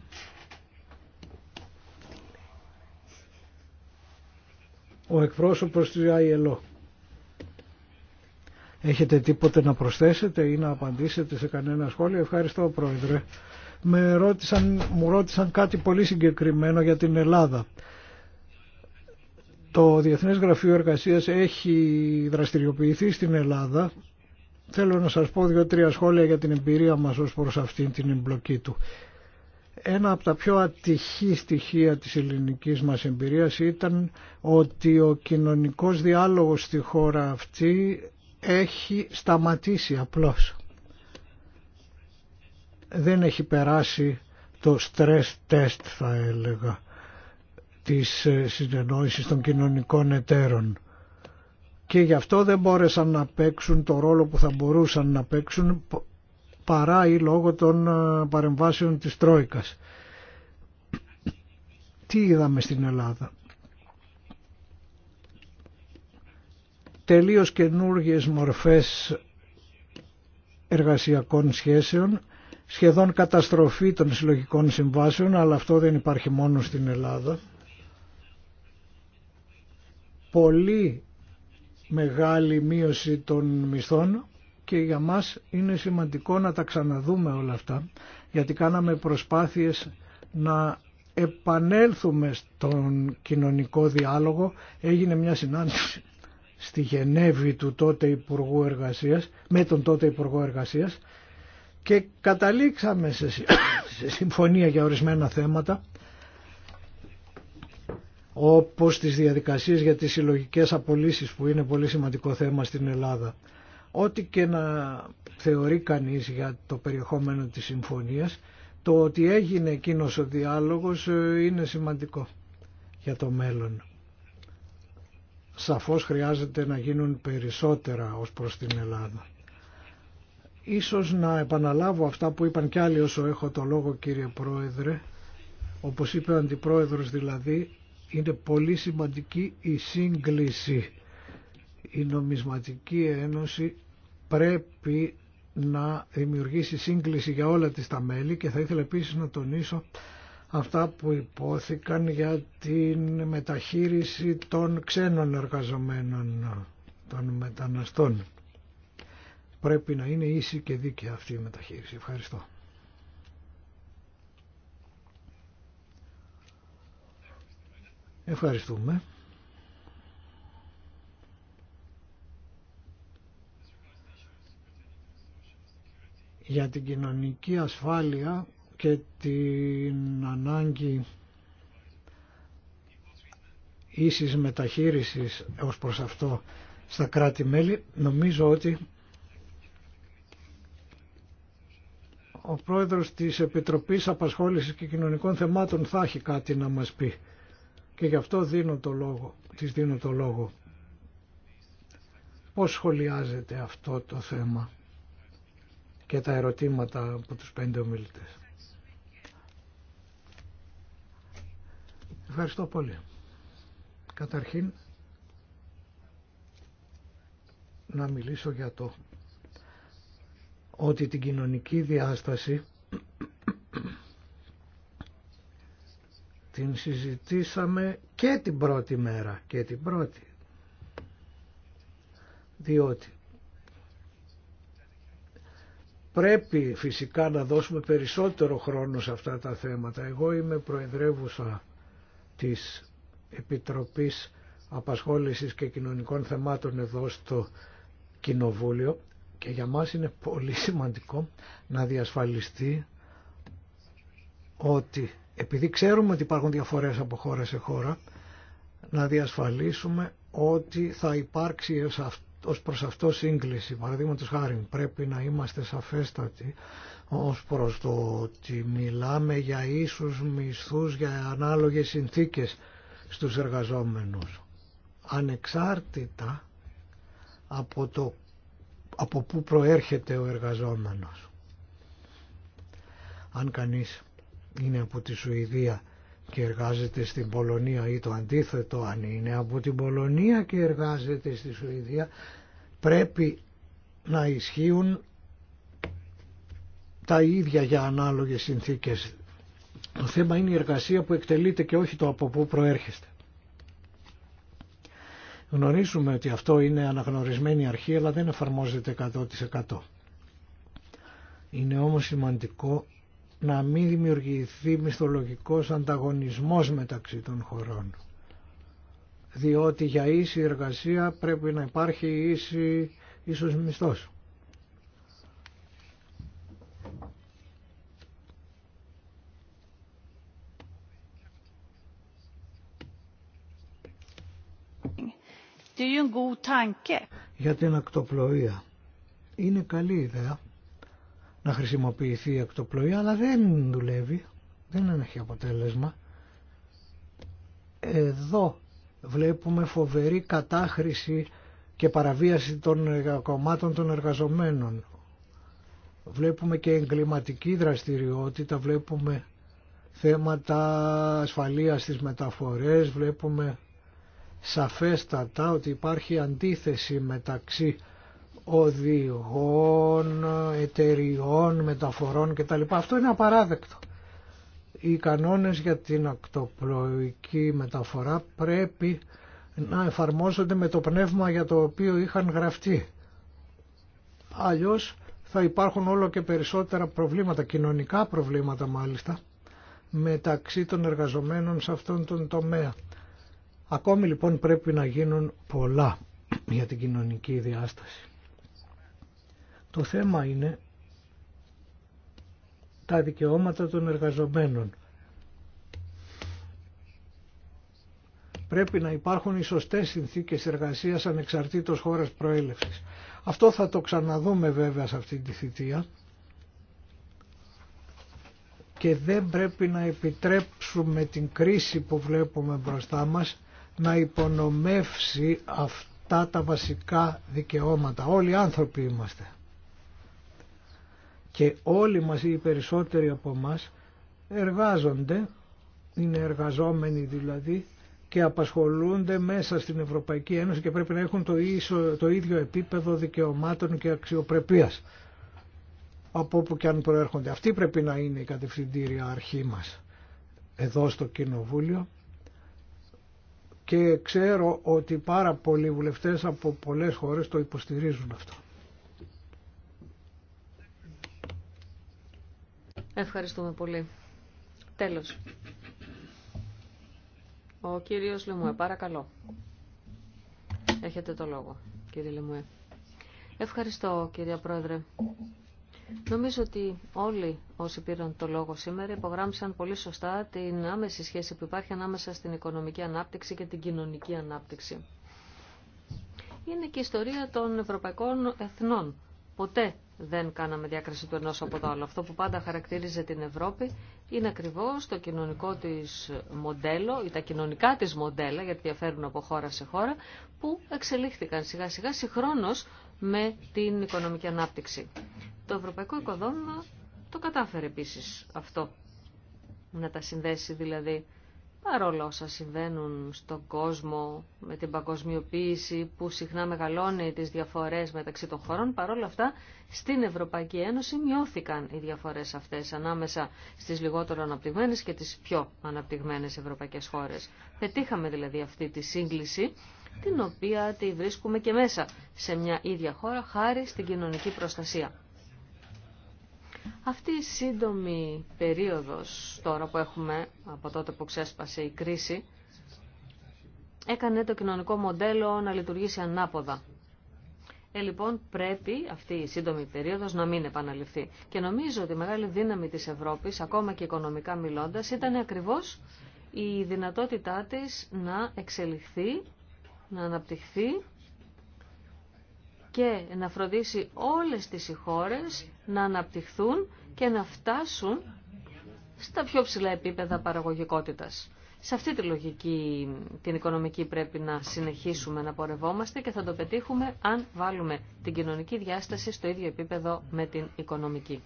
ο εκπρόσωπος του ΙΕΛΟ. Έχετε τίποτε να προσθέσετε ή να απαντήσετε σε κανένα σχόλιο. Ευχαριστώ Πρόεδρε με ρώτησαν, μου ρώτησαν κάτι πολύ συγκεκριμένο για την Ελλάδα. Το Διεθνές Γραφείο Εργασίας έχει δραστηριοποιηθεί στην Ελλάδα. Θέλω να σας πω δύο-τρία σχόλια για την εμπειρία μας ως προς αυτήν την εμπλοκή του. Ένα από τα πιο ατυχή στοιχεία της ελληνικής μας εμπειρίας ήταν ότι ο κοινωνικός διάλογος στη χώρα αυτή έχει σταματήσει απλώς δεν έχει περάσει το stress test θα έλεγα της ε, συνεννόησης των κοινωνικών εταίρων και γι' αυτό δεν μπόρεσαν να παίξουν το ρόλο που θα μπορούσαν να παίξουν παρά ή λόγω των ε, παρεμβάσεων της Τρόικας. Τι είδαμε στην Ελλάδα. Τελείως καινούργιες μορφές εργασιακών σχέσεων σχεδόν καταστροφή των συλλογικών συμβάσεων, αλλά αυτό δεν υπάρχει μόνο στην Ελλάδα. Πολύ μεγάλη μείωση των μισθών και για μας είναι σημαντικό να τα ξαναδούμε όλα αυτά, γιατί κάναμε προσπάθειες να επανέλθουμε στον κοινωνικό διάλογο. Έγινε μια συνάντηση στη Γενέβη του τότε Υπουργού Εργασίας, με τον τότε Υπουργό Εργασίας και καταλήξαμε σε, συμφωνία για ορισμένα θέματα όπως τις διαδικασίες για τις συλλογικές απολύσεις που είναι πολύ σημαντικό θέμα στην Ελλάδα. Ό,τι και να θεωρεί κανείς για το περιεχόμενο της συμφωνίας, το ότι έγινε εκείνος ο διάλογος ε, είναι σημαντικό για το μέλλον. Σαφώς χρειάζεται να γίνουν περισσότερα ως προς την Ελλάδα. Ίσως να επαναλάβω αυτά που είπαν κι άλλοι όσο έχω το λόγο κύριε Πρόεδρε. Όπως είπε ο Αντιπρόεδρος δηλαδή, είναι πολύ σημαντική η σύγκληση. Η νομισματική ένωση πρέπει να δημιουργήσει σύγκληση για όλα τις τα μέλη και θα ήθελα επίσης να τονίσω αυτά που υπόθηκαν για την μεταχείριση των ξένων εργαζομένων, των μεταναστών πρέπει να είναι ίση και δίκαια αυτή η μεταχείριση. Ευχαριστώ. Ευχαριστούμε. Για την κοινωνική ασφάλεια και την ανάγκη ίσης μεταχείρισης ως προς αυτό στα κράτη-μέλη, νομίζω ότι ο πρόεδρος της Επιτροπής Απασχόλησης και Κοινωνικών Θεμάτων θα έχει κάτι να μας πει. Και γι' αυτό δίνω το λόγο, της δίνω το λόγο. Πώς σχολιάζεται αυτό το θέμα και τα ερωτήματα από τους πέντε ομιλητές. Ευχαριστώ πολύ. Καταρχήν, να μιλήσω για το ότι την κοινωνική διάσταση την συζητήσαμε και την πρώτη μέρα και την πρώτη διότι πρέπει φυσικά να δώσουμε περισσότερο χρόνο σε αυτά τα θέματα εγώ είμαι προεδρεύουσα της Επιτροπής Απασχόλησης και Κοινωνικών Θεμάτων εδώ στο Κοινοβούλιο και για μας είναι πολύ σημαντικό να διασφαλιστεί ότι επειδή ξέρουμε ότι υπάρχουν διαφορές από χώρα σε χώρα, να διασφαλίσουμε ότι θα υπάρξει ως προς αυτό σύγκληση. Παραδείγματος χάρη πρέπει να είμαστε σαφέστατοι ως προς το ότι μιλάμε για ίσους μισθούς, για ανάλογες συνθήκες στους εργαζόμενους. Ανεξάρτητα από το από πού προέρχεται ο εργαζόμενος. Αν κανείς είναι από τη Σουηδία και εργάζεται στην Πολωνία ή το αντίθετο αν είναι από την Πολωνία και εργάζεται στη Σουηδία πρέπει να ισχύουν τα ίδια για ανάλογες συνθήκες. Το θέμα είναι η εργασία που εκτελείται και όχι το από πού προέρχεστε. Γνωρίζουμε ότι αυτό είναι αναγνωρισμένη αρχή αλλά δεν εφαρμόζεται 100%. Είναι όμως σημαντικό να μην δημιουργηθεί μισθολογικός ανταγωνισμός μεταξύ των χωρών. Διότι για ίση εργασία πρέπει να υπάρχει ίση ίσως μισθός. Det är Για την ακτοπλοεία. Είναι καλή ιδέα να χρησιμοποιηθεί η ακτοπλοεία, αλλά δεν δουλεύει, δεν έχει αποτέλεσμα. Εδώ βλέπουμε φοβερή κατάχρηση και παραβίαση των κομμάτων των εργαζομένων. Βλέπουμε και εγκληματική δραστηριότητα, βλέπουμε θέματα ασφαλείας στις μεταφορές, βλέπουμε σαφέστατα ότι υπάρχει αντίθεση μεταξύ οδηγών, εταιριών, μεταφορών κτλ. Αυτό είναι απαράδεκτο. Οι κανόνες για την ακτοπλοϊκή μεταφορά πρέπει να εφαρμόζονται με το πνεύμα για το οποίο είχαν γραφτεί. Αλλιώς θα υπάρχουν όλο και περισσότερα προβλήματα, κοινωνικά προβλήματα μάλιστα, μεταξύ των εργαζομένων σε αυτόν τον τομέα. Ακόμη λοιπόν πρέπει να γίνουν πολλά για την κοινωνική διάσταση. Το θέμα είναι τα δικαιώματα των εργαζομένων. Πρέπει να υπάρχουν οι σωστές συνθήκες εργασίας ανεξαρτήτως χώρας προέλευσης. Αυτό θα το ξαναδούμε βέβαια σε αυτή τη θητεία και δεν πρέπει να επιτρέψουμε την κρίση που βλέπουμε μπροστά μας να υπονομεύσει αυτά τα βασικά δικαιώματα. Όλοι οι άνθρωποι είμαστε. Και όλοι μας ή οι περισσότεροι από μας εργάζονται, είναι εργαζόμενοι δηλαδή και απασχολούνται μέσα στην Ευρωπαϊκή Ένωση και πρέπει να έχουν το, ίσο, το ίδιο επίπεδο δικαιωμάτων και αξιοπρεπίας από όπου και αν προέρχονται. Αυτή πρέπει να είναι η κατευθυντήρια αρχή μας εδώ στο Κοινοβούλιο και ξέρω ότι πάρα πολλοί βουλευτές από πολλές χώρες το υποστηρίζουν αυτό. Ευχαριστούμε πολύ. Τέλος. Ο κύριος Λεμουέ, παρακαλώ. Έχετε το λόγο, κύριε Λεμουέ. Ευχαριστώ, κύριε Πρόεδρε. Νομίζω ότι όλοι όσοι πήραν το λόγο σήμερα υπογράμμισαν πολύ σωστά την άμεση σχέση που υπάρχει ανάμεσα στην οικονομική ανάπτυξη και την κοινωνική ανάπτυξη. Είναι και η ιστορία των ευρωπαϊκών εθνών. Ποτέ δεν κάναμε διάκριση του ενός από το άλλο. Αυτό που πάντα χαρακτήριζε την Ευρώπη είναι ακριβώς το κοινωνικό της μοντέλο ή τα κοινωνικά της μοντέλα, γιατί διαφέρουν από χώρα σε χώρα, που εξελίχθηκαν σιγά σιγά συγχρόνως με την οικονομική ανάπτυξη. Το ευρωπαϊκό οικοδόμημα το κατάφερε επίσης αυτό. Να τα συνδέσει δηλαδή παρόλα όσα συμβαίνουν στον κόσμο με την παγκοσμιοποίηση που συχνά μεγαλώνει τις διαφορές μεταξύ των χωρών, παρόλα αυτά στην Ευρωπαϊκή Ένωση μειώθηκαν οι διαφορές αυτές ανάμεσα στις λιγότερο αναπτυγμένες και τις πιο αναπτυγμένες ευρωπαϊκές χώρες. Πετύχαμε δηλαδή αυτή τη σύγκληση την οποία τη βρίσκουμε και μέσα σε μια ίδια χώρα χάρη στην κοινωνική προστασία. Αυτή η σύντομη περίοδος τώρα που έχουμε, από τότε που ξέσπασε η κρίση, έκανε το κοινωνικό μοντέλο να λειτουργήσει ανάποδα. Ε, λοιπόν, πρέπει αυτή η σύντομη περίοδος να μην επαναληφθεί. Και νομίζω ότι η μεγάλη δύναμη της Ευρώπης, ακόμα και οικονομικά μιλώντας, ήταν ακριβώς η δυνατότητά της να εξελιχθεί, να αναπτυχθεί και να φροντίσει όλες τις χώρε να αναπτυχθούν και να φτάσουν στα πιο ψηλά επίπεδα παραγωγικότητας. Σε αυτή τη λογική την οικονομική πρέπει να συνεχίσουμε να πορευόμαστε και θα το πετύχουμε αν βάλουμε την κοινωνική διάσταση στο ίδιο επίπεδο με την οικονομική.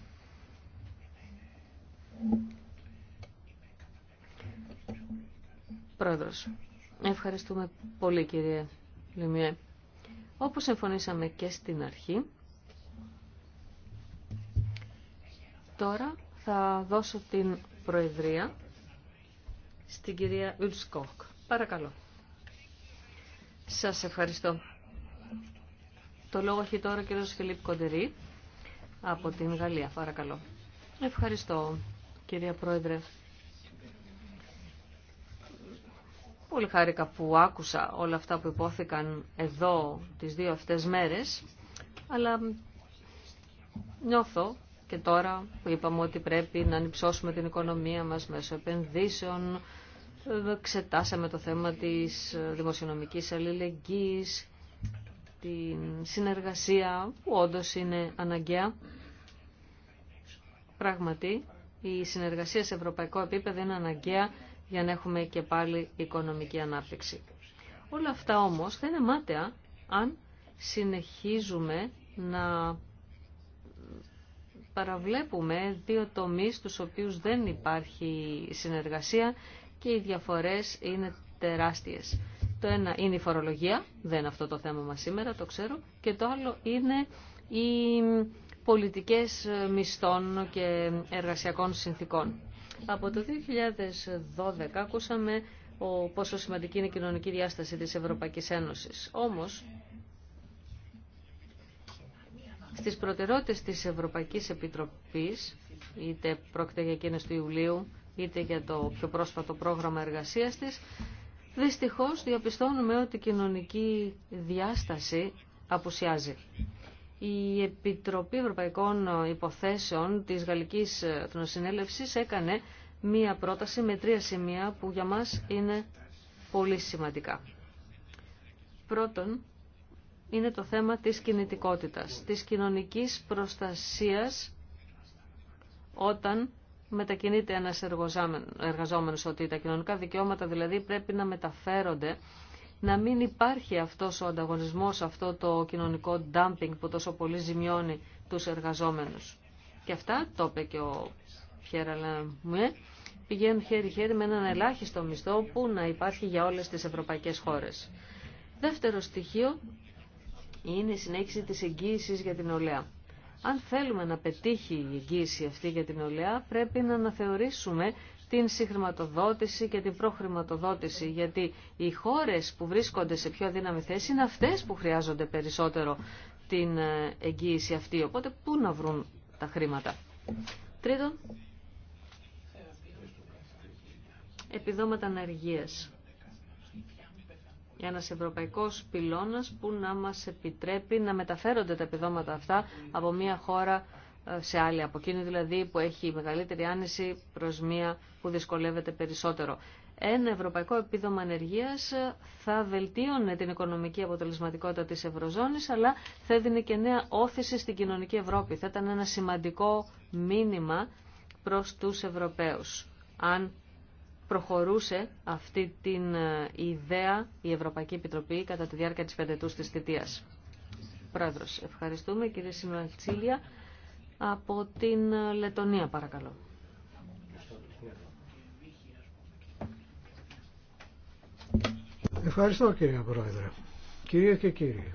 Πρόεδρος, ευχαριστούμε πολύ κύριε Λιμιέ. Όπως εμφωνήσαμε και στην αρχή, τώρα θα δώσω την Προεδρία στην κυρία Ουλσκόκ. Παρακαλώ. Σας ευχαριστώ. Το λόγο έχει τώρα ο κύριος Φιλίπ Κοντερί από την Γαλλία. Παρακαλώ. Ευχαριστώ κυρία Πρόεδρε. Πολύ χάρηκα που άκουσα όλα αυτά που υπόθηκαν εδώ τις δύο αυτές μέρες, αλλά νιώθω και τώρα που είπαμε ότι πρέπει να ανυψώσουμε την οικονομία μας μέσω επενδύσεων, Ξετάσαμε το θέμα της δημοσιονομικής αλληλεγγύης, την συνεργασία που όντως είναι αναγκαία. Πράγματι, η συνεργασία σε ευρωπαϊκό επίπεδο είναι αναγκαία για να έχουμε και πάλι οικονομική ανάπτυξη. Όλα αυτά όμως θα είναι μάταια αν συνεχίζουμε να παραβλέπουμε δύο τομείς τους οποίους δεν υπάρχει συνεργασία και οι διαφορές είναι τεράστιες. Το ένα είναι η φορολογία, δεν είναι αυτό το θέμα μας σήμερα, το ξέρω, και το άλλο είναι οι πολιτικές μισθών και εργασιακών συνθήκων. Από το 2012 ακούσαμε ο, πόσο σημαντική είναι η κοινωνική διάσταση της Ευρωπαϊκής Ένωσης. Όμως, στις προτεραιότητες της Ευρωπαϊκής Επιτροπής, είτε πρόκειται για εκείνες του Ιουλίου, είτε για το πιο πρόσφατο πρόγραμμα εργασίας της, δυστυχώς διαπιστώνουμε ότι η κοινωνική διάσταση απουσιάζει η Επιτροπή Ευρωπαϊκών Υποθέσεων της Γαλλικής Εθνοσυνέλευσης έκανε μία πρόταση με τρία σημεία που για μας είναι πολύ σημαντικά. Πρώτον, είναι το θέμα της κινητικότητας, της κοινωνικής προστασίας όταν μετακινείται ένας εργαζόμενος, ότι τα κοινωνικά δικαιώματα δηλαδή πρέπει να μεταφέρονται να μην υπάρχει αυτός ο ανταγωνισμός, αυτό το κοινωνικό dumping που τόσο πολύ ζημιώνει τους εργαζόμενους. Και αυτά, το είπε και ο Πιέρα Λαμουέ, πηγαίνουν χέρι-χέρι με έναν ελάχιστο μισθό που να υπάρχει για όλες τις ευρωπαϊκές χώρες. Δεύτερο στοιχείο είναι η συνέχιση της εγγύησης για την ολέα. Αν θέλουμε να πετύχει η εγγύηση αυτή για την ολέα, πρέπει να αναθεωρήσουμε την συγχρηματοδότηση και την προχρηματοδότηση, γιατί οι χώρες που βρίσκονται σε πιο δύναμη θέση είναι αυτές που χρειάζονται περισσότερο την ε, εγγύηση αυτή, οπότε πού να βρουν τα χρήματα. Τρίτον, επιδόματα αναργίας. Ένα ευρωπαϊκό πυλώνα που να μα επιτρέπει να μεταφέρονται τα επιδόματα αυτά από μια χώρα σε άλλη από εκείνη δηλαδή που έχει μεγαλύτερη άνεση προς μία που δυσκολεύεται περισσότερο. Ένα ευρωπαϊκό επίδομα ανεργίας θα βελτίωνε την οικονομική αποτελεσματικότητα της Ευρωζώνης, αλλά θα έδινε και νέα όθηση στην κοινωνική Ευρώπη. Θα ήταν ένα σημαντικό μήνυμα προς τους Ευρωπαίους, αν προχωρούσε αυτή την ε, ιδέα η Ευρωπαϊκή Επιτροπή κατά τη διάρκεια της πεντετούς της θητείας. Πρόεδρος, ευχαριστούμε κύριε Σιμαντσίλια από την Λετωνία παρακαλώ. Ευχαριστώ κύριε Πρόεδρε. Κυρίε και κύριοι,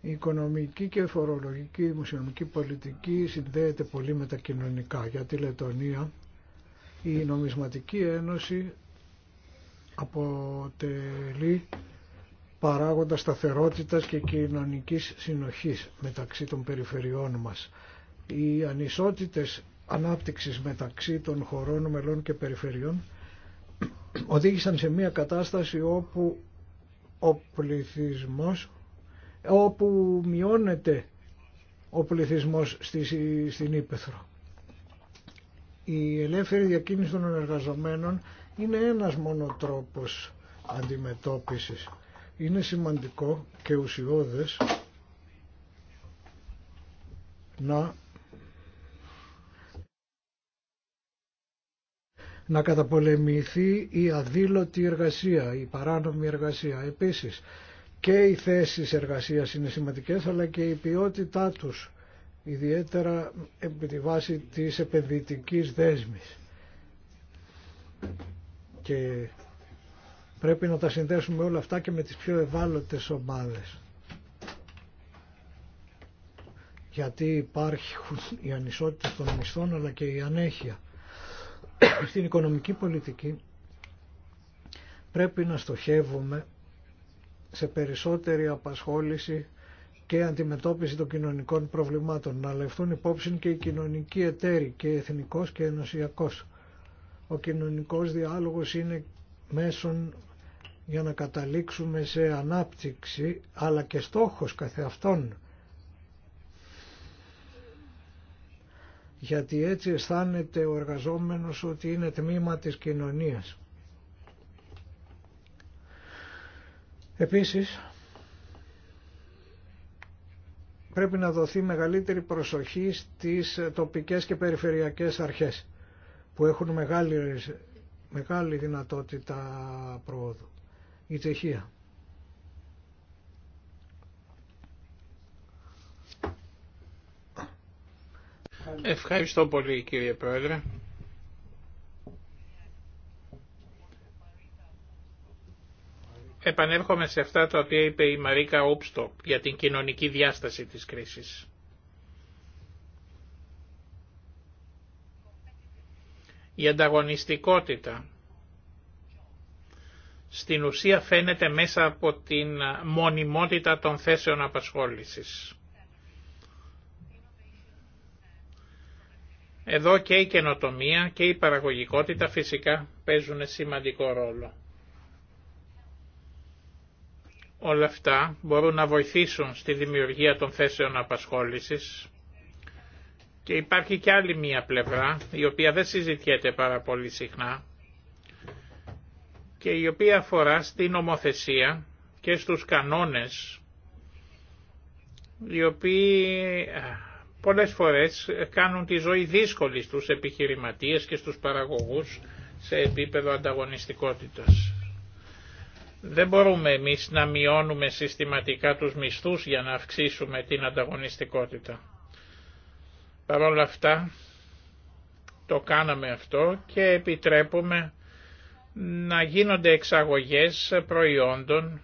η οικονομική και φορολογική η πολιτική συνδέεται πολύ με τα κοινωνικά. Για τη Λετωνία η νομισματική ένωση αποτελεί παράγοντα σταθερότητας και κοινωνικής συνοχής μεταξύ των περιφερειών μας. Οι ανισότητες ανάπτυξης μεταξύ των χωρών, μελών και περιφερειών οδήγησαν σε μια κατάσταση όπου ο πληθυσμός, όπου μειώνεται ο πληθυσμός στην Ήπεθρο. Η ελεύθερη διακίνηση των εργαζομένων είναι ένας μόνο τρόπος αντιμετώπισης είναι σημαντικό και ουσιώδες να να καταπολεμηθεί η αδήλωτη εργασία, η παράνομη εργασία. Επίσης και οι θέσεις εργασίας είναι σημαντικές αλλά και η ποιότητά τους, ιδιαίτερα επί τη βάση της επενδυτικής δέσμης. Και Πρέπει να τα συνδέσουμε όλα αυτά και με τις πιο ευάλωτες ομάδες. Γιατί υπάρχουν η ανισότητα των μισθών αλλά και η ανέχεια. Στην οικονομική πολιτική πρέπει να στοχεύουμε σε περισσότερη απασχόληση και αντιμετώπιση των κοινωνικών προβλημάτων. Να λεφτούν υπόψη και οι κοινωνικοί εταίροι και εθνικός και ενωσιακός. Ο κοινωνικός διάλογος είναι μέσον για να καταλήξουμε σε ανάπτυξη αλλά και στόχος καθεαυτόν. Γιατί έτσι αισθάνεται ο εργαζόμενος ότι είναι τμήμα της κοινωνίας. Επίσης, πρέπει να δοθεί μεγαλύτερη προσοχή στις τοπικές και περιφερειακές αρχές που έχουν μεγάλη, μεγάλη δυνατότητα πρόοδου η Τσεχία. Ευχαριστώ πολύ κύριε Πρόεδρε. Επανέρχομαι σε αυτά τα οποία είπε η Μαρίκα Όπστο για την κοινωνική διάσταση της κρίσης. Η ανταγωνιστικότητα στην ουσία φαίνεται μέσα από την μονιμότητα των θέσεων απασχόλησης. Εδώ και η καινοτομία και η παραγωγικότητα φυσικά παίζουν σημαντικό ρόλο. Όλα αυτά μπορούν να βοηθήσουν στη δημιουργία των θέσεων απασχόλησης και υπάρχει και άλλη μία πλευρά η οποία δεν συζητιέται πάρα πολύ συχνά και η οποία αφορά στην ομοθεσία και στους κανόνες οι οποίοι πολλές φορές κάνουν τη ζωή δύσκολη στους επιχειρηματίες και στους παραγωγούς σε επίπεδο ανταγωνιστικότητας. Δεν μπορούμε εμείς να μειώνουμε συστηματικά τους μισθούς για να αυξήσουμε την ανταγωνιστικότητα. Παρ' όλα αυτά το κάναμε αυτό και επιτρέπουμε να γίνονται εξαγωγές προϊόντων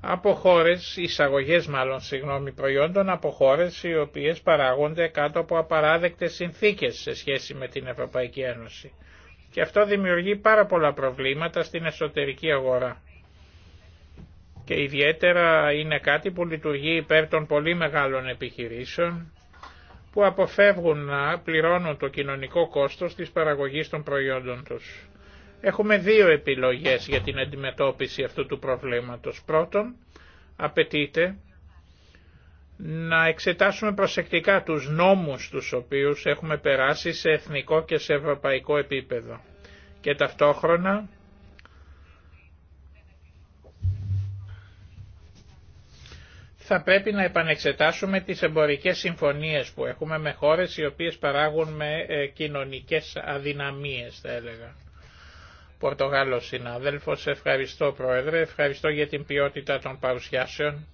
από χώρες, εισαγωγές μάλλον, συγγνώμη, προϊόντων από χώρες οι οποίες παράγονται κάτω από απαράδεκτες συνθήκες σε σχέση με την Ευρωπαϊκή Ένωση. Και αυτό δημιουργεί πάρα πολλά προβλήματα στην εσωτερική αγορά. Και ιδιαίτερα είναι κάτι που λειτουργεί υπέρ των πολύ μεγάλων επιχειρήσεων που αποφεύγουν να πληρώνουν το κοινωνικό κόστος της παραγωγής των προϊόντων τους. Έχουμε δύο επιλογές για την αντιμετώπιση αυτού του προβλήματος. Πρώτον, απαιτείται να εξετάσουμε προσεκτικά τους νόμους τους οποίους έχουμε περάσει σε εθνικό και σε ευρωπαϊκό επίπεδο και ταυτόχρονα θα πρέπει να επανεξετάσουμε τις εμπορικές συμφωνίες που έχουμε με χώρες οι οποίες παράγουν με ε, κοινωνικές αδυναμίες θα έλεγα. Πορτογάλος συνάδελφος. Ευχαριστώ Πρόεδρε, ευχαριστώ για την ποιότητα των παρουσιάσεων.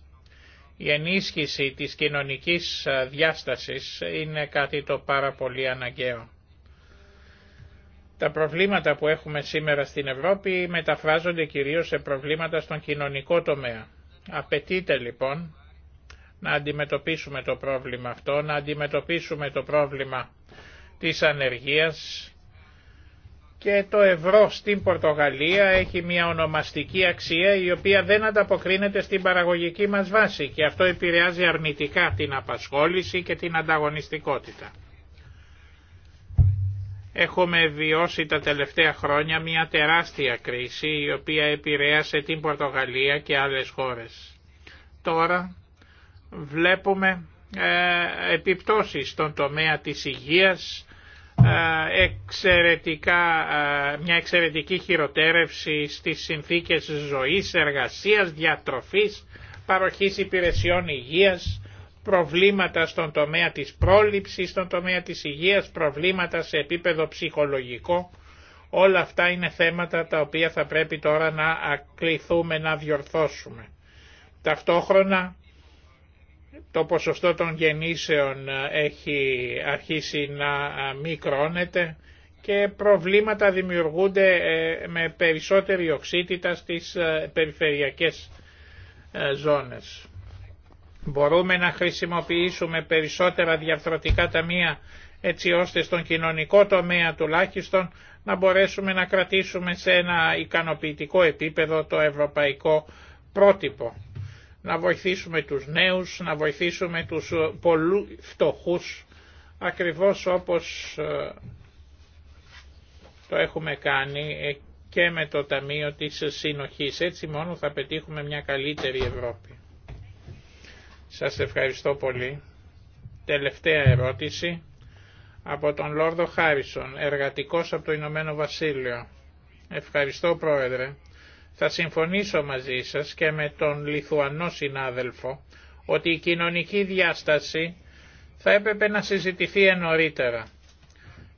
Η ενίσχυση της κοινωνικής διάστασης είναι κάτι το πάρα πολύ αναγκαίο. Τα προβλήματα που έχουμε σήμερα στην Ευρώπη μεταφράζονται κυρίως σε προβλήματα στον κοινωνικό τομέα. Απαιτείται λοιπόν να αντιμετωπίσουμε το πρόβλημα αυτό, να αντιμετωπίσουμε το πρόβλημα της ανεργίας, και το ευρώ στην Πορτογαλία έχει μια ονομαστική αξία η οποία δεν ανταποκρίνεται στην παραγωγική μας βάση και αυτό επηρεάζει αρνητικά την απασχόληση και την ανταγωνιστικότητα. Έχουμε βιώσει τα τελευταία χρόνια μια τεράστια κρίση η οποία επηρέασε την Πορτογαλία και άλλες χώρες. Τώρα βλέπουμε ε, επιπτώσεις στον τομέα της υγείας, εξαιρετικά, μια εξαιρετική χειροτέρευση στις συνθήκες ζωής, εργασίας, διατροφής, παροχής υπηρεσιών υγείας, προβλήματα στον τομέα της πρόληψης, στον τομέα της υγείας, προβλήματα σε επίπεδο ψυχολογικό. Όλα αυτά είναι θέματα τα οποία θα πρέπει τώρα να ακληθούμε, να διορθώσουμε. Ταυτόχρονα το ποσοστό των γεννήσεων ε, έχει αρχίσει να ε, μικρώνεται και προβλήματα δημιουργούνται ε, με περισσότερη οξύτητα στις περιφερειακές ζώνες. Μπορούμε να χρησιμοποιήσουμε περισσότερα διαφθορτικά ταμεία έτσι ώστε στον κοινωνικό τομέα τουλάχιστον να μπορέσουμε να κρατήσουμε σε ένα ικανοποιητικό επίπεδο το ευρωπαϊκό πρότυπο να βοηθήσουμε τους νέους, να βοηθήσουμε τους ε, πολλού φτωχούς, ακριβώς όπως ε, το έχουμε κάνει ε, και με το Ταμείο της Συνοχής. Έτσι μόνο θα πετύχουμε μια καλύτερη Ευρώπη. Σας ευχαριστώ πολύ. Τελευταία ερώτηση από τον Λόρδο Χάρισον, εργατικός από το Ηνωμένο Βασίλειο. Ευχαριστώ Πρόεδρε. Θα συμφωνήσω μαζί σας και με τον Λιθουανό συνάδελφο ότι η κοινωνική διάσταση θα έπρεπε να συζητηθεί ενωρίτερα.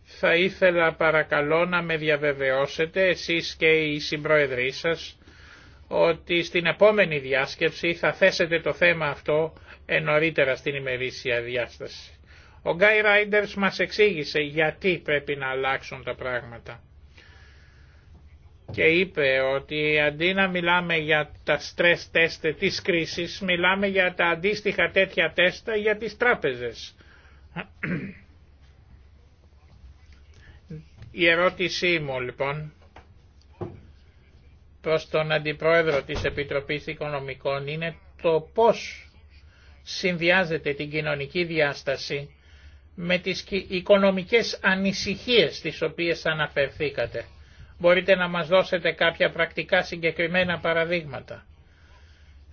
Θα ήθελα παρακαλώ να με διαβεβαιώσετε εσείς και οι συμπροεδροί σας ότι στην επόμενη διάσκεψη θα θέσετε το θέμα αυτό ενωρίτερα στην ημερήσια διάσταση. Ο Γκάι Ράιντερς μας εξήγησε γιατί πρέπει να αλλάξουν τα πράγματα και είπε ότι αντί να μιλάμε για τα stress test της κρίσης, μιλάμε για τα αντίστοιχα τέτοια τέστα για τις τράπεζες. Η ερώτησή μου λοιπόν προς τον Αντιπρόεδρο της Επιτροπής Οικονομικών είναι το πώς συνδυάζεται την κοινωνική διάσταση με τις οικονομικές ανησυχίες τις οποίες αναφερθήκατε. Μπορείτε να μας δώσετε κάποια πρακτικά συγκεκριμένα παραδείγματα.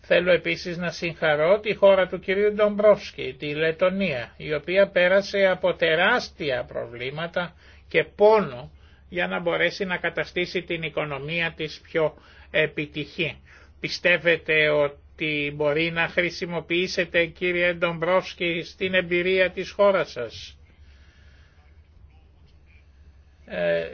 Θέλω επίσης να συγχαρώ τη χώρα του κυρίου Ντομπρόφσκι, τη Λετωνία, η οποία πέρασε από τεράστια προβλήματα και πόνο για να μπορέσει να καταστήσει την οικονομία της πιο επιτυχή. Πιστεύετε ότι μπορεί να χρησιμοποιήσετε κύριε Ντομπρόφσκι στην εμπειρία της χώρας σας. Ε,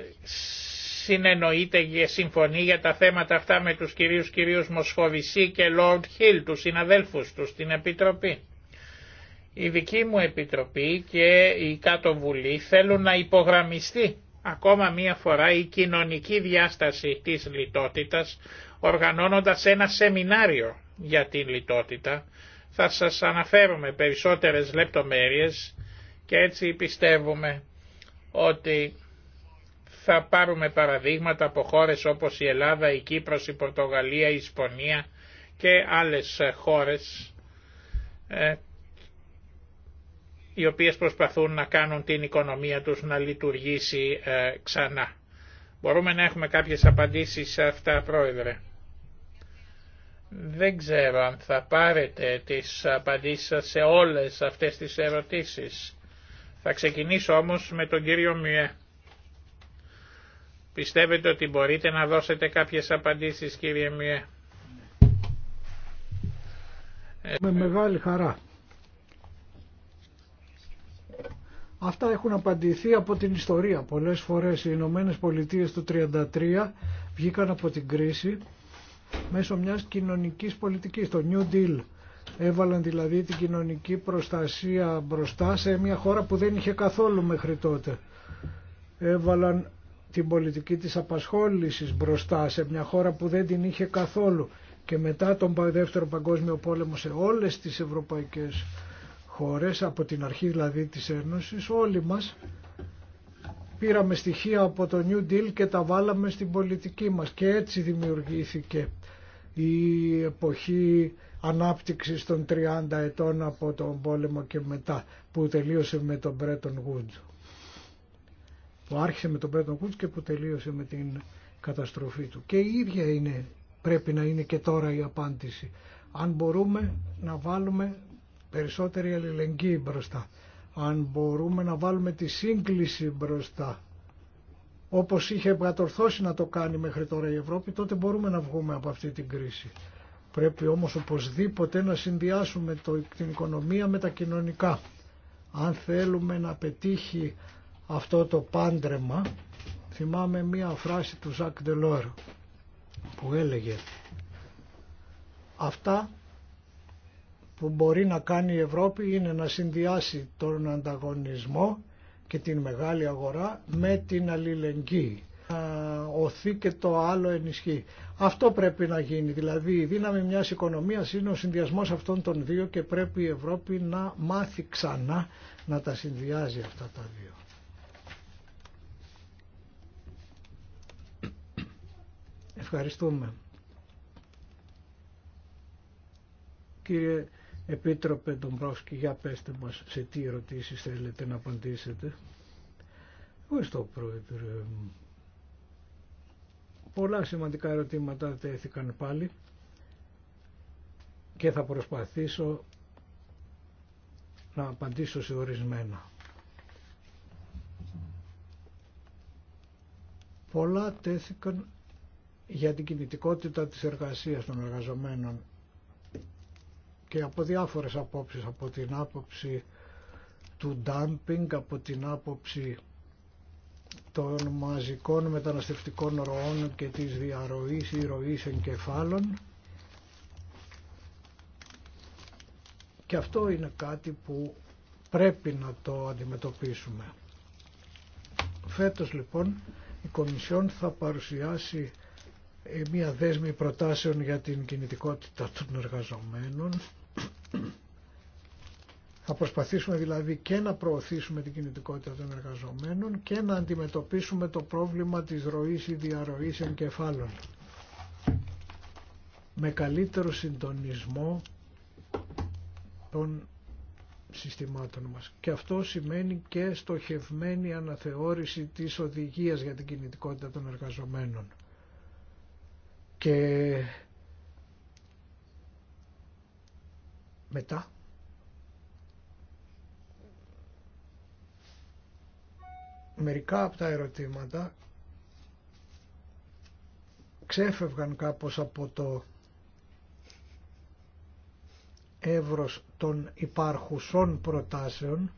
συνεννοείται και συμφωνεί για τα θέματα αυτά με τους κυρίους κυρίους Μοσχοβησί και Λόρτ Χίλ, τους συναδέλφους τους στην Επιτροπή. Η δική μου Επιτροπή και η Κάτω θέλουν να υπογραμμιστεί ακόμα μία φορά η κοινωνική διάσταση της λιτότητας οργανώνοντας ένα σεμινάριο για την λιτότητα. Θα σας αναφέρουμε περισσότερες λεπτομέρειες και έτσι πιστεύουμε ότι θα πάρουμε παραδείγματα από χώρες όπως η Ελλάδα, η Κύπρος, η Πορτογαλία, η Ισπανία και άλλες ε, χώρες ε, οι οποίες προσπαθούν να κάνουν την οικονομία τους να λειτουργήσει ε, ξανά. Μπορούμε να έχουμε κάποιες απαντήσεις σε αυτά, Πρόεδρε. Δεν ξέρω αν θα πάρετε τις απαντήσεις σας σε όλες αυτές τις ερωτήσεις. Θα ξεκινήσω όμως με τον κύριο Μιέ. Πιστεύετε ότι μπορείτε να δώσετε κάποιες απαντήσεις κύριε Μιέ. Με μεγάλη χαρά. Αυτά έχουν απαντηθεί από την ιστορία. Πολλές φορές οι Ηνωμένε Πολιτείες του 1933 βγήκαν από την κρίση μέσω μιας κοινωνικής πολιτικής, το New Deal. Έβαλαν δηλαδή την κοινωνική προστασία μπροστά σε μια χώρα που δεν είχε καθόλου μέχρι τότε. Έβαλαν την πολιτική της απασχόλησης μπροστά σε μια χώρα που δεν την είχε καθόλου και μετά τον Δεύτερο Παγκόσμιο Πόλεμο σε όλες τις ευρωπαϊκές χώρες, από την αρχή δηλαδή της Ένωσης, όλοι μας πήραμε στοιχεία από το New Deal και τα βάλαμε στην πολιτική μας και έτσι δημιουργήθηκε η εποχή ανάπτυξης των 30 ετών από τον πόλεμο και μετά που τελείωσε με τον Bretton Woods που άρχισε με τον Μπρέντον Κούτς και που τελείωσε με την καταστροφή του. Και η ίδια είναι, πρέπει να είναι και τώρα η απάντηση. Αν μπορούμε να βάλουμε περισσότερη αλληλεγγύη μπροστά. Αν μπορούμε να βάλουμε τη σύγκληση μπροστά. Όπως είχε κατορθώσει να το κάνει μέχρι τώρα η Ευρώπη, τότε μπορούμε να βγούμε από αυτή την κρίση. Πρέπει όμως οπωσδήποτε να συνδυάσουμε την οικονομία με τα κοινωνικά. Αν θέλουμε να πετύχει αυτό το πάντρεμα θυμάμαι μία φράση του Ζακ Ντελόρ που έλεγε αυτά που μπορεί να κάνει η Ευρώπη είναι να συνδυάσει τον ανταγωνισμό και την μεγάλη αγορά με την αλληλεγγύη. Να οθεί και το άλλο ενισχύει. Αυτό πρέπει να γίνει. Δηλαδή η δύναμη μιας οικονομίας είναι ο συνδυασμός αυτών των δύο και πρέπει η Ευρώπη να μάθει ξανά να τα συνδυάζει αυτά τα δύο. Ευχαριστούμε. Κύριε Επίτροπε Ντομπρόσκη, για πέστε μας σε τι ερωτήσεις θέλετε να απαντήσετε. Ευχαριστώ πρόεδρε. Πολλά σημαντικά ερωτήματα τέθηκαν πάλι και θα προσπαθήσω να απαντήσω σε ορισμένα. Πολλά τέθηκαν για την κινητικότητα της εργασίας των εργαζομένων και από διάφορες απόψεις, από την άποψη του dumping, από την άποψη των μαζικών μεταναστευτικών ροών και της διαρροής ή ροής εγκεφάλων και αυτό είναι κάτι που πρέπει να το αντιμετωπίσουμε. Φέτος λοιπόν η Κομισιόν θα παρουσιάσει ε, μια δέσμη προτάσεων για την κινητικότητα των εργαζομένων. Θα προσπαθήσουμε δηλαδή και να προωθήσουμε την κινητικότητα των εργαζομένων και να αντιμετωπίσουμε το πρόβλημα της ροής ή διαρροής εγκεφάλων. Με καλύτερο συντονισμό των συστημάτων μας. Και αυτό σημαίνει και στοχευμένη αναθεώρηση της οδηγίας για την κινητικότητα των εργαζομένων και μετά μερικά από τα ερωτήματα ξέφευγαν κάπως από το εύρος των υπάρχουσών προτάσεων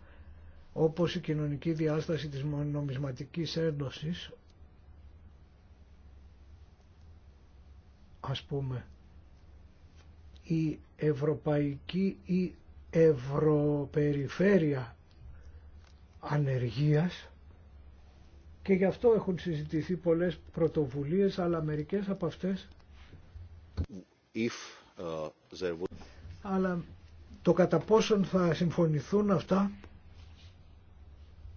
όπως η κοινωνική διάσταση της νομισματικής ένωσης ας πούμε η ευρωπαϊκή ή ευρωπεριφέρεια ανεργίας και γι' αυτό έχουν συζητηθεί πολλές πρωτοβουλίες αλλά μερικές από αυτές uh, αλλά το κατά πόσον θα συμφωνηθούν αυτά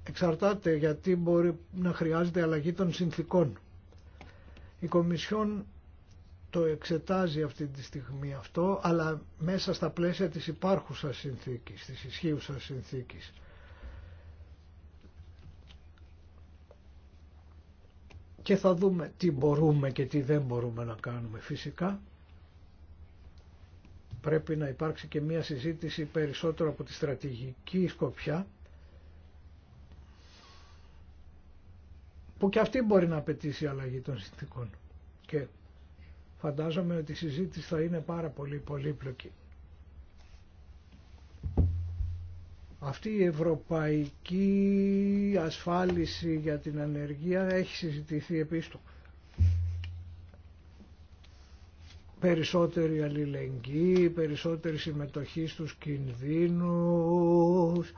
εξαρτάται γιατί μπορεί να χρειάζεται αλλαγή των συνθήκων. Η Κομισιόν το εξετάζει αυτή τη στιγμή αυτό, αλλά μέσα στα πλαίσια της υπάρχουσας συνθήκης, της ισχύουσας συνθήκης. Και θα δούμε τι μπορούμε και τι δεν μπορούμε να κάνουμε φυσικά. Πρέπει να υπάρξει και μία συζήτηση περισσότερο από τη στρατηγική σκοπιά, που και αυτή μπορεί να απαιτήσει αλλαγή των συνθήκων. Και φαντάζομαι ότι η συζήτηση θα είναι πάρα πολύ πολύπλοκη. Αυτή η ευρωπαϊκή ασφάλιση για την ανεργία έχει συζητηθεί επίσης. Περισσότερη αλληλεγγύη, περισσότερη συμμετοχή στους κινδύνους,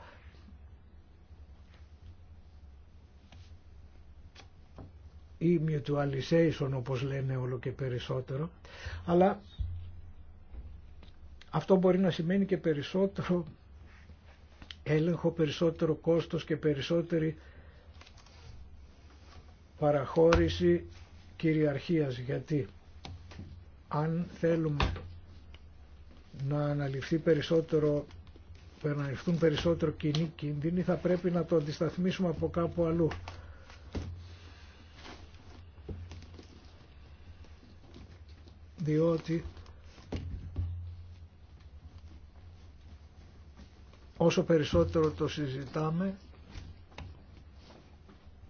ή mutualization όπως λένε όλο και περισσότερο, αλλά αυτό μπορεί να σημαίνει και περισσότερο έλεγχο, περισσότερο κόστος και περισσότερη παραχώρηση κυριαρχίας γιατί αν θέλουμε να αναλυφθεί περισσότερο να αναλυφθούν περισσότερο κοινή κίνδυνοι θα πρέπει να το αντισταθμίσουμε από κάπου αλλού. διότι όσο περισσότερο το συζητάμε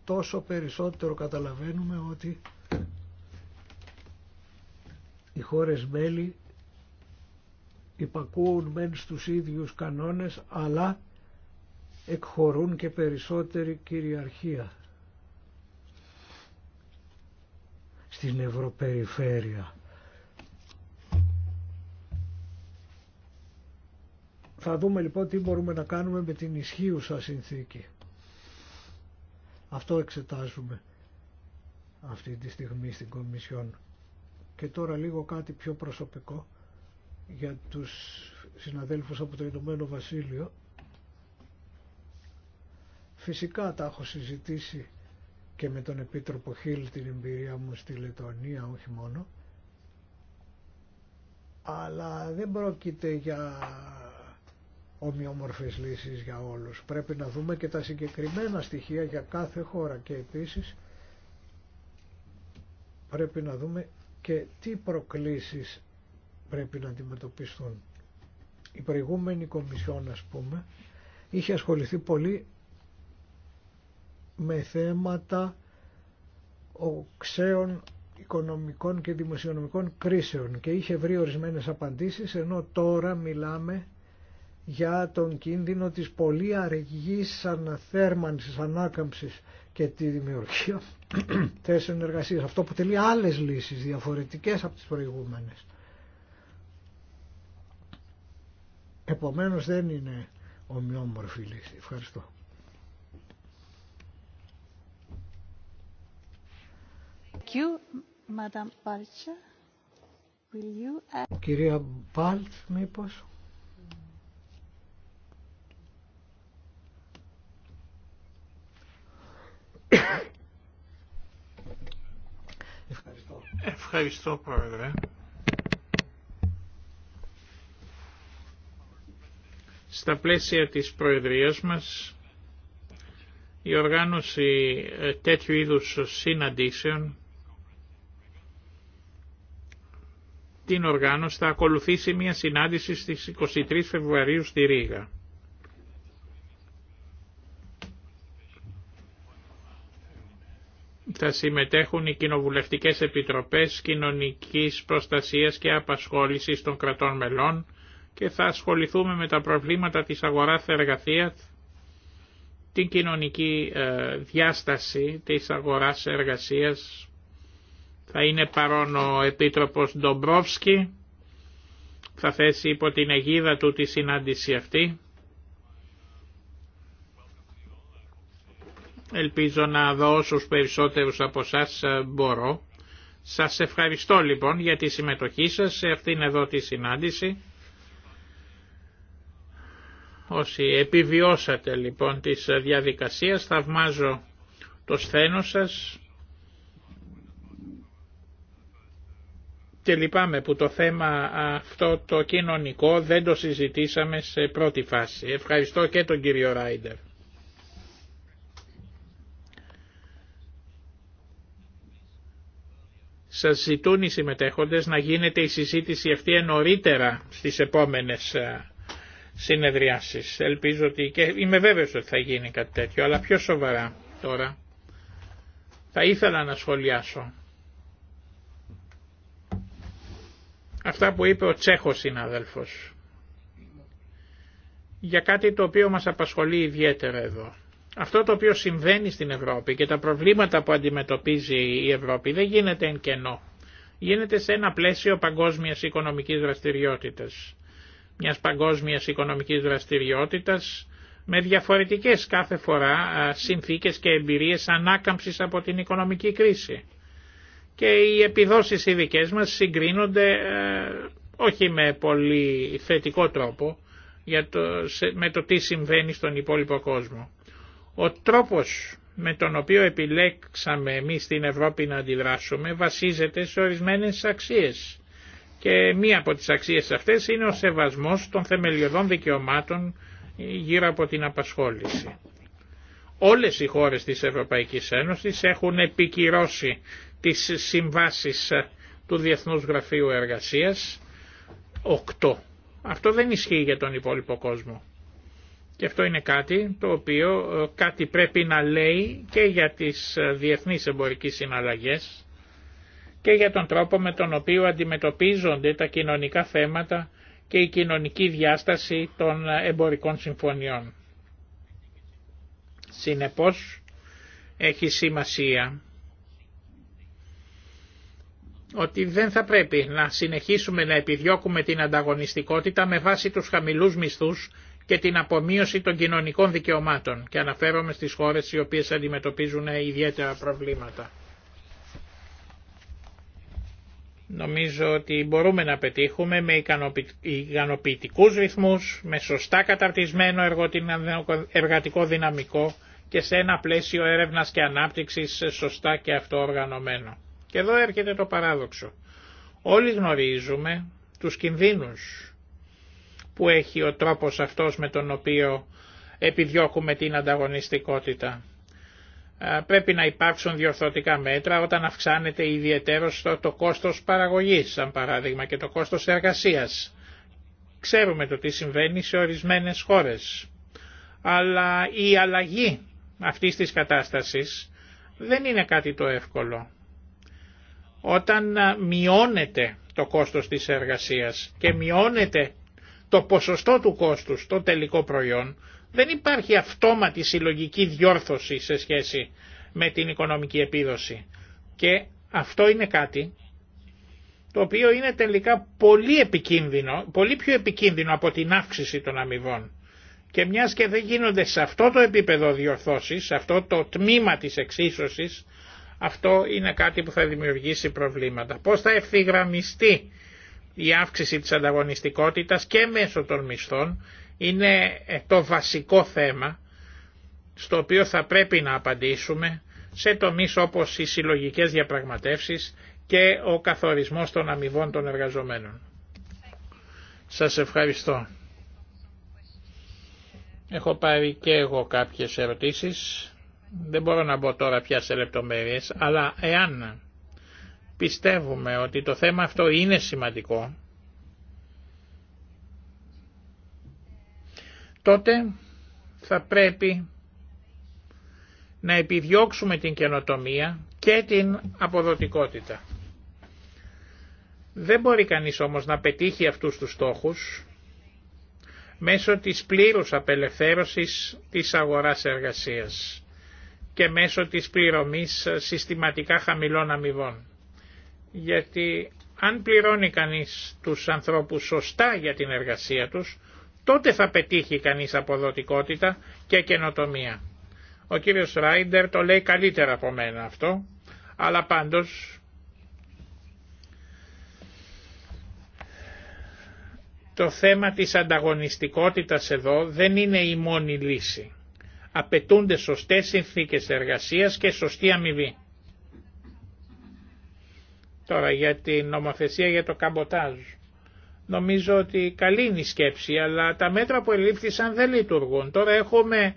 τόσο περισσότερο καταλαβαίνουμε ότι οι χώρες μέλη υπακούουν μεν στους ίδιους κανόνες αλλά εκχωρούν και περισσότερη κυριαρχία στην Ευρωπεριφέρεια. Θα δούμε λοιπόν τι μπορούμε να κάνουμε με την ισχύουσα συνθήκη. Αυτό εξετάζουμε αυτή τη στιγμή στην Κομισιόν. Και τώρα λίγο κάτι πιο προσωπικό για τους συναδέλφους από το Ηνωμένο Βασίλειο. Φυσικά τα έχω συζητήσει και με τον Επίτροπο Χίλ την εμπειρία μου στη Λετωνία, όχι μόνο. Αλλά δεν πρόκειται για ομοιόμορφες λύσεις για όλους. Πρέπει να δούμε και τα συγκεκριμένα στοιχεία για κάθε χώρα και επίσης πρέπει να δούμε και τι προκλήσεις πρέπει να αντιμετωπιστούν. Η προηγούμενη Κομισιόν, ας πούμε, είχε ασχοληθεί πολύ με θέματα οξέων οικονομικών και δημοσιονομικών κρίσεων και είχε βρει ορισμένες απαντήσεις, ενώ τώρα μιλάμε για τον κίνδυνο της πολύ αργής αναθέρμανσης, ανάκαμψης και τη δημιουργία θέσεων εργασία. Αυτό που τελεί άλλες λύσεις διαφορετικές από τις προηγούμενες. Επομένως δεν είναι ομοιόμορφη λύση. Ευχαριστώ. Will Κυρία Μπάλτ, μήπως. Ευχαριστώ. Πρόεδρε. Στα πλαίσια της Προεδρίας μας η οργάνωση ε, τέτοιου είδους συναντήσεων την οργάνωση θα ακολουθήσει μια συνάντηση στις 23 Φεβρουαρίου στη Ρήγα. θα συμμετέχουν οι κοινοβουλευτικές επιτροπές κοινωνικής προστασίας και απασχόλησης των κρατών μελών και θα ασχοληθούμε με τα προβλήματα της αγοράς εργασιας την κοινωνική ε, διάσταση της αγοράς εργασίας. Θα είναι παρόν ο Επίτροπος Ντομπρόφσκι, θα θέσει υπό την αιγίδα του τη συνάντηση αυτή Ελπίζω να δω όσους περισσότερους από εσά μπορώ. Σας ευχαριστώ λοιπόν για τη συμμετοχή σας σε αυτήν εδώ τη συνάντηση. Όσοι επιβιώσατε λοιπόν της διαδικασίας θαυμάζω το σθένο σας και λυπάμαι που το θέμα αυτό το κοινωνικό δεν το συζητήσαμε σε πρώτη φάση. Ευχαριστώ και τον κύριο Ράιντερ. Σας ζητούν οι συμμετέχοντες να γίνεται η συζήτηση αυτή νωρίτερα στις επόμενες ε, συνεδριάσεις. Ελπίζω ότι και είμαι βέβαιος ότι θα γίνει κάτι τέτοιο, αλλά πιο σοβαρά τώρα. Θα ήθελα να σχολιάσω. Αυτά που είπε ο Τσέχος συνάδελφος. Για κάτι το οποίο μας απασχολεί ιδιαίτερα εδώ. Αυτό το οποίο συμβαίνει στην Ευρώπη και τα προβλήματα που αντιμετωπίζει η Ευρώπη δεν γίνεται εν κενό. Γίνεται σε ένα πλαίσιο παγκόσμιας οικονομικής δραστηριότητας. Μιας παγκόσμιας οικονομικής δραστηριότητας με διαφορετικές κάθε φορά συνθήκες και εμπειρίες ανάκαμψης από την οικονομική κρίση. Και οι επιδόσεις οι δικές μας συγκρίνονται όχι με πολύ θετικό τρόπο για το, με το τι συμβαίνει στον υπόλοιπο κόσμο. Ο τρόπος με τον οποίο επιλέξαμε εμείς στην Ευρώπη να αντιδράσουμε βασίζεται σε ορισμένες αξίες. Και μία από τις αξίες αυτές είναι ο σεβασμός των θεμελιωδών δικαιωμάτων γύρω από την απασχόληση. Όλες οι χώρες της Ευρωπαϊκής Ένωσης έχουν επικυρώσει τις συμβάσεις του Διεθνούς Γραφείου Εργασίας 8. Αυτό δεν ισχύει για τον υπόλοιπο κόσμο. Και αυτό είναι κάτι το οποίο ε, κάτι πρέπει να λέει και για τις ε, διεθνείς εμπορικές συναλλαγές και για τον τρόπο με τον οποίο αντιμετωπίζονται τα κοινωνικά θέματα και η κοινωνική διάσταση των ε, εμπορικών συμφωνιών. Συνεπώς έχει σημασία ότι δεν θα πρέπει να συνεχίσουμε να επιδιώκουμε την ανταγωνιστικότητα με βάση τους χαμηλούς μισθούς και την απομείωση των κοινωνικών δικαιωμάτων και αναφέρομαι στις χώρες οι οποίες αντιμετωπίζουν ιδιαίτερα προβλήματα. Νομίζω ότι μπορούμε να πετύχουμε με ικανοποιητικού ρυθμούς, με σωστά καταρτισμένο εργατικό δυναμικό και σε ένα πλαίσιο έρευνας και ανάπτυξης σωστά και αυτοοργανωμένο. Και εδώ έρχεται το παράδοξο. Όλοι γνωρίζουμε τους κινδύνους που έχει ο τρόπος αυτός με τον οποίο επιδιώκουμε την ανταγωνιστικότητα. Ε, πρέπει να υπάρξουν διορθωτικά μέτρα όταν αυξάνεται ιδιαίτερο το κόστος παραγωγής, σαν παράδειγμα, και το κόστος εργασίας. Ξέρουμε το τι συμβαίνει σε ορισμένες χώρες. Αλλά η αλλαγή αυτής της κατάστασης δεν είναι κάτι το εύκολο. Όταν μειώνεται το κόστος της εργασίας και μειώνεται το ποσοστό του κόστου στο τελικό προϊόν, δεν υπάρχει αυτόματη συλλογική διόρθωση σε σχέση με την οικονομική επίδοση. Και αυτό είναι κάτι το οποίο είναι τελικά πολύ επικίνδυνο, πολύ πιο επικίνδυνο από την αύξηση των αμοιβών. Και μια και δεν γίνονται σε αυτό το επίπεδο διορθώσει, σε αυτό το τμήμα της εξίσωσης, αυτό είναι κάτι που θα δημιουργήσει προβλήματα. Πώ θα ευθυγραμμιστεί η αύξηση της ανταγωνιστικότητας και μέσω των μισθών είναι ε, το βασικό θέμα στο οποίο θα πρέπει να απαντήσουμε σε τομείς όπως οι συλλογικές διαπραγματεύσεις και ο καθορισμός των αμοιβών των εργαζομένων. Σας ευχαριστώ. Έχω πάρει και εγώ κάποιες ερωτήσεις. Δεν μπορώ να μπω τώρα πια σε λεπτομέρειες, αλλά εάν πιστεύουμε ότι το θέμα αυτό είναι σημαντικό, τότε θα πρέπει να επιδιώξουμε την καινοτομία και την αποδοτικότητα. Δεν μπορεί κανείς όμως να πετύχει αυτούς τους στόχους μέσω της πλήρους απελευθέρωσης της αγοράς εργασίας και μέσω της πληρωμής συστηματικά χαμηλών αμοιβών γιατί αν πληρώνει κανείς τους ανθρώπους σωστά για την εργασία τους, τότε θα πετύχει κανείς αποδοτικότητα και καινοτομία. Ο κύριος Ράιντερ το λέει καλύτερα από μένα αυτό, αλλά πάντως το θέμα της ανταγωνιστικότητας εδώ δεν είναι η μόνη λύση. Απαιτούνται σωστές συνθήκες εργασίας και σωστή αμοιβή. Τώρα για την νομοθεσία για το καμποτάζ. Νομίζω ότι καλή είναι η σκέψη, αλλά τα μέτρα που ελήφθησαν δεν λειτουργούν. Τώρα έχουμε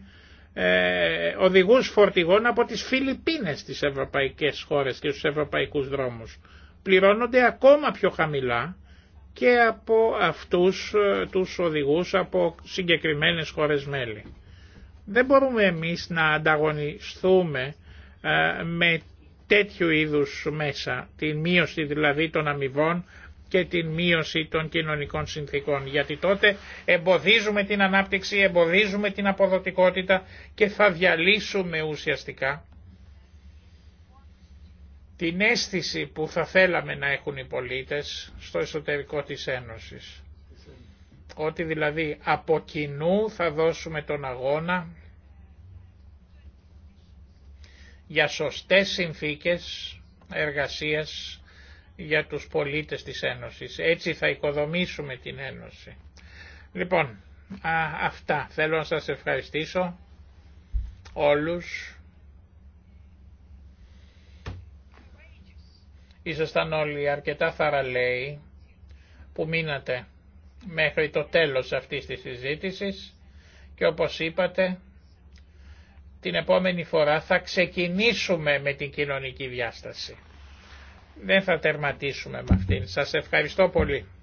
ε, οδηγούς φορτηγών από τις Φιλιππίνες στις ευρωπαϊκές χώρες και στους ευρωπαϊκούς δρόμους. Πληρώνονται ακόμα πιο χαμηλά και από αυτούς ε, τους οδηγούς από συγκεκριμένες χώρες μέλη. Δεν μπορούμε εμείς να ανταγωνιστούμε ε, με τέτοιου είδους μέσα, την μείωση δηλαδή των αμοιβών και την μείωση των κοινωνικών συνθήκων. Γιατί τότε εμποδίζουμε την ανάπτυξη, εμποδίζουμε την αποδοτικότητα και θα διαλύσουμε ουσιαστικά την αίσθηση που θα θέλαμε να έχουν οι πολίτες στο εσωτερικό της Ένωσης. Ότι δηλαδή από κοινού θα δώσουμε τον αγώνα για σωστές συνθήκες εργασίας για τους πολίτες της Ένωσης. Έτσι θα οικοδομήσουμε την Ένωση. Λοιπόν, αυτά. Θέλω να σας ευχαριστήσω όλους. Ήσασταν όλοι αρκετά θαραλέοι που μείνατε μέχρι το τέλος αυτής της συζήτησης και όπως είπατε την επόμενη φορά θα ξεκινήσουμε με την κοινωνική διάσταση. Δεν θα τερματίσουμε με αυτήν. Σας ευχαριστώ πολύ.